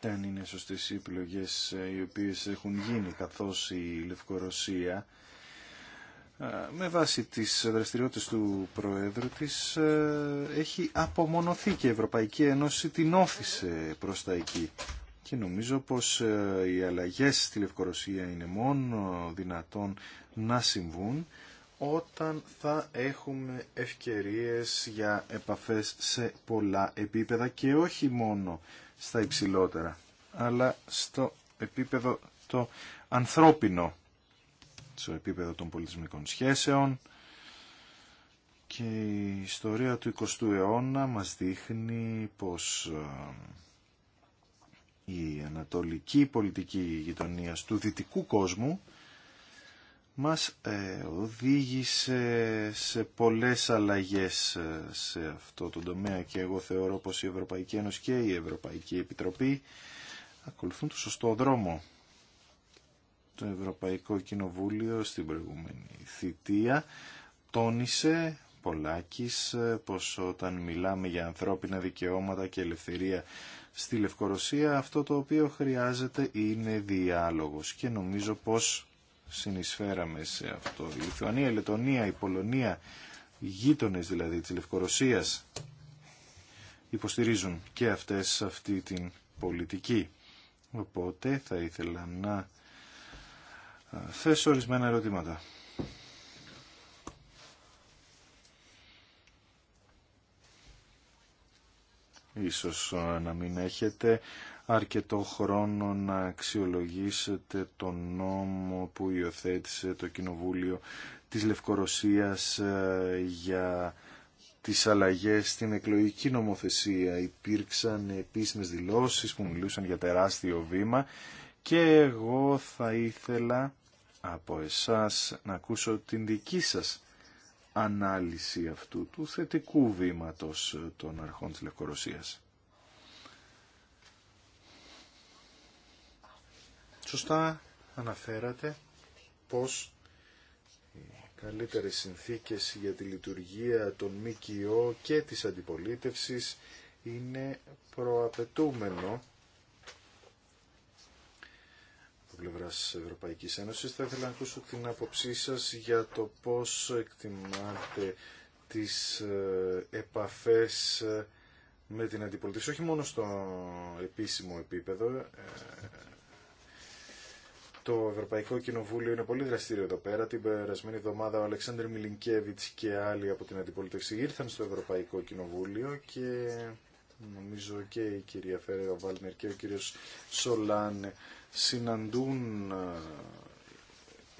αν είναι σωστές οι επιλογές ε, οι οποίες έχουν γίνει καθώς η Λευκορωσία ε, με βάση τις δραστηριότητες του Προέδρου της ε, έχει απομονωθεί και η Ευρωπαϊκή Ένωση την όθησε προς τα εκεί. Και νομίζω πως οι αλλαγές στη Λευκορωσία είναι μόνο δυνατόν να συμβούν όταν θα έχουμε ευκαιρίες για επαφές σε πολλά επίπεδα και όχι μόνο στα υψηλότερα, αλλά στο επίπεδο το ανθρώπινο, στο επίπεδο των πολιτισμικών σχέσεων και η ιστορία του 20ου αιώνα μας δείχνει πως ε, η ανατολική πολιτική γειτονία του δυτικού κόσμου μας ε, οδήγησε σε πολλές αλλαγές ε, σε αυτό το τομέα και εγώ θεωρώ πως η Ευρωπαϊκή Ένωση και η Ευρωπαϊκή Επιτροπή ακολουθούν το σωστό δρόμο. Το Ευρωπαϊκό Κοινοβούλιο στην προηγούμενη θητεία τόνισε Πολάκης ε, πως όταν μιλάμε για ανθρώπινα δικαιώματα και ελευθερία στη Λευκορωσία αυτό το οποίο χρειάζεται είναι διάλογος και νομίζω πως συνεισφέραμε σε αυτό. Η Λιθουανία, η Λετωνία, η Πολωνία, οι γείτονες δηλαδή της Λευκορωσίας υποστηρίζουν και αυτές αυτή την πολιτική. Οπότε θα ήθελα να θέσω ορισμένα ερωτήματα. Ίσως να μην έχετε αρκετό χρόνο να αξιολογήσετε τον νόμο που υιοθέτησε το Κοινοβούλιο της Λευκορωσίας ε, για τις αλλαγές στην εκλογική νομοθεσία. Υπήρξαν επίσημες δηλώσεις που μιλούσαν για τεράστιο βήμα και εγώ θα ήθελα από εσάς να ακούσω την δική σας ανάλυση αυτού του θετικού βήματος των αρχών της Λευκορωσίας. Σωστά αναφέρατε πως οι καλύτερες συνθήκες για τη λειτουργία των ΜΚΟ και της αντιπολίτευσης είναι προαπαιτούμενο από πλευράς Ευρωπαϊκής Ένωσης. Θα ήθελα να ακούσω την άποψή σας για το πώς εκτιμάτε τις ε, επαφές ε, με την αντιπολίτευση, όχι μόνο στο επίσημο επίπεδο, ε, το Ευρωπαϊκό Κοινοβούλιο είναι πολύ δραστήριο εδώ πέρα. Την περασμένη εβδομάδα ο Αλεξάνδρ Μιλινκέβιτς και άλλοι από την αντιπολίτευση ήρθαν στο Ευρωπαϊκό Κοινοβούλιο και νομίζω και η κυρία Φέρεο Βάλνερ και ο κύριος Σολάν συναντούν ε,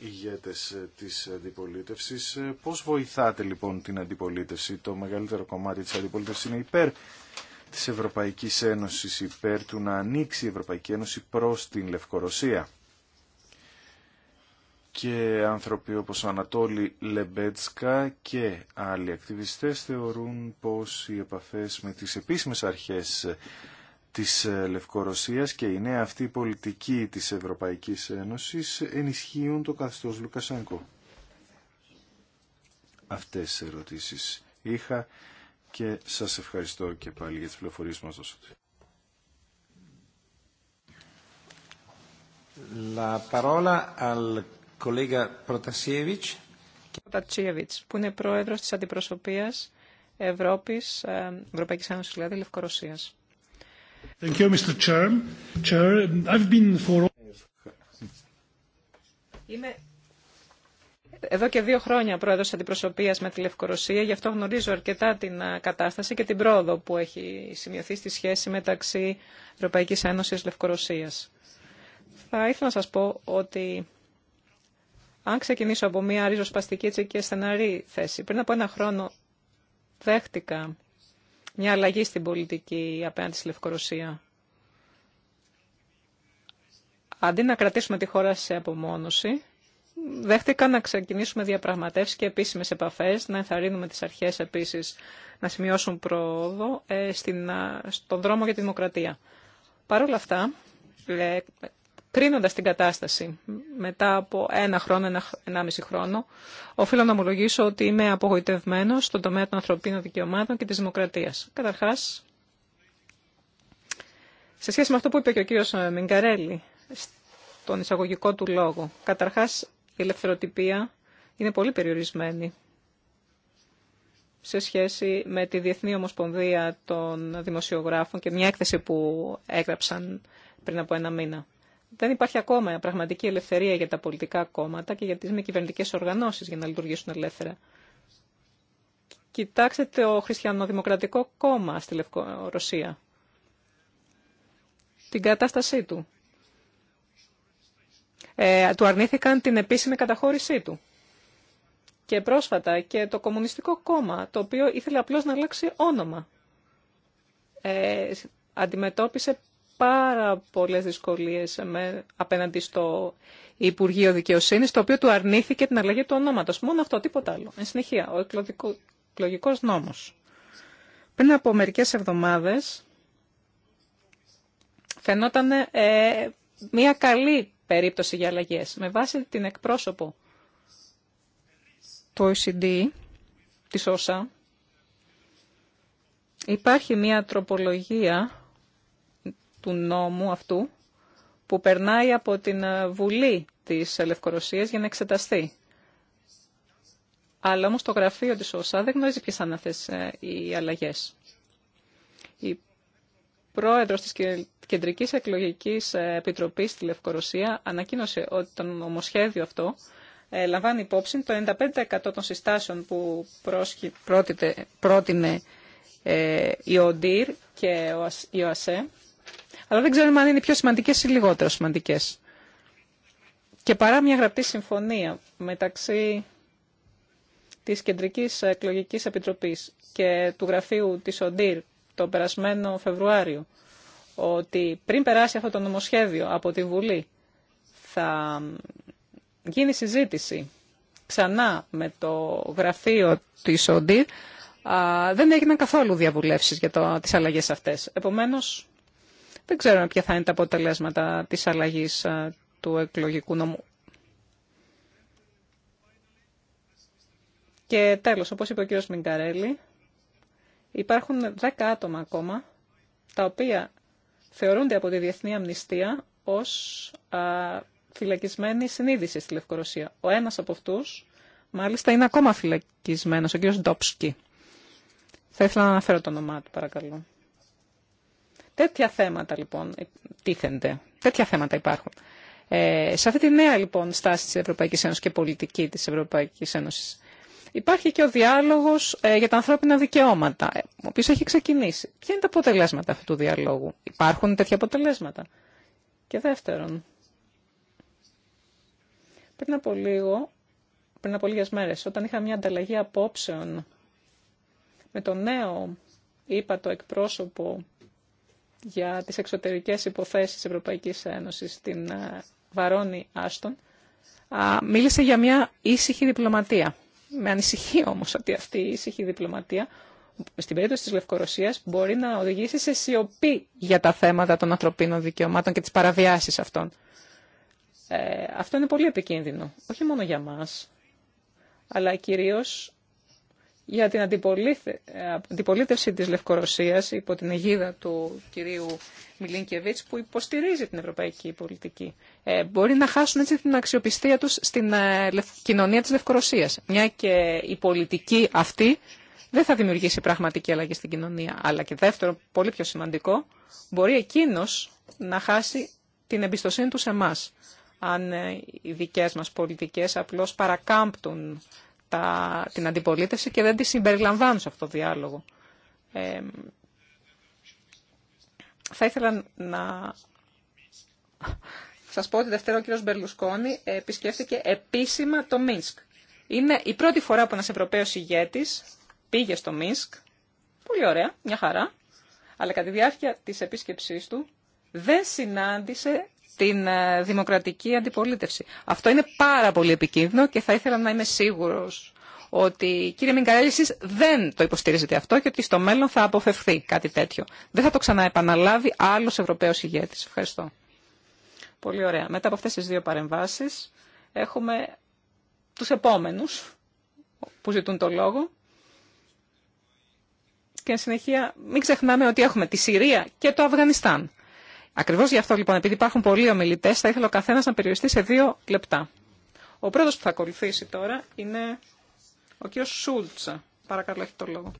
ηγέτες της αντιπολίτευσης. Ε, πώς βοηθάτε λοιπόν την αντιπολίτευση, το μεγαλύτερο κομμάτι της αντιπολίτευσης είναι υπέρ της Ευρωπαϊκής Ένωσης, υπέρ του να ανοίξει η Ευρωπαϊκή Ένωση προς την Λευκορωσία και άνθρωποι όπως ο Ανατόλη Λεμπέτσκα και άλλοι ακτιβιστές θεωρούν πως οι επαφές με τις επίσημες αρχές της Λευκορωσίας και η νέα αυτή πολιτική της Ευρωπαϊκής Ένωσης ενισχύουν το καθεστώς Λουκασάνκο. Αυτές τις ερωτήσεις είχα και σας ευχαριστώ και πάλι για τις πληροφορίες που μας δώσατε. La parola al Προτασίεβιτς, που είναι πρόεδρος της Αντιπροσωπείας Ευρώπης, ε, Ευρωπαϊκής Ένωσης, δηλαδή Λευκορωσίας. Είμαι εδώ και δύο χρόνια πρόεδρος αντιπροσωπείας με τη Λευκορωσία, γι' αυτό γνωρίζω αρκετά την ε, κατάσταση και την πρόοδο που έχει σημειωθεί στη σχέση μεταξύ Ευρωπαϊκής Ένωσης Λευκορωσίας. Θα ήθελα να σα πω ότι αν ξεκινήσω από μια ριζοσπαστική έτσι και στεναρή θέση, πριν από ένα χρόνο δέχτηκα μια αλλαγή στην πολιτική απέναντι στη Λευκορωσία. Αντί να κρατήσουμε τη χώρα σε απομόνωση, δέχτηκα να ξεκινήσουμε διαπραγματεύσεις και επίσημες επαφές, να ενθαρρύνουμε τις αρχές επίσης να σημειώσουν πρόοδο ε, στον δρόμο για τη δημοκρατία. Παρ' όλα αυτά, ε, κρίνοντας την κατάσταση μετά από ένα χρόνο, ένα, μισή χρόνο, οφείλω να ομολογήσω ότι είμαι απογοητευμένος στον τομέα των ανθρωπίνων δικαιωμάτων και της δημοκρατίας. Καταρχάς, σε σχέση με αυτό που είπε και ο κύριος Μιγκαρέλη, στον εισαγωγικό του λόγο, καταρχάς η ελευθεροτυπία είναι πολύ περιορισμένη σε σχέση με τη Διεθνή Ομοσπονδία των Δημοσιογράφων και μια έκθεση που έγραψαν πριν από ένα μήνα δεν υπάρχει ακόμα πραγματική ελευθερία για τα πολιτικά κόμματα και για τις μη κυβερνητικέ οργανώσεις για να λειτουργήσουν ελεύθερα. Κοιτάξτε το Χριστιανοδημοκρατικό Κόμμα στη Λευκορωσία. Την κατάστασή του. Ε, του αρνήθηκαν την επίσημη καταχώρησή του. Και πρόσφατα και το Κομμουνιστικό Κόμμα, το οποίο ήθελε απλώς να αλλάξει όνομα. Ε, αντιμετώπισε πάρα πολλές δυσκολίες με, απέναντι στο Υπουργείο Δικαιοσύνη, το οποίο του αρνήθηκε την αλλαγή του ονόματο. Μόνο αυτό, τίποτα άλλο. Εν συνεχεία, ο εκλογικό νόμο. Πριν από μερικέ εβδομάδε, φαινόταν ε, μια καλή περίπτωση για αλλαγέ. Με βάση την εκπρόσωπο του OECD, της ΩΣΑ, υπάρχει μια τροπολογία του νόμου αυτού που περνάει από την ε, Βουλή της Λευκορωσίας για να εξεταστεί. Αλλά όμως το γραφείο της ΩΣΑ δεν γνωρίζει ποιες είναι αυτές ε, οι αλλαγές. Η πρόεδρος της Κεντρικής Εκλογικής ε, Επιτροπής στη Λευκορωσία ανακοίνωσε ότι το νομοσχέδιο αυτό λαμβάνει υπόψη το 95% των συστάσεων που πρότεινε η ΟΝΤΙΡ και η ΟΑΣΕ αλλά δεν ξέρουμε αν είναι πιο σημαντικές ή λιγότερο σημαντικές. Και παρά μια γραπτή συμφωνία μεταξύ της Κεντρικής εκλογική επιτροπή και του γραφείου τη ΟΝΤΙΡ το περασμένο Φεβρουάριο, ότι πριν περάσει αυτό το νομοσχέδιο από τη Βουλή θα γίνει συζήτηση ξανά με το γραφείο τη ΟΝΤΙΡ, δεν έγιναν καθόλου διαβουλεύσεις για τι τις αλλαγές αυτές. Επομένως, δεν ξέρουμε ποια θα είναι τα αποτελέσματα της αλλαγής του εκλογικού νομού. Και τέλος, όπως είπε ο κύριος Μιγκαρέλη, υπάρχουν 10 άτομα ακόμα, τα οποία θεωρούνται από τη Διεθνή Αμνηστία ως φυλακισμένοι συνείδηση στη Λευκορωσία. Ο ένας από αυτούς, μάλιστα, είναι ακόμα φυλακισμένος, ο κύριος Ντόψκι. Θα ήθελα να αναφέρω το όνομά του, παρακαλώ. Τέτοια θέματα λοιπόν τίθενται. Τέτοια θέματα υπάρχουν. Ε, σε αυτή τη νέα λοιπόν στάση της Ευρωπαϊκής Ένωσης και πολιτική της Ευρωπαϊκής Ένωσης υπάρχει και ο διάλογος ε, για τα ανθρώπινα δικαιώματα, ε, ο οποίος έχει ξεκινήσει. Ποια είναι τα αποτελέσματα αυτού του διαλόγου. Υπάρχουν τέτοια αποτελέσματα. Και δεύτερον, πριν από λίγο, πριν από λίγες μέρες, όταν είχα μια ανταλλαγή απόψεων με το νέο, είπα το εκπρόσωπο για τις εξωτερικές υποθέσεις της Ευρωπαϊκής Ένωσης, την ε, Βαρόνη Άστον, μίλησε για μια ήσυχη διπλωματία. Με ανησυχεί όμως ότι αυτή η ήσυχη διπλωματία στην περίπτωση της Λευκορωσίας μπορεί να οδηγήσει σε σιωπή για τα θέματα των ανθρωπίνων δικαιωμάτων και τις παραβιάσεις αυτών. Ε, αυτό είναι πολύ επικίνδυνο, όχι μόνο για μας, αλλά κυρίως για την αντιπολίτευση της Λευκορωσίας υπό την αιγίδα του κυρίου Μιλίνκεβιτς που υποστηρίζει την ευρωπαϊκή πολιτική. Ε, μπορεί να χάσουν έτσι την αξιοπιστία τους στην ε, κοινωνία της Λευκορωσίας. Μια και η πολιτική αυτή δεν θα δημιουργήσει πραγματική αλλαγή στην κοινωνία. Αλλά και δεύτερο, πολύ πιο σημαντικό, μπορεί εκείνος να χάσει την εμπιστοσύνη του σε εμά αν ε, οι δικές μας πολιτικές απλώς παρακάμπτουν τα, την αντιπολίτευση και δεν τη συμπεριλαμβάνουν σε αυτό το διάλογο. Ε, θα ήθελα να σας πω ότι Δευτέρα ο κύριος Μπερλουσκόνη επισκέφθηκε επίσημα το Μίνσκ. Είναι η πρώτη φορά που ένας Ευρωπαίος ηγέτης πήγε στο Μίνσκ. Πολύ ωραία, μια χαρά. Αλλά κατά τη διάρκεια της επίσκεψής του δεν συνάντησε την ε, δημοκρατική αντιπολίτευση. Αυτό είναι πάρα πολύ επικίνδυνο και θα ήθελα να είμαι σίγουρος ότι κύριε Μιγκαρέλη εσείς δεν το υποστηρίζετε αυτό και ότι στο μέλλον θα αποφευθεί κάτι τέτοιο. Δεν θα το ξαναεπαναλάβει άλλος Ευρωπαίος ηγέτης. Ευχαριστώ. Πολύ ωραία. Μετά από αυτές τις δύο παρεμβάσεις έχουμε τους επόμενους που ζητούν το λόγο. Και συνεχεία μην ξεχνάμε ότι έχουμε τη Συρία και το Αφγανιστάν. Ακριβώ γι' αυτό λοιπόν, επειδή υπάρχουν πολλοί ομιλητέ, θα ήθελα ο καθένα να περιοριστεί σε δύο λεπτά. Ο πρώτο που θα ακολουθήσει τώρα είναι ο κ. Σούλτσα. Παρακαλώ, έχει το λόγο.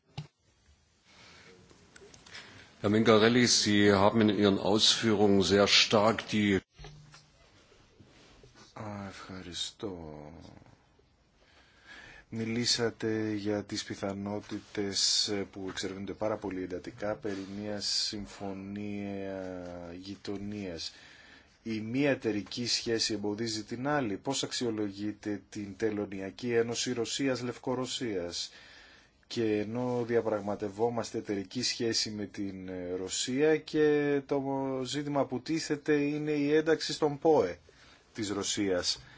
Ευχαριστώ Μιλήσατε για τις πιθανότητες που εξερευνούνται πάρα πολύ εντατικά περί μιας συμφωνία γειτονίας. Η μία εταιρική σχέση εμποδίζει την άλλη. Πώς αξιολογείτε την Τελωνιακή Ένωση Ρωσίας-Λευκορωσίας. Και ενώ διαπραγματευόμαστε εταιρική σχέση με την Ρωσία και το ζήτημα που τίθεται είναι η ένταξη στον ΠΟΕ της Ρωσίας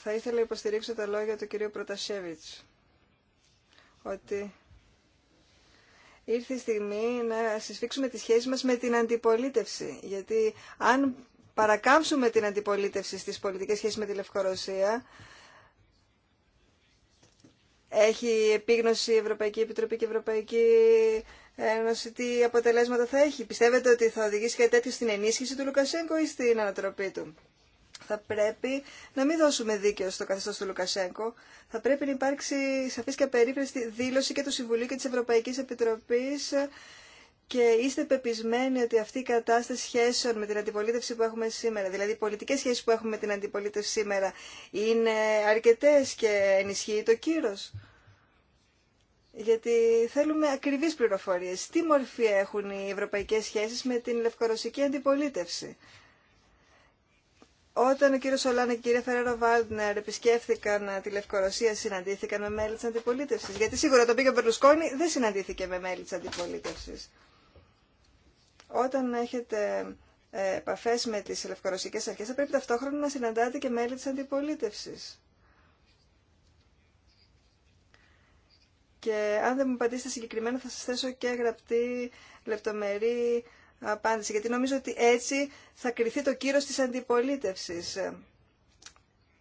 Θα ήθελα να υποστηρίξω τα λόγια του κυρίου Προτασέβιτς ότι ήρθε η στιγμή να συσφίξουμε τις σχέσεις μας με την αντιπολίτευση. Γιατί αν παρακάμψουμε την αντιπολίτευση στις πολιτικές σχέσεις με τη Λευκορωσία, έχει επίγνωση η Ευρωπαϊκή Επιτροπή και η Ευρωπαϊκή Ένωση τι αποτελέσματα θα έχει. Πιστεύετε ότι θα οδηγήσει κάτι τέτοιο στην ενίσχυση του Λουκασέγκο ή στην ανατροπή του θα πρέπει να μην δώσουμε δίκαιο στο καθεστώ του Λουκασέγκο. Θα πρέπει να υπάρξει σαφή και απερίφραστη δήλωση και του Συμβουλίου και τη Ευρωπαϊκή Επιτροπή. Και είστε πεπισμένοι ότι αυτή η κατάσταση σχέσεων με την αντιπολίτευση που έχουμε σήμερα, δηλαδή οι πολιτικέ σχέσει που έχουμε με την αντιπολίτευση σήμερα, είναι αρκετέ και ενισχύει το κύρο. Γιατί θέλουμε ακριβείς πληροφορίες. Τι μορφή έχουν οι ευρωπαϊκές σχέσεις με την λευκορωσική αντιπολίτευση. Όταν ο κύριος Σολάνα και η κυρία Φεραίρο Βάλτνερ επισκέφθηκαν ε, τη Λευκορωσία, συναντήθηκαν με μέλη της αντιπολίτευσης. Γιατί σίγουρα το πήγε ο Μπερλουσκόνη, δεν συναντήθηκε με μέλη της αντιπολίτευσης. Όταν έχετε ε, με τις λευκορωσικέ αρχές, θα πρέπει ταυτόχρονα να συναντάτε και μέλη της αντιπολίτευση. Και αν δεν μου απαντήσετε συγκεκριμένα θα σα θέσω και γραπτή λεπτομερή απάντηση, γιατί νομίζω ότι έτσι θα κριθεί το κύρος της αντιπολίτευσης.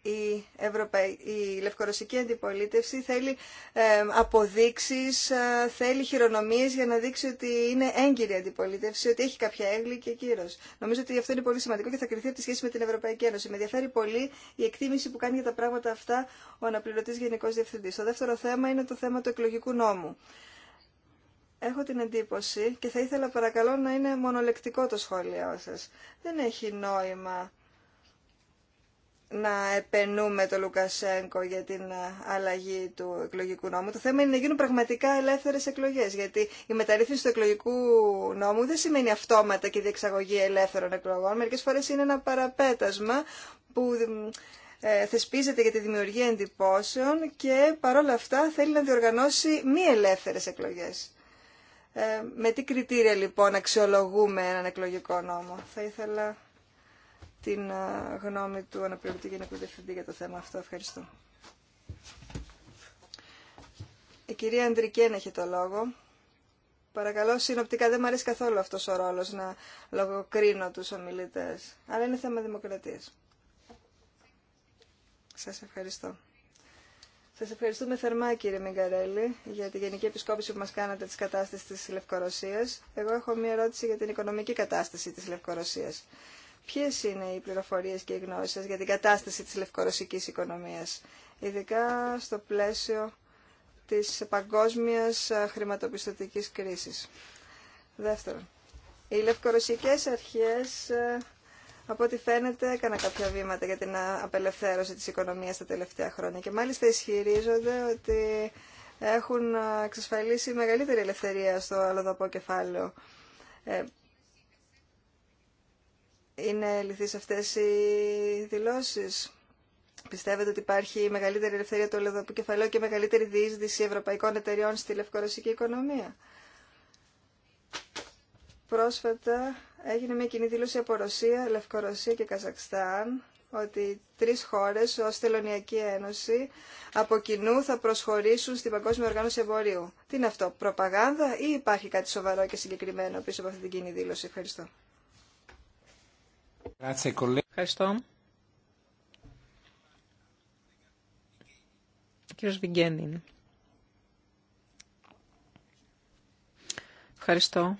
Η, Ευρωπαϊ... η λευκορωσική αντιπολίτευση θέλει ε, αποδείξεις, ε, θέλει χειρονομίες για να δείξει ότι είναι έγκυρη αντιπολίτευση, ότι έχει κάποια έγκλη και κύρος. Νομίζω ότι αυτό είναι πολύ σημαντικό και θα κρυθεί από τη σχέση με την Ευρωπαϊκή Ένωση. Με ενδιαφέρει πολύ η εκτίμηση που κάνει για τα πράγματα αυτά ο αναπληρωτής Γενικός Διευθυντής. Το δεύτερο θέμα είναι το θέμα του εκλογικού νόμου έχω την εντύπωση και θα ήθελα παρακαλώ να είναι μονολεκτικό το σχόλιο σας. Δεν έχει νόημα να επενούμε το Λουκασέγκο για την αλλαγή του εκλογικού νόμου. Το θέμα είναι να γίνουν πραγματικά ελεύθερες εκλογές, γιατί η μεταρρύθμιση του εκλογικού νόμου δεν σημαίνει αυτόματα και διεξαγωγή ελεύθερων εκλογών. Μερικές φορές είναι ένα παραπέτασμα που ε, θεσπίζεται για τη δημιουργία εντυπώσεων και παρόλα αυτά θέλει να διοργανώσει μη ελεύθερες εκλογές. Ε, με τι κριτήρια λοιπόν αξιολογούμε έναν εκλογικό νόμο. Θα ήθελα την ε, γνώμη του αναπληρωτή Γενικού Διευθυντή για το θέμα αυτό. Ευχαριστώ. Η κυρία Αντρικέν έχει το λόγο. Παρακαλώ, συνοπτικά δεν μου αρέσει καθόλου αυτός ο ρόλος να λογοκρίνω τους ομιλητές. Αλλά είναι θέμα δημοκρατίας. Σας ευχαριστώ. Σα ευχαριστούμε θερμά κύριε Μιγκαρέλη για τη γενική επισκόπηση που μας κάνατε της κατάστασης της Λευκορωσίας. Εγώ έχω μία ερώτηση για την οικονομική κατάσταση της Λευκορωσίας. Ποιε είναι οι πληροφορίες και οι γνώσεις σα για την κατάσταση της λευκορωσικής οικονομίας, ειδικά στο πλαίσιο τη παγκόσμια χρηματοπιστωτικής κρίση. Δεύτερον, οι λευκορωσικές αρχέ. Ε, από ό,τι φαίνεται έκανα κάποια βήματα για την απελευθέρωση της οικονομίας τα τελευταία χρόνια και μάλιστα ισχυρίζονται ότι έχουν εξασφαλίσει μεγαλύτερη ελευθερία στο αλλοδαπό κεφάλαιο. Ε, είναι λυθείς αυτές οι δηλώσεις. Πιστεύετε ότι υπάρχει μεγαλύτερη ελευθερία του αλλοδαπού και μεγαλύτερη διείσδυση ευρωπαϊκών εταιριών στη λευκορωσική οικονομία. Πρόσφατα έγινε μια κοινή δήλωση από Ρωσία, Λευκορωσία και Καζακστάν ότι τρεις χώρες ως Τελωνιακή Ένωση από κοινού θα προσχωρήσουν στην Παγκόσμια Οργάνωση Εμπορίου. Τι είναι αυτό, προπαγάνδα ή υπάρχει κάτι σοβαρό και συγκεκριμένο πίσω από αυτή την κοινή δήλωση. Ευχαριστώ. Ευχαριστώ. Κύριος Βιγγένιν. Ευχαριστώ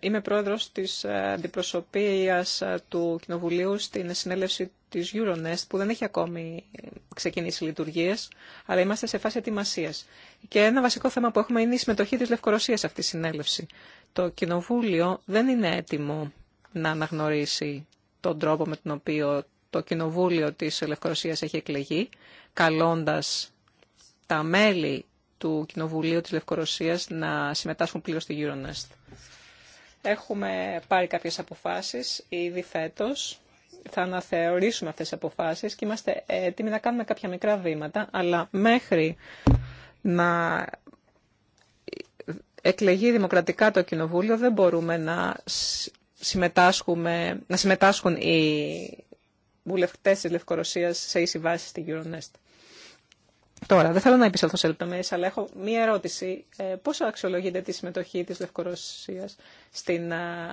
είμαι πρόεδρος της ε, αντιπροσωπείας ε, του Κοινοβουλίου στην συνέλευση της Euronest που δεν έχει ακόμη ε, ξεκινήσει λειτουργίες, αλλά είμαστε σε φάση ετοιμασία. Και ένα βασικό θέμα που έχουμε είναι η συμμετοχή της Λευκορωσίας σε αυτή τη συνέλευση. Το Κοινοβούλιο δεν είναι έτοιμο να αναγνωρίσει τον τρόπο με τον οποίο το Κοινοβούλιο της Λευκορωσίας έχει εκλεγεί, καλώντας τα μέλη του Κοινοβουλίου της Λευκορωσίας να συμμετάσχουν πλήρως στη Euronest. Έχουμε πάρει κάποιες αποφάσεις ήδη φέτος. Θα αναθεωρήσουμε αυτές τις αποφάσεις και είμαστε έτοιμοι να κάνουμε κάποια μικρά βήματα, αλλά μέχρι να εκλεγεί δημοκρατικά το Κοινοβούλιο δεν μπορούμε να, συμμετάσχουμε, να συμμετάσχουν οι βουλευτές της Λευκορωσίας σε ίση βάση στην Euronest. Τώρα, δεν θέλω να επισέλθω σε λεπτομέρειε, αλλά έχω μία ερώτηση. Ε, πόσο αξιολογείται τη συμμετοχή τη Λευκορωσία στην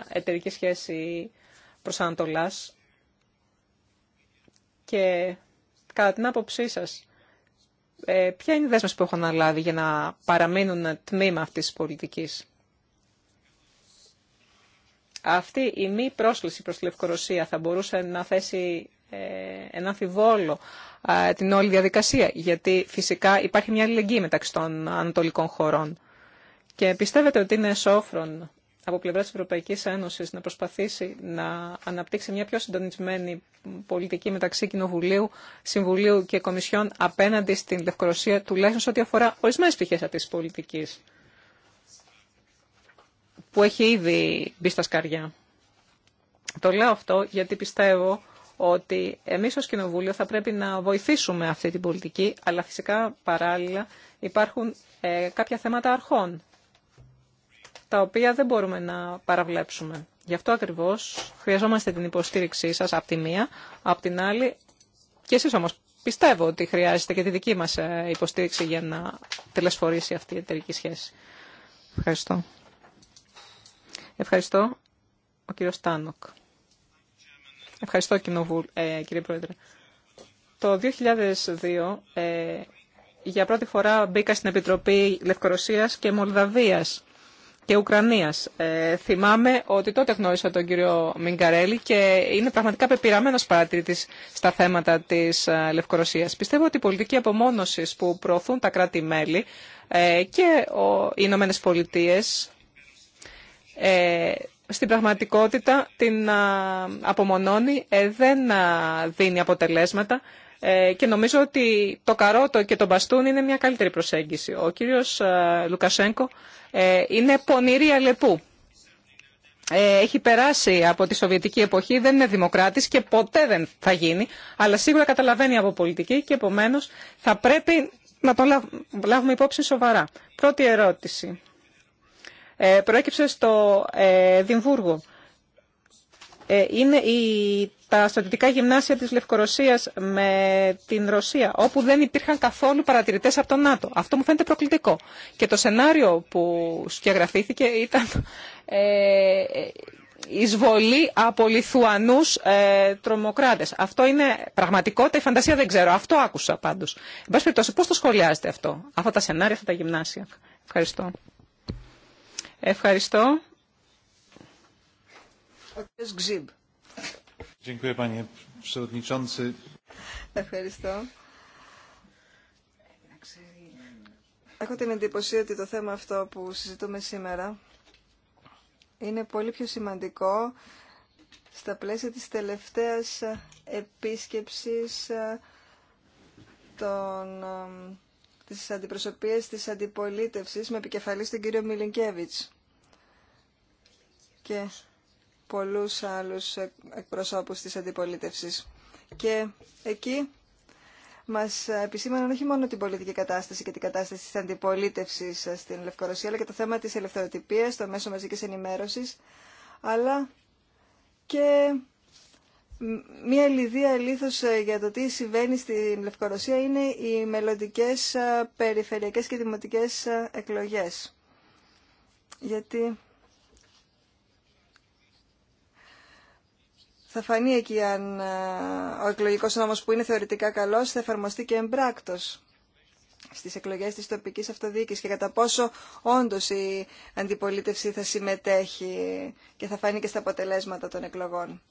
εταιρική σχέση προ Ανατολά και κατά την άποψή σα, ε, ποια είναι η δέσμευση που έχω αναλάβει για να παραμείνουν τμήμα αυτή τη πολιτική. Αυτή η μη πρόσκληση προς τη Λευκορωσία θα μπορούσε να θέσει ε, αμφιβόλο την όλη διαδικασία, γιατί φυσικά υπάρχει μια αλληλεγγύη μεταξύ των ανατολικών χωρών. Και πιστεύετε ότι είναι σόφρον από πλευρά της Ευρωπαϊκής Ένωσης να προσπαθήσει να αναπτύξει μια πιο συντονισμένη πολιτική μεταξύ Κοινοβουλίου, Συμβουλίου και Κομισιόν απέναντι στην Λευκορωσία, τουλάχιστον σε ό,τι αφορά ορισμένες πτυχές αυτής της πολιτικής, που έχει ήδη μπει στα σκαριά. Το λέω αυτό γιατί πιστεύω ότι εμείς ως Κοινοβούλιο θα πρέπει να βοηθήσουμε αυτή την πολιτική, αλλά φυσικά παράλληλα υπάρχουν ε, κάποια θέματα αρχών, τα οποία δεν μπορούμε να παραβλέψουμε. Γι' αυτό ακριβώς χρειαζόμαστε την υποστήριξή σας από τη μία, από την άλλη και εσείς όμως πιστεύω ότι χρειάζεται και τη δική μας ε, υποστήριξη για να τελεσφορήσει αυτή η εταιρική σχέση. Ευχαριστώ. Ευχαριστώ. Ο κύριος Τάνοκ. Ευχαριστώ ε, κύριε Πρόεδρε. Το 2002 ε, για πρώτη φορά μπήκα στην Επιτροπή Λευκορωσίας και Μολδαβίας και Ουκρανίας. Ε, θυμάμαι ότι τότε γνώρισα τον κύριο Μιγκαρέλη και είναι πραγματικά πεπειραμένος παρατηρητής στα θέματα της ε, Λευκορωσίας. Πιστεύω ότι η πολιτική απομόνωση που προωθούν τα κράτη-μέλη και οι Ηνωμένε Πολιτείε στην πραγματικότητα την απομονώνει, ε, δεν δίνει αποτελέσματα ε, και νομίζω ότι το καρότο και το μπαστούν είναι μια καλύτερη προσέγγιση. Ο κύριος Λουκασέγκο ε, είναι πονηρή αλεπού. Έχει περάσει από τη Σοβιετική εποχή, δεν είναι δημοκράτης και ποτέ δεν θα γίνει, αλλά σίγουρα καταλαβαίνει από πολιτική και επομένως θα πρέπει να το λάβουμε υπόψη σοβαρά. Πρώτη ερώτηση. Ε, προέκυψε στο ε, ε, Είναι η, τα στρατιωτικά γυμνάσια της Λευκορωσίας με την Ρωσία, όπου δεν υπήρχαν καθόλου παρατηρητές από τον ΝΑΤΟ. Αυτό μου φαίνεται προκλητικό. Και το σενάριο που σκιαγραφήθηκε ήταν ε, εισβολή από Λιθουανούς ε, τρομοκράτες. Αυτό είναι πραγματικότητα, η φαντασία δεν ξέρω. Αυτό άκουσα πάντως. Εν περιπτώσει, πώς το σχολιάζετε αυτό, αυτά τα σενάρια, αυτά τα γυμνάσια. Ευχαριστώ. Ευχαριστώ. Ευχαριστώ. Έχω την εντύπωση ότι το θέμα αυτό που συζητούμε σήμερα είναι πολύ πιο σημαντικό στα πλαίσια της τελευταίας επίσκεψης ε, των ε, της αντιπροσωπείας της αντιπολίτευσης με επικεφαλή τον κύριο Μιλινκέβιτς και πολλούς άλλους εκπροσώπους της αντιπολίτευσης. Και εκεί μας επισήμαναν όχι μόνο την πολιτική κατάσταση και την κατάσταση της αντιπολίτευσης στην Λευκορωσία, αλλά και το θέμα της ελευθεροτυπίας, το μέσο μαζικής ενημέρωσης, αλλά και Μία λιδία λίθος ε, για το τι συμβαίνει στην Λευκορωσία είναι οι μελλοντικέ ε, περιφερειακές και δημοτικές ε, εκλογές. Γιατί θα φανεί εκεί αν ο εκλογικός νόμος που είναι θεωρητικά καλός θα εφαρμοστεί και εμπράκτος στις εκλογές της τοπικής αυτοδιοίκησης και κατά πόσο όντως η αντιπολίτευση θα συμμετέχει και θα φανεί και στα αποτελέσματα των εκλογών.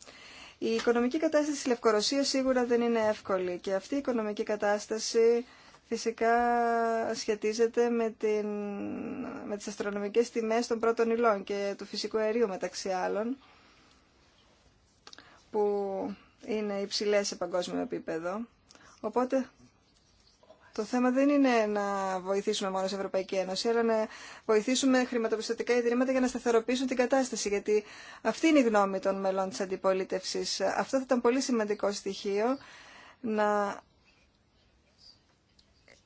Η οικονομική κατάσταση της Λευκορωσίας σίγουρα δεν είναι εύκολη και αυτή η οικονομική κατάσταση φυσικά σχετίζεται με, την, με τις αστρονομικές τιμές των πρώτων υλών και του φυσικού αερίου μεταξύ άλλων που είναι υψηλές σε παγκόσμιο επίπεδο. Οπότε το θέμα δεν είναι να βοηθήσουμε μόνο σε Ευρωπαϊκή Ένωση, αλλά να βοηθήσουμε χρηματοπιστωτικά ιδρύματα για να σταθεροποιήσουν την κατάσταση. Γιατί αυτή είναι η γνώμη των μελών τη αντιπολίτευση. Αυτό θα ήταν πολύ σημαντικό στοιχείο να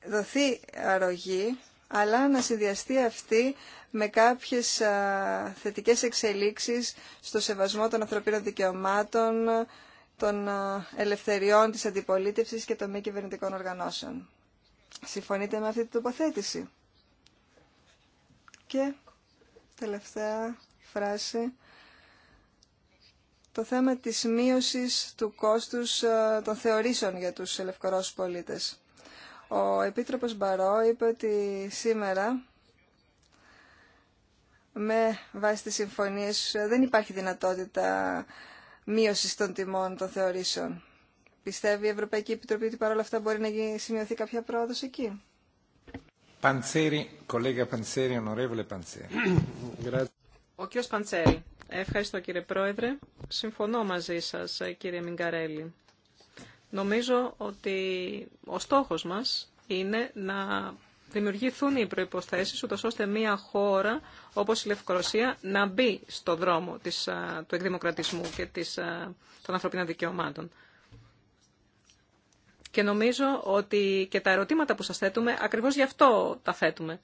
δοθεί αρρωγή, αλλά να συνδυαστεί αυτή με κάποιες θετικές εξελίξεις στο σεβασμό των ανθρωπίνων δικαιωμάτων, των ελευθεριών της αντιπολίτευσης και των μη κυβερνητικών οργανώσεων. Συμφωνείτε με αυτή την τοποθέτηση. Και τελευταία φράση. Το θέμα της μείωσης του κόστους ε, των θεωρήσεων για τους ελευκορώσους πολίτες. Ο Επίτροπος Μπαρό είπε ότι σήμερα με βάση τις συμφωνίες δεν υπάρχει δυνατότητα μείωσης των τιμών των θεωρήσεων. Πιστεύει η Ευρωπαϊκή Επιτροπή ότι παρόλα αυτά μπορεί να σημειωθεί κάποια πρόοδος εκεί. κολέγα ονορεύλε Ο κ. Παντσέρη. Ευχαριστώ κύριε Πρόεδρε. Συμφωνώ μαζί σας ε, κύριε Μιγκαρέλη. Νομίζω ότι ο στόχος μας είναι να δημιουργηθούν οι προϋποθέσεις ούτως ώστε μια χώρα όπως η Λευκορωσία να μπει στο δρόμο της, του εκδημοκρατισμού και της, των ανθρωπίνων δικαιωμάτων. Και νομίζω ότι και τα ερωτήματα που σας θέτουμε, ακριβώς γι' αυτό τα θέτουμε.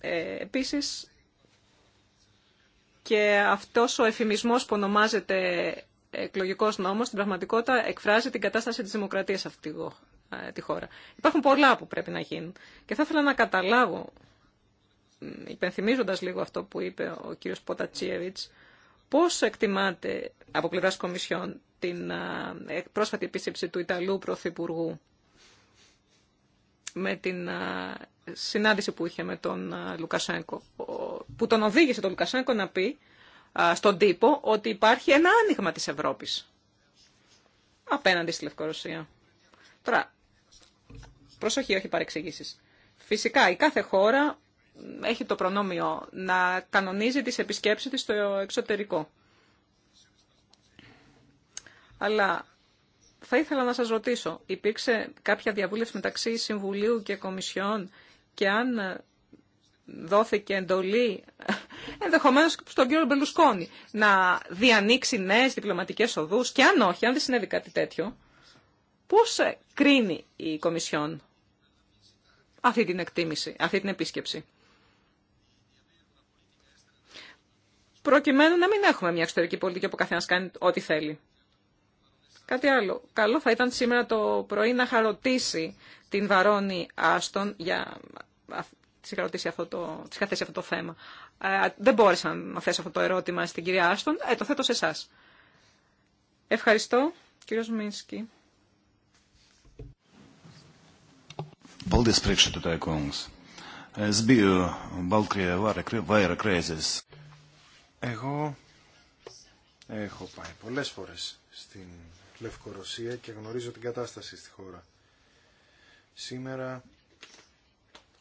Ε, επίσης, και αυτός ο εφημισμός που ονομάζεται εκλογικός νόμος, στην πραγματικότητα εκφράζει την κατάσταση της δημοκρατίας αυτή ε, τη χώρα. Υπάρχουν πολλά που πρέπει να γίνουν. Και θα ήθελα να καταλάβω, υπενθυμίζοντας λίγο αυτό που είπε ο κύριος Ποτατσίεβιτς, πώς εκτιμάται από πλευράς Κομισιόν την ε, πρόσφατη επίσκεψη του Ιταλού Πρωθυπουργού με την συνάντηση που είχε με τον Λουκασέγκο, που τον οδήγησε τον Λουκασέγκο να πει στον τύπο ότι υπάρχει ένα άνοιγμα της Ευρώπης απέναντι στη Λευκορωσία. Τώρα, προσοχή, όχι παρεξηγήσεις. Φυσικά, η κάθε χώρα έχει το προνόμιο να κανονίζει τις επισκέψεις της στο εξωτερικό. Αλλά θα ήθελα να σας ρωτήσω, υπήρξε κάποια διαβούλευση μεταξύ Συμβουλίου και Κομισιόν και αν ε, δόθηκε εντολή ενδεχομένω στον κύριο Μπελουσκόνη να διανοίξει νέες διπλωματικές οδούς και αν όχι, αν δεν συνέβη κάτι τέτοιο, πώς κρίνει η Κομισιόν αυτή την εκτίμηση, αυτή την επίσκεψη. Προκειμένου να μην έχουμε μια εξωτερική πολιτική όπου καθένα κάνει ό,τι θέλει. Κάτι άλλο. Καλό θα ήταν σήμερα το πρωί να χαρωτήσει την Βαρόνη Άστον για της χαρωτήσει αυτό το, αυτό το θέμα. Ε, δεν μπόρεσα να θέσω αυτό το ερώτημα στην κυρία Άστον. Ε, το θέτω σε εσά. Ευχαριστώ, κύριος Μίνσκι. Εγώ έχω πάει πολλές φορές στην Λευκορωσία και γνωρίζω την κατάσταση στη χώρα. Σήμερα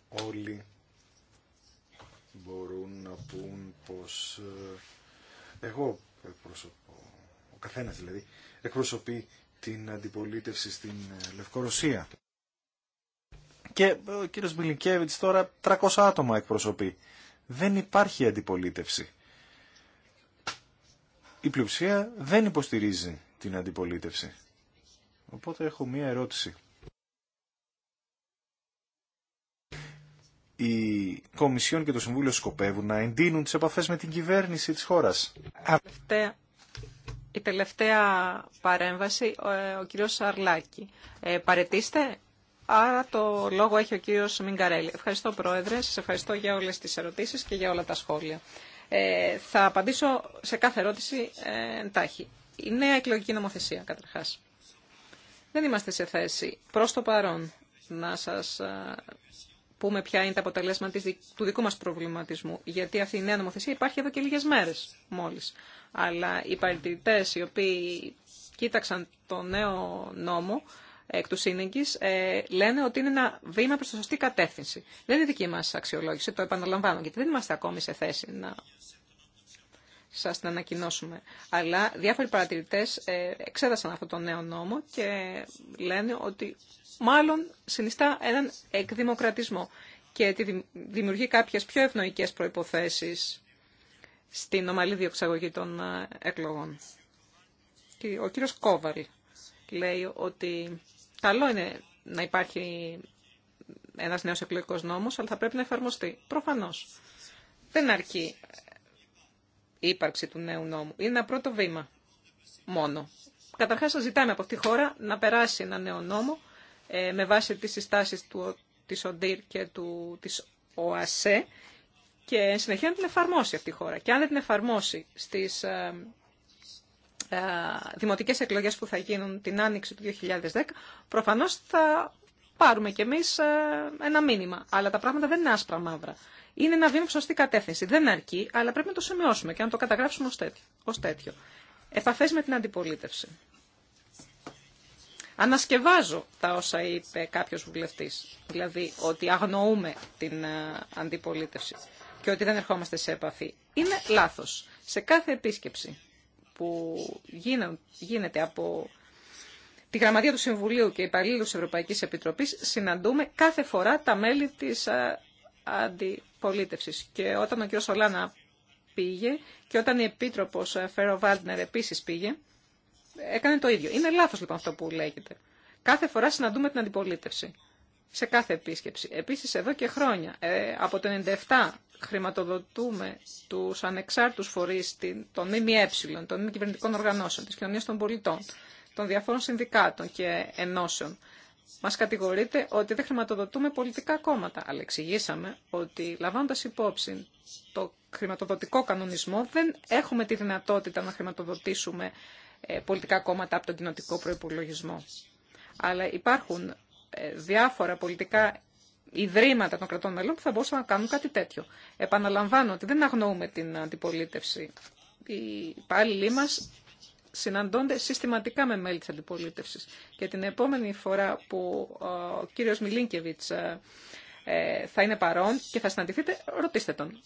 όλοι μπορούν να πούν πως ε, εγώ εκπροσωπώ, ο καθένας δηλαδή, εκπροσωπεί την αντιπολίτευση στην ε, Λευκορωσία. Και ε, ο κύριος Μιλικέβιτς τώρα 300 άτομα εκπροσωπεί. Δεν υπάρχει αντιπολίτευση. Η πλειοψηφία δεν υποστηρίζει την αντιπολίτευση. Οπότε έχω μία ερώτηση. η Κομισιόν και το Συμβούλιο σκοπεύουν να εντείνουν τις επαφές με την κυβέρνηση της χώρας. Η τελευταία παρέμβαση, ε, ο κύριος Σαρλάκη. Ε, παρετήστε, άρα το λόγο έχει ο κύριος Μιγκαρέλη. Ευχαριστώ Πρόεδρε, σας ευχαριστώ για όλες τις ερωτήσεις και για όλα τα σχόλια. Ε, θα απαντήσω σε κάθε ερώτηση ε, εντάχει η νέα εκλογική νομοθεσία καταρχάς. Δεν είμαστε σε θέση προς το παρόν να σας πούμε ποια είναι τα αποτελέσματα του δικού μας προβληματισμού, γιατί αυτή η νέα νομοθεσία υπάρχει εδώ και λίγες μέρες μόλις. Αλλά οι παρατηρητές οι οποίοι κοίταξαν το νέο νόμο εκ του σύνεγγης ε, λένε ότι είναι ένα βήμα προς τη σωστή κατεύθυνση. Δεν είναι δική μας αξιολόγηση, το επαναλαμβάνω, γιατί δεν είμαστε ακόμη σε θέση να σας την ανακοινώσουμε. Αλλά διάφοροι παρατηρητές ε, εξέτασαν αυτό το νέο νόμο και λένε ότι μάλλον συνιστά έναν εκδημοκρατισμό και δημιουργεί κάποιες πιο ευνοϊκές προϋποθέσεις στην ομαλή διεξαγωγή των ε, εκλογών. Ο κύριος Κόβαλ λέει ότι καλό είναι να υπάρχει ένας νέος εκλογικός νόμος, αλλά θα πρέπει να εφαρμοστεί. Προφανώς. Δεν αρκεί ύπαρξη του νέου νόμου. Είναι ένα πρώτο βήμα μόνο. Καταρχάς ζητάμε από αυτή τη χώρα να περάσει ένα νέο νόμο ε, με βάση τις συστάσεις του, της ΟΝΤΙΡ και του, της ΟΑΣΕ και συνεχεία να την εφαρμόσει αυτή η χώρα. Και αν δεν την εφαρμόσει στις ε, ε, δημοτικές εκλογές που θα γίνουν την Άνοιξη του 2010, προφανώς θα πάρουμε κι εμείς ε, ένα μήνυμα. Αλλά τα πράγματα δεν είναι άσπρα μαύρα είναι ένα βήμα σωστή κατεύθυνση. Δεν αρκεί, αλλά πρέπει να το σημειώσουμε και να το καταγράψουμε ως τέτοιο. Ως τέτοιο. Επαφές με την αντιπολίτευση. Ανασκευάζω τα όσα είπε κάποιος βουλευτής, δηλαδή ότι αγνοούμε την ε, αντιπολίτευση και ότι δεν ερχόμαστε σε επαφή. Είναι λάθος. Σε κάθε επίσκεψη που γίνεται από τη Γραμματεία του Συμβουλίου και υπαλλήλου Ευρωπαϊκής Επιτροπής συναντούμε κάθε φορά τα μέλη της ε, αντιπολίτευσης. Και όταν ο κ. Σολάνα πήγε και όταν η Επίτροπος Φέρο Βάλτνερ επίσης πήγε, έκανε το ίδιο. Είναι λάθος λοιπόν αυτό που λέγεται. Κάθε φορά συναντούμε την αντιπολίτευση σε κάθε επίσκεψη. Επίσης εδώ και χρόνια, ε, από το 97 χρηματοδοτούμε τους ανεξάρτητους φορείς των ΜΜΕ, των κυβερνητικών οργανώσεων, της κοινωνίας των πολιτών, των διαφόρων συνδικάτων και ενώσεων. Μας κατηγορείτε ότι δεν χρηματοδοτούμε πολιτικά κόμματα, αλλά εξηγήσαμε ότι λαμβάνοντας υπόψη το χρηματοδοτικό κανονισμό δεν έχουμε τη δυνατότητα να χρηματοδοτήσουμε ε, πολιτικά κόμματα από τον κοινοτικό προϋπολογισμό. Αλλά υπάρχουν ε, διάφορα πολιτικά ιδρύματα των κρατών μελών που θα μπορούσαν να κάνουν κάτι τέτοιο. Επαναλαμβάνω ότι δεν αγνοούμε την αντιπολίτευση. Οι υπάλληλοι μας συναντώνται συστηματικά με μέλη της αντιπολίτευσης. Και την επόμενη φορά που ε, ο κύριος Μιλίνκεβιτς ε, ε, θα είναι παρόν και θα συναντηθείτε, ρωτήστε τον.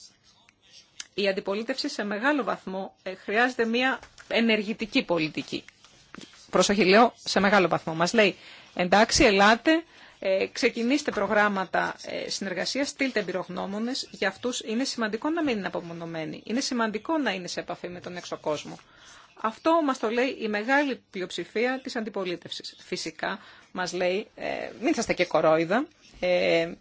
Η αντιπολίτευση σε μεγάλο βαθμό χρειάζεται μια ενεργητική πολιτική. Προσοχή λέω, σε μεγάλο βαθμό. Μας λέει, εντάξει, ελάτε, ξεκινήστε προγράμματα ε, συνεργασίας, στείλτε εμπειρογνώμονες. Για αυτούς είναι σημαντικό να μην είναι απομονωμένοι. Είναι σημαντικό να είναι σε επαφή με τον έξω κόσμο. Αυτό μας το λέει η μεγάλη πλειοψηφία της αντιπολίτευσης. Φυσικά μας λέει, ε, μην είστε και κορόιδα, ε,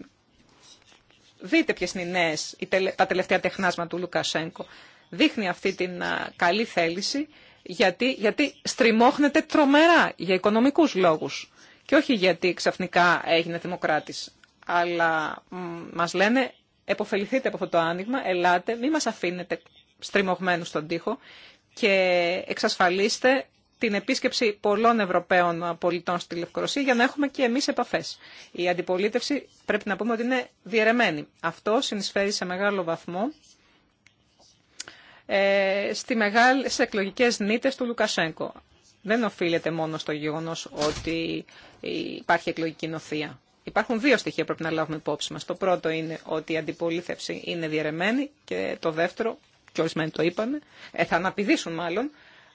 δείτε ποιες είναι οι νέες, τα τελευταία τεχνάσματα του Λουκασέγκο. Δείχνει αυτή την καλή θέληση γιατί, γιατί στριμώχνεται τρομερά για οικονομικούς λόγους και όχι γιατί ξαφνικά έγινε δημοκράτης. Αλλά μας λένε, εποφεληθείτε από αυτό το άνοιγμα, ελάτε, μην μας αφήνετε στριμωγμένου στον τοίχο και εξασφαλίστε την επίσκεψη πολλών Ευρωπαίων πολιτών στη Λευκορωσία για να έχουμε και εμείς επαφές. Η αντιπολίτευση πρέπει να πούμε ότι είναι διαιρεμένη. Αυτό συνεισφέρει σε μεγάλο βαθμό ε, στη μεγάλες εκλογικές του Λουκασέγκο. Δεν οφείλεται μόνο στο γεγονός ότι υπάρχει εκλογική νοθεία. Υπάρχουν δύο στοιχεία που πρέπει να λάβουμε υπόψη μας. Το πρώτο είναι ότι η αντιπολίτευση είναι διαιρεμένη και το δεύτερο και ορισμένοι το είπαν, ε, θα αναπηδήσουν μάλλον,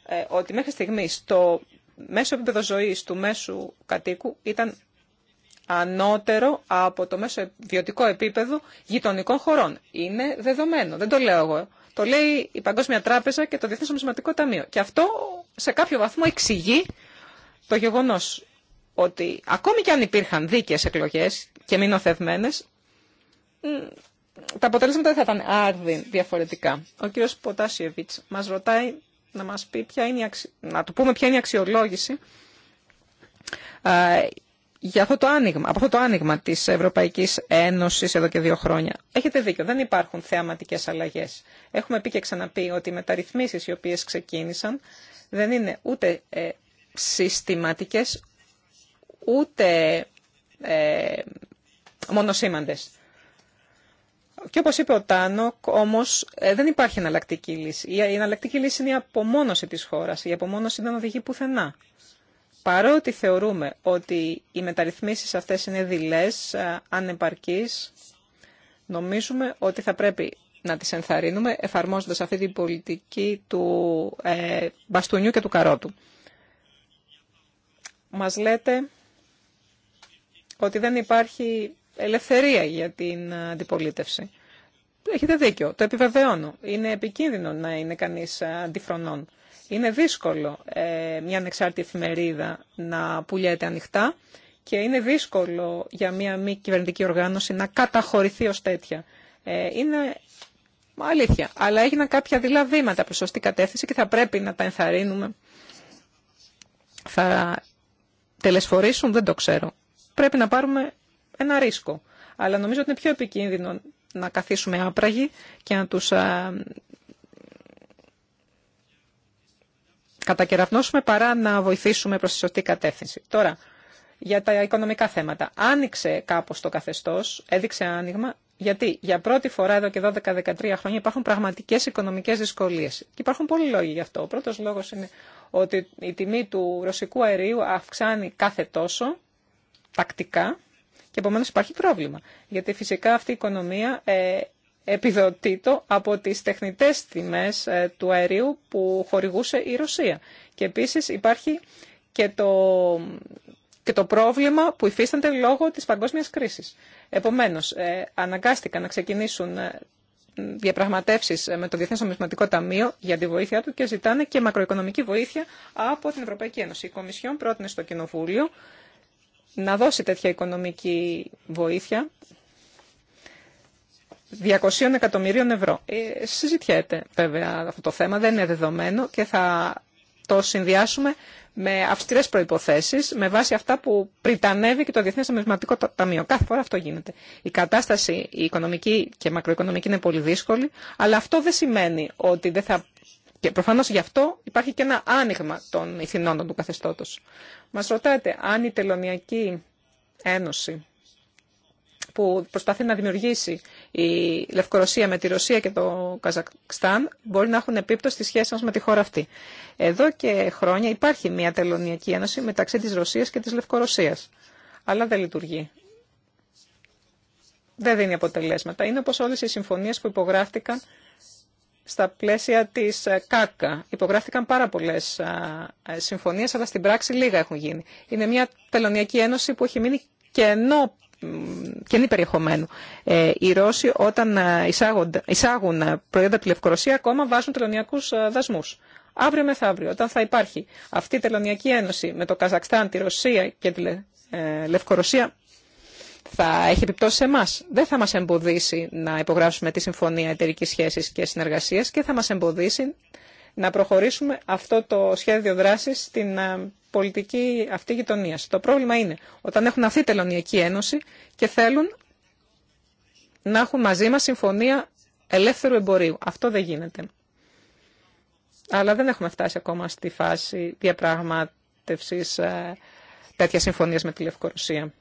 ε, ότι μέχρι στιγμή το μέσο επίπεδο ζωή του μέσου κατοίκου ήταν ανώτερο από το μέσο βιωτικό επίπεδο γειτονικών χωρών. Είναι δεδομένο, δεν το λέω εγώ. Το λέει η Παγκόσμια Τράπεζα και το Διεθνές Ομισματικό Ταμείο. Και αυτό σε κάποιο βαθμό εξηγεί το γεγονός ότι ακόμη και αν υπήρχαν δίκαιες εκλογές και μεινοθευμένες, τα αποτελέσματα δεν θα ήταν άρδιν διαφορετικά. Ο κύριος Ποτάσιεβιτς μας ρωτάει να, μας πει ποια είναι να του πούμε ποια είναι η αξιολόγηση για αυτό το άνοιγμα, από αυτό το άνοιγμα της Ευρωπαϊκής Ένωσης εδώ και δύο χρόνια. Έχετε δίκιο, δεν υπάρχουν θεαματικές αλλαγές. Έχουμε πει και ξαναπεί ότι οι μεταρρυθμίσεις οι οποίες ξεκίνησαν δεν είναι ούτε ε, συστηματικές, ούτε ε, μονοσήμαντες. Και όπως είπε ο Τάνοκ, όμως ε, δεν υπάρχει εναλλακτική λύση. Η εναλλακτική λύση είναι η απομόνωση της χώρας. Η απομόνωση δεν οδηγεί πουθενά. Παρότι θεωρούμε ότι οι μεταρρυθμίσεις αυτές είναι δειλές, ε, ανεπαρκείς, νομίζουμε ότι θα πρέπει να τις ενθαρρύνουμε εφαρμόζοντας αυτή την πολιτική του ε, μπαστούνιου και του καρότου. Μας λέτε ότι δεν υπάρχει ελευθερία για την αντιπολίτευση. Έχετε δίκιο, το επιβεβαιώνω. Είναι επικίνδυνο να είναι κανείς αντιφρονών. Είναι δύσκολο ε, μια ανεξάρτητη εφημερίδα να πουλιέται ανοιχτά και είναι δύσκολο για μια μη κυβερνητική οργάνωση να καταχωρηθεί ως τέτοια. Ε, είναι αλήθεια, αλλά έγιναν κάποια δειλά βήματα προς σωστή κατεύθυνση και θα πρέπει να τα ενθαρρύνουμε. Θα τελεσφορήσουν, δεν το ξέρω. Πρέπει να πάρουμε ένα ρίσκο. Αλλά νομίζω ότι είναι πιο επικίνδυνο να καθίσουμε άπραγοι και να τους κατακεραυνώσουμε παρά να βοηθήσουμε προς τη σωστή κατεύθυνση. Τώρα, για τα οικονομικά θέματα. Άνοιξε κάπως το καθεστώς, έδειξε άνοιγμα, γιατί για πρώτη φορά εδώ και 12-13 χρόνια υπάρχουν πραγματικές οικονομικές δυσκολίες. Και υπάρχουν πολλοί λόγοι γι' αυτό. Ο πρώτος λόγος είναι ότι η τιμή του ρωσικού αερίου αυξάνει κάθε τόσο, τακτικά, και επομένω υπάρχει πρόβλημα. Γιατί φυσικά αυτή η οικονομία ε, επιδοτείται από τις τεχνητέ τιμέ ε, του αερίου που χορηγούσε η Ρωσία. Και επίσης υπάρχει και το, και το πρόβλημα που υφίστανται λόγω της παγκόσμιας κρίσης. Επομένως, ε, αναγκάστηκαν να ξεκινήσουν ε, διαπραγματεύσει με το Διεθνές Ομισματικό Ταμείο για τη βοήθεια του και ζητάνε και μακροοικονομική βοήθεια από την Ευρωπαϊκή Ένωση. Η Κομισιόν πρότεινε στο Κοινοβούλιο να δώσει τέτοια οικονομική βοήθεια 200 εκατομμυρίων ευρώ. Ε, συζητιέται βέβαια αυτό το θέμα, δεν είναι δεδομένο και θα το συνδυάσουμε με αυστηρές προϋποθέσεις, με βάση αυτά που πριτανεύει και το Διεθνές Αμεσματικό Ταμείο. Κάθε φορά αυτό γίνεται. Η κατάσταση η οικονομική και μακροοικονομική είναι πολύ δύσκολη, αλλά αυτό δεν σημαίνει ότι δεν θα και προφανώς γι' αυτό υπάρχει και ένα άνοιγμα των ηθινών του καθεστώτος. Μας ρωτάτε αν η Τελωνιακή Ένωση που προσπαθεί να δημιουργήσει η Λευκορωσία με τη Ρωσία και το Καζακστάν μπορεί να έχουν επίπτωση στη σχέση μας με τη χώρα αυτή. Εδώ και χρόνια υπάρχει μια τελωνιακή ένωση μεταξύ της Ρωσίας και της Λευκορωσίας. Αλλά δεν λειτουργεί. Δεν δίνει αποτελέσματα. Είναι όπως όλες οι συμφωνίες που υπογράφτηκαν στα πλαίσια της ε, ΚΑΚΑ. Υπογράφηκαν πάρα πολλές ε, συμφωνίες, αλλά στην πράξη λίγα έχουν γίνει. Είναι μια τελωνιακή ένωση που έχει μείνει κενό κενή περιεχομένου. Ε, οι Ρώσοι όταν ε, εισάγουν προϊόντα από τη Λευκορωσία ακόμα βάζουν τελωνιακούς δασμούς. Αύριο μεθαύριο, όταν θα υπάρχει αυτή η τελωνιακή ένωση με το Καζακστάν, τη Ρωσία και τη Λευκορωσία θα έχει επιπτώσει σε εμά. Δεν θα μα εμποδίσει να υπογράψουμε τη Συμφωνία Εταιρική Σχέση και Συνεργασία και θα μα εμποδίσει να προχωρήσουμε αυτό το σχέδιο δράση στην ε, πολιτική αυτή γειτονία. Το πρόβλημα είναι όταν έχουν αυτή τελωνιακή ένωση και θέλουν να έχουν μαζί μα συμφωνία ελεύθερου εμπορίου. Αυτό δεν γίνεται. Αλλά δεν έχουμε φτάσει ακόμα στη φάση διαπραγματεύση ε, τέτοια συμφωνία με τη Λευκορωσία.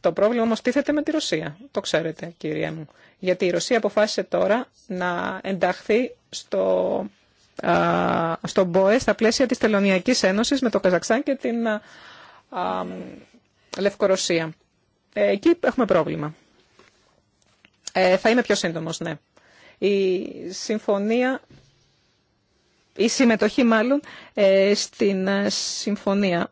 Το πρόβλημα όμως τίθεται με τη Ρωσία, το ξέρετε κυρία μου. Γιατί η Ρωσία αποφάσισε τώρα να ενταχθεί στο, α, στον ΠΟΕ στα πλαίσια της Τελωνιακής Ένωσης με το Καζακστάν και την α, Λευκορωσία. Ε, εκεί έχουμε πρόβλημα. Ε, θα είμαι πιο σύντομος, ναι. Η συμφωνία, η συμμετοχή μάλλον ε, στην ε, συμφωνία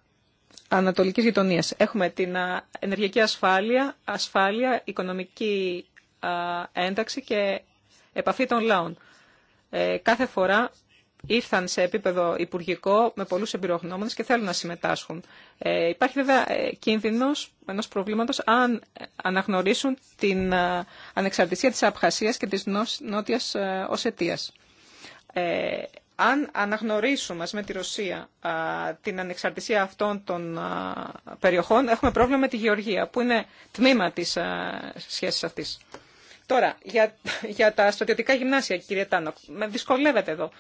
ανατολικής γειτονίας. Έχουμε την ενεργειακή ασφάλεια, ασφάλεια, οικονομική ένταξη και επαφή των λαών. Ε, κάθε φορά ήρθαν σε επίπεδο υπουργικό με πολλούς εμπειρογνώμονες και θέλουν να συμμετάσχουν. Ε, υπάρχει βέβαια ε, κίνδυνος ενό προβλήματος αν αναγνωρίσουν την ανεξαρτησία της Απχασίας και της νότιας αιτίας. Αν αναγνωρίσουμε με τη Ρωσία την ανεξαρτησία αυτών των περιοχών, έχουμε πρόβλημα με τη Γεωργία, που είναι τμήμα της σχέση σχέσης αυτής. Τώρα, για, για τα στρατιωτικά γυμνάσια, κύριε Τάνοκ, με δυσκολεύετε εδώ.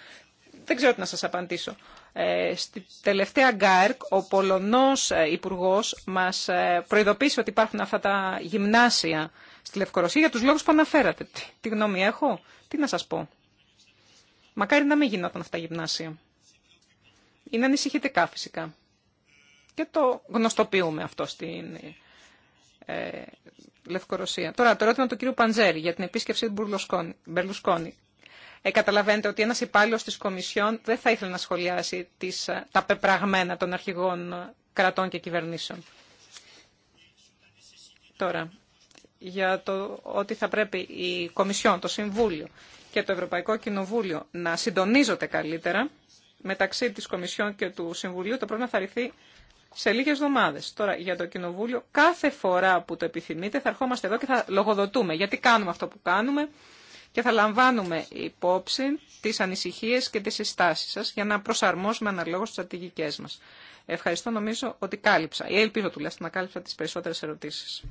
Δεν ξέρω τι να σας απαντήσω. Ε, στη τελευταία γκάρκ, ο Πολωνός ε, Υπουργός μας ε, προειδοποίησε ότι υπάρχουν αυτά τα γυμνάσια στη Λευκορωσία για τους λόγους που αναφέρατε. Τι, τι γνώμη έχω, τι να σας πω. Μακάρι να μην γινόταν αυτά γυμνάσια. Είναι ανησυχητικά φυσικά. Και το γνωστοποιούμε αυτό στην ε, Λευκορωσία. Τώρα, το ερώτημα του κύριου Παντζέρη για την επίσκεψη του Μπερλουσκόνη. Ε, καταλαβαίνετε ότι ένας υπάλληλος της Κομισιόν δεν θα ήθελε να σχολιάσει ε, τα πεπραγμένα των αρχηγών ε, κρατών και κυβερνήσεων. Τώρα, για το ότι θα πρέπει η Κομισιόν, το Συμβούλιο και το Ευρωπαϊκό Κοινοβούλιο να συντονίζονται καλύτερα μεταξύ της Κομισιόν και του Συμβουλίου, το πρόβλημα θα ρηθεί σε λίγε εβδομάδες. Τώρα για το Κοινοβούλιο κάθε φορά που το επιθυμείτε θα ερχόμαστε εδώ και θα λογοδοτούμε γιατί κάνουμε αυτό που κάνουμε και θα λαμβάνουμε υπόψη τι ανησυχίε και τι συστάσει σα για να προσαρμόσουμε αναλόγω τι στρατηγικέ μα. Ευχαριστώ νομίζω ότι κάλυψα ή ελπίζω τουλάχιστον να κάλυψα τι περισσότερε ερωτήσει.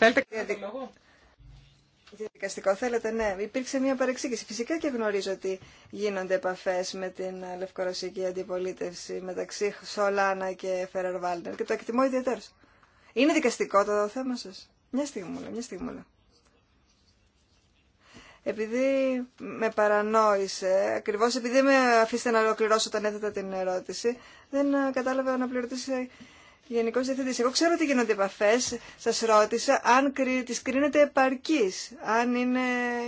Θέλετε κάτι Διαδικαστικό θέλετε, ναι. Υπήρξε μια παρεξήγηση. Φυσικά και γνωρίζω ότι γίνονται επαφέ με την λευκορωσική αντιπολίτευση μεταξύ Σολάνα και Φέρερ Βάλτερ και το εκτιμώ ιδιαίτερω. Είναι δικαστικό το θέμα σα. Μια μου, μια μου. Επειδή με παρανόησε, ακριβώ επειδή με αφήσετε να ολοκληρώσω όταν έθετα την ερώτηση, δεν κατάλαβα να πληρωτήσει Γενικώ Διευθυντή, εγώ ξέρω ότι γίνονται επαφέ. Σα ρώτησα αν τι κρίνετε επαρκή, αν είναι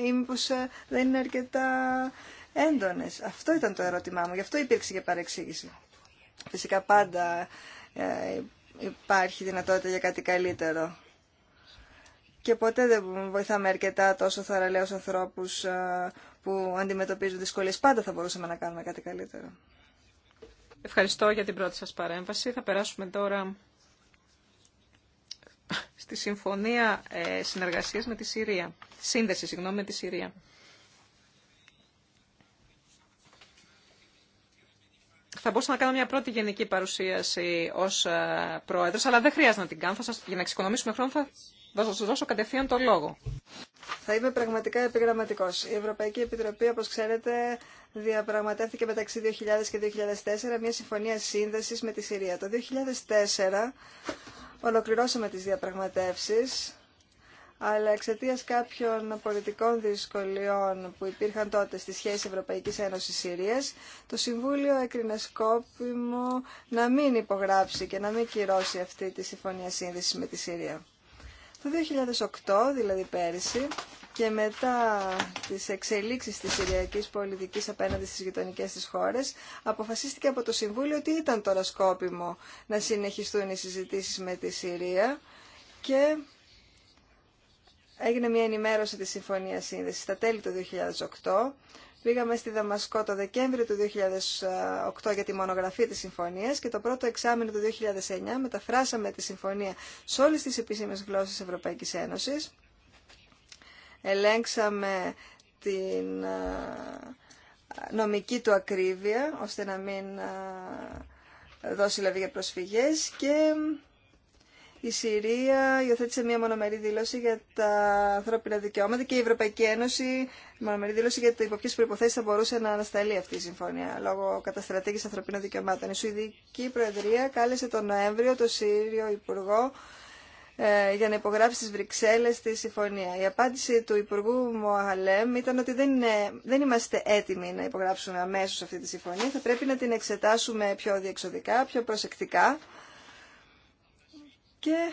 ή μήπω ε, δεν είναι αρκετά έντονε. Αυτό ήταν το ερώτημά μου. Γι' αυτό υπήρξε και παρεξήγηση. Φυσικά πάντα ε, υπάρχει δυνατότητα για κάτι καλύτερο. Και ποτέ δεν βοηθάμε αρκετά τόσο θαραλέου ανθρώπου ε, που αντιμετωπίζουν δυσκολίε. Πάντα θα μπορούσαμε να κάνουμε κάτι καλύτερο. Ευχαριστώ για την πρώτη σας παρέμβαση. Θα περάσουμε τώρα στη Συμφωνία ε, Συνεργασίας με τη Συρία. Σύνδεση, συγγνώμη, με τη Συρία. Θα μπορούσα να κάνω μια πρώτη γενική παρουσίαση ως ε, πρόεδρος, αλλά δεν χρειάζεται να την κάνω. για να εξοικονομήσουμε χρόνο θα θα σα δώσω κατευθείαν το λόγο. Θα είμαι πραγματικά επιγραμματικό. Η Ευρωπαϊκή Επιτροπή, όπω ξέρετε, διαπραγματεύτηκε μεταξύ 2000 και 2004 μια συμφωνία σύνδεση με τη Συρία. Το 2004 ολοκληρώσαμε τι διαπραγματεύσει, αλλά εξαιτία κάποιων πολιτικών δυσκολιών που υπήρχαν τότε στη σχέση Ευρωπαϊκή Ένωση-Συρία, το Συμβούλιο έκρινε σκόπιμο να μην υπογράψει και να μην κυρώσει αυτή τη συμφωνία σύνδεση με τη Συρία. Το 2008, δηλαδή πέρυσι, και μετά τις εξελίξεις της Συριακής πολιτικής απέναντι στις γειτονικές της χώρες, αποφασίστηκε από το Συμβούλιο ότι ήταν τώρα σκόπιμο να συνεχιστούν οι συζητήσεις με τη Συρία και έγινε μια ενημέρωση της Συμφωνίας Σύνδεσης στα τέλη του 2008 Πήγαμε στη Δαμασκό το Δεκέμβριο του 2008 για τη μονογραφή της συμφωνίας και το πρώτο εξάμεινο του 2009 μεταφράσαμε τη συμφωνία σε όλες τις επίσημες γλώσσες Ευρωπαϊκής Ένωσης. Ελέγξαμε την νομική του ακρίβεια, ώστε να μην δώσει λαβή για προσφυγές και η Συρία υιοθέτησε μια μονομερή δήλωση για τα ανθρώπινα δικαιώματα και η Ευρωπαϊκή Ένωση μονομερή δήλωση για το υπό ποιε προποθέσει θα μπορούσε να ανασταλεί αυτή η συμφωνία λόγω καταστρατήγηση ανθρωπίνων δικαιωμάτων. Η Σουηδική Προεδρία κάλεσε τον Νοέμβριο τον Σύριο Υπουργό ε, για να υπογράψει στις Βρυξέλλες τη συμφωνία. Η απάντηση του Υπουργού Μοαχαλέμ ήταν ότι δεν, δεν είμαστε έτοιμοι να υπογράψουμε αμέσως αυτή τη συμφωνία. Θα πρέπει να την εξετάσουμε πιο διεξοδικά, πιο προσεκτικά και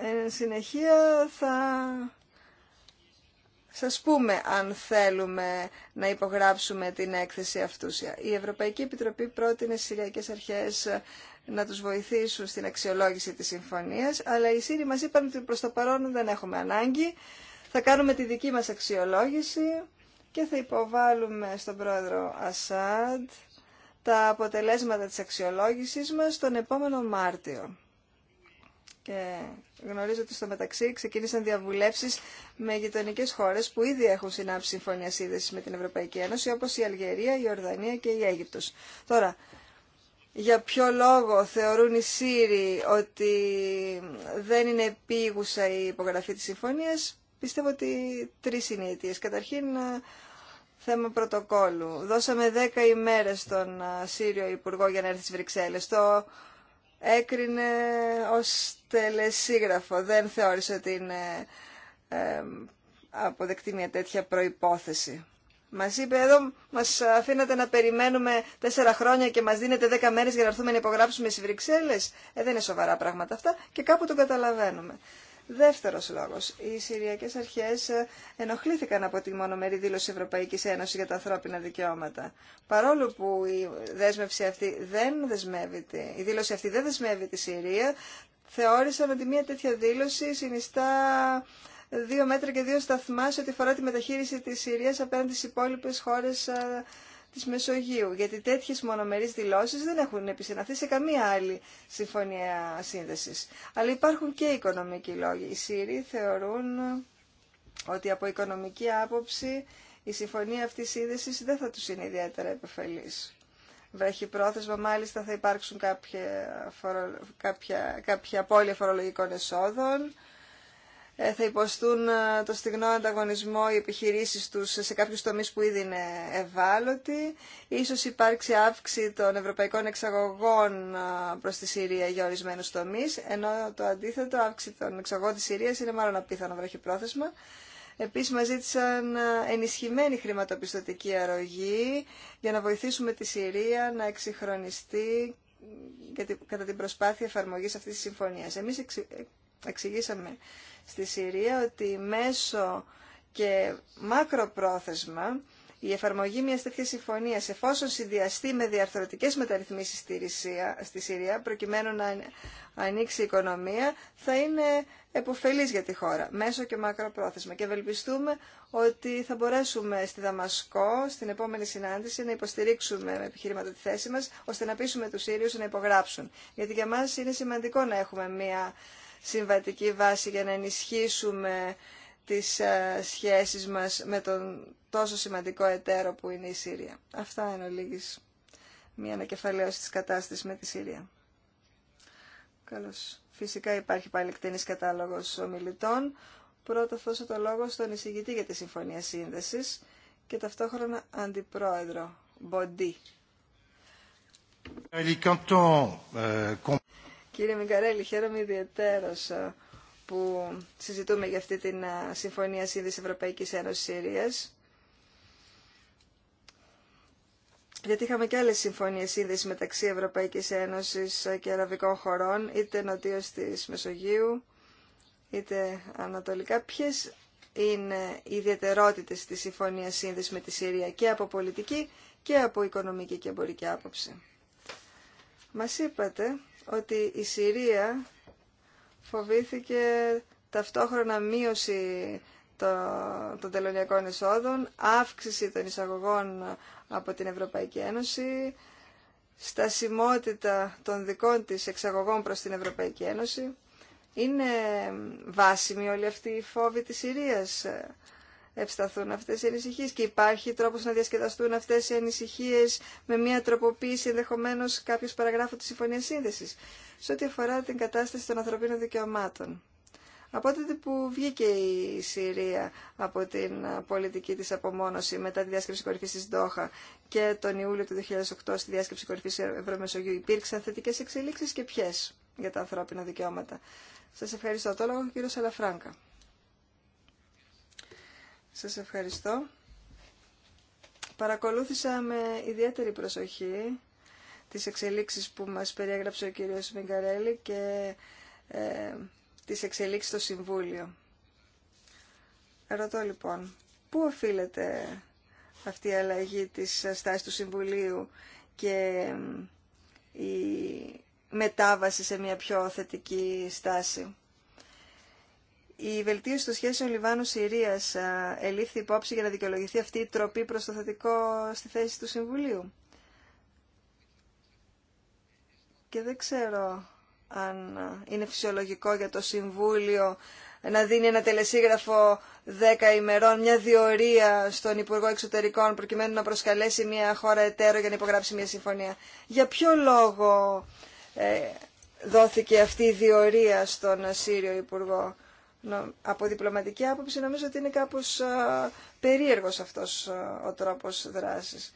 εν συνεχεία θα σας πούμε αν θέλουμε να υπογράψουμε την έκθεση αυτούσια. Η Ευρωπαϊκή Επιτροπή πρότεινε στις Συριακές Αρχές να τους βοηθήσουν στην αξιολόγηση της συμφωνίας, αλλά οι Σύριοι μας είπαν ότι προς το παρόν δεν έχουμε ανάγκη. Θα κάνουμε τη δική μας αξιολόγηση και θα υποβάλουμε στον πρόεδρο Ασάντ τα αποτελέσματα της αξιολόγησής μας τον επόμενο Μάρτιο. Και γνωρίζω ότι στο μεταξύ ξεκίνησαν διαβουλεύσεις με γειτονικέ χώρες που ήδη έχουν συνάψει συμφωνία σύνδεσης με την Ευρωπαϊκή Ένωση, όπως η Αλγερία, η Ορδανία και η Αίγυπτος. Τώρα, για ποιο λόγο θεωρούν οι Σύροι ότι δεν είναι επίγουσα η υπογραφή της συμφωνίας, πιστεύω ότι τρεις είναι οι Καταρχήν, θέμα πρωτοκόλλου. Δώσαμε δέκα ημέρες στον Σύριο Υπουργό για να έρθει στις Βρυξέλλες. Το έκρινε ως τελεσίγραφο. Δεν θεώρησε ότι είναι ε, αποδεκτή μια τέτοια προϋπόθεση. Μας είπε εδώ, μας αφήνατε να περιμένουμε τέσσερα χρόνια και μας δίνετε δέκα μέρες για να έρθουμε να υπογράψουμε στις Βρυξέλλες. Ε, δεν είναι σοβαρά πράγματα αυτά και κάπου το καταλαβαίνουμε. Δεύτερος λόγος, οι Συριακές αρχές ε, ενοχλήθηκαν από τη μονομερή δήλωση Ευρωπαϊκής Ένωσης για τα ανθρώπινα δικαιώματα. Παρόλο που η δέσμευση αυτή δεν δεσμεύεται, η δήλωση αυτή δεν δεσμεύει τη Συρία, θεώρησαν ότι μια τέτοια δήλωση συνιστά δύο μέτρα και δύο σταθμά σε ό,τι αφορά τη μεταχείριση της Συρίας απέναντι στις υπόλοιπες χώρες ε, της Μεσογείου, γιατί τέτοιες μονομερείς δηλώσεις δεν έχουν επισυναθεί σε καμία άλλη συμφωνία σύνδεσης. Αλλά υπάρχουν και οικονομικοί λόγοι. Οι Σύριοι θεωρούν ότι από οικονομική άποψη η συμφωνία αυτή σύνδεση δεν θα τους είναι ιδιαίτερα επωφελής. Βραχυπρόθεσμα μάλιστα θα υπάρξουν κάποια, φορο... κάποια απώλεια φορολογικών εσόδων, ε, θα υποστούν ε, το στιγνό ανταγωνισμό οι επιχειρήσεις τους σε κάποιους τομείς που ήδη είναι ευάλωτοι. Ίσως υπάρξει αύξηση των ευρωπαϊκών εξαγωγών ε, προς τη Συρία για ορισμένους τομείς, ενώ το αντίθετο αύξηση των εξαγωγών της Συρίας είναι μάλλον απίθανο βραχυπρόθεσμα. Επίσης μας ζήτησαν ενισχυμένη χρηματοπιστωτική αρρωγή για να βοηθήσουμε τη Συρία να εξυγχρονιστεί κατά την προσπάθεια εφαρμογής αυτής της συμφωνίας. Εμείς εξηγήσαμε στη Συρία ότι μέσω και μακροπρόθεσμα η εφαρμογή μιας τέτοιας συμφωνίας εφόσον συνδυαστεί με διαρθρωτικές μεταρρυθμίσεις στη Συρία προκειμένου να ανοίξει η οικονομία θα είναι επωφελής για τη χώρα μέσω και μακροπρόθεσμα και ευελπιστούμε ότι θα μπορέσουμε στη Δαμασκό στην επόμενη συνάντηση να υποστηρίξουμε με επιχειρήματα τη θέση μας ώστε να πείσουμε τους Σύριους να υπογράψουν γιατί για μας είναι σημαντικό να έχουμε μια συμβατική βάση για να ενισχύσουμε τις ε, σχέσεις μας με τον τόσο σημαντικό εταίρο που είναι η Σύρια. Αυτά είναι ολίγης μια ανακεφαλαίωση της κατάστασης με τη Σύρια. Καλώς. Φυσικά υπάρχει πάλι εκτενής κατάλογος ομιλητών. Πρώτα θα το λόγο στον εισηγητή για τη Συμφωνία Σύνδεσης και ταυτόχρονα αντιπρόεδρο Μποντί. Euh, Κύριε Μικαρέλη, χαίρομαι ιδιαίτερω ε, που συζητούμε για αυτή την ε, Συμφωνία Σύνδεσης Ευρωπαϊκής Ένωσης Συρίας. Γιατί είχαμε και άλλες συμφωνίες σύνδεση μεταξύ Ευρωπαϊκής Ένωσης ε, και Αραβικών χωρών, είτε νοτίως της Μεσογείου, είτε ανατολικά. Ποιες είναι οι ιδιαιτερότητες της συμφωνίας σύνδεσης με τη Συρία και από πολιτική και από οικονομική και εμπορική άποψη. Μας είπατε ότι η Συρία φοβήθηκε ταυτόχρονα μείωση των τελωνιακών εισόδων, αύξηση των εισαγωγών από την Ευρωπαϊκή Ένωση, στασιμότητα των δικών της εξαγωγών προς την Ευρωπαϊκή Ένωση. Είναι ε, βάσιμη όλη αυτή η φόβη της Συρίας ευσταθούν αυτές οι ανησυχίες και υπάρχει τρόπος να διασκεδαστούν αυτές οι ανησυχίες με μια τροποποίηση ενδεχομένω κάποιος παραγράφου της Συμφωνίας Σύνδεσης σε ό,τι αφορά την κατάσταση των ανθρωπίνων δικαιωμάτων. Από τότε που βγήκε η Συρία από την πολιτική της απομόνωση μετά τη διάσκεψη κορυφής της Ντόχα και τον Ιούλιο του 2008 στη διάσκεψη κορυφής Ευρωμεσογείου υπήρξαν θετικές εξελίξεις και ποιε για τα ανθρώπινα δικαιώματα. Σας ευχαριστώ. Το λόγο κύριο Σαλαφράγκα. Σας ευχαριστώ. Παρακολούθησα με ιδιαίτερη προσοχή τις εξελίξεις που μας περιέγραψε ο κύριος Μιγκαρέλη και ε, τις εξελίξεις στο Συμβούλιο. Ρωτώ λοιπόν, πού οφείλεται αυτή η αλλαγή της στάσης του Συμβουλίου και ε, η μετάβαση σε μια πιο θετική στάση η βελτίωση των σχέσεων Λιβάνου-Συρίας ε, ελήφθη υπόψη για να δικαιολογηθεί αυτή η τροπή προ το θετικό στη θέση του Συμβουλίου. Και δεν ξέρω αν ε, είναι φυσιολογικό για το Συμβούλιο ε, να δίνει ένα τελεσίγραφο 10 ημερών, μια διορία στον Υπουργό Εξωτερικών προκειμένου να προσκαλέσει μια χώρα εταίρο για να υπογράψει μια συμφωνία. Για ποιο λόγο ε, δόθηκε αυτή η διορία στον Σύριο Υπουργό από διπλωματική άποψη νομίζω ότι είναι κάπως περίεργος αυτός ο τρόπος δράσης.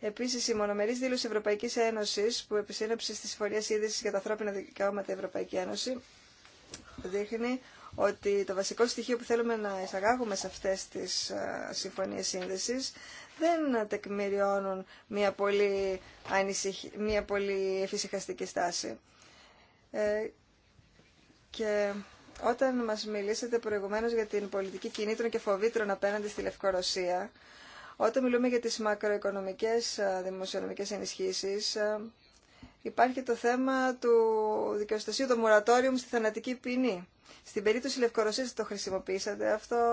Επίση, η μονομερή δήλωση Ευρωπαϊκή Ένωση που επισύνοψε στη Συμφωνία Σύνδεση για τα ανθρώπινα δικαιώματα Ευρωπαϊκή Ένωση δείχνει ότι το βασικό στοιχείο που θέλουμε να εισαγάγουμε σε αυτέ τι συμφωνίε σύνδεση δεν τεκμηριώνουν μια πολύ, μια πολύ εφησυχαστική στάση. Ε, και όταν μας μιλήσατε προηγουμένως για την πολιτική κινήτρων και φοβήτρων απέναντι στη Λευκορωσία, όταν μιλούμε για τις μακροοικονομικές δημοσιονομικές ενισχύσεις, υπάρχει το θέμα του δικαιοστασίου του μορατόριου στη θανατική ποινή. Στην περίπτωση Λευκορωσίας το χρησιμοποίησατε αυτό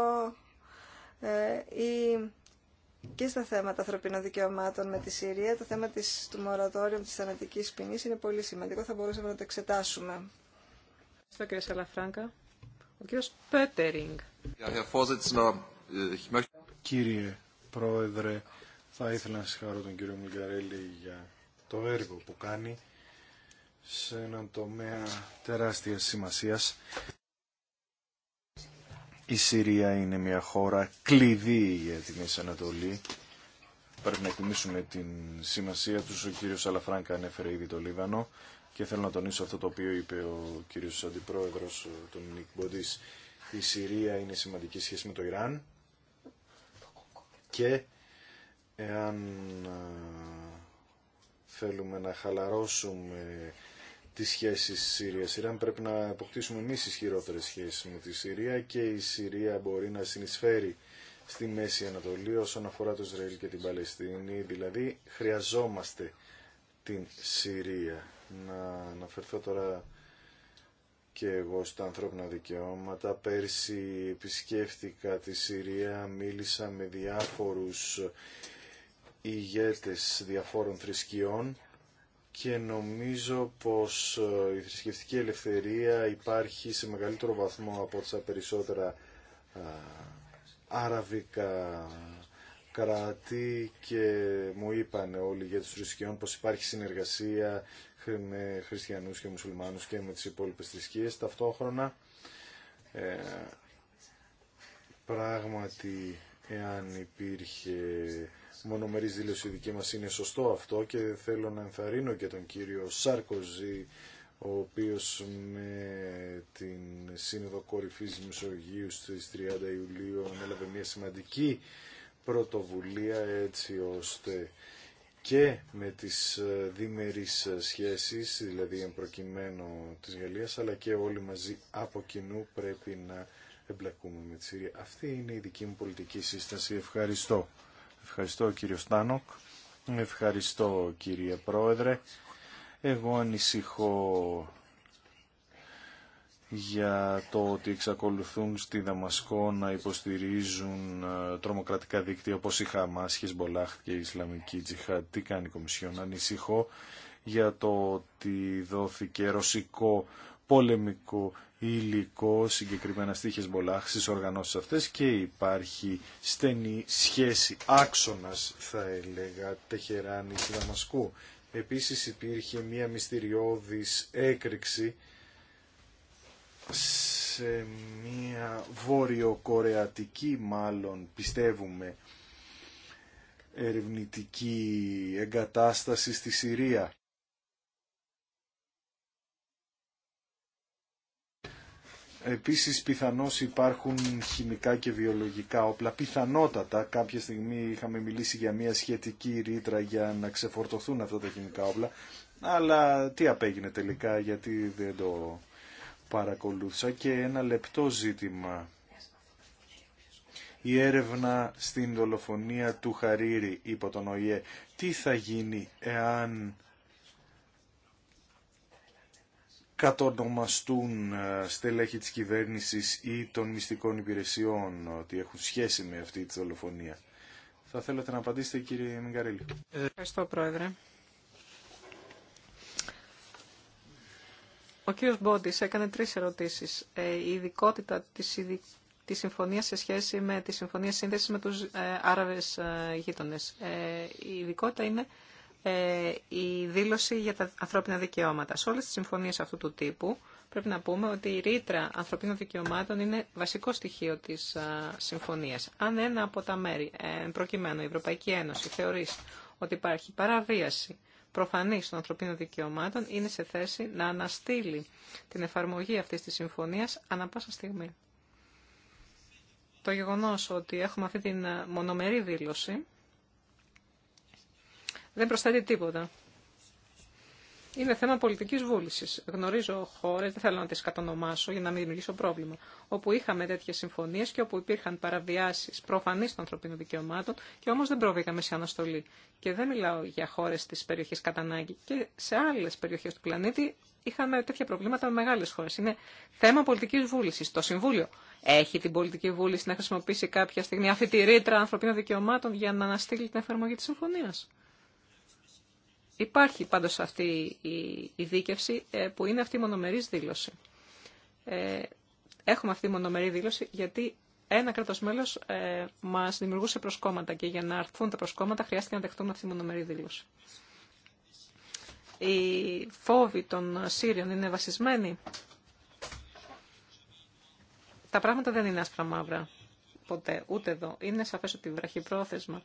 ε, ή και στα θέματα ανθρωπίνων δικαιωμάτων με τη Συρία, το θέμα της, του μορατόριου της θανατικής ποινής είναι πολύ σημαντικό, θα μπορούσαμε να το εξετάσουμε κύριε κύριος Πέτερινγκ. Κύριε Πρόεδρε, θα ήθελα να συγχαρώ τον κύριο Μιγκαρέλη για το έργο που κάνει σε έναν τομέα τεράστιας σημασίας. Η Συρία είναι μια χώρα κλειδί για τη Μέση Ανατολή. Πρέπει να εκτιμήσουμε την σημασία τους. Ο κύριος Αλαφράνκα ανέφερε ήδη το Λίβανο και θέλω να τονίσω αυτό το οποίο είπε ο κύριος Αντιπρόεδρος του Νίκ Μποντή. Η Συρία είναι σημαντική σχέση με το Ιράν και εάν θέλουμε να χαλαρώσουμε τις σχέσεις Συρίας-Ιράν πρέπει να αποκτήσουμε εμεί ισχυρότερε σχέσεις με τη Συρία και η Συρία μπορεί να συνεισφέρει στη Μέση Ανατολή όσον αφορά το Ισραήλ και την Παλαιστίνη. Δηλαδή χρειαζόμαστε την Συρία να αναφερθώ τώρα και εγώ στα ανθρώπινα δικαιώματα. Πέρσι επισκέφτηκα τη Συρία, μίλησα με διάφορους ηγέτες διαφόρων θρησκειών και νομίζω πως ε, η θρησκευτική ελευθερία υπάρχει σε μεγαλύτερο βαθμό από τα περισσότερα αραβικά ε, κράτη και μου είπαν όλοι για τους θρησκειών πως υπάρχει συνεργασία με χριστιανούς και μουσουλμάνους και με τις υπόλοιπες θρησκείες ταυτόχρονα ε, πράγματι εάν υπήρχε μονομερής δήλωση δική μας είναι σωστό αυτό και θέλω να ενθαρρύνω και τον κύριο Σάρκοζη ο οποίος με την Σύνοδο Κορυφής Μεσογείου στις 30 Ιουλίου ανέλαβε μια σημαντική πρωτοβουλία έτσι ώστε και με τις ε, διμερείς ε, σχέσεις, δηλαδή εμπροκειμένο της Γαλλίας, αλλά και όλοι μαζί από κοινού πρέπει να εμπλακούμε με τη Συρία. Αυτή είναι η δική μου πολιτική σύσταση. Ευχαριστώ. Ευχαριστώ κύριο Στάνοκ. Ευχαριστώ κύριε Πρόεδρε. Εγώ ανησυχώ για το ότι εξακολουθούν στη Δαμασκό να υποστηρίζουν ε, τρομοκρατικά δίκτυα όπως η Χαμάς, Χεσμπολάχ και η Ισλαμική Τζιχά. Τι κάνει η Κομισιόν. Ανησυχώ για το ότι δόθηκε ρωσικό πολεμικό υλικό συγκεκριμένα στη Χεσμπολάχ στις οργανώσεις αυτές και υπάρχει στενή σχέση άξονας θα έλεγα Τεχεράνης Δαμασκού. Επίσης υπήρχε μια μυστηριώδης έκρηξη σε μια βόρειο-κορεατική μάλλον πιστεύουμε ερευνητική εγκατάσταση στη Συρία. Επίσης πιθανώς υπάρχουν χημικά και βιολογικά όπλα. Πιθανότατα κάποια στιγμή είχαμε μιλήσει για μια σχετική ρήτρα για να ξεφορτωθούν αυτά τα χημικά όπλα. Αλλά τι απέγινε τελικά γιατί δεν το παρακολούθησα και ένα λεπτό ζήτημα. Η έρευνα στην δολοφονία του Χαρίρη υπό τον ΟΗΕ. Τι θα γίνει εάν κατονομαστούν ε, στελέχη της κυβέρνησης ή των μυστικών υπηρεσιών ότι έχουν σχέση με αυτή τη δολοφονία. Θα θέλατε να απαντήσετε κύριε Μιγκαρίλη. Ευχαριστώ πρόεδρε. Ο κύριο Μπόντι έκανε τρεις ερωτήσεις. Ε, η ειδικότητα της, τη συμφωνία σε σχέση με τη συμφωνία σύνδεση με τους ε, Άραβες ε, γείτονες. η ειδικότητα είναι η δήλωση για τα ανθρώπινα δικαιώματα. Σε όλες τι συμφωνίες αυτού του τύπου πρέπει να πούμε ότι η ρήτρα ανθρωπίνων δικαιωμάτων είναι βασικό στοιχείο της συμφωνία Αν ένα από τα μέρη, προκειμένου η Ευρωπαϊκή Ένωση, θεωρεί ότι υπάρχει παραβίαση προφανής των ανθρωπίνων δικαιωμάτων είναι σε θέση να αναστείλει την εφαρμογή αυτής της συμφωνίας ανα πάσα στιγμή. Το γεγονός ότι έχουμε αυτή την μονομερή δήλωση δεν προσθέτει τίποτα είναι θέμα πολιτική βούληση. Γνωρίζω χώρε, δεν θέλω να τι κατονομάσω για να μην δημιουργήσω πρόβλημα, όπου είχαμε τέτοιε συμφωνίε και όπου υπήρχαν παραβιάσει προφανεί των ανθρωπίνων δικαιωμάτων και όμω δεν προβήκαμε σε αναστολή. Και δεν μιλάω για χώρε τη περιοχή κατά ανάγκη. Και σε άλλε περιοχέ του πλανήτη είχαμε τέτοια προβλήματα με μεγάλε χώρε. Είναι θέμα πολιτική βούληση. Το Συμβούλιο έχει την πολιτική βούληση να χρησιμοποιήσει κάποια στιγμή αυτή τη ανθρωπίνων δικαιωμάτων για να αναστείλει την εφαρμογή τη συμφωνία. Υπάρχει πάντως αυτή η δίκευση ε, που είναι αυτή η μονομερής δήλωση. Ε, έχουμε αυτή η μονομερή δήλωση γιατί ένα κράτος μέλος ε, μας δημιουργούσε προσκόμματα και για να αρθούν τα προσκόμματα χρειάστηκε να δεχτούμε αυτή τη μονομερή δήλωση. Οι φόβοι των Σύριων είναι βασισμένοι. Τα πράγματα δεν είναι άσπρα μαύρα ποτέ, ούτε εδώ. Είναι σαφές ότι βραχυπρόθεσμα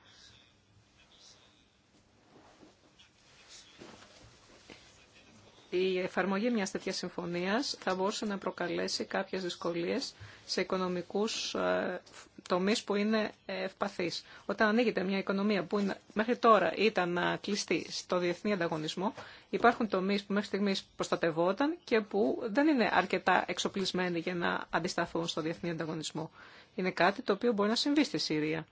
η εφαρμογή μιας τέτοιας συμφωνίας θα μπορούσε να προκαλέσει κάποιες δυσκολίες σε οικονομικούς ε, τομείς που είναι ευπαθείς. Όταν ανοίγεται μια οικονομία που μέχρι τώρα ήταν να κλειστή στο διεθνή ανταγωνισμό, υπάρχουν τομείς που μέχρι στιγμής προστατευόταν και που δεν είναι αρκετά εξοπλισμένοι για να αντισταθούν στο διεθνή ανταγωνισμό. Είναι κάτι το οποίο μπορεί να συμβεί στη Συρία.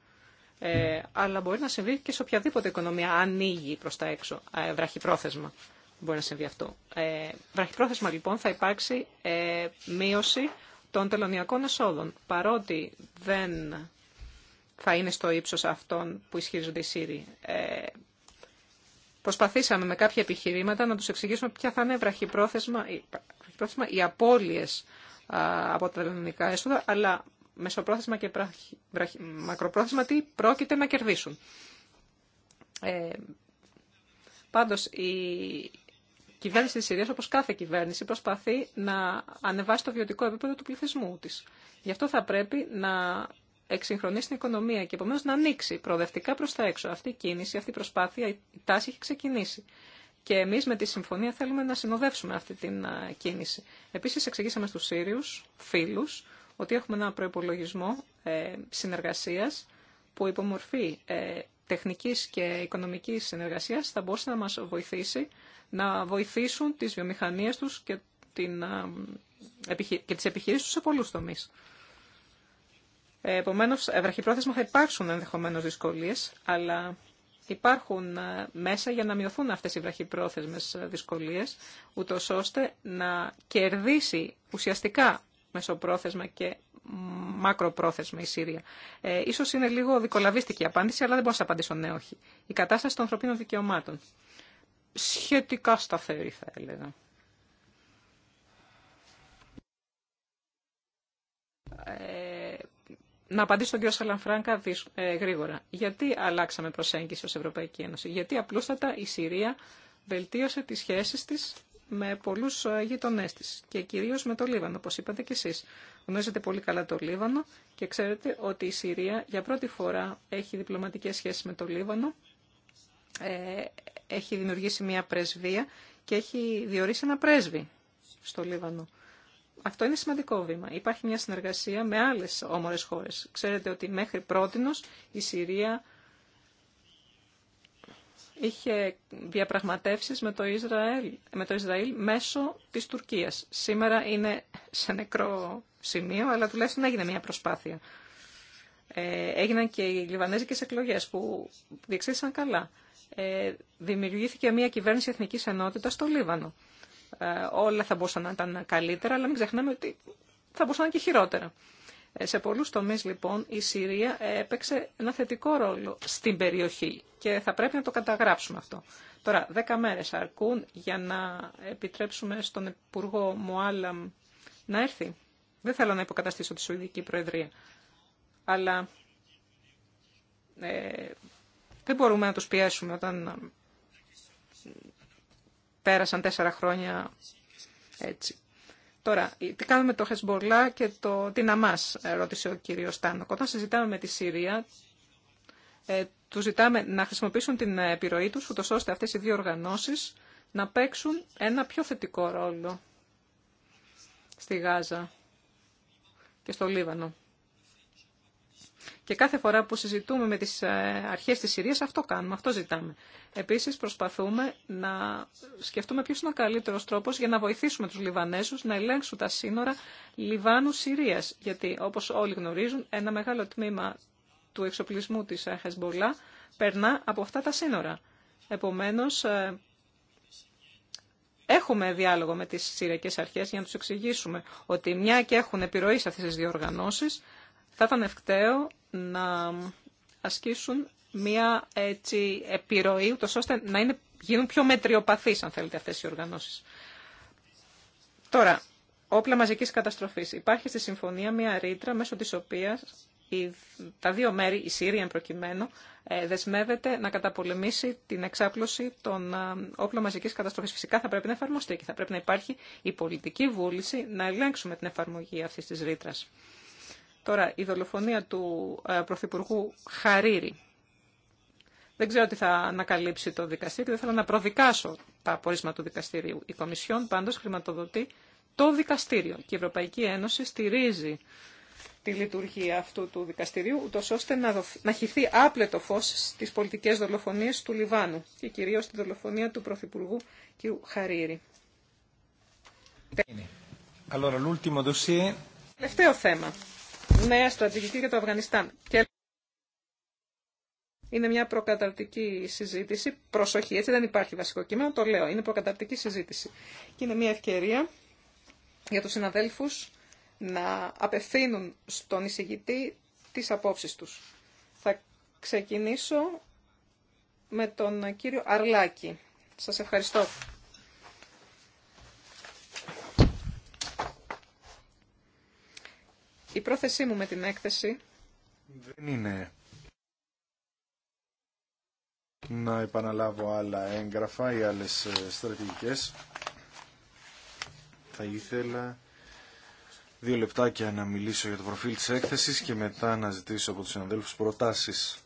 Ε, αλλά μπορεί να συμβεί και σε οποιαδήποτε οικονομία ανοίγει προς τα έξω, ε, βραχυπρόθεσμα μπορεί να συμβεί αυτό. Ε, βραχυπρόθεσμα λοιπόν θα υπάρξει ε, μείωση των τελωνιακών εσόδων. Παρότι δεν θα είναι στο ύψος αυτών που ισχυρίζονται οι ΣΥΡΙ. Ε, προσπαθήσαμε με κάποια επιχειρήματα να τους εξηγήσουμε ποια θα είναι βραχυπρόθεσμα, οι απώλειες από τα τελωνιακά έσοδα, αλλά μεσοπρόθεσμα και βραχυ, μακροπρόθεσμα τι πρόκειται να κερδίσουν. Ε, πάντως, η, κυβέρνηση της Συρίας, όπως κάθε κυβέρνηση, προσπαθεί να ανεβάσει το βιωτικό επίπεδο του πληθυσμού της. Γι' αυτό θα πρέπει να εξυγχρονίσει την οικονομία και επομένως να ανοίξει προοδευτικά προς τα έξω. Αυτή η κίνηση, αυτή η προσπάθεια, η τάση έχει ξεκινήσει. Και εμείς με τη συμφωνία θέλουμε να συνοδεύσουμε αυτή την κίνηση. Επίσης εξηγήσαμε στους Σύριους, φίλους, ότι έχουμε ένα προπολογισμό ε, συνεργασίας που υπομορφή ε, τεχνικής και οικονομικής συνεργασίας θα μπορούσε να μας βοηθήσει να βοηθήσουν τις βιομηχανίες τους και, την, και τις επιχειρήσεις τους σε πολλούς τομείς. Ε, επομένως, ε, βραχυπρόθεσμα θα υπάρξουν ενδεχομένως δυσκολίες, αλλά υπάρχουν ε, μέσα για να μειωθούν αυτές οι βραχυπρόθεσμες δυσκολίες, ούτω ώστε να κερδίσει ουσιαστικά μεσοπρόθεσμα και μακροπρόθεσμα η Σύρια. Ε, ίσως είναι λίγο δικολαβίστικη η απάντηση, αλλά δεν μπορώ να σα απαντήσω ναι όχι. Η κατάσταση των ανθρωπίνων δικαιωμάτων σχετικά σταθερή θα έλεγα. Ε, να απαντήσω τον κύριο Σαλανφράγκα ε, γρήγορα. Γιατί αλλάξαμε προσέγγιση ως Ευρωπαϊκή Ένωση. Γιατί απλούστατα η Συρία βελτίωσε τις σχέσεις της με πολλούς ε, γειτονέ τη. και κυρίως με το Λίβανο, όπως είπατε κι εσείς. Γνωρίζετε πολύ καλά το Λίβανο και ξέρετε ότι η Συρία για πρώτη φορά έχει διπλωματικές σχέσεις με το Λίβανο. Ε, έχει δημιουργήσει μια πρεσβεία και έχει διορίσει ένα πρέσβη στο Λίβανο. Αυτό είναι σημαντικό βήμα. Υπάρχει μια συνεργασία με άλλες όμορες χώρες. Ξέρετε ότι μέχρι πρότινος η Συρία είχε διαπραγματεύσεις με το Ισραήλ, με το Ισραήλ μέσω της Τουρκίας. Σήμερα είναι σε νεκρό σημείο, αλλά τουλάχιστον έγινε μια προσπάθεια. Ε, έγιναν και οι Λιβανέζικες εκλογές που διεξήγησαν καλά. Ε, δημιουργήθηκε μια κυβέρνηση εθνική ενότητα στο Λίβανο. Ε, όλα θα μπορούσαν να ήταν καλύτερα, αλλά μην ξεχνάμε ότι θα μπορούσαν και χειρότερα. Ε, σε πολλούς τομεί, λοιπόν, η Συρία έπαιξε ένα θετικό ρόλο στην περιοχή και θα πρέπει να το καταγράψουμε αυτό. Τώρα, δέκα μέρες αρκούν για να επιτρέψουμε στον Υπουργό Μουάλαμ να έρθει. Δεν θέλω να υποκαταστήσω τη Σουηδική Προεδρία, αλλά δεν μπορούμε να τους πιέσουμε όταν ε, πέρασαν τέσσερα χρόνια έτσι. Τώρα, τι κάνουμε το Χεσμπορλά και το την Αμάς, ε, ρώτησε ο κύριος Τάνοκ. Όταν συζητάμε με τη Συρία, ε, τους ζητάμε να χρησιμοποιήσουν την επιρροή τους, ούτως ώστε αυτές οι δύο οργανώσεις να παίξουν ένα πιο θετικό ρόλο στη Γάζα και στο Λίβανο. Και κάθε φορά που συζητούμε με τις ε, αρχές της Συρίας αυτό κάνουμε, αυτό ζητάμε. Επίσης προσπαθούμε να σκεφτούμε ποιος είναι ο καλύτερος τρόπος για να βοηθήσουμε τους Λιβανέζους να ελέγξουν τα σύνορα Λιβάνου-Συρίας. Γιατί όπως όλοι γνωρίζουν ένα μεγάλο τμήμα του εξοπλισμού της Χεσμπολά περνά από αυτά τα σύνορα. Επομένως, ε, έχουμε διάλογο με τις Συριακές Αρχές για να τους εξηγήσουμε ότι μια και έχουν επιρροή σε αυτές τις διοργανώσεις, θα ήταν ευκταίο να ασκήσουν μία έτσι, επιρροή, ούτως ώστε να είναι, γίνουν πιο μετριοπαθείς, αν θέλετε, αυτές οι οργανώσεις. Τώρα, όπλα μαζικής καταστροφής. Υπάρχει στη συμφωνία μία ρήτρα μέσω της οποίας τα δύο μέρη, η Σύρια προκειμένου, ε, δεσμεύεται να καταπολεμήσει την εξάπλωση των ε, όπλων μαζική καταστροφή. Φυσικά θα πρέπει να εφαρμοστεί και θα πρέπει να υπάρχει η πολιτική βούληση να ελέγξουμε την εφαρμογή αυτή τη ρήτρα. Τώρα, η δολοφονία του ε, Πρωθυπουργού Χαρίρη. Δεν ξέρω τι θα ανακαλύψει το δικαστήριο, δεν θέλω να προδικάσω τα απορίσματα του δικαστηρίου. Η Κομισιόν πάντως χρηματοδοτεί το δικαστήριο και η Ευρωπαϊκή Ένωση στηρίζει τη λειτουργία αυτού του δικαστηρίου, ούτως ώστε να, δοθ, να χυθεί άπλετο φως στις πολιτικές δολοφονίες του Λιβάνου και κυρίως τη δολοφονία του Πρωθυπουργού κ. Χαρίρη. Τελευταίο θέμα νέα στρατηγική για το Αφγανιστάν. Και είναι μια προκαταρτική συζήτηση. Προσοχή, έτσι δεν υπάρχει βασικό κείμενο, το λέω. Είναι προκαταρτική συζήτηση. Και είναι μια ευκαιρία για τους συναδέλφους να απευθύνουν στον εισηγητή τις απόψεις τους. Θα ξεκινήσω με τον κύριο Αρλάκη. Σας ευχαριστώ, Η πρόθεσή μου με την έκθεση... Δεν είναι να επαναλάβω άλλα έγγραφα ή άλλες ε, στρατηγικές. Θα ήθελα δύο λεπτάκια να μιλήσω για το προφίλ της έκθεσης και μετά να ζητήσω από τους συναδέλφους προτάσεις.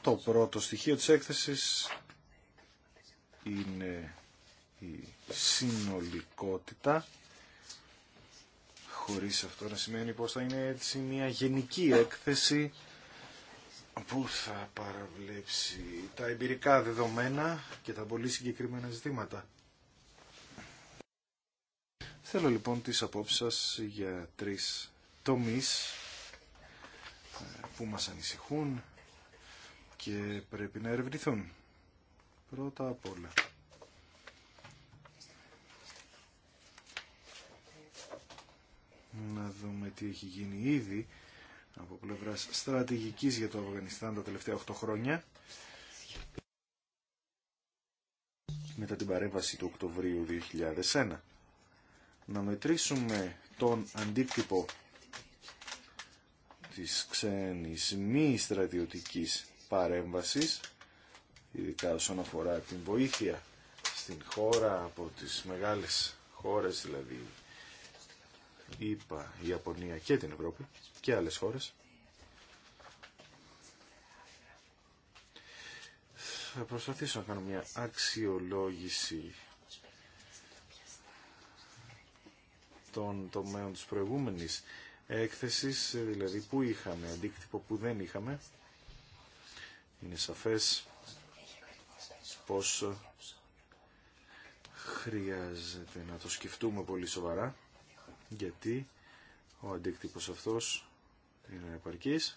Το πρώτο στοιχείο της έκθεσης είναι η συνολικότητα χωρίς αυτό να σημαίνει πως θα είναι έτσι μια γενική έκθεση που θα παραβλέψει τα εμπειρικά δεδομένα και τα πολύ συγκεκριμένα ζητήματα. Θέλω λοιπόν τις απόψεις σας για τρεις τομείς ε, που μας ανησυχούν και πρέπει να ερευνηθούν πρώτα απ' όλα. Να δούμε τι έχει γίνει ήδη από πλευράς στρατηγικής για το Αφγανιστάν τα τελευταία 8 χρόνια. Μετά την παρέμβαση του Οκτωβρίου 2001. Να μετρήσουμε τον αντίκτυπο της ξένης μη στρατιωτικής παρέμβασης ειδικά όσον αφορά την βοήθεια στην χώρα από τις μεγάλες χώρες, δηλαδή η η Ιαπωνία και την Ευρώπη και άλλες χώρες. Θα προσπαθήσω να κάνω μια αξιολόγηση των τομέων της προηγούμενης έκθεσης, δηλαδή που είχαμε, αντίκτυπο που δεν είχαμε. Είναι σαφές πως χρειάζεται να το σκεφτούμε πολύ σοβαρά γιατί ο αντίκτυπος αυτός είναι επαρκής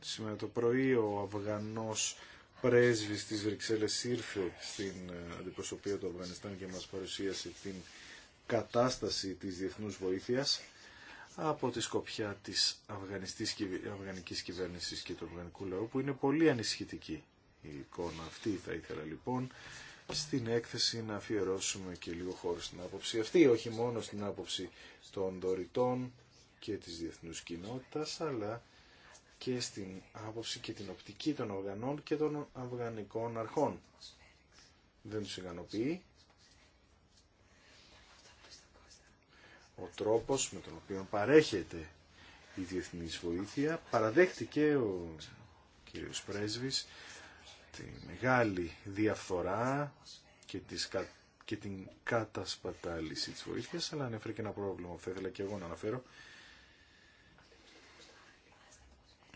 Σήμερα το πρωί ο Αφγανός πρέσβης της Βρυξέλλες ήρθε στην ε, αντιπροσωπεία του Αφγανιστάν και μας παρουσίασε την κατάσταση της διεθνούς βοήθειας από τη σκοπιά της Αφγανιστής, αυγανικής κυβέρνησης και του αυγανικού λαού που είναι πολύ ανησυχητική η εικόνα αυτή. Θα ήθελα λοιπόν στην έκθεση να αφιερώσουμε και λίγο χώρο στην άποψη αυτή, όχι μόνο στην άποψη των δωρητών και της διεθνούς κοινότητας, αλλά και στην άποψη και την οπτική των αυγανών και των αυγανικών αρχών. Δεν τους ικανοποιεί ο τρόπος με τον οποίο παρέχεται η διεθνής βοήθεια. Παραδέχτηκε ο κύριος Πρέσβης τη μεγάλη διαφθορά και, την κατασπατάληση της βοήθειας, αλλά ανέφερε και ένα πρόβλημα που θα ήθελα και εγώ να αναφέρω,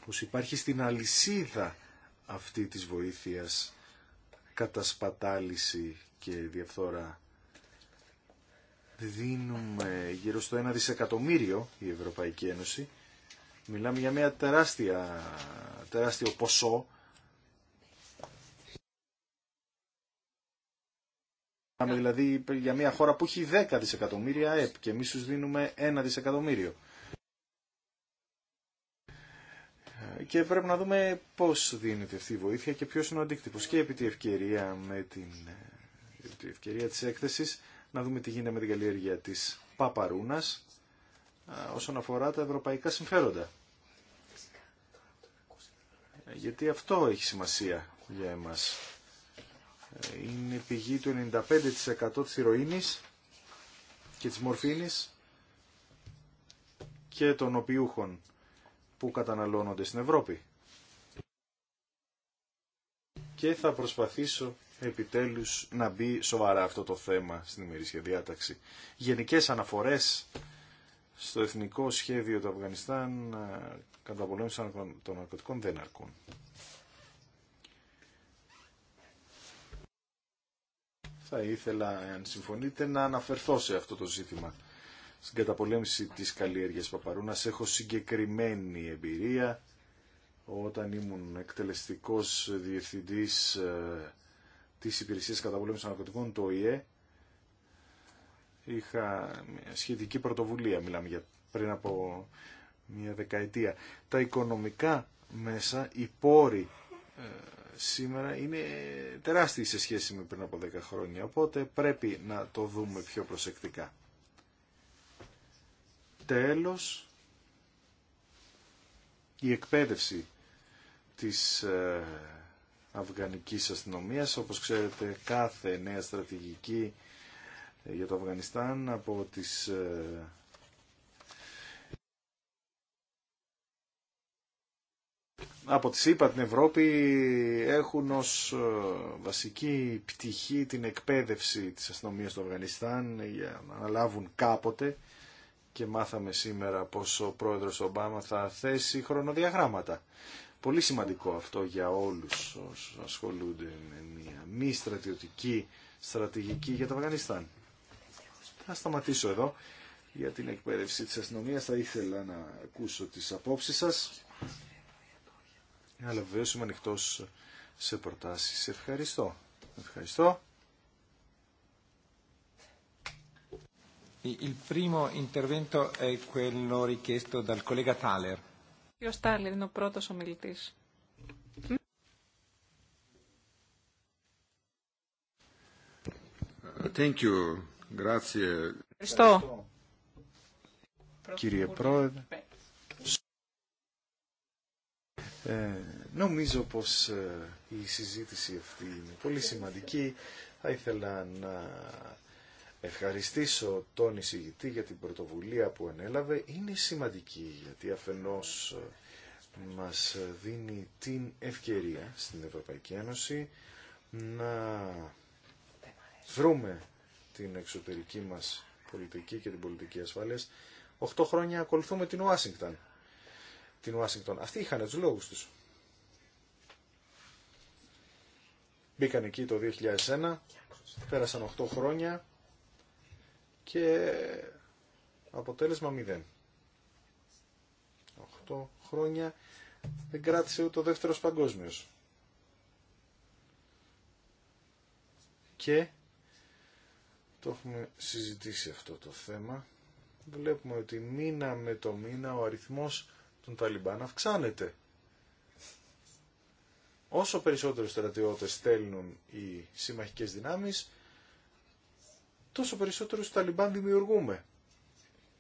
πως υπάρχει στην αλυσίδα αυτή της βοήθειας κατασπατάληση και διαφθορά δίνουμε γύρω στο 1 δισεκατομμύριο η Ευρωπαϊκή Ένωση. Μιλάμε για μια τεράστια, τεράστιο ποσό. Μιλάμε δηλαδή για μια χώρα που έχει 10 δισεκατομμύρια ΕΠ και εμείς τους δίνουμε 1 δισεκατομμύριο. και πρέπει να δούμε πώς δίνεται αυτή η βοήθεια και ποιος είναι ο αντίκτυπος. Και επί τη ευκαιρία, με την, επί τη ευκαιρία της έκθεσης να δούμε τι γίνεται με την καλλιέργεια της Παπαρούνας όσον αφορά τα ευρωπαϊκά συμφέροντα. Ε, γιατί αυτό έχει σημασία για εμάς. Ε, είναι πηγή του 95% της ηρωίνης και της μορφίνης και των οπιούχων που καταναλώνονται στην Ευρώπη. Και θα προσπαθήσω επιτέλους να μπει σοβαρά αυτό το θέμα στην ημερήσια διάταξη. Γενικές αναφορές στο εθνικό σχέδιο του Αφγανιστάν ε, κατά πολέμηση των ναρκωτικών δεν αρκούν. Θα ήθελα, αν συμφωνείτε, να αναφερθώ σε αυτό το ζήτημα. Στην καταπολέμηση της καλλιέργειας Παπαρούνας έχω συγκεκριμένη εμπειρία όταν ήμουν εκτελεστικός διευθυντής ε, Τη Υπηρεσία καταβολή των Ναρκωτικών, το ΟΗΕ, είχα μια σχετική πρωτοβουλία, μιλάμε για πριν από μια δεκαετία. Τα οικονομικά μέσα, οι πόροι ε, σήμερα είναι τεράστιοι σε σχέση με πριν από 10 χρόνια, οπότε πρέπει να το δούμε πιο προσεκτικά. Τέλος, η εκπαίδευση της ε, Αφγανικής αστυνομίας. Όπως ξέρετε κάθε νέα στρατηγική ε, για το Αφγανιστάν από τις ε, από τις ΗΠΑ την Ευρώπη έχουν ως ε, βασική πτυχή την εκπαίδευση της αστυνομίας του Αφγανιστάν για να αναλάβουν κάποτε και μάθαμε σήμερα πως ο πρόεδρος Ομπάμα θα θέσει χρονοδιαγράμματα Πολύ σημαντικό αυτό για όλους όσου ασχολούνται με μια μη στρατιωτική στρατηγική για το Αφγανιστάν. Θα σταματήσω εδώ για την εκπαίδευση της αστυνομίας. Θα ήθελα να ακούσω τις απόψεις σας. Αλλά βεβαίω είμαι ανοιχτό σε προτάσεις. Ευχαριστώ. Ευχαριστώ. Il primo intervento è quello richiesto dal collega Thaler. Ο Στάλιν είναι ο πρώτος ομιλητής. Thank Ευχαριστώ. Κύριε Πρόεδρε, ε, νομίζω πως ε, η συζήτηση αυτή είναι πολύ σημαντική. Θα ήθελα να ευχαριστήσω τον εισηγητή για την πρωτοβουλία που ενέλαβε. Είναι σημαντική γιατί αφενός ε, μας δίνει την ευκαιρία στην Ευρωπαϊκή Ένωση να βρούμε την εξωτερική μας πολιτική και την πολιτική ασφαλεία Οχτώ χρόνια ακολουθούμε την Ουάσιγκτον. Την Ουάσιγκτον. Αυτοί είχαν τους λόγους τους. Μπήκαν εκεί το 2001, πέρασαν 8 χρόνια, και αποτέλεσμα 0. 8 χρόνια δεν κράτησε ούτε ο δεύτερος παγκόσμιος. Και το έχουμε συζητήσει αυτό το θέμα. Βλέπουμε ότι μήνα με το μήνα ο αριθμός των Ταλιμπάν αυξάνεται. Όσο περισσότερους στρατιώτες στέλνουν οι συμμαχικές δυνάμεις, τόσο περισσότερου Ταλιμπάν δημιουργούμε.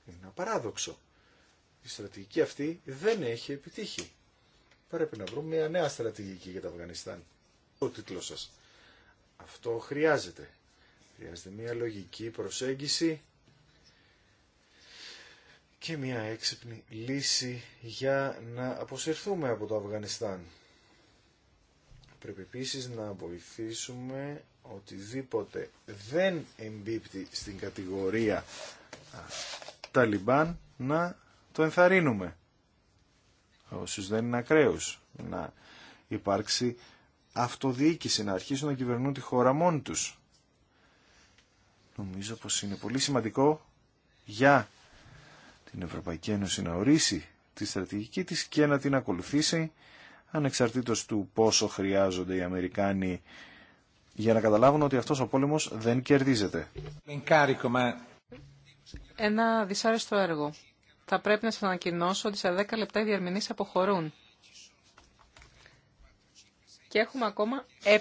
Είναι απαράδοξο. παράδοξο. Η στρατηγική αυτή δεν έχει επιτύχει. Πρέπει να βρούμε μια νέα στρατηγική για το Αφγανιστάν. Ο τίτλος σας. Αυτό χρειάζεται. Χρειάζεται μια λογική προσέγγιση και μια έξυπνη λύση για να αποσυρθούμε από το Αφγανιστάν. Πρέπει επίσης να βοηθήσουμε οτιδήποτε δεν εμπίπτει στην κατηγορία Ταλιμπάν να το ενθαρρύνουμε. Όσους δεν είναι ακραίους να υπάρξει αυτοδιοίκηση, να αρχίσουν να κυβερνούν τη χώρα μόνοι τους. Νομίζω πως είναι πολύ σημαντικό για την Ευρωπαϊκή Ένωση να ορίσει τη στρατηγική της και να την ακολουθήσει ανεξαρτήτως του πόσο χρειάζονται οι Αμερικάνοι για να καταλάβουν ότι αυτός ο πόλεμος δεν κερδίζεται. Ένα δυσάρεστο έργο. Θα πρέπει να σας ανακοινώσω ότι σε 10 λεπτά οι διερμηνείς αποχωρούν. Και έχουμε ακόμα 7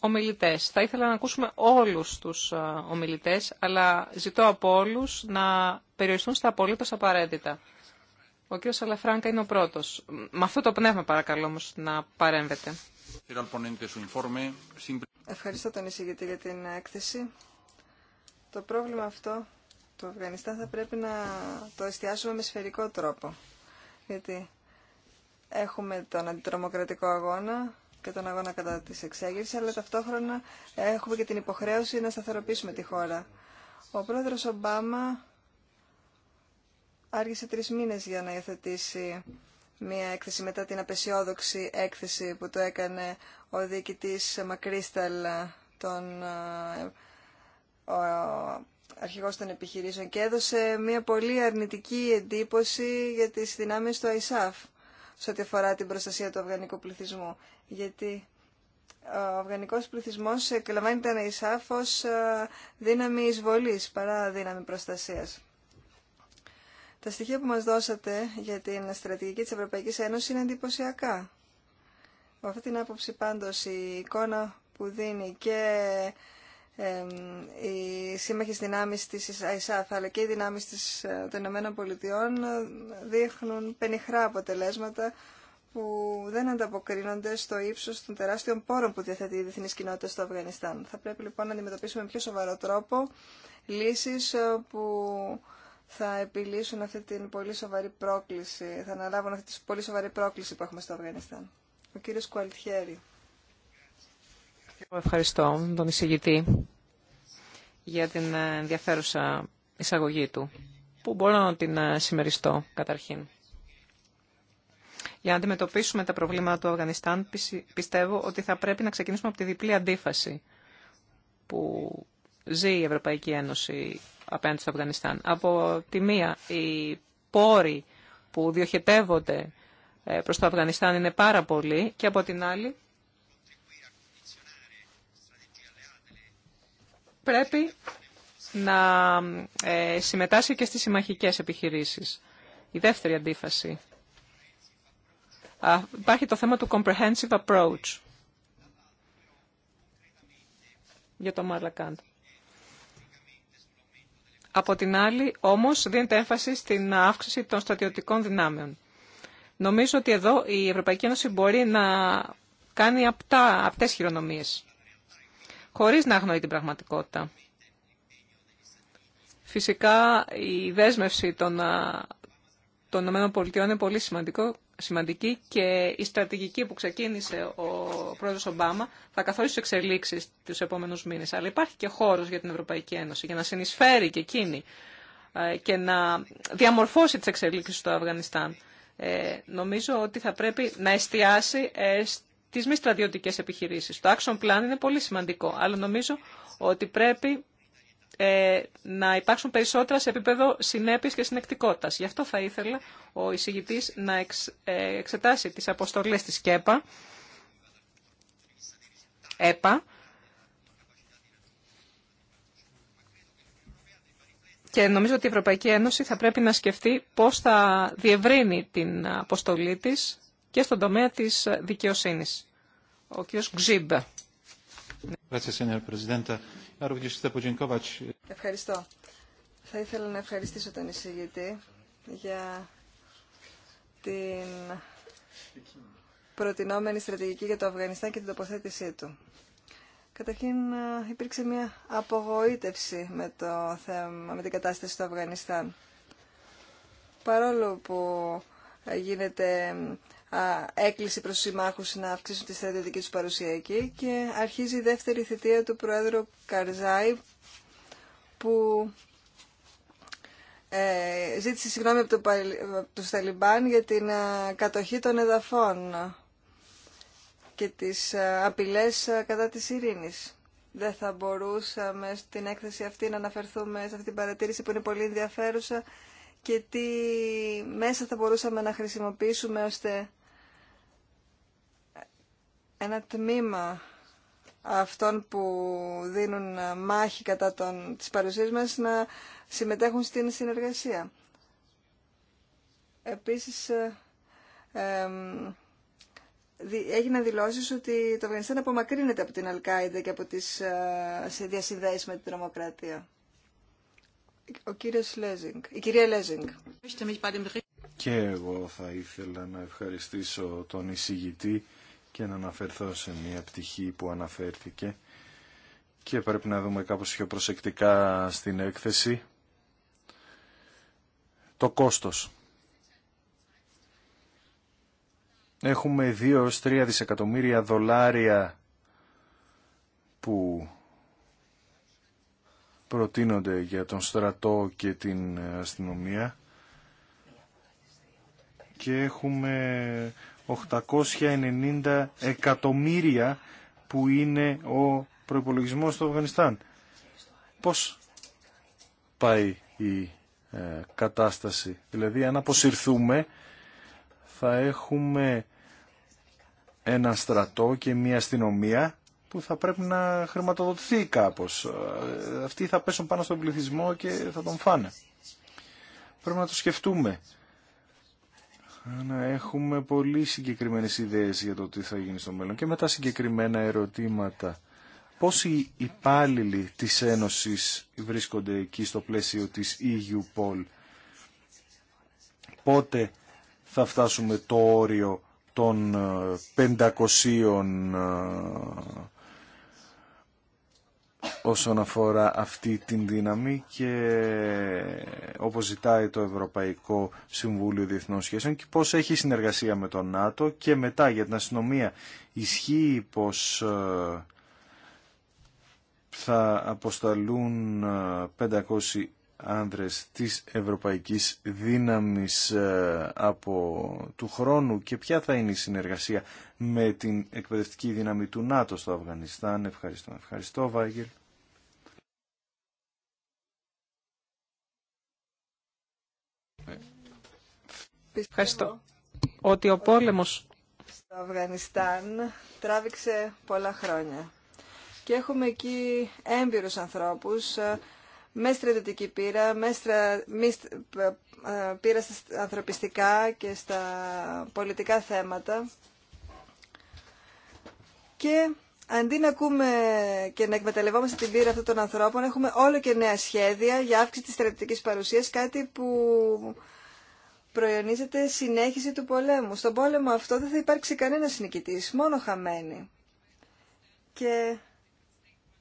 ομιλητές. Θα ήθελα να ακούσουμε όλους τους ομιλητές, αλλά ζητώ από όλους να περιοριστούν στα απολύτως απαραίτητα. Ο κύριος Αλαφράγκα είναι ο πρώτος. Με αυτό το πνεύμα παρακαλώ όμω να παρέμβετε. Ευχαριστώ τον εισηγητή για την έκθεση. Το πρόβλημα αυτό του Αφγανιστάν θα πρέπει να το εστιάσουμε με σφαιρικό τρόπο. Γιατί έχουμε τον αντιτρομοκρατικό αγώνα και τον αγώνα κατά της εξέγερση, αλλά ταυτόχρονα έχουμε και την υποχρέωση να σταθεροποιήσουμε τη χώρα. Ο πρόεδρος Ομπάμα άργησε τρεις μήνες για να υιοθετήσει μία έκθεση μετά την απεσιόδοξη έκθεση που το έκανε ο διοικητής Μακρίσταλ τον ε, ο, αρχηγός των επιχειρήσεων και έδωσε μία πολύ αρνητική εντύπωση για τις δυνάμεις του ΑΙΣΑΦ σε ό,τι αφορά την προστασία του αυγανικού πληθυσμού. Γιατί ο αφγανικός πληθυσμός εκλαμβάνει τον ΑΙΣΑΦ ως ε, δύναμη εισβολής παρά δύναμη προστασίας. Τα στοιχεία που μας δώσατε για την στρατηγική της Ευρωπαϊκής Ένωσης είναι εντυπωσιακά. Με αυτή την άποψη πάντως η εικόνα που δίνει και οι σύμμαχες δυνάμεις της ΑΙΣΑΦ αλλά και οι δυνάμεις της, ε, των ΗΠΑ ε, δείχνουν πενιχρά αποτελέσματα που δεν ανταποκρίνονται στο ύψος των τεράστιων πόρων που διαθέτει η διεθνής κοινότητα στο Αφγανιστάν. Θα πρέπει λοιπόν να αντιμετωπίσουμε πιο σοβαρό τρόπο λύσεις ε, που θα επιλύσουν αυτή την πολύ σοβαρή πρόκληση, θα αναλάβουν αυτή την πολύ σοβαρή πρόκληση που έχουμε στο Αφγανιστάν. Ο κύριος Κουαλτιέρη. Ευχαριστώ τον εισηγητή για την ενδιαφέρουσα εισαγωγή του, που μπορώ να την ε, συμμεριστώ καταρχήν. Για να αντιμετωπίσουμε τα προβλήματα του Αφγανιστάν, πιστεύω ότι θα πρέπει να ξεκινήσουμε από τη διπλή αντίφαση που ζει η Ευρωπαϊκή Ένωση απέναντι στο Αφγανιστάν. Από τη μία, οι πόροι που διοχετεύονται ε, προς το Αφγανιστάν είναι πάρα πολλοί και από την άλλη πρέπει να ε, συμμετάσχει και στις συμμαχικές επιχειρήσεις. Η δεύτερη αντίφαση. Υπάρχει το θέμα του comprehensive approach για το Μαρλακάντ. Από την άλλη, όμως, δίνεται έμφαση στην αύξηση των στρατιωτικών δυνάμεων. Νομίζω ότι εδώ η Ευρωπαϊκή Ένωση μπορεί να κάνει απτά, απτές χειρονομίες, χωρίς να αγνοεί την πραγματικότητα. Φυσικά, η δέσμευση των, των ΗΠΑ είναι πολύ σημαντικό σημαντική και η στρατηγική που ξεκίνησε ο πρόεδρος Ομπάμα θα καθορίσει τις εξελίξεις τους επόμενους μήνες. Αλλά υπάρχει και χώρος για την Ευρωπαϊκή Ένωση για να συνεισφέρει και εκείνη ε, και να διαμορφώσει τις εξελίξεις στο Αφγανιστάν. Ε, νομίζω ότι θα πρέπει να εστιάσει ε, στις μη στρατιωτικές επιχειρήσεις. Το action plan είναι πολύ σημαντικό, αλλά νομίζω ότι πρέπει ε, να υπάρξουν περισσότερα σε επίπεδο συνέπειας και συνεκτικότητας. Γι' αυτό θα ήθελα ο εισηγητής να ε, εξετάσει τις αποστολές της ΚΕΠΑ, ΕΠΑ, και νομίζω ότι η Ευρωπαϊκή Ένωση θα πρέπει να σκεφτεί πώς θα διευρύνει την αποστολή της και στον τομέα της δικαιοσύνης. Ο κ. Γκζίμπ. Ευχαριστώ. Θα ήθελα να ευχαριστήσω τον εισηγητή για την προτινόμενη στρατηγική για το Αφγανιστάν και την τοποθέτησή του. Καταρχήν ε, υπήρξε μια απογοήτευση με το θέμα, με την κατάσταση στο Αφγανιστάν. Παρόλο που ε, γίνεται έκκληση προς συμμάχους να αυξήσουν τη στρατιωτική του παρουσία εκεί και αρχίζει η δεύτερη θητεία του Πρόεδρου Καρζάη που ε, ζήτησε συγγνώμη από, το, από τους Ταλιμπάν για την κατοχή των εδαφών και τις απειλές κατά της ειρήνης. Δεν θα μπορούσαμε στην έκθεση αυτή να αναφερθούμε σε αυτή την παρατήρηση που είναι πολύ ενδιαφέρουσα και τι μέσα θα μπορούσαμε να χρησιμοποιήσουμε ώστε ένα τμήμα αυτών που δίνουν μάχη κατά των, της παρουσίας μας να συμμετέχουν στην συνεργασία. Επίσης, ε, ε, έγιναν δηλώσει ότι το Αφγανιστάν απομακρύνεται από την αλκαΐδα και από τις ε, με την τρομοκρατία. Ο κύριος Λέζινγκ, η κυρία Λέζινγκ. Και εγώ θα ήθελα να ευχαριστήσω τον εισηγητή και να αναφερθώ σε μια πτυχή που αναφέρθηκε και πρέπει να δούμε κάπως πιο προσεκτικά στην έκθεση το κόστος. Έχουμε 2-3 δισεκατομμύρια δολάρια που προτείνονται για τον στρατό και την αστυνομία και έχουμε 890 εκατομμύρια που είναι ο προϋπολογισμός στο Αφγανιστάν. Πώς πάει η ε, κατάσταση. Δηλαδή αν αποσυρθούμε θα έχουμε ένα στρατό και μια αστυνομία που θα πρέπει να χρηματοδοτηθεί κάπως. Ε, αυτοί θα πέσουν πάνω στον πληθυσμό και θα τον φάνε. Πρέπει να το σκεφτούμε να έχουμε πολύ συγκεκριμένες ιδέες για το τι θα γίνει στο μέλλον και μετά συγκεκριμένα ερωτήματα. Πόσοι υπάλληλοι της Ένωσης βρίσκονται εκεί στο πλαίσιο της EU pol Πότε θα φτάσουμε το όριο των 500 ε, όσον αφορά αυτή την δύναμη και όπως ζητάει το Ευρωπαϊκό Συμβούλιο Διεθνών Σχέσεων και πώς έχει συνεργασία με τον ΝΑΤΟ και μετά για την αστυνομία ισχύει πως ε, θα αποσταλούν 500 ε, άνδρες της ευρωπαϊκής δύναμης ε, από του χρόνου και ποια θα είναι η συνεργασία με την εκπαιδευτική δύναμη του ΝΑΤΟ στο Αφγανιστάν. Ευχαριστώ. Ευχαριστώ Βάγγελ. Ευχαριστώ. Ότι ο πόλεμος στο Αφγανιστάν τράβηξε πολλά χρόνια. Και έχουμε εκεί έμπειρους ανθρώπους με στρατιωτική πείρα, με στρα... πείρα στα ανθρωπιστικά και στα πολιτικά θέματα. Και αντί να ακούμε και να εκμεταλλευόμαστε την πείρα αυτών των ανθρώπων, έχουμε όλο και νέα σχέδια για αύξηση της στρατιωτικής παρουσίας, κάτι που προϊονίζεται συνέχιση του πολέμου. Στον πόλεμο αυτό δεν θα υπάρξει κανένας νικητής, μόνο χαμένοι. Και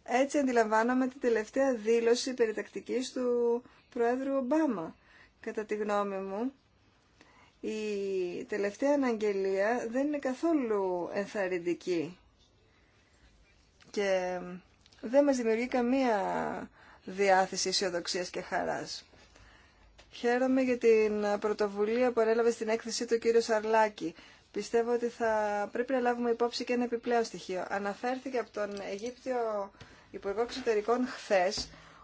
έτσι αντιλαμβάνομαι την τελευταία δήλωση περιτακτικής του Προέδρου Ομπάμα. Κατά τη γνώμη μου, η τελευταία αναγγελία δεν είναι καθόλου ενθαρρυντική και δεν μας δημιουργεί καμία διάθεση αισιοδοξία και χαράς. Χαίρομαι για την πρωτοβουλία που ανέλαβε στην έκθεση του κύριο Σαρλάκη. Πιστεύω ότι θα πρέπει να λάβουμε υπόψη και ένα επιπλέον στοιχείο. Αναφέρθηκε από τον Αιγύπτιο Υπουργό Εξωτερικών χθε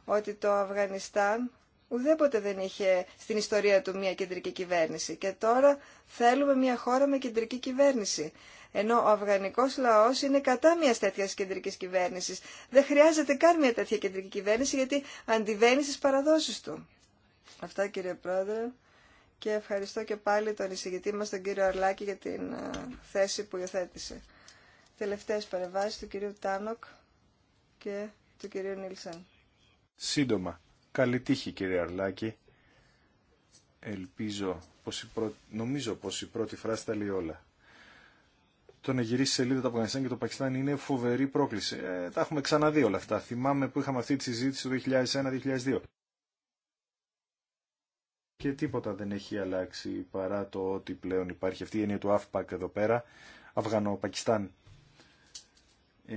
ότι το Αφγανιστάν ουδέποτε δεν είχε στην ιστορία του μια κεντρική κυβέρνηση. Και τώρα θέλουμε μια χώρα με κεντρική κυβέρνηση. Ενώ ο Αφγανικό λαό είναι κατά μια τέτοια κεντρική κυβέρνηση. Δεν χρειάζεται καν μια τέτοια κεντρική κυβέρνηση γιατί αντιβαίνει στι παραδόσει του. Αυτά κύριε Πρόεδρε. Και ευχαριστώ και πάλι τον εισηγητή μας, τον κύριο Αρλάκη, για την ε, θέση που υιοθέτησε. Τελευταίες παρεμβάσει του κυρίου Τάνοκ και του κυρίου Νίλσεν. Σύντομα. Καλή τύχη κύριε Αρλάκη. Ελπίζω Νομίζω πως η πρώτη φράση τα λέει όλα. Το να γυρίσει σελίδα το Αφγανιστάν και το Πακιστάν είναι φοβερή πρόκληση. Ε, τα έχουμε ξαναδεί όλα αυτά. Θυμάμαι που είχαμε αυτή τη συζήτηση το 2001-2002. Και τίποτα δεν έχει αλλάξει παρά το ότι πλέον υπάρχει αυτή η έννοια του ΑΦΠΑΚ εδώ πέρα, Αφγανο-Πακιστάν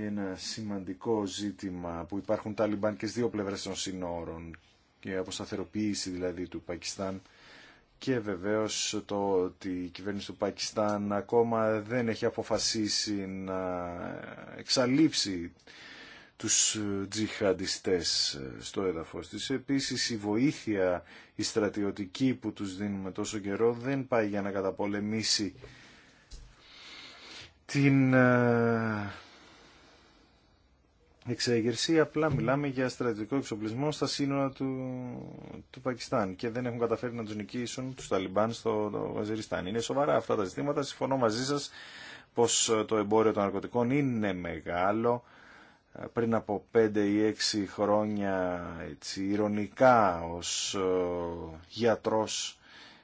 ένα σημαντικό ζήτημα που υπάρχουν Ταλιμπάν και στις δύο πλευρές των συνόρων και αποσταθεροποίηση δηλαδή του Πακιστάν και βεβαίως το ότι η κυβέρνηση του Πακιστάν ακόμα δεν έχει αποφασίσει να εξαλείψει τους τζιχαντιστές στο έδαφος της. Επίσης η βοήθεια, η στρατιωτική που τους δίνουμε τόσο καιρό δεν πάει για να καταπολεμήσει την ε, εξέγερση, απλά μιλάμε για στρατιωτικό εξοπλισμό στα σύνορα του, του Πακιστάν και δεν έχουν καταφέρει να τους νικήσουν τους Ταλιμπάν στο το Είναι σοβαρά αυτά τα ζητήματα, συμφωνώ μαζί σας πως ε, το εμπόριο των ναρκωτικών είναι μεγάλο. Ε, πριν από 5 ή 6 χρόνια, έτσι, ηρωνικά ως ε, γιατρός,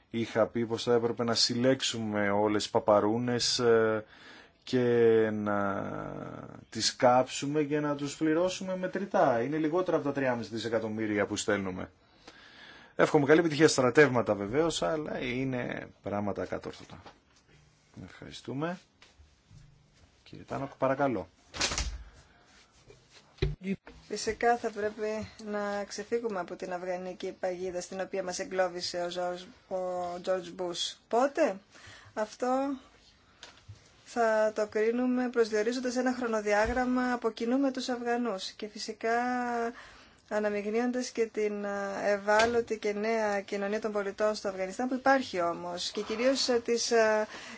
είχα πει πως θα έπρεπε να συλλέξουμε όλες τις παπαρούνες και να τις κάψουμε και να τους πληρώσουμε μετρητά. Είναι λιγότερα από τα 3,5 δισεκατομμύρια που στέλνουμε. Εύχομαι καλή επιτυχία στρατεύματα βεβαίως, αλλά είναι πράγματα κατόρθωτα. Ευχαριστούμε. Κύριε Τάνοκ, παρακαλώ. Φυσικά θα πρέπει να ξεφύγουμε από την αυγανική παγίδα στην οποία μας εγκλώβησε ο George Bush. Πότε? Αυτό θα το κρίνουμε προσδιορίζοντας ένα χρονοδιάγραμμα από κοινού με τους Αφγανούς και φυσικά αναμειγνύοντας και την ευάλωτη και νέα κοινωνία των πολιτών στο Αφγανιστάν που υπάρχει όμως και κυρίως τις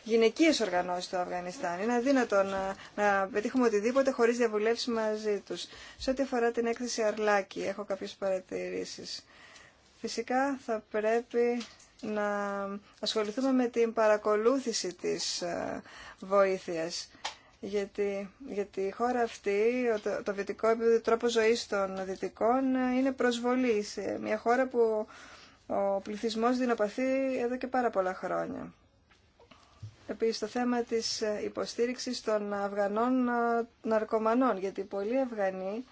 γυναικείες οργανώσεις του Αφγανιστάν. Είναι αδύνατο να, να πετύχουμε οτιδήποτε χωρίς διαβουλεύσει μαζί τους. Σε ό,τι αφορά την έκθεση Αρλάκη έχω κάποιες παρατηρήσεις. Φυσικά θα πρέπει να ασχοληθούμε με την παρακολούθηση της ε, βοήθειας. Γιατί, γιατί η χώρα αυτή, το, το βυτικό επίπεδο, τρόπο ζωής των δυτικών ε, είναι προσβολή σε μια χώρα που ο πληθυσμός δυναπαθεί εδώ και πάρα πολλά χρόνια. Επίσης το θέμα της ε, υποστήριξης των Αφγανών ναρκωμανών, γιατί πολλοί Αφγανοί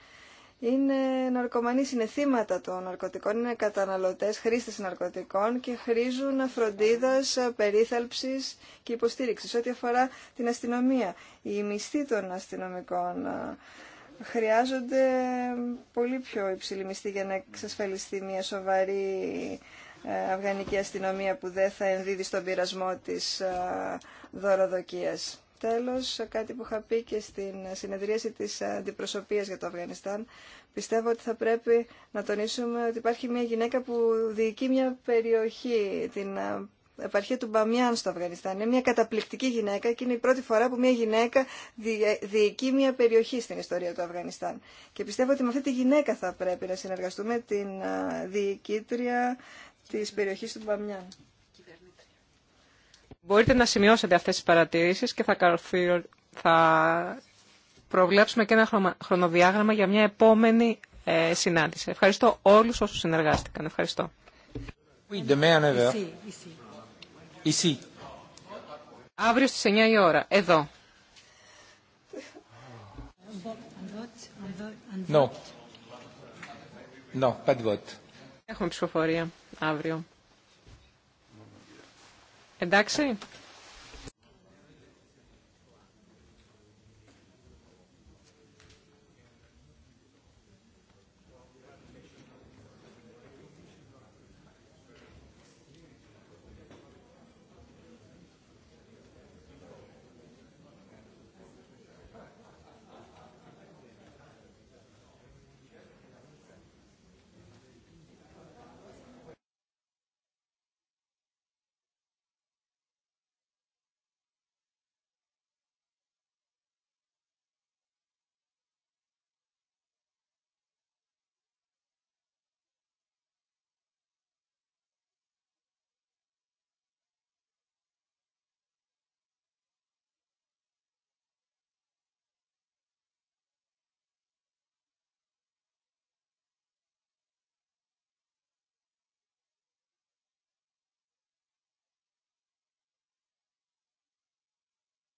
είναι ναρκωμανείς, είναι θύματα των ναρκωτικών, είναι καταναλωτές, χρήστες ναρκωτικών και χρήζουν φροντίδας, περίθαλψης και υποστήριξης. Ό,τι αφορά την αστυνομία, οι μισθοί των αστυνομικών χρειάζονται πολύ πιο υψηλή μισθή για να εξασφαλιστεί μια σοβαρή ε, αυγανική αστυνομία που δεν θα ενδίδει στον πειρασμό της δωροδοκίας τέλος, κάτι που είχα πει και στην συνεδρίαση της αντιπροσωπείας για το Αφγανιστάν, πιστεύω ότι θα πρέπει να τονίσουμε ότι υπάρχει μια γυναίκα που διοικεί μια περιοχή, την ε, επαρχία του Μπαμιάν στο Αφγανιστάν. Είναι μια καταπληκτική γυναίκα και είναι η πρώτη φορά που μια γυναίκα ε, διοικεί μια περιοχή στην ιστορία του Αφγανιστάν. Και πιστεύω ότι με αυτή τη γυναίκα θα πρέπει να συνεργαστούμε την ε, διοικήτρια της περιοχής του Μπαμιάν. Μπορείτε να σημειώσετε αυτές τις παρατηρήσεις και θα, προβλέψουμε και ένα χρονοδιάγραμμα για μια επόμενη ε, συνάντηση. Ευχαριστώ όλους όσους συνεργάστηκαν. Ευχαριστώ. Αύριο στις 9 η ώρα, εδώ. No. No, Έχουμε ψηφοφορία αύριο. Εντάξει.